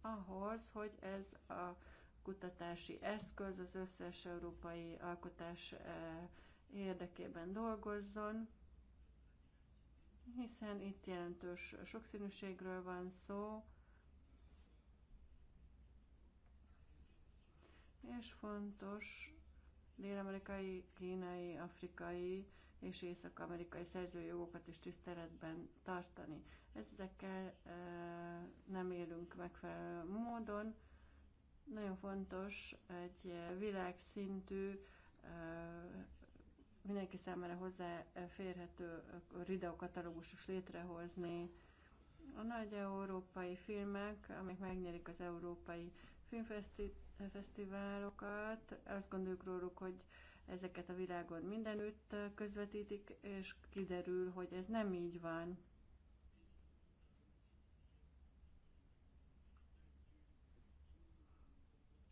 Speaker 12: ahhoz, hogy ez a kutatási eszköz az összes európai alkotás eh, érdekében dolgozzon, hiszen itt jelentős sokszínűségről van szó, és fontos dél-amerikai, kínai, afrikai és észak-amerikai szerzői jogokat is tiszteletben tartani. Ezekkel e, nem élünk megfelelő módon. Nagyon fontos egy világszintű, e, mindenki számára hozzáférhető videokatalógus is létrehozni. A nagy európai filmek, amik megnyerik az európai filmfesztiválokat, fesztiválokat. Azt gondoljuk róluk, hogy ezeket a világon mindenütt közvetítik, és kiderül, hogy ez nem így van.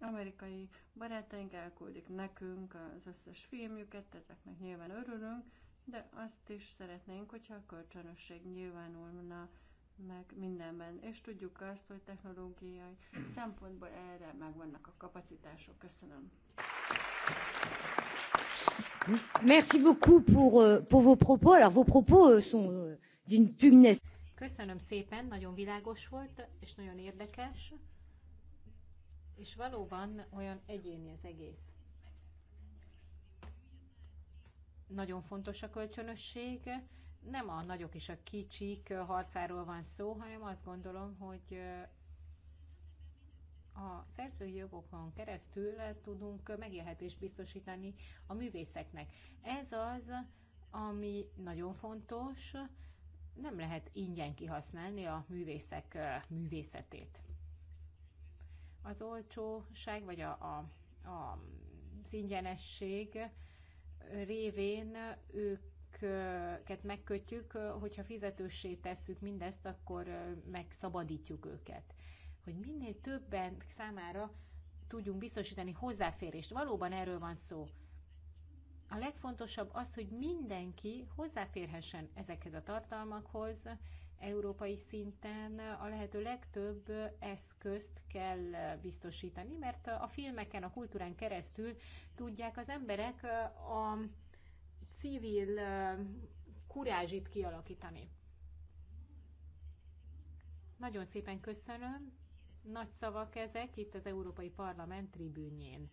Speaker 12: Amerikai barátaink elküldik nekünk az összes filmjüket, ezeknek nyilván örülünk, de azt is szeretnénk, hogyha a kölcsönösség nyilvánulna meg mindenben. És tudjuk azt, hogy technológiai szempontból erre megvannak a kapacitások. Köszönöm.
Speaker 11: Merci beaucoup pour, euh, pour vos propos. Alors, vos propos euh, sont euh, d'une pugnesse.
Speaker 7: Köszönöm szépen, nagyon világos volt, és nagyon érdekes. És valóban olyan egyéni az egész. Nagyon fontos a kölcsönösség nem a nagyok és a kicsik harcáról van szó, hanem azt gondolom, hogy a szerzői jogokon keresztül tudunk megélhetést biztosítani a művészeknek. Ez az, ami nagyon fontos, nem lehet ingyen kihasználni a művészek művészetét. Az olcsóság vagy a, a, a ingyenesség révén ők kezünket megkötjük, hogyha fizetőssé tesszük mindezt, akkor megszabadítjuk őket. Hogy minél többen számára tudjunk biztosítani hozzáférést. Valóban erről van szó. A legfontosabb az, hogy mindenki hozzáférhessen ezekhez a tartalmakhoz, európai szinten a lehető legtöbb eszközt kell biztosítani, mert a filmeken, a kultúrán keresztül tudják az emberek a civil kurázsit kialakítani. Nagyon szépen köszönöm. Nagy szavak ezek itt az Európai Parlament tribűnjén.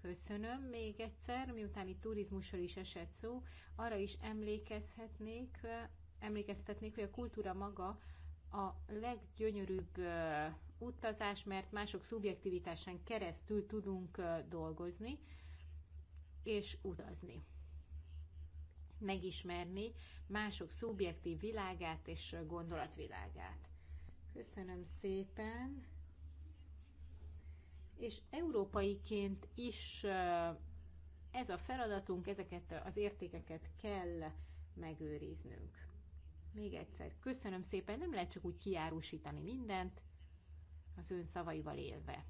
Speaker 7: Köszönöm még egyszer, miután itt turizmusról is esett szó, arra is emlékezhetnék, emlékeztetnék, hogy a kultúra maga a leggyönyörűbb utazás, mert mások szubjektivitásán keresztül tudunk dolgozni és utazni megismerni mások szubjektív világát és gondolatvilágát. Köszönöm szépen! És európaiként is ez a feladatunk, ezeket az értékeket kell megőriznünk. Még egyszer, köszönöm szépen, nem lehet csak úgy kiárusítani mindent, az ön szavaival élve.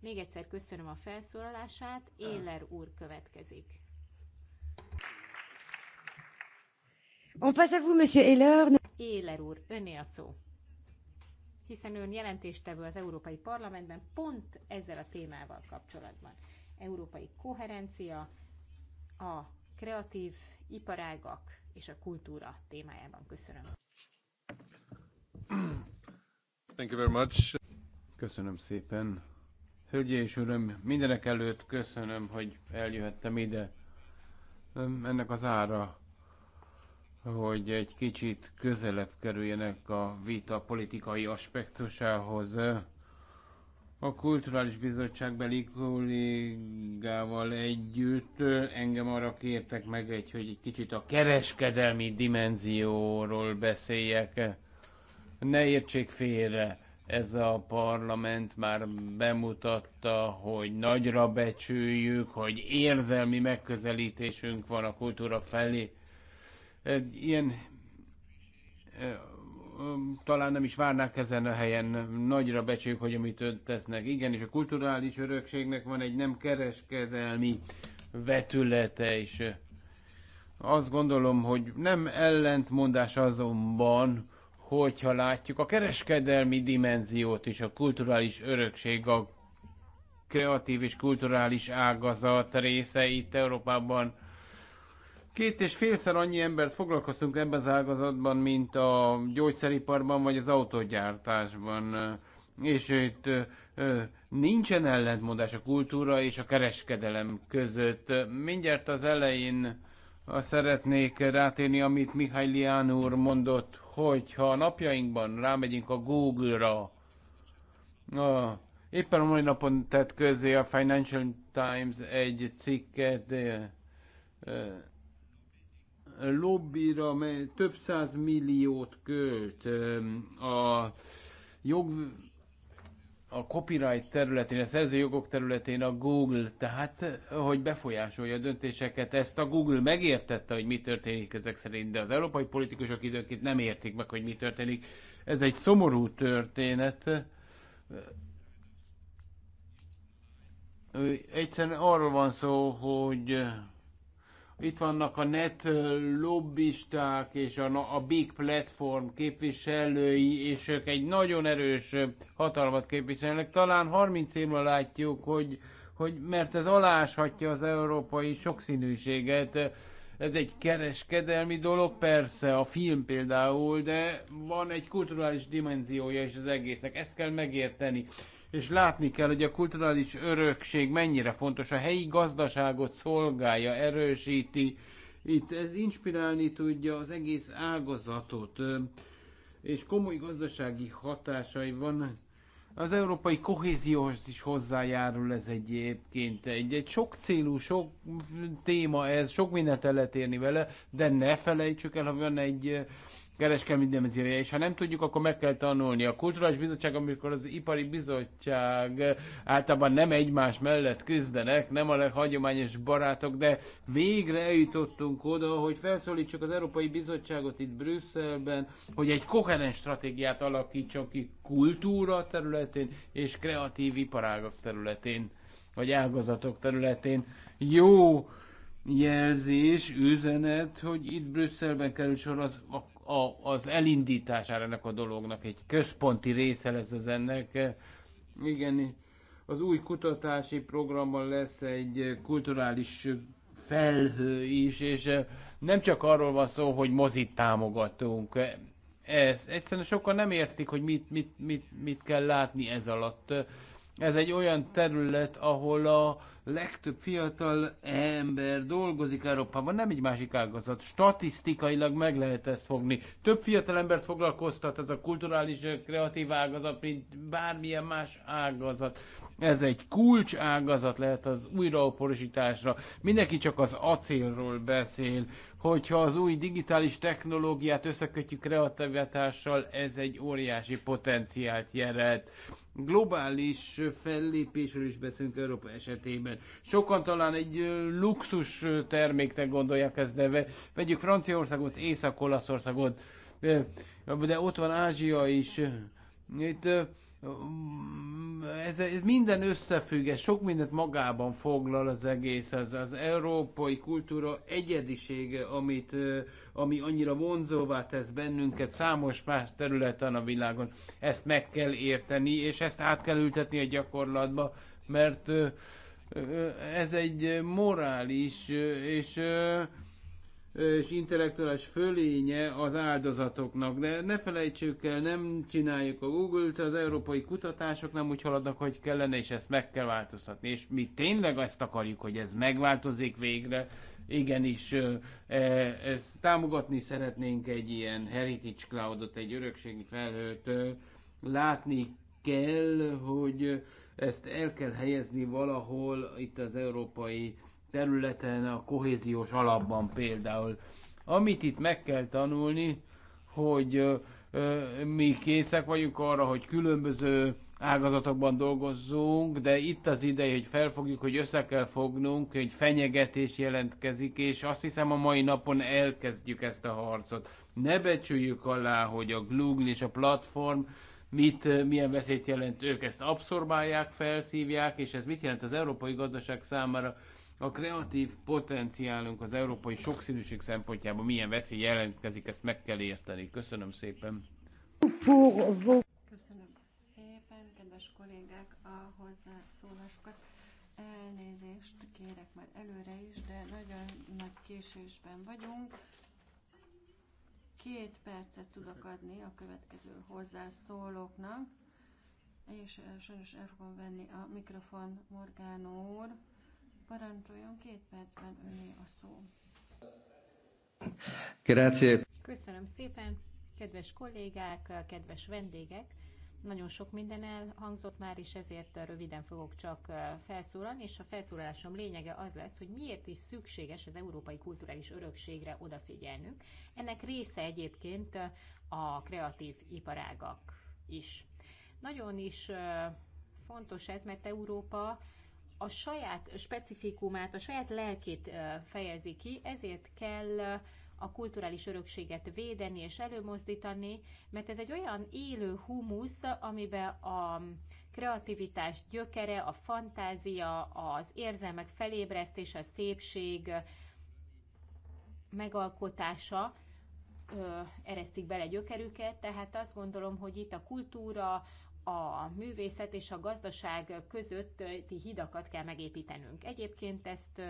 Speaker 7: Még egyszer köszönöm a felszólalását, Éler úr következik.
Speaker 5: On passe à vous, monsieur Heller.
Speaker 7: Éler úr, öné a szó. Hiszen ön jelentéstevő az Európai Parlamentben pont ezzel a témával kapcsolatban. Európai koherencia, a kreatív iparágak és a kultúra témájában. Köszönöm.
Speaker 11: Thank you very much. Köszönöm
Speaker 8: szépen. Hölgyi és Uram, mindenek előtt köszönöm, hogy eljöhettem ide. Ennek az ára hogy egy kicsit közelebb kerüljenek a vita politikai aspektusához. A Kulturális Bizottság beli kollégával együtt engem arra kértek meg, egy, hogy egy kicsit a kereskedelmi dimenzióról beszéljek. Ne értsék félre, ez a parlament már bemutatta, hogy nagyra becsüljük, hogy érzelmi megközelítésünk van a kultúra felé egy ilyen talán nem is várnák ezen a helyen, nagyra becsüljük, hogy amit önt tesznek. Igen, és a kulturális örökségnek van egy nem kereskedelmi vetülete is. Azt gondolom, hogy nem ellentmondás azonban, hogyha látjuk a kereskedelmi dimenziót is, a kulturális örökség, a kreatív és kulturális ágazat része itt Európában, Két és félszer annyi embert foglalkoztunk ebben az ágazatban, mint a gyógyszeriparban vagy az autógyártásban. És itt nincsen ellentmondás a kultúra és a kereskedelem között. Mindjárt az elején szeretnék rátérni, amit Mihály Lián úr mondott, hogy ha a napjainkban rámegyünk a Google-ra, a, éppen a mai napon tett közé a Financial Times egy cikket, lobbira, mely több száz milliót költ a jog a copyright területén, a szerzőjogok területén a Google, tehát hogy befolyásolja a döntéseket, ezt a Google megértette, hogy mi történik ezek szerint, de az európai politikusok időnként nem értik meg, hogy mi történik. Ez egy szomorú történet. Egyszerűen arról van szó, hogy itt vannak a net lobbisták és a, a big platform képviselői, és ők egy nagyon erős hatalmat képviselnek. Talán 30 évre látjuk, hogy, hogy mert ez aláshatja az európai sokszínűséget, ez egy kereskedelmi dolog, persze, a film például, de van egy kulturális dimenziója is az egésznek, ezt kell megérteni és látni kell, hogy a kulturális örökség mennyire fontos, a helyi gazdaságot szolgálja, erősíti, itt ez inspirálni tudja az egész ágazatot, és komoly gazdasági hatásai van. Az európai kohézióhoz is hozzájárul ez egyébként. Egy, egy sok célú, sok téma ez, sok mindent el lehet érni vele, de ne felejtsük el, hogy van egy kereskedelmi dimenziója, és ha nem tudjuk, akkor meg kell tanulni. A Kulturális Bizottság, amikor az Ipari Bizottság általában nem egymás mellett küzdenek, nem a hagyományos barátok, de végre eljutottunk oda, hogy felszólítsuk az Európai Bizottságot itt Brüsszelben, hogy egy koherens stratégiát alakítson ki kultúra területén és kreatív iparágak területén, vagy ágazatok területén. Jó jelzés, üzenet, hogy itt Brüsszelben kerül sor az a a, az elindítására ennek a dolognak, egy központi része lesz az ennek. Igen, az új kutatási programban lesz egy kulturális felhő is, és nem csak arról van szó, hogy mozit támogatunk. Ez, egyszerűen sokan nem értik, hogy mit, mit, mit, mit kell látni ez alatt. Ez egy olyan terület, ahol a legtöbb fiatal ember dolgozik Európában, nem egy másik ágazat. Statisztikailag meg lehet ezt fogni. Több fiatal embert foglalkoztat ez a kulturális, kreatív ágazat, mint bármilyen más ágazat. Ez egy kulcs ágazat lehet az újraoporosításra. Mindenki csak az acélról beszél. Hogyha az új digitális technológiát összekötjük kreativitással, ez egy óriási potenciált jelent globális fellépésről is beszélünk Európa esetében. Sokan talán egy luxus terméknek gondolják ezt, de vegyük Franciaországot, Észak-Olaszországot, de ott van Ázsia is. Itt ez, ez minden összefügg, ez sok mindent magában foglal az egész, az, az európai kultúra egyedisége, amit, ami annyira vonzóvá tesz bennünket számos más területen a világon. Ezt meg kell érteni, és ezt át kell ültetni a gyakorlatba, mert ez egy morális és és intellektuális fölénye az áldozatoknak. De ne felejtsük el, nem csináljuk a Google-t, az európai kutatások nem úgy haladnak, hogy kellene, és ezt meg kell változtatni. És mi tényleg ezt akarjuk, hogy ez megváltozik végre. Igenis, e, ezt támogatni szeretnénk egy ilyen Heritage Cloudot, egy örökségi felhőt. Látni kell, hogy ezt el kell helyezni valahol itt az európai területen, a kohéziós alapban például. Amit itt meg kell tanulni, hogy mi készek vagyunk arra, hogy különböző ágazatokban dolgozzunk, de itt az ideje, hogy felfogjuk, hogy össze kell fognunk, hogy fenyegetés jelentkezik, és azt hiszem a mai napon elkezdjük ezt a harcot. Ne becsüljük alá, hogy a Google és a platform mit, milyen veszélyt jelent ők. Ezt abszorbálják, felszívják, és ez mit jelent az európai gazdaság számára a kreatív potenciálunk az európai sokszínűség szempontjából milyen veszély jelentkezik, ezt meg kell érteni. Köszönöm szépen.
Speaker 12: Köszönöm szépen, kedves kollégák, a hozzászólásokat. Elnézést kérek már előre is, de nagyon nagy késésben vagyunk. Két percet tudok adni a következő hozzászólóknak, és eh, sajnos el fogom venni a mikrofon Morgánó úr. Parancsoljon, két percben önné
Speaker 7: a szó. Grazie. Köszönöm szépen, kedves kollégák, kedves vendégek. Nagyon sok minden elhangzott már, és ezért röviden fogok csak felszólalni, és a felszólalásom lényege az lesz, hogy miért is szükséges az európai kulturális örökségre odafigyelnünk. Ennek része egyébként a kreatív iparágak is. Nagyon is fontos ez, mert Európa a saját specifikumát, a saját lelkét fejezi ki, ezért kell a kulturális örökséget védeni és előmozdítani, mert ez egy olyan élő humusz, amiben a kreativitás gyökere, a fantázia, az érzelmek felébresztése, a szépség megalkotása ereszik bele gyökerüket, tehát azt gondolom, hogy itt a kultúra, a művészet és a gazdaság közötti hidakat kell megépítenünk. Egyébként ezt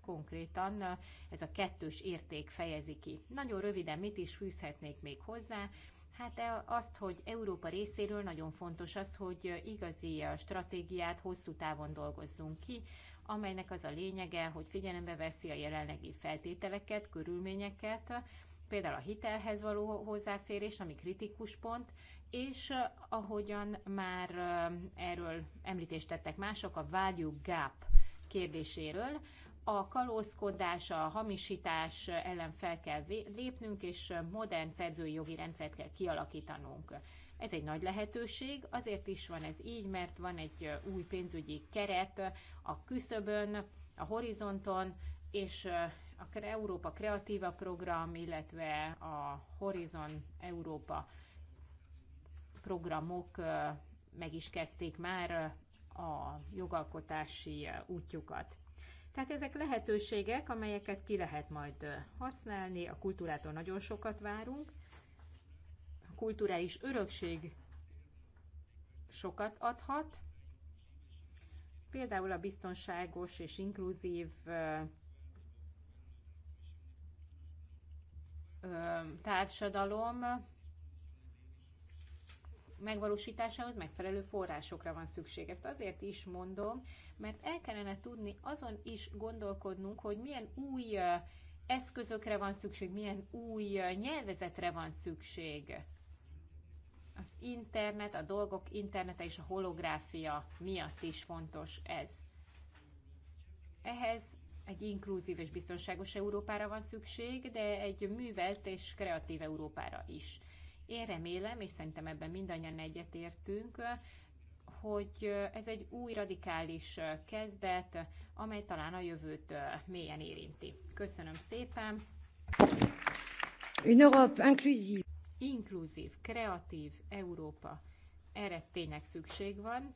Speaker 7: konkrétan ez a kettős érték fejezi ki. Nagyon röviden mit is fűzhetnék még hozzá? Hát e, azt, hogy Európa részéről nagyon fontos az, hogy igazi stratégiát hosszú távon dolgozzunk ki, amelynek az a lényege, hogy figyelembe veszi a jelenlegi feltételeket, körülményeket, például a hitelhez való hozzáférés, ami kritikus pont, és ahogyan már erről említést tettek mások, a value gap kérdéséről, a kalózkodás, a hamisítás ellen fel kell lépnünk, és modern szerzői jogi rendszert kell kialakítanunk. Ez egy nagy lehetőség, azért is van ez így, mert van egy új pénzügyi keret a küszöbön, a horizonton, és a Európa Kreatíva Program, illetve a Horizon Európa programok meg is kezdték már a jogalkotási útjukat. Tehát ezek lehetőségek, amelyeket ki lehet majd használni, a kultúrától nagyon sokat várunk, a kulturális örökség sokat adhat, például a biztonságos és inkluzív társadalom megvalósításához megfelelő forrásokra van szükség. Ezt azért is mondom, mert el kellene tudni azon is gondolkodnunk, hogy milyen új eszközökre van szükség, milyen új nyelvezetre van szükség. Az internet, a dolgok internete és a holográfia miatt is fontos ez. Ehhez egy inkluzív és biztonságos Európára van szükség, de egy művelt és kreatív Európára is. Én remélem, és szerintem ebben mindannyian egyetértünk, hogy ez egy új radikális kezdet, amely talán a jövőt mélyen érinti. Köszönöm szépen!
Speaker 5: Une Europe inclusive.
Speaker 7: Inkluzív, kreatív Európa. Erre tényleg szükség van,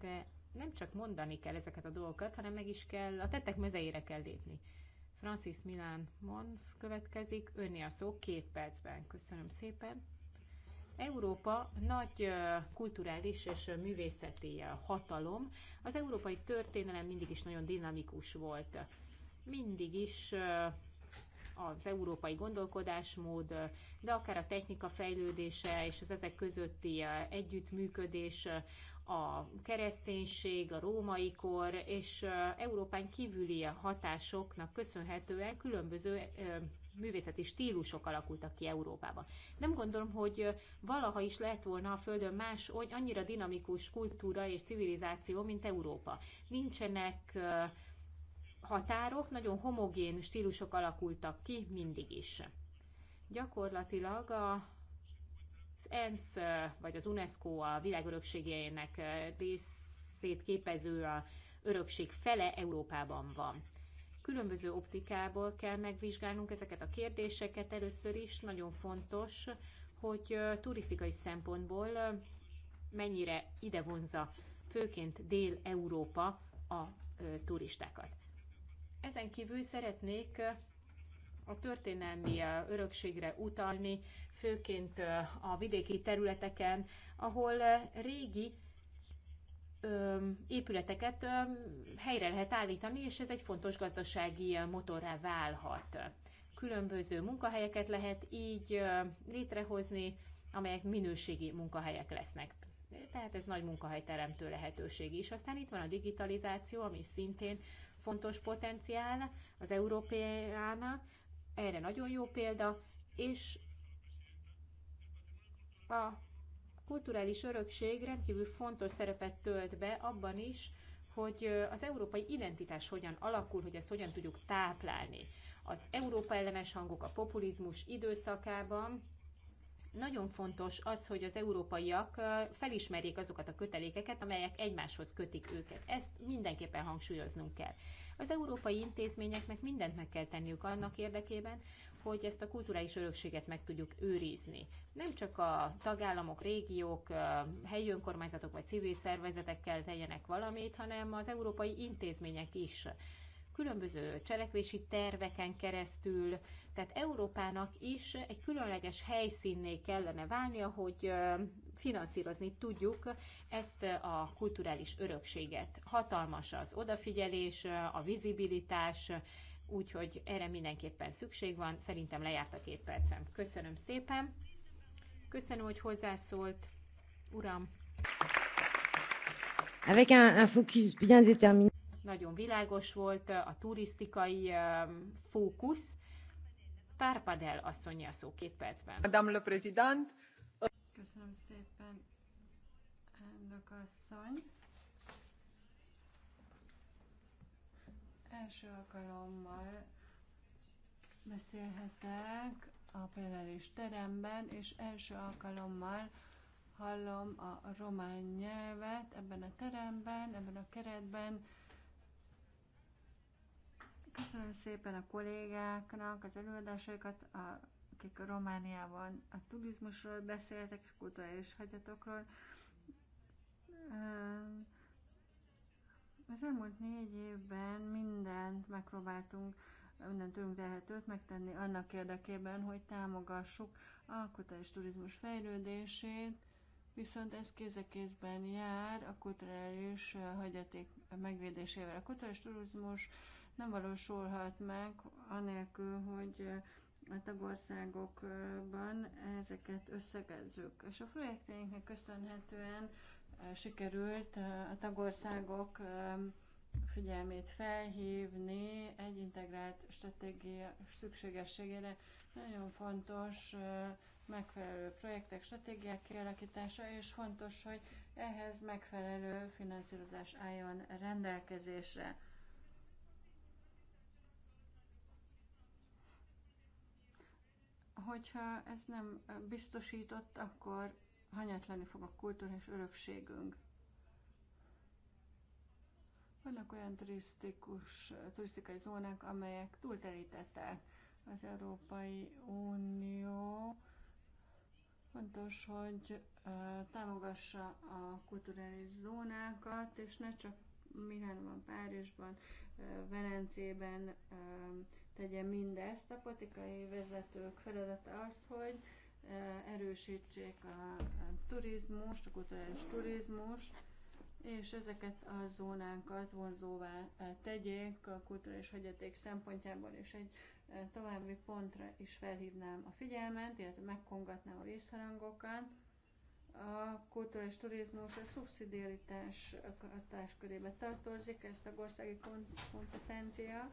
Speaker 7: de nem csak mondani kell ezeket a dolgokat, hanem meg is kell, a tettek mezeire kell lépni. Francis Milán Mons következik, önni a szó két percben. Köszönöm szépen. Európa nagy kulturális és művészeti hatalom. Az európai történelem mindig is nagyon dinamikus volt. Mindig is az európai gondolkodásmód, de akár a technika fejlődése és az ezek közötti együttműködés a kereszténység, a római kor és Európán kívüli hatásoknak köszönhetően különböző művészeti stílusok alakultak ki Európában. Nem gondolom, hogy valaha is lett volna a Földön más hogy annyira dinamikus kultúra és civilizáció, mint Európa. Nincsenek határok, nagyon homogén stílusok alakultak ki mindig is. Gyakorlatilag a ENSZ eh, vagy az UNESCO a világörökségének eh, részét képező a eh, örökség fele Európában van. Különböző optikából kell megvizsgálnunk ezeket a kérdéseket. Először is nagyon fontos, hogy turisztikai szempontból mennyire ide vonza főként Dél-Európa a turistákat. Ezen kívül szeretnék a történelmi örökségre utalni, főként a vidéki területeken, ahol régi épületeket helyre lehet állítani, és ez egy fontos gazdasági motorrá válhat. Különböző munkahelyeket lehet így létrehozni, amelyek minőségi munkahelyek lesznek. Tehát ez nagy munkahelyteremtő lehetőség is. Aztán itt van a digitalizáció, ami szintén fontos potenciál az európai erre nagyon jó példa, és a kulturális örökség rendkívül fontos szerepet tölt be abban is, hogy az európai identitás hogyan alakul, hogy ezt hogyan tudjuk táplálni. Az Európa ellenes hangok a populizmus időszakában nagyon fontos az, hogy az európaiak felismerjék azokat a kötelékeket, amelyek egymáshoz kötik őket. Ezt mindenképpen hangsúlyoznunk kell. Az európai intézményeknek mindent meg kell tenniük annak érdekében, hogy ezt a kulturális örökséget meg tudjuk őrizni. Nem csak a tagállamok, régiók, helyi önkormányzatok vagy civil szervezetekkel tegyenek valamit, hanem az európai intézmények is különböző cselekvési terveken keresztül, tehát Európának is egy különleges helyszínné kellene válnia, hogy finanszírozni tudjuk ezt a kulturális örökséget. Hatalmas az odafigyelés, a vizibilitás, úgyhogy erre mindenképpen szükség van. Szerintem lejárt a két percem. Köszönöm szépen. Köszönöm, hogy hozzászólt, uram.
Speaker 5: Avec un, un focus bien déterminé
Speaker 7: nagyon világos volt a turisztikai fókusz. Tarpadel asszonyja szó két percben.
Speaker 9: Madame le Président. Köszönöm szépen,
Speaker 12: elnök asszony. Első alkalommal beszélhetek a plenáris teremben, és első alkalommal hallom a román nyelvet ebben a teremben, ebben a keretben, Köszönöm szépen a kollégáknak az előadásaikat, a, akik a Romániában a turizmusról beszéltek, és kulturális hagyatokról. Az elmúlt négy évben mindent megpróbáltunk, mindent tőlünk telhetőt megtenni annak érdekében, hogy támogassuk a kulturális turizmus fejlődését, viszont ez kézekézben jár a kulturális hagyaték megvédésével. A kulturális turizmus nem valósulhat meg, anélkül, hogy a tagországokban ezeket összegezzük. És a projekteinknek köszönhetően sikerült a tagországok figyelmét felhívni egy integrált stratégia szükségességére. Nagyon fontos megfelelő projektek, stratégiák kialakítása, és fontos, hogy ehhez megfelelő finanszírozás álljon rendelkezésre. Hogyha ez nem biztosított, akkor hanyatlani fog a kulturális örökségünk. Vannak olyan turisztikus, turisztikai zónák, amelyek túlterítettek az Európai Unió. Fontos, hogy támogassa a kulturális zónákat, és ne csak Milánban, Párizsban, Velencében, tegye mindezt. A politikai vezetők feladata az, hogy e, erősítsék a turizmust, a kulturális turizmust, és ezeket a zónánkat vonzóvá e, tegyék a kulturális hagyaték szempontjából, és egy e, további pontra is felhívnám a figyelmet, illetve megkongatnám a vészharangokat. A kulturális turizmus a szubszidiaritás körébe tartozik, ezt a tagországi kompetencia,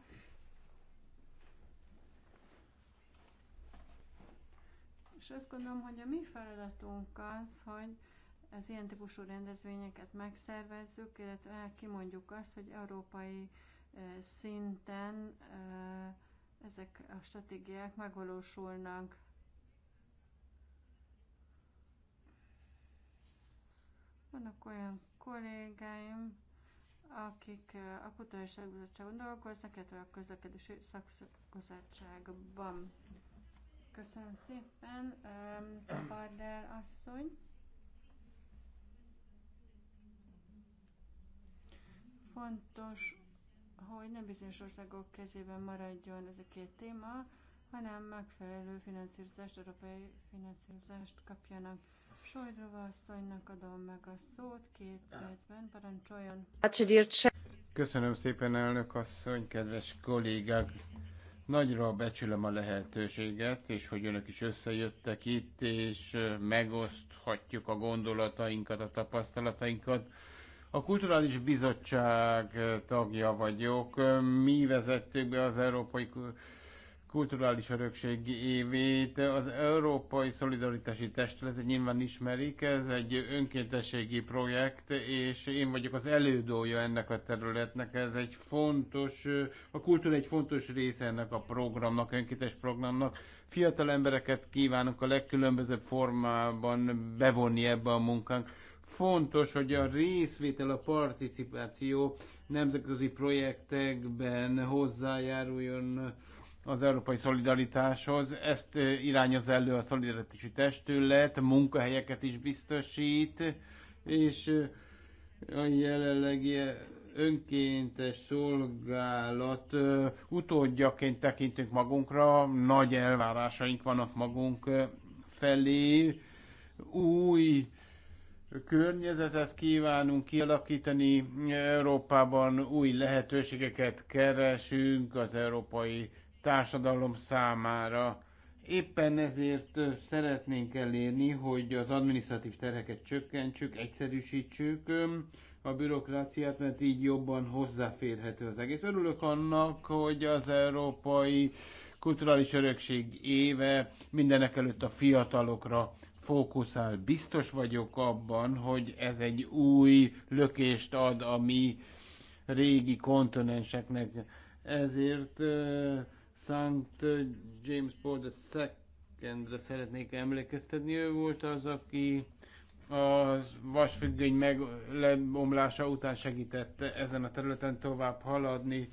Speaker 12: És azt gondolom, hogy a mi feladatunk az, hogy az ilyen típusú rendezvényeket megszervezzük, illetve kimondjuk azt, hogy európai szinten ezek a stratégiák megvalósulnak. Vannak olyan kollégáim, akik a Kulturális Szakbizottságban dolgoznak, illetve a Közlekedési Szakszakbizottságban. Köszönöm szépen, um, Bardel asszony. Fontos, hogy nem bizonyos országok kezében maradjon ez a két téma, hanem megfelelő finanszírozást, európai finanszírozást kapjanak. Sojdrova asszonynak adom meg a szót, két percben parancsoljon.
Speaker 8: Köszönöm szépen, elnök asszony, kedves kollégák! Nagyra becsülöm a lehetőséget, és hogy önök is összejöttek itt, és megoszthatjuk a gondolatainkat, a tapasztalatainkat. A Kulturális Bizottság tagja vagyok. Mi vezettük be az Európai kulturális örökség évét. Az Európai Szolidaritási Testület nyilván ismerik, ez egy önkéntességi projekt, és én vagyok az elődója ennek a területnek. Ez egy fontos, a kultúra egy fontos része ennek a programnak, önkéntes programnak. Fiatal embereket kívánunk a legkülönbözőbb formában bevonni ebbe a munkánk fontos, hogy a részvétel, a participáció nemzetközi projektekben hozzájáruljon az európai szolidaritáshoz. Ezt irányoz elő a szolidaritási testület, munkahelyeket is biztosít, és a jelenlegi önkéntes szolgálat utódjaként tekintünk magunkra, nagy elvárásaink vannak magunk felé, új környezetet kívánunk kialakítani Európában, új lehetőségeket keresünk az európai társadalom számára. Éppen ezért szeretnénk elérni, hogy az adminisztratív terheket csökkentsük, egyszerűsítsük a bürokráciát, mert így jobban hozzáférhető az egész. Örülök annak, hogy az Európai Kulturális Örökség éve mindenek előtt a fiatalokra fókuszál. Biztos vagyok abban, hogy ez egy új lökést ad a mi régi kontinenseknek. Ezért Szent James Paul II-re szeretnék emlékeztetni. Ő volt az, aki a vasfüggöny megbomlása után segítette ezen a területen tovább haladni.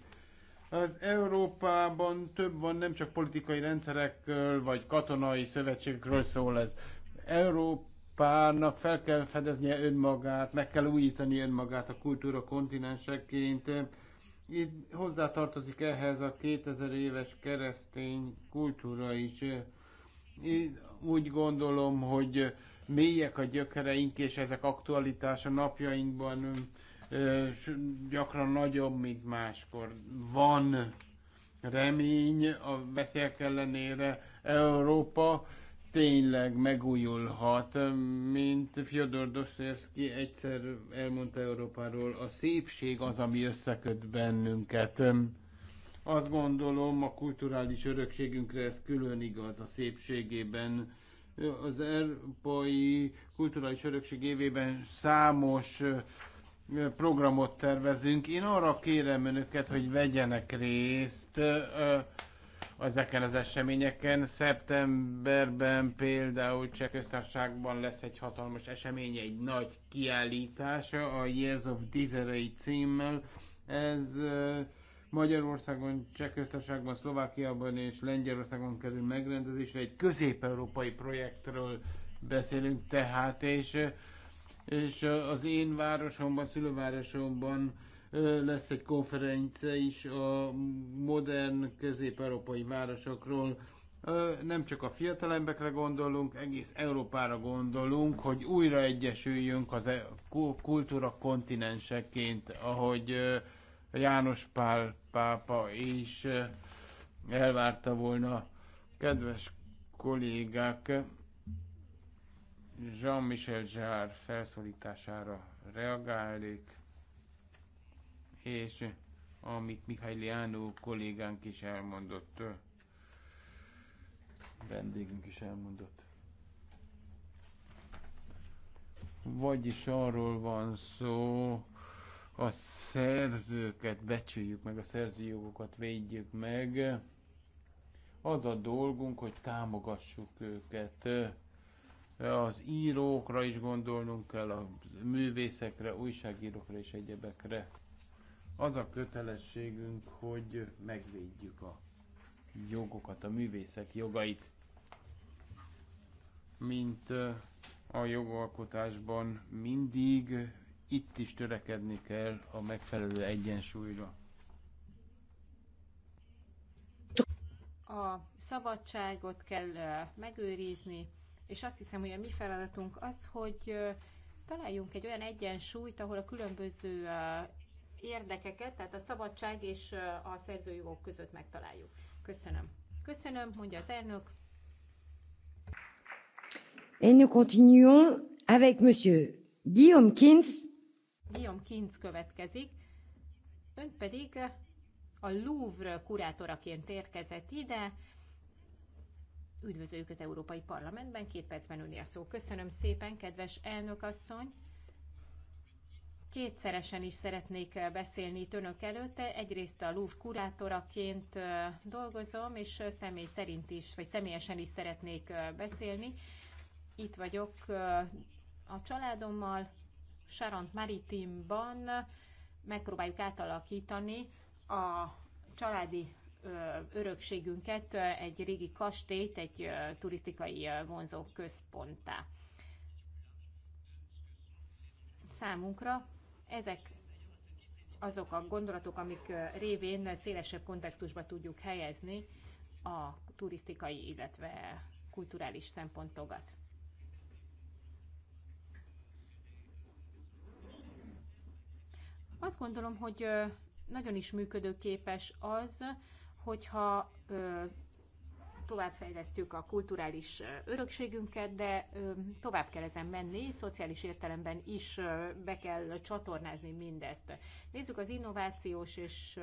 Speaker 8: Az Európában több van, nem csak politikai rendszerekről, vagy katonai szövetségekről szól ez. Európának fel kell fedeznie önmagát, meg kell újítani önmagát a kultúra kontinenseként itt hozzátartozik ehhez a 2000 éves keresztény kultúra is. Én úgy gondolom, hogy mélyek a gyökereink, és ezek aktualitása napjainkban gyakran nagyobb, mint máskor. Van remény a veszélyek ellenére Európa tényleg megújulhat, mint Fyodor Dostoyevsky egyszer elmondta Európáról, a szépség az, ami összeköt bennünket. Azt gondolom, a kulturális örökségünkre ez külön igaz a szépségében. Az erpai kulturális örökség évében számos programot tervezünk. Én arra kérem önöket, hogy vegyenek részt ezeken az eseményeken. Szeptemberben például Csehköztárságban lesz egy hatalmas esemény, egy nagy kiállítása a Years of Dizerei címmel. Ez Magyarországon, Csehköztárságban, Szlovákiában és Lengyelországon kerül megrendezésre. Egy közép-európai projektről beszélünk tehát, és, és az én városomban, szülővárosomban lesz egy konferencia is a modern közép-európai városokról. Nem csak a fiatal emberekre gondolunk, egész Európára gondolunk, hogy újra egyesüljünk az e- kultúra kontinenseként, ahogy János Pál pápa is elvárta volna. Kedves kollégák, Jean-Michel Jarre felszólítására reagálnék és amit Mihály Jánó kollégánk is elmondott, vendégünk is elmondott. Vagyis arról van szó, a szerzőket becsüljük meg, a jogokat védjük meg. Az a dolgunk, hogy támogassuk őket. Az írókra is gondolnunk kell, a művészekre, újságírókra és egyebekre az a kötelességünk, hogy megvédjük a jogokat, a művészek jogait, mint a jogalkotásban mindig itt is törekedni kell a megfelelő egyensúlyra.
Speaker 7: A szabadságot kell megőrizni, és azt hiszem, hogy a mi feladatunk az, hogy találjunk egy olyan egyensúlyt, ahol a különböző érdekeket, tehát a szabadság és a szerzőjogok között megtaláljuk. Köszönöm. Köszönöm, mondja az elnök.
Speaker 3: Et nous continuons avec monsieur Guillaume Kins.
Speaker 7: Guillaume Kins következik. Ön pedig a Louvre kurátoraként érkezett ide. Üdvözöljük az Európai Parlamentben, két percben ülni a szó. Köszönöm szépen, kedves elnök asszony! kétszeresen is szeretnék eh, beszélni itt önök előtt. Egyrészt a Louvre kurátoraként eh, dolgozom, és eh, személy szerint is, vagy személyesen is szeretnék beszélni. Itt vagyok a családommal, Sarant Maritimban megpróbáljuk átalakítani a családi örökségünket egy régi kastélyt, egy turisztikai vonzó központtá. Számunkra ezek azok a gondolatok, amik révén szélesebb kontextusba tudjuk helyezni a turisztikai, illetve kulturális szempontokat. Azt gondolom, hogy nagyon is működőképes az, hogyha továbbfejlesztjük a kulturális örökségünket, de tovább kell ezen menni, szociális értelemben is be kell csatornázni mindezt. Nézzük az innovációs és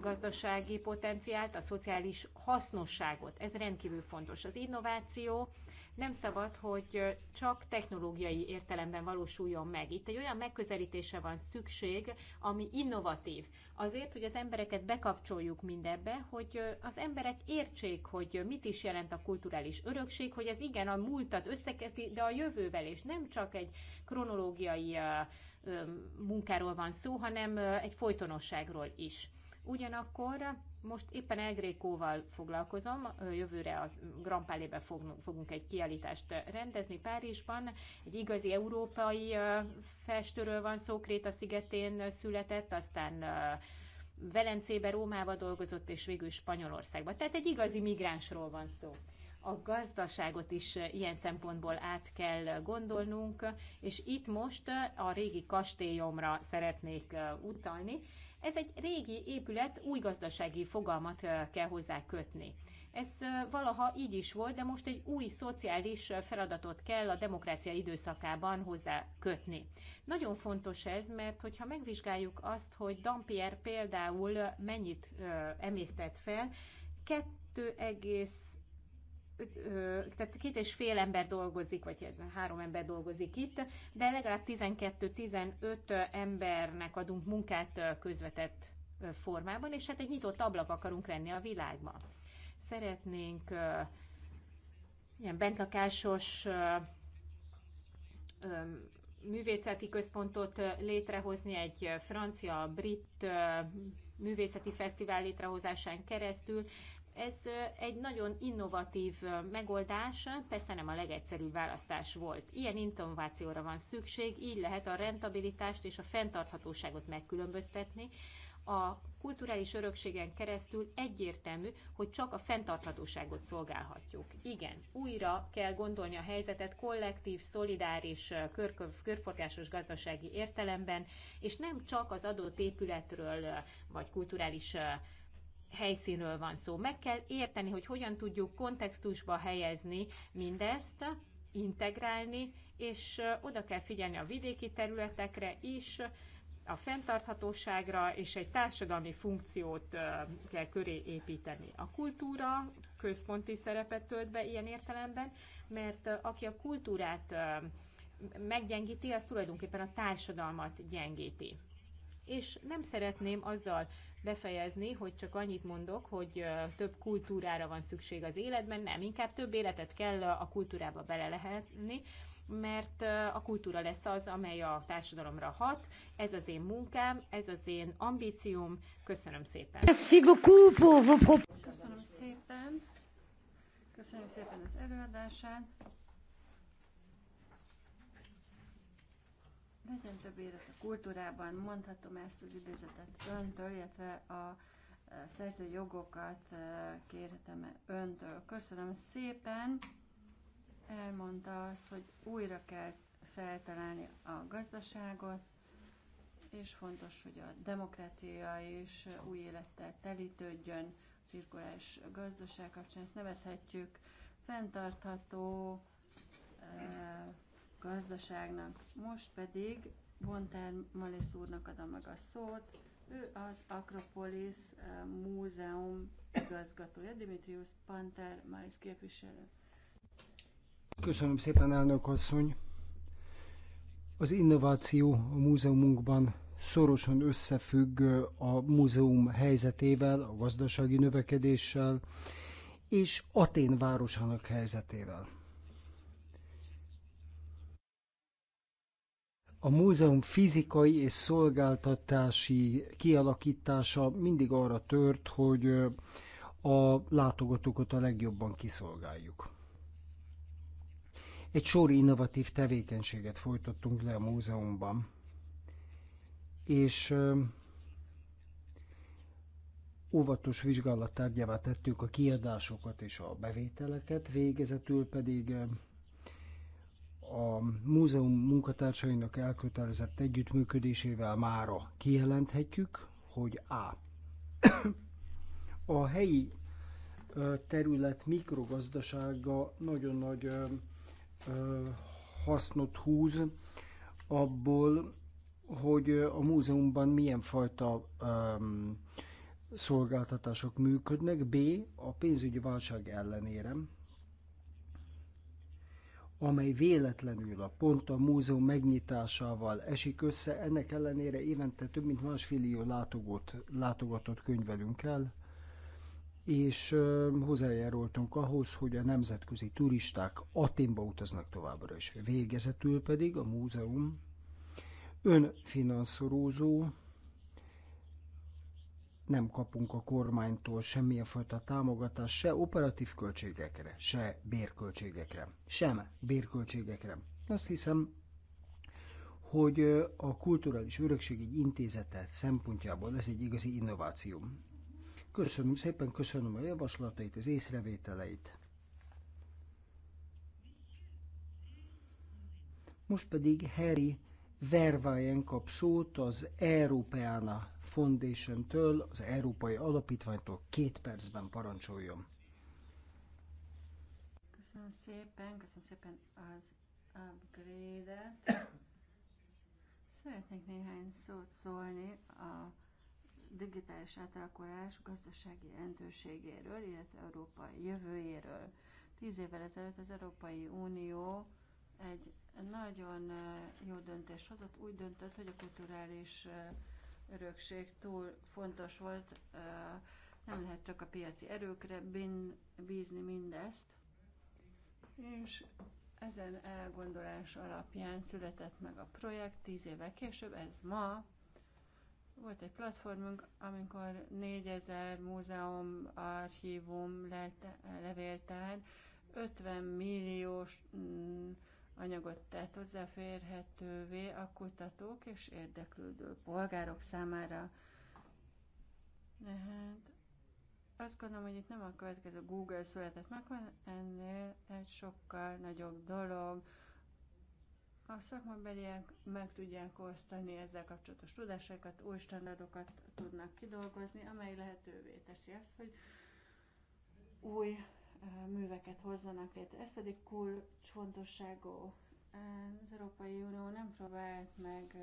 Speaker 7: gazdasági potenciált, a szociális hasznosságot. Ez rendkívül fontos. Az innováció nem szabad, hogy csak technológiai értelemben valósuljon meg. Itt egy olyan megközelítése van szükség, ami innovatív. Azért, hogy az embereket bekapcsoljuk mindebbe, hogy az emberek értsék, hogy mit is jelent a kulturális örökség, hogy ez igen a múltat összeköti, de a jövővel, is. nem csak egy kronológiai munkáról van szó, hanem egy folytonosságról is. Ugyanakkor most éppen Elgrékóval foglalkozom, jövőre a Grand Palais-ben fogunk egy kiállítást rendezni Párizsban. Egy igazi európai festőről van szó, Kréta szigetén született, aztán Velencébe, Rómába dolgozott, és végül Spanyolországba. Tehát egy igazi migránsról van szó. A gazdaságot is ilyen szempontból át kell gondolnunk, és itt most a régi kastélyomra szeretnék utalni. Ez egy régi épület, új gazdasági fogalmat kell hozzá kötni. Ez valaha így is volt, de most egy új szociális feladatot kell a demokrácia időszakában hozzá kötni. Nagyon fontos ez, mert hogyha megvizsgáljuk azt, hogy Dampier például mennyit emésztett fel, 2, tehát két és fél ember dolgozik, vagy három ember dolgozik itt, de legalább 12-15 embernek adunk munkát közvetett formában, és hát egy nyitott ablak akarunk lenni a világba. Szeretnénk ilyen bentlakásos művészeti központot létrehozni, egy francia-brit művészeti fesztivál létrehozásán keresztül, ez egy nagyon innovatív megoldás, persze nem a legegyszerűbb választás volt. Ilyen innovációra van szükség, így lehet a rentabilitást és a fenntarthatóságot megkülönböztetni. A kulturális örökségen keresztül egyértelmű, hogy csak a fenntarthatóságot szolgálhatjuk. Igen, újra kell gondolni a helyzetet kollektív, szolidáris, körforgásos gazdasági értelemben, és nem csak az adott épületről vagy kulturális helyszínről van szó. Meg kell érteni, hogy hogyan tudjuk kontextusba helyezni mindezt, integrálni, és oda kell figyelni a vidéki területekre is, a fenntarthatóságra és egy társadalmi funkciót kell köré építeni. A kultúra központi szerepet tölt be ilyen értelemben, mert aki a kultúrát meggyengíti, az tulajdonképpen a társadalmat gyengíti. És nem szeretném azzal befejezni, hogy csak annyit mondok, hogy több kultúrára van szükség az életben, nem, inkább több életet kell a kultúrába bele lehetni, mert a kultúra lesz az, amely a társadalomra hat. Ez az én munkám, ez az én ambícióm. Köszönöm szépen. Köszönöm
Speaker 12: szépen. Köszönöm szépen az előadását. legyen több élet a kultúrában, mondhatom ezt az idézetet öntől, illetve a e, szerző jogokat e, kérhetem -e öntől. Köszönöm szépen, elmondta azt, hogy újra kell feltalálni a gazdaságot, és fontos, hogy a demokrácia is új élettel telítődjön, a cirkulás gazdaság kapcsán ezt nevezhetjük fenntartható, gazdaságnak. Most pedig Bontár Malisz úrnak adom meg a szót. Ő az Akropolis eh, Múzeum igazgatója, Dimitrius Panter Malisz képviselő.
Speaker 2: Köszönöm szépen, elnök asszony! Az innováció a múzeumunkban szorosan összefügg eh, a múzeum helyzetével, a gazdasági növekedéssel és Atén városának helyzetével. a múzeum fizikai és szolgáltatási kialakítása mindig arra tört, hogy a látogatókat a legjobban kiszolgáljuk. Egy sor innovatív tevékenységet folytattunk le a múzeumban, és óvatos vizsgálat tárgyává tettük a kiadásokat és a bevételeket, végezetül pedig a múzeum munkatársainak elkötelezett együttműködésével mára kijelenthetjük, hogy A. A helyi terület mikrogazdasága nagyon nagy hasznot húz abból, hogy a múzeumban milyen fajta szolgáltatások működnek, B. a pénzügyi válság ellenére amely véletlenül a pont a múzeum megnyitásával esik össze, ennek ellenére évente több mint másfél millió látogatót látogatott könyvelünk el, és hozzájárultunk ahhoz, hogy a nemzetközi turisták Aténba utaznak továbbra is. Végezetül pedig a múzeum önfinanszorozó nem kapunk a kormánytól semmilyen fajta támogatást se operatív költségekre, se bérköltségekre. Sem bérköltségekre. Azt hiszem, hogy a Kulturális Örökség egy intézete szempontjából ez egy igazi innováció. Köszönöm szépen, köszönöm a javaslatait, az észrevételeit. Most pedig Harry Verwaien kap szót az Európeána Foundation-től, az Európai Alapítványtól két percben parancsoljon.
Speaker 12: Köszönöm szépen, köszönöm szépen az upgrade-et. Szeretnék néhány szót szólni a digitális átalakulás gazdasági jelentőségéről, illetve Európa jövőjéről. Tíz évvel ezelőtt az Európai Unió egy nagyon eh, jó döntés hozott, úgy döntött, hogy a kulturális eh, örökség túl fontos volt, nem lehet csak a piaci erőkre bízni mindezt. És ezen elgondolás alapján született meg a projekt, tíz évvel később, ez ma. Volt egy platformunk, amikor 4000 múzeum, archívum, levéltár, 50 milliós mm, anyagot tett hozzáférhetővé a kutatók és érdeklődő polgárok számára. Hát azt gondolom, hogy itt nem a következő Google született meg, van ennél egy sokkal nagyobb dolog. A szakmabeliek meg tudják osztani ezzel kapcsolatos tudásokat, új standardokat tudnak kidolgozni, amely lehetővé teszi azt, hogy új műveket hozzanak létre. Ez pedig kulcsfontosságú. Az Európai Unió nem próbált meg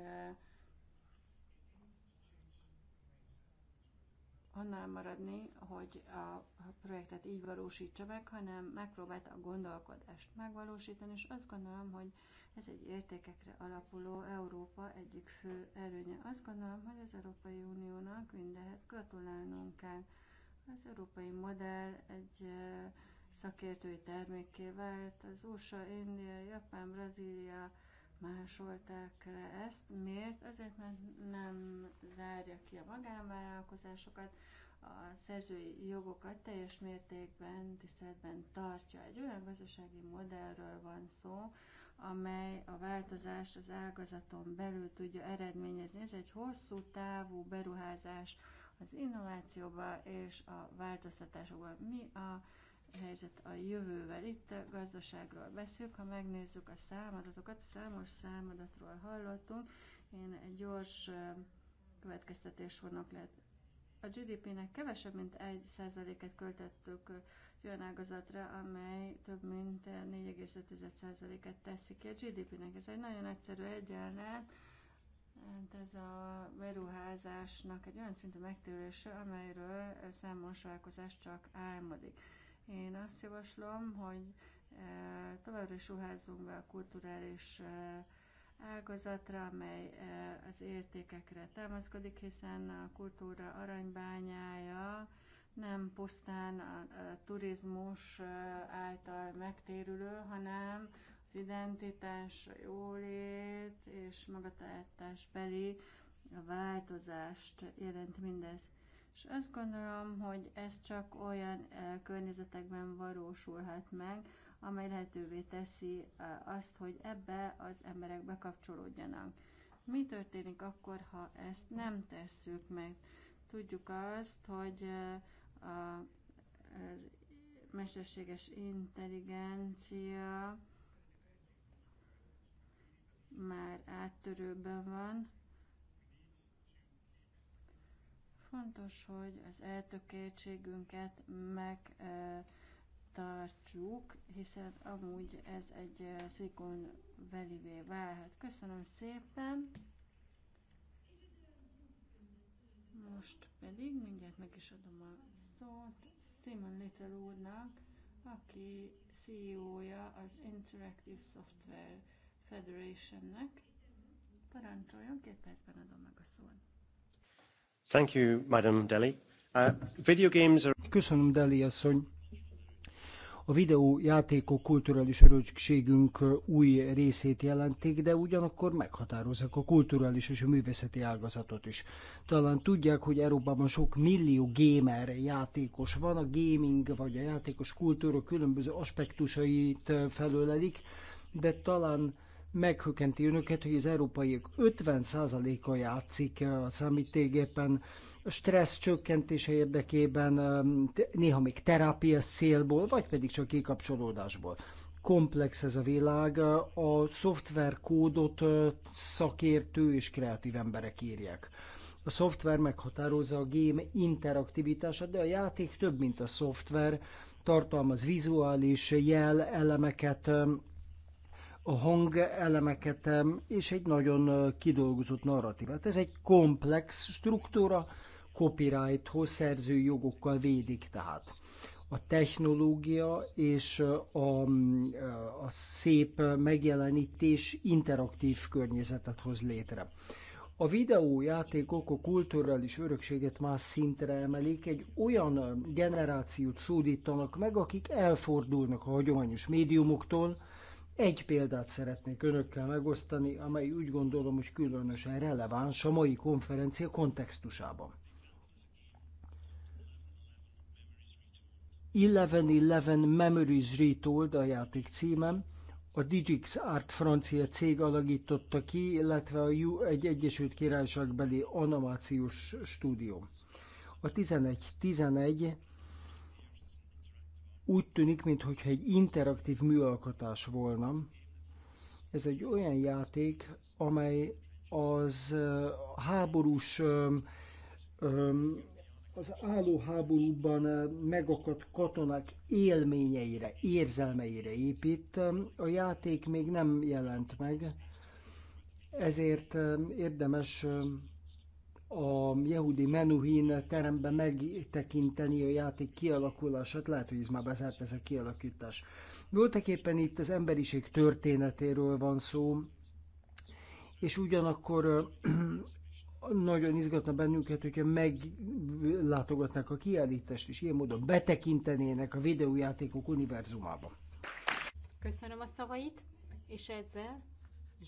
Speaker 12: annál maradni, hogy a projektet így valósítsa meg, hanem megpróbált a gondolkodást megvalósítani, és azt gondolom, hogy ez egy értékekre alapuló Európa egyik fő erőnye. Azt gondolom, hogy az Európai Uniónak mindehez gratulálnunk kell. Az európai modell egy uh, szakértői termékké vált. Az USA, India, Japán, Brazília másolták le ezt. Miért? Azért, mert nem zárja ki a magánvállalkozásokat, a szerzői jogokat teljes mértékben tiszteletben tartja. Egy olyan gazdasági modellről van szó, amely a változást az ágazaton belül tudja eredményezni. Ez egy hosszú távú beruházás az innovációba és a változtatásokba. Mi a helyzet a jövővel. Itt a gazdaságról beszélünk, ha megnézzük a számadatokat, számos számadatról hallottunk. Én egy gyors következtetés vonok le. A GDP-nek kevesebb, mint 1%-et költöttük olyan ágazatra, amely több mint 4,5%-et teszik ki a GDP-nek. Ez egy nagyon egyszerű egyenlet, hát ez a beruházásnak egy olyan szintű megtérülése, amelyről számos csak álmodik. Én azt javaslom, hogy e, továbbra is ruházzunk be a kulturális e, ágazatra, amely e, az értékekre támaszkodik, hiszen a kultúra aranybányája nem pusztán a turizmus által megtérülő, hanem az identitás, a jólét és magatartásbeli változást jelent mindez. És azt gondolom, hogy ez csak olyan környezetekben valósulhat meg, amely lehetővé teszi azt, hogy ebbe az emberek bekapcsolódjanak. Mi történik akkor, ha ezt nem tesszük meg? Tudjuk azt, hogy a mesterséges intelligencia már áttörőben van, Fontos, hogy az eltökéltségünket megtartsuk, hiszen amúgy ez egy eh, szikon valley válhat. Köszönöm szépen! Most pedig mindjárt meg is adom a szót Simon Little úrnak, aki CEO-ja az Interactive Software Federationnek.
Speaker 2: Parancsoljon, két percben adom meg a szót. Thank you, Madam Deli. Uh, video games are... Köszönöm, Deli asszony. A videójátékok kulturális örökségünk uh, új részét jelentik, de ugyanakkor meghatározzák a kulturális és a művészeti ágazatot is. Talán tudják, hogy Európában sok millió gamer játékos van, a gaming vagy a játékos kultúra különböző aspektusait uh, felölelik, de talán meghökkenti önöket, hogy az európaiak 50%-a játszik eh, a számítégépen, a stressz csökkentése érdekében, néha még terápia célból, vagy pedig csak kikapcsolódásból. Komplex ez a világ, a szoftverkódot eh, szakértő és kreatív emberek írják. A szoftver meghatározza a game interaktivitását, de a játék több, mint a szoftver, tartalmaz vizuális jel elemeket, a hangelemeket, és egy nagyon kidolgozott narratívát. Ez egy komplex struktúra, copyrighthoz szerző jogokkal védik tehát. A technológia és a, a szép megjelenítés interaktív környezetet hoz létre. A videójátékok a kulturális örökséget más szintre emelik, egy olyan generációt szódítanak meg, akik elfordulnak a hagyományos médiumoktól, egy példát szeretnék önökkel megosztani, amely úgy gondolom, hogy különösen releváns a mai konferencia kontextusában. 11-11 Memories Retold a játék címem, a Digix Art francia cég alakította ki, illetve a U egy Egyesült Királyságbeli animációs stúdió. A 11-11 úgy tűnik, mintha egy interaktív műalkotás volna. Ez egy olyan játék, amely az háborús, az álló háborúban megakadt katonák élményeire, érzelmeire épít. A játék még nem jelent meg, ezért érdemes a Yehudi Menuhin teremben megtekinteni a játék kialakulását. Lehet, hogy ez már bezárt ez a kialakítás. Voltak éppen itt az emberiség történetéről van szó, és ugyanakkor nagyon izgatna bennünket, hogyha meglátogatnak a kiállítást, és ilyen módon betekintenének a videójátékok univerzumába.
Speaker 7: Köszönöm a szavait, és ezzel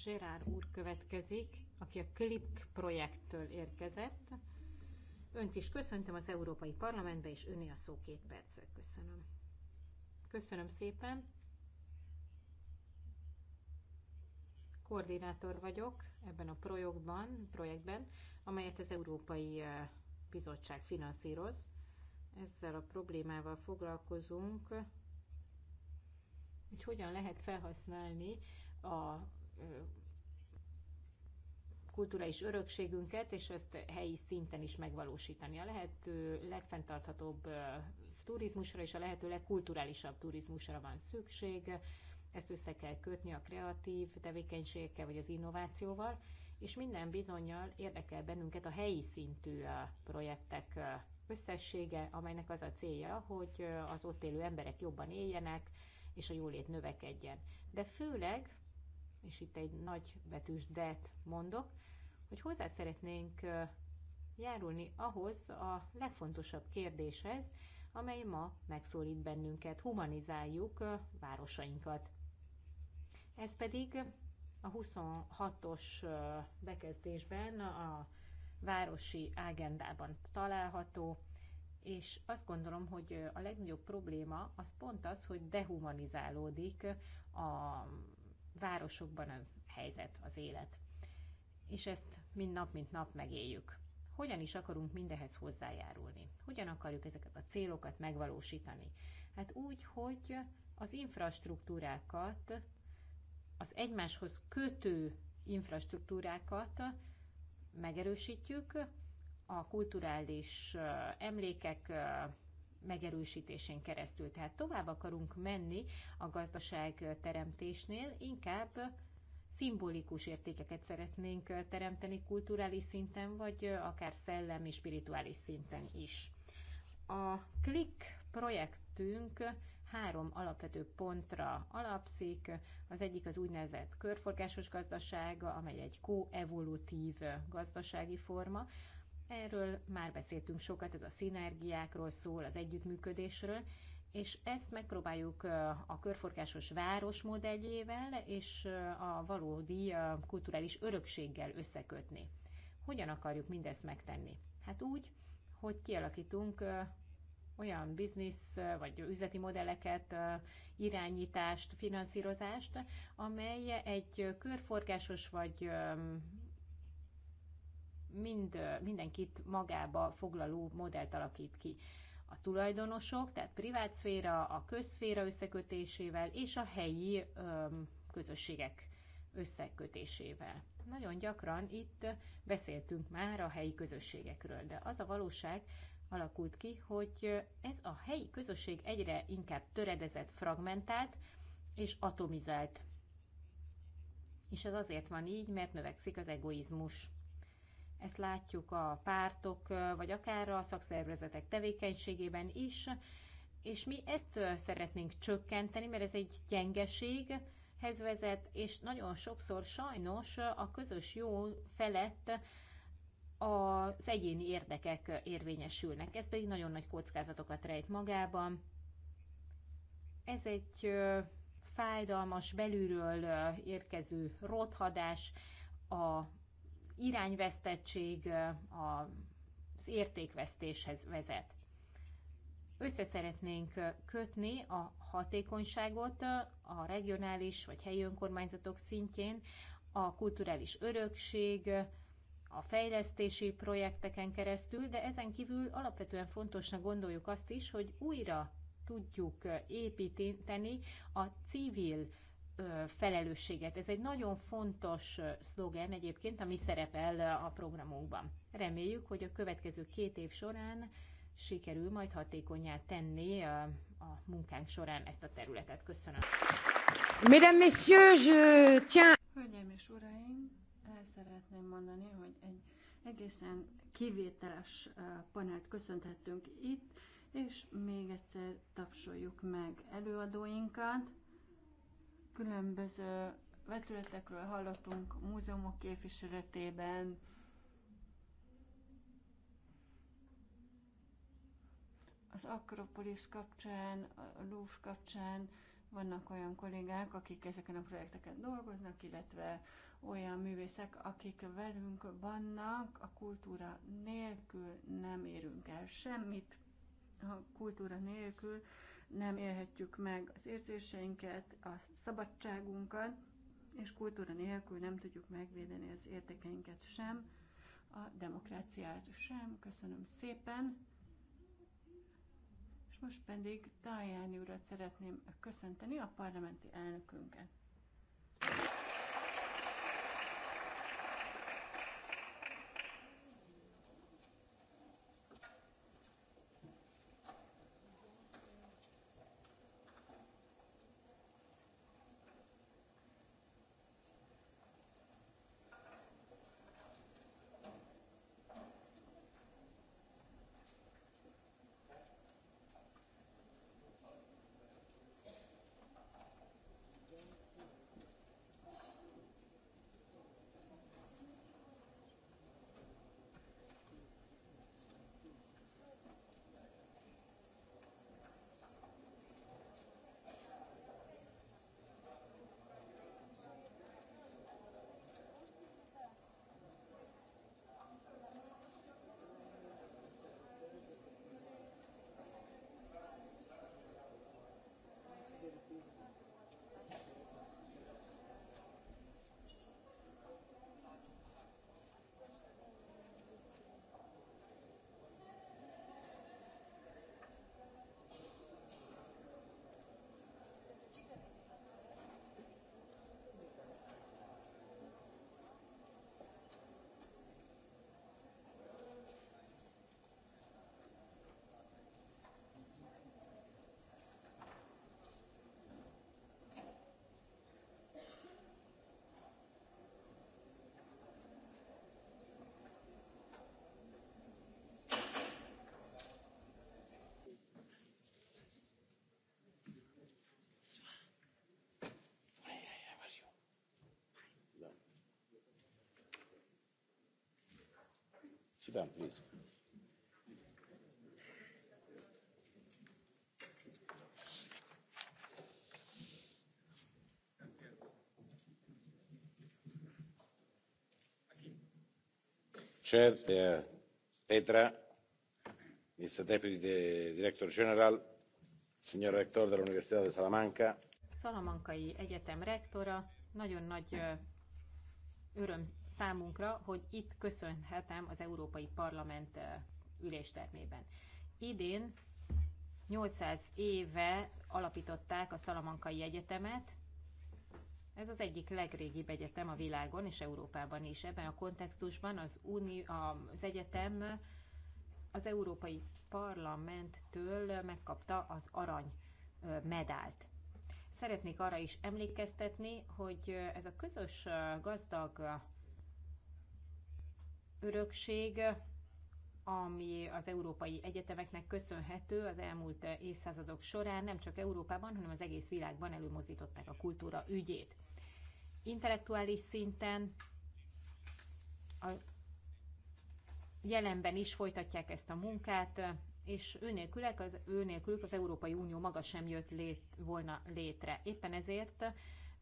Speaker 7: Gerard úr következik aki a KLIP projekttől érkezett. Önt is köszöntöm az Európai Parlamentbe, és öné a szó két percre. Köszönöm. Köszönöm szépen. Koordinátor vagyok ebben a projektban, projektben, amelyet az Európai eh, Bizottság finanszíroz. Ezzel a problémával foglalkozunk, hogy hogyan lehet felhasználni a eh, kulturális örökségünket, és ezt helyi szinten is megvalósítani. A lehető legfenntarthatóbb turizmusra és a lehető legkulturálisabb turizmusra van szükség. Ezt össze kell kötni a kreatív tevékenységekkel vagy az innovációval, és minden bizonyal érdekel bennünket a helyi szintű projektek összessége, amelynek az a célja, hogy az ott élő emberek jobban éljenek, és a jólét növekedjen. De főleg és itt egy nagy betűs det mondok, hogy hozzá szeretnénk járulni ahhoz a legfontosabb kérdéshez, amely ma megszólít bennünket, humanizáljuk városainkat. Ez pedig a 26-os bekezdésben a városi ágendában található, és azt gondolom, hogy a legnagyobb probléma az pont az, hogy dehumanizálódik a városokban az helyzet, az élet. És ezt mind nap, mint nap megéljük. Hogyan is akarunk mindehez hozzájárulni? Hogyan akarjuk ezeket a célokat megvalósítani? Hát úgy, hogy az infrastruktúrákat, az egymáshoz kötő infrastruktúrákat megerősítjük, a kulturális emlékek megerősítésén keresztül. Tehát tovább akarunk menni a gazdaság teremtésnél, inkább szimbolikus értékeket szeretnénk teremteni kulturális szinten, vagy akár szellemi, spirituális szinten is. A Click projektünk három alapvető pontra alapszik. Az egyik az úgynevezett körforgásos gazdaság, amely egy koevolutív gazdasági forma, Erről már beszéltünk sokat, ez a szinergiákról szól, az együttműködésről, és ezt megpróbáljuk a körforgásos város modelljével és a valódi kulturális örökséggel összekötni. Hogyan akarjuk mindezt megtenni? Hát úgy, hogy kialakítunk olyan biznisz vagy üzleti modelleket, irányítást, finanszírozást, amely egy körforgásos vagy mind, mindenkit magába foglaló modellt alakít ki. A tulajdonosok, tehát privát szféra, a közszféra összekötésével és a helyi öm, közösségek összekötésével. Nagyon gyakran itt beszéltünk már a helyi közösségekről, de az a valóság alakult ki, hogy ez a helyi közösség egyre inkább töredezett, fragmentált és atomizált. És ez azért van így, mert növekszik az egoizmus. Ezt látjuk a pártok, vagy akár a szakszervezetek tevékenységében is, és mi ezt szeretnénk csökkenteni, mert ez egy gyengeséghez vezet, és nagyon sokszor sajnos a közös jó felett az egyéni érdekek érvényesülnek. Ez pedig nagyon nagy kockázatokat rejt magában. Ez egy fájdalmas, belülről érkező rothadás, a irányvesztettség az értékvesztéshez vezet. Össze szeretnénk kötni a hatékonyságot a regionális vagy helyi önkormányzatok szintjén, a kulturális örökség, a fejlesztési projekteken keresztül, de ezen kívül alapvetően fontosnak gondoljuk azt is, hogy újra tudjuk építeni a civil felelősséget. Ez egy nagyon fontos szlogen egyébként, ami szerepel a programunkban. Reméljük, hogy a következő két év során sikerül majd hatékonyá tenni a munkánk során ezt a területet. Köszönöm.
Speaker 12: Mesdames, messieurs, je tiens... Hölgyeim és uraim, el szeretném mondani, hogy egy egészen kivételes panelt köszönhettünk itt, és még egyszer tapsoljuk meg előadóinkat. Különböző vetületekről hallottunk múzeumok képviseletében, az Akropolis kapcsán, a Louvre kapcsán vannak olyan kollégák, akik ezeken a projekteken dolgoznak, illetve olyan művészek, akik velünk vannak, a kultúra nélkül nem érünk el semmit. A kultúra nélkül nem élhetjük meg az érzéseinket, a szabadságunkat, és kultúra nélkül nem tudjuk megvédeni az értékeinket sem, a demokráciát sem. Köszönöm szépen! És most pedig Tajani urat szeretném köszönteni, a parlamenti elnökünket.
Speaker 1: sit down please. Chair uh, Petra Deputy the Director General, Signor Rector Universidad de Salamanca.
Speaker 7: Salamancai Egyetem rektora, nagyon nagy öröm számunkra, hogy itt köszönhetem az Európai Parlament üléstermében. Idén 800 éve alapították a Szalamankai Egyetemet, ez az egyik legrégibb egyetem a világon és Európában is. Ebben a kontextusban az, uni, az egyetem az Európai Parlamenttől megkapta az arany medált. Szeretnék arra is emlékeztetni, hogy ez a közös gazdag örökség, ami az európai egyetemeknek köszönhető az elmúlt évszázadok során, nem csak Európában, hanem az egész világban előmozdították a kultúra ügyét. Intellektuális szinten a jelenben is folytatják ezt a munkát, és őnélkülek az, őnélkülük az Európai Unió maga sem jött lét, volna létre. Éppen ezért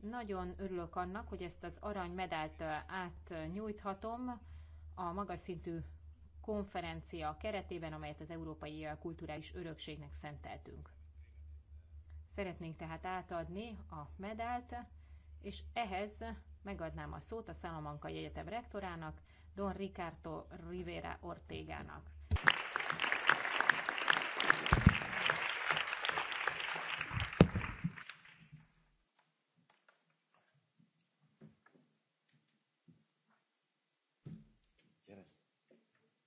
Speaker 7: nagyon örülök annak, hogy ezt az aranymedált átnyújthatom, a magas szintű konferencia keretében, amelyet az Európai Kulturális Örökségnek szenteltünk. Szeretnénk tehát átadni a medált, és ehhez megadnám a szót a Salamanca Egyetem rektorának, Don Ricardo Rivera Ortegának.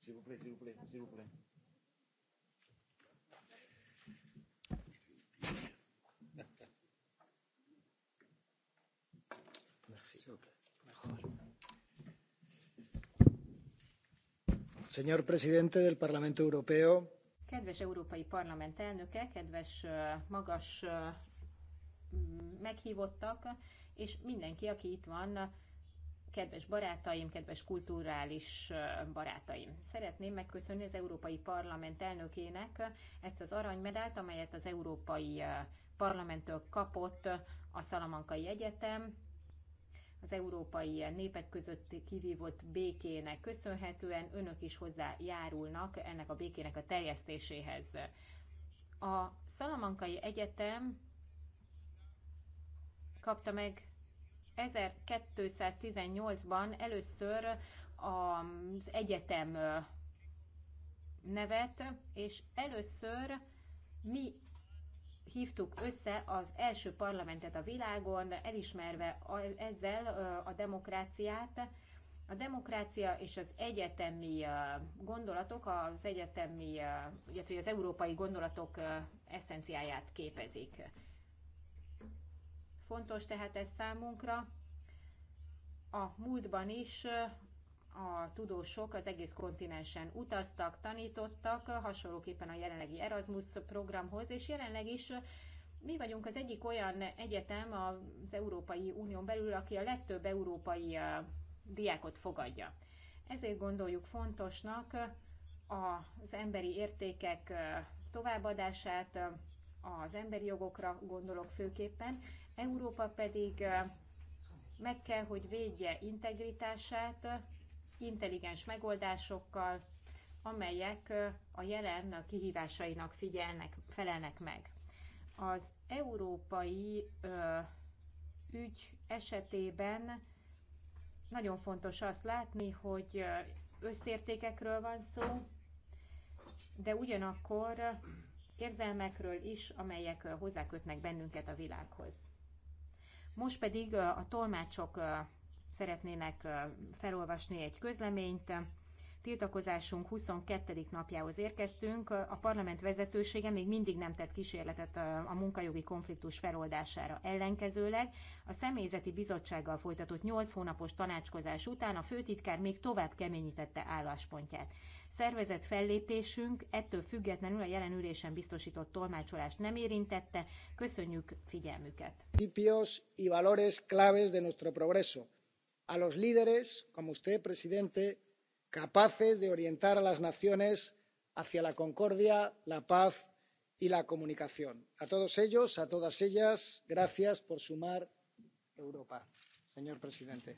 Speaker 1: S'il vous plaît, s'il vous plaît, s'il vous plaît.
Speaker 2: Merci. Señor presidente del Parlamento Europeo.
Speaker 7: Kedves európai parlament elnöke, kedves magas meghívottak, és mindenki, aki itt van, kedves barátaim, kedves kulturális barátaim. Szeretném megköszönni az Európai Parlament elnökének ezt az aranymedált, amelyet az Európai Parlamenttől kapott a Szalamankai Egyetem, az európai népek között kivívott békének köszönhetően önök is hozzájárulnak ennek a békének a terjesztéséhez. A Szalamankai Egyetem kapta meg 1218-ban először az egyetem nevet, és először mi hívtuk össze az első parlamentet a világon, elismerve ezzel a demokráciát. A demokrácia és az egyetemi gondolatok, az egyetemi, illetve az európai gondolatok eszenciáját képezik. Fontos tehát ez számunkra. A múltban is a tudósok az egész kontinensen utaztak, tanítottak, hasonlóképpen a jelenlegi Erasmus programhoz, és jelenleg is mi vagyunk az egyik olyan egyetem az Európai Unión belül, aki a legtöbb európai diákot fogadja. Ezért gondoljuk fontosnak az emberi értékek továbbadását, az emberi jogokra gondolok főképpen, Európa pedig meg kell, hogy védje integritását intelligens megoldásokkal, amelyek a jelen kihívásainak figyelnek, felelnek meg. Az európai ö, ügy esetében nagyon fontos azt látni, hogy összértékekről van szó, de ugyanakkor érzelmekről is, amelyek hozzákötnek bennünket a világhoz. Most pedig a tolmácsok szeretnének felolvasni egy közleményt. Tiltakozásunk 22. napjához érkeztünk. A parlament vezetősége még mindig nem tett kísérletet a munkajogi konfliktus feloldására. Ellenkezőleg a személyzeti bizottsággal folytatott 8 hónapos tanácskozás után a főtitkár még tovább keményítette álláspontját. Szervezett fellépésünk ettől függetlenül a jelen ülésen biztosított tolmácsolást nem érintette. Köszönjük figyelmüket! Principios
Speaker 2: y valores claves de nuestro progreso. A los líderes, como usted, presidente, capaces de orientar a las naciones hacia la concordia, la paz y la comunicación. A todos ellos, a todas ellas, gracias por sumar Europa, señor presidente.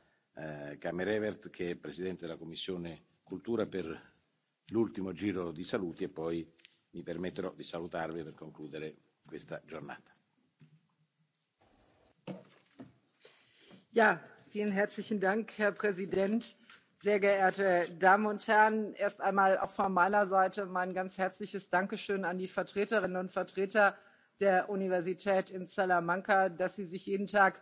Speaker 1: Kamerevert, eh, che è Presidente della Commissione Cultura, per l'ultimo giro di saluti e poi mi permetterò di salutarvi per concludere questa giornata.
Speaker 10: Ja, vielen herzlichen Dank, Herr Präsident. Sehr geehrte Damen und Herren, erst einmal auch von meiner Seite mein ganz herzliches Dankeschön an die Vertreterinnen und Vertreter der Universität in Salamanca, dass sie sich jeden Tag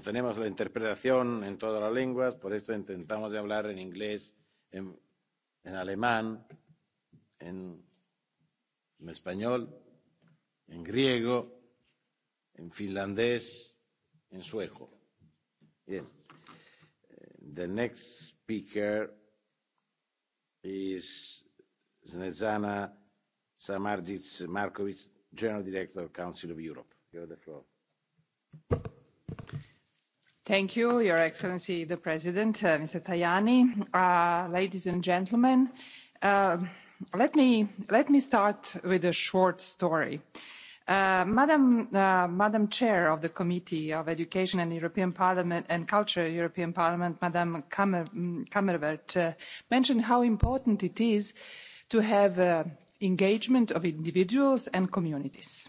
Speaker 1: tenemos la interpretación en todas las lenguas, por eso intentamos de hablar en inglés, en, en alemán, en, en español, en griego, en finlandés, en sueco. Bien. Eh, the next speaker is Snezana Samardzic Markovic, General Director, of Council of Europe. You have the floor.
Speaker 9: Thank you, Your Excellency the President, uh, Mr. Tajani, uh, ladies and gentlemen. Uh, let me let me start with a short story. Madam, Chair of the Committee of Education and European Parliament and Culture, European Parliament, Madam Kammer, mm, mentioned how important it is to have engagement of individuals and communities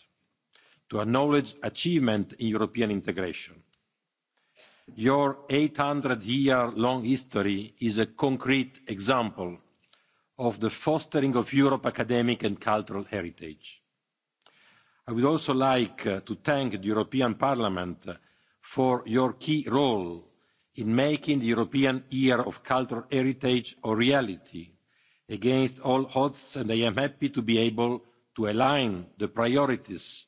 Speaker 6: to acknowledge achievement in European integration. Your eight hundred year long history is a concrete example of the fostering of Europe's academic and cultural heritage. I would also like uh, to thank the European Parliament for your key role in making the European Year of Cultural Heritage a reality against all odds, and I am happy to be able to align the priorities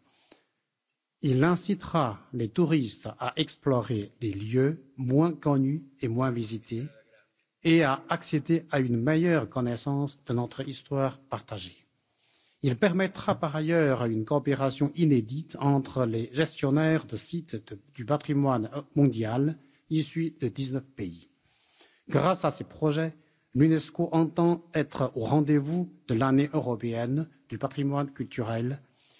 Speaker 3: Il incitera les touristes à explorer des lieux moins connus et moins visités et à accéder à une meilleure connaissance de notre histoire partagée. Il permettra par ailleurs une coopération inédite entre les gestionnaires de sites de, du patrimoine mondial issus de 19 pays. Grâce à ces projets, l'UNESCO entend être au rendez-vous de l'année européenne du patrimoine culturel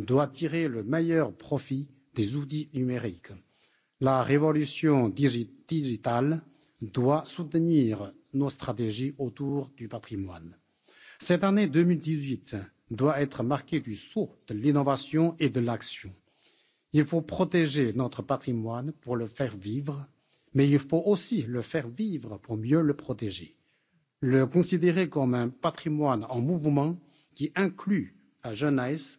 Speaker 3: doit tirer le meilleur profit des outils numériques. La révolution digi digitale doit soutenir nos stratégies autour du patrimoine. Cette année 2018 doit être marquée du saut de l'innovation et de l'action. Il faut protéger notre patrimoine pour le faire vivre, mais il faut aussi le faire vivre pour mieux le protéger. Le considérer comme un patrimoine en mouvement qui inclut la jeunesse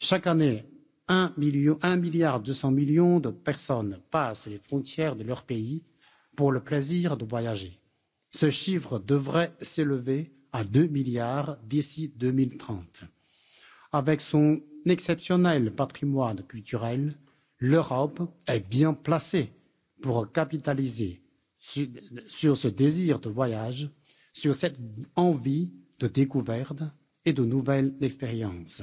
Speaker 3: Chaque année, 1 milliard 200 millions de personnes passent les frontières de leur pays pour le plaisir de voyager. Ce chiffre devrait s'élever à 2 milliards d'ici 2030. Avec son exceptionnel patrimoine culturel, l'Europe est bien placée pour capitaliser sur, sur ce désir de voyage, sur cette envie de découverte et de nouvelles expériences.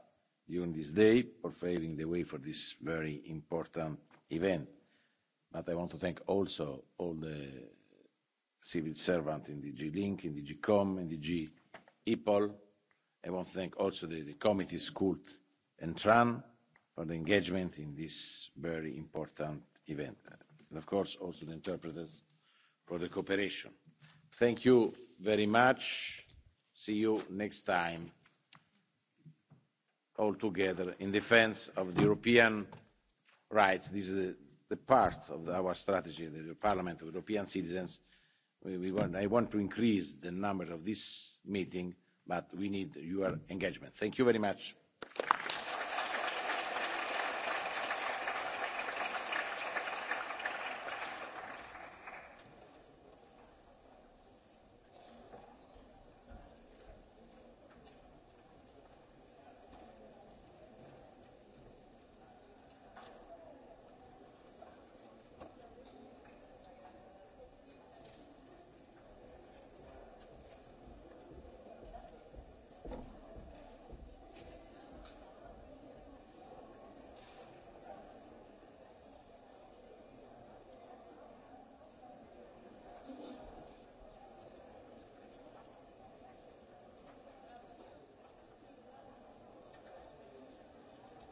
Speaker 1: during this day for paving the way for this very important event. But I want to thank also all the civil servants in DG Link, in DG Com, in DG EPOL. I want to thank also the, the committees Kult and Tran for the engagement in this very important event. And of course, also the interpreters for the cooperation. Thank you very much. See you next time all together in defence of the European rights. This is the, part of our strategy, the Parliament of European citizens. I want to increase the number of this meeting, but we need your engagement. Thank you very much.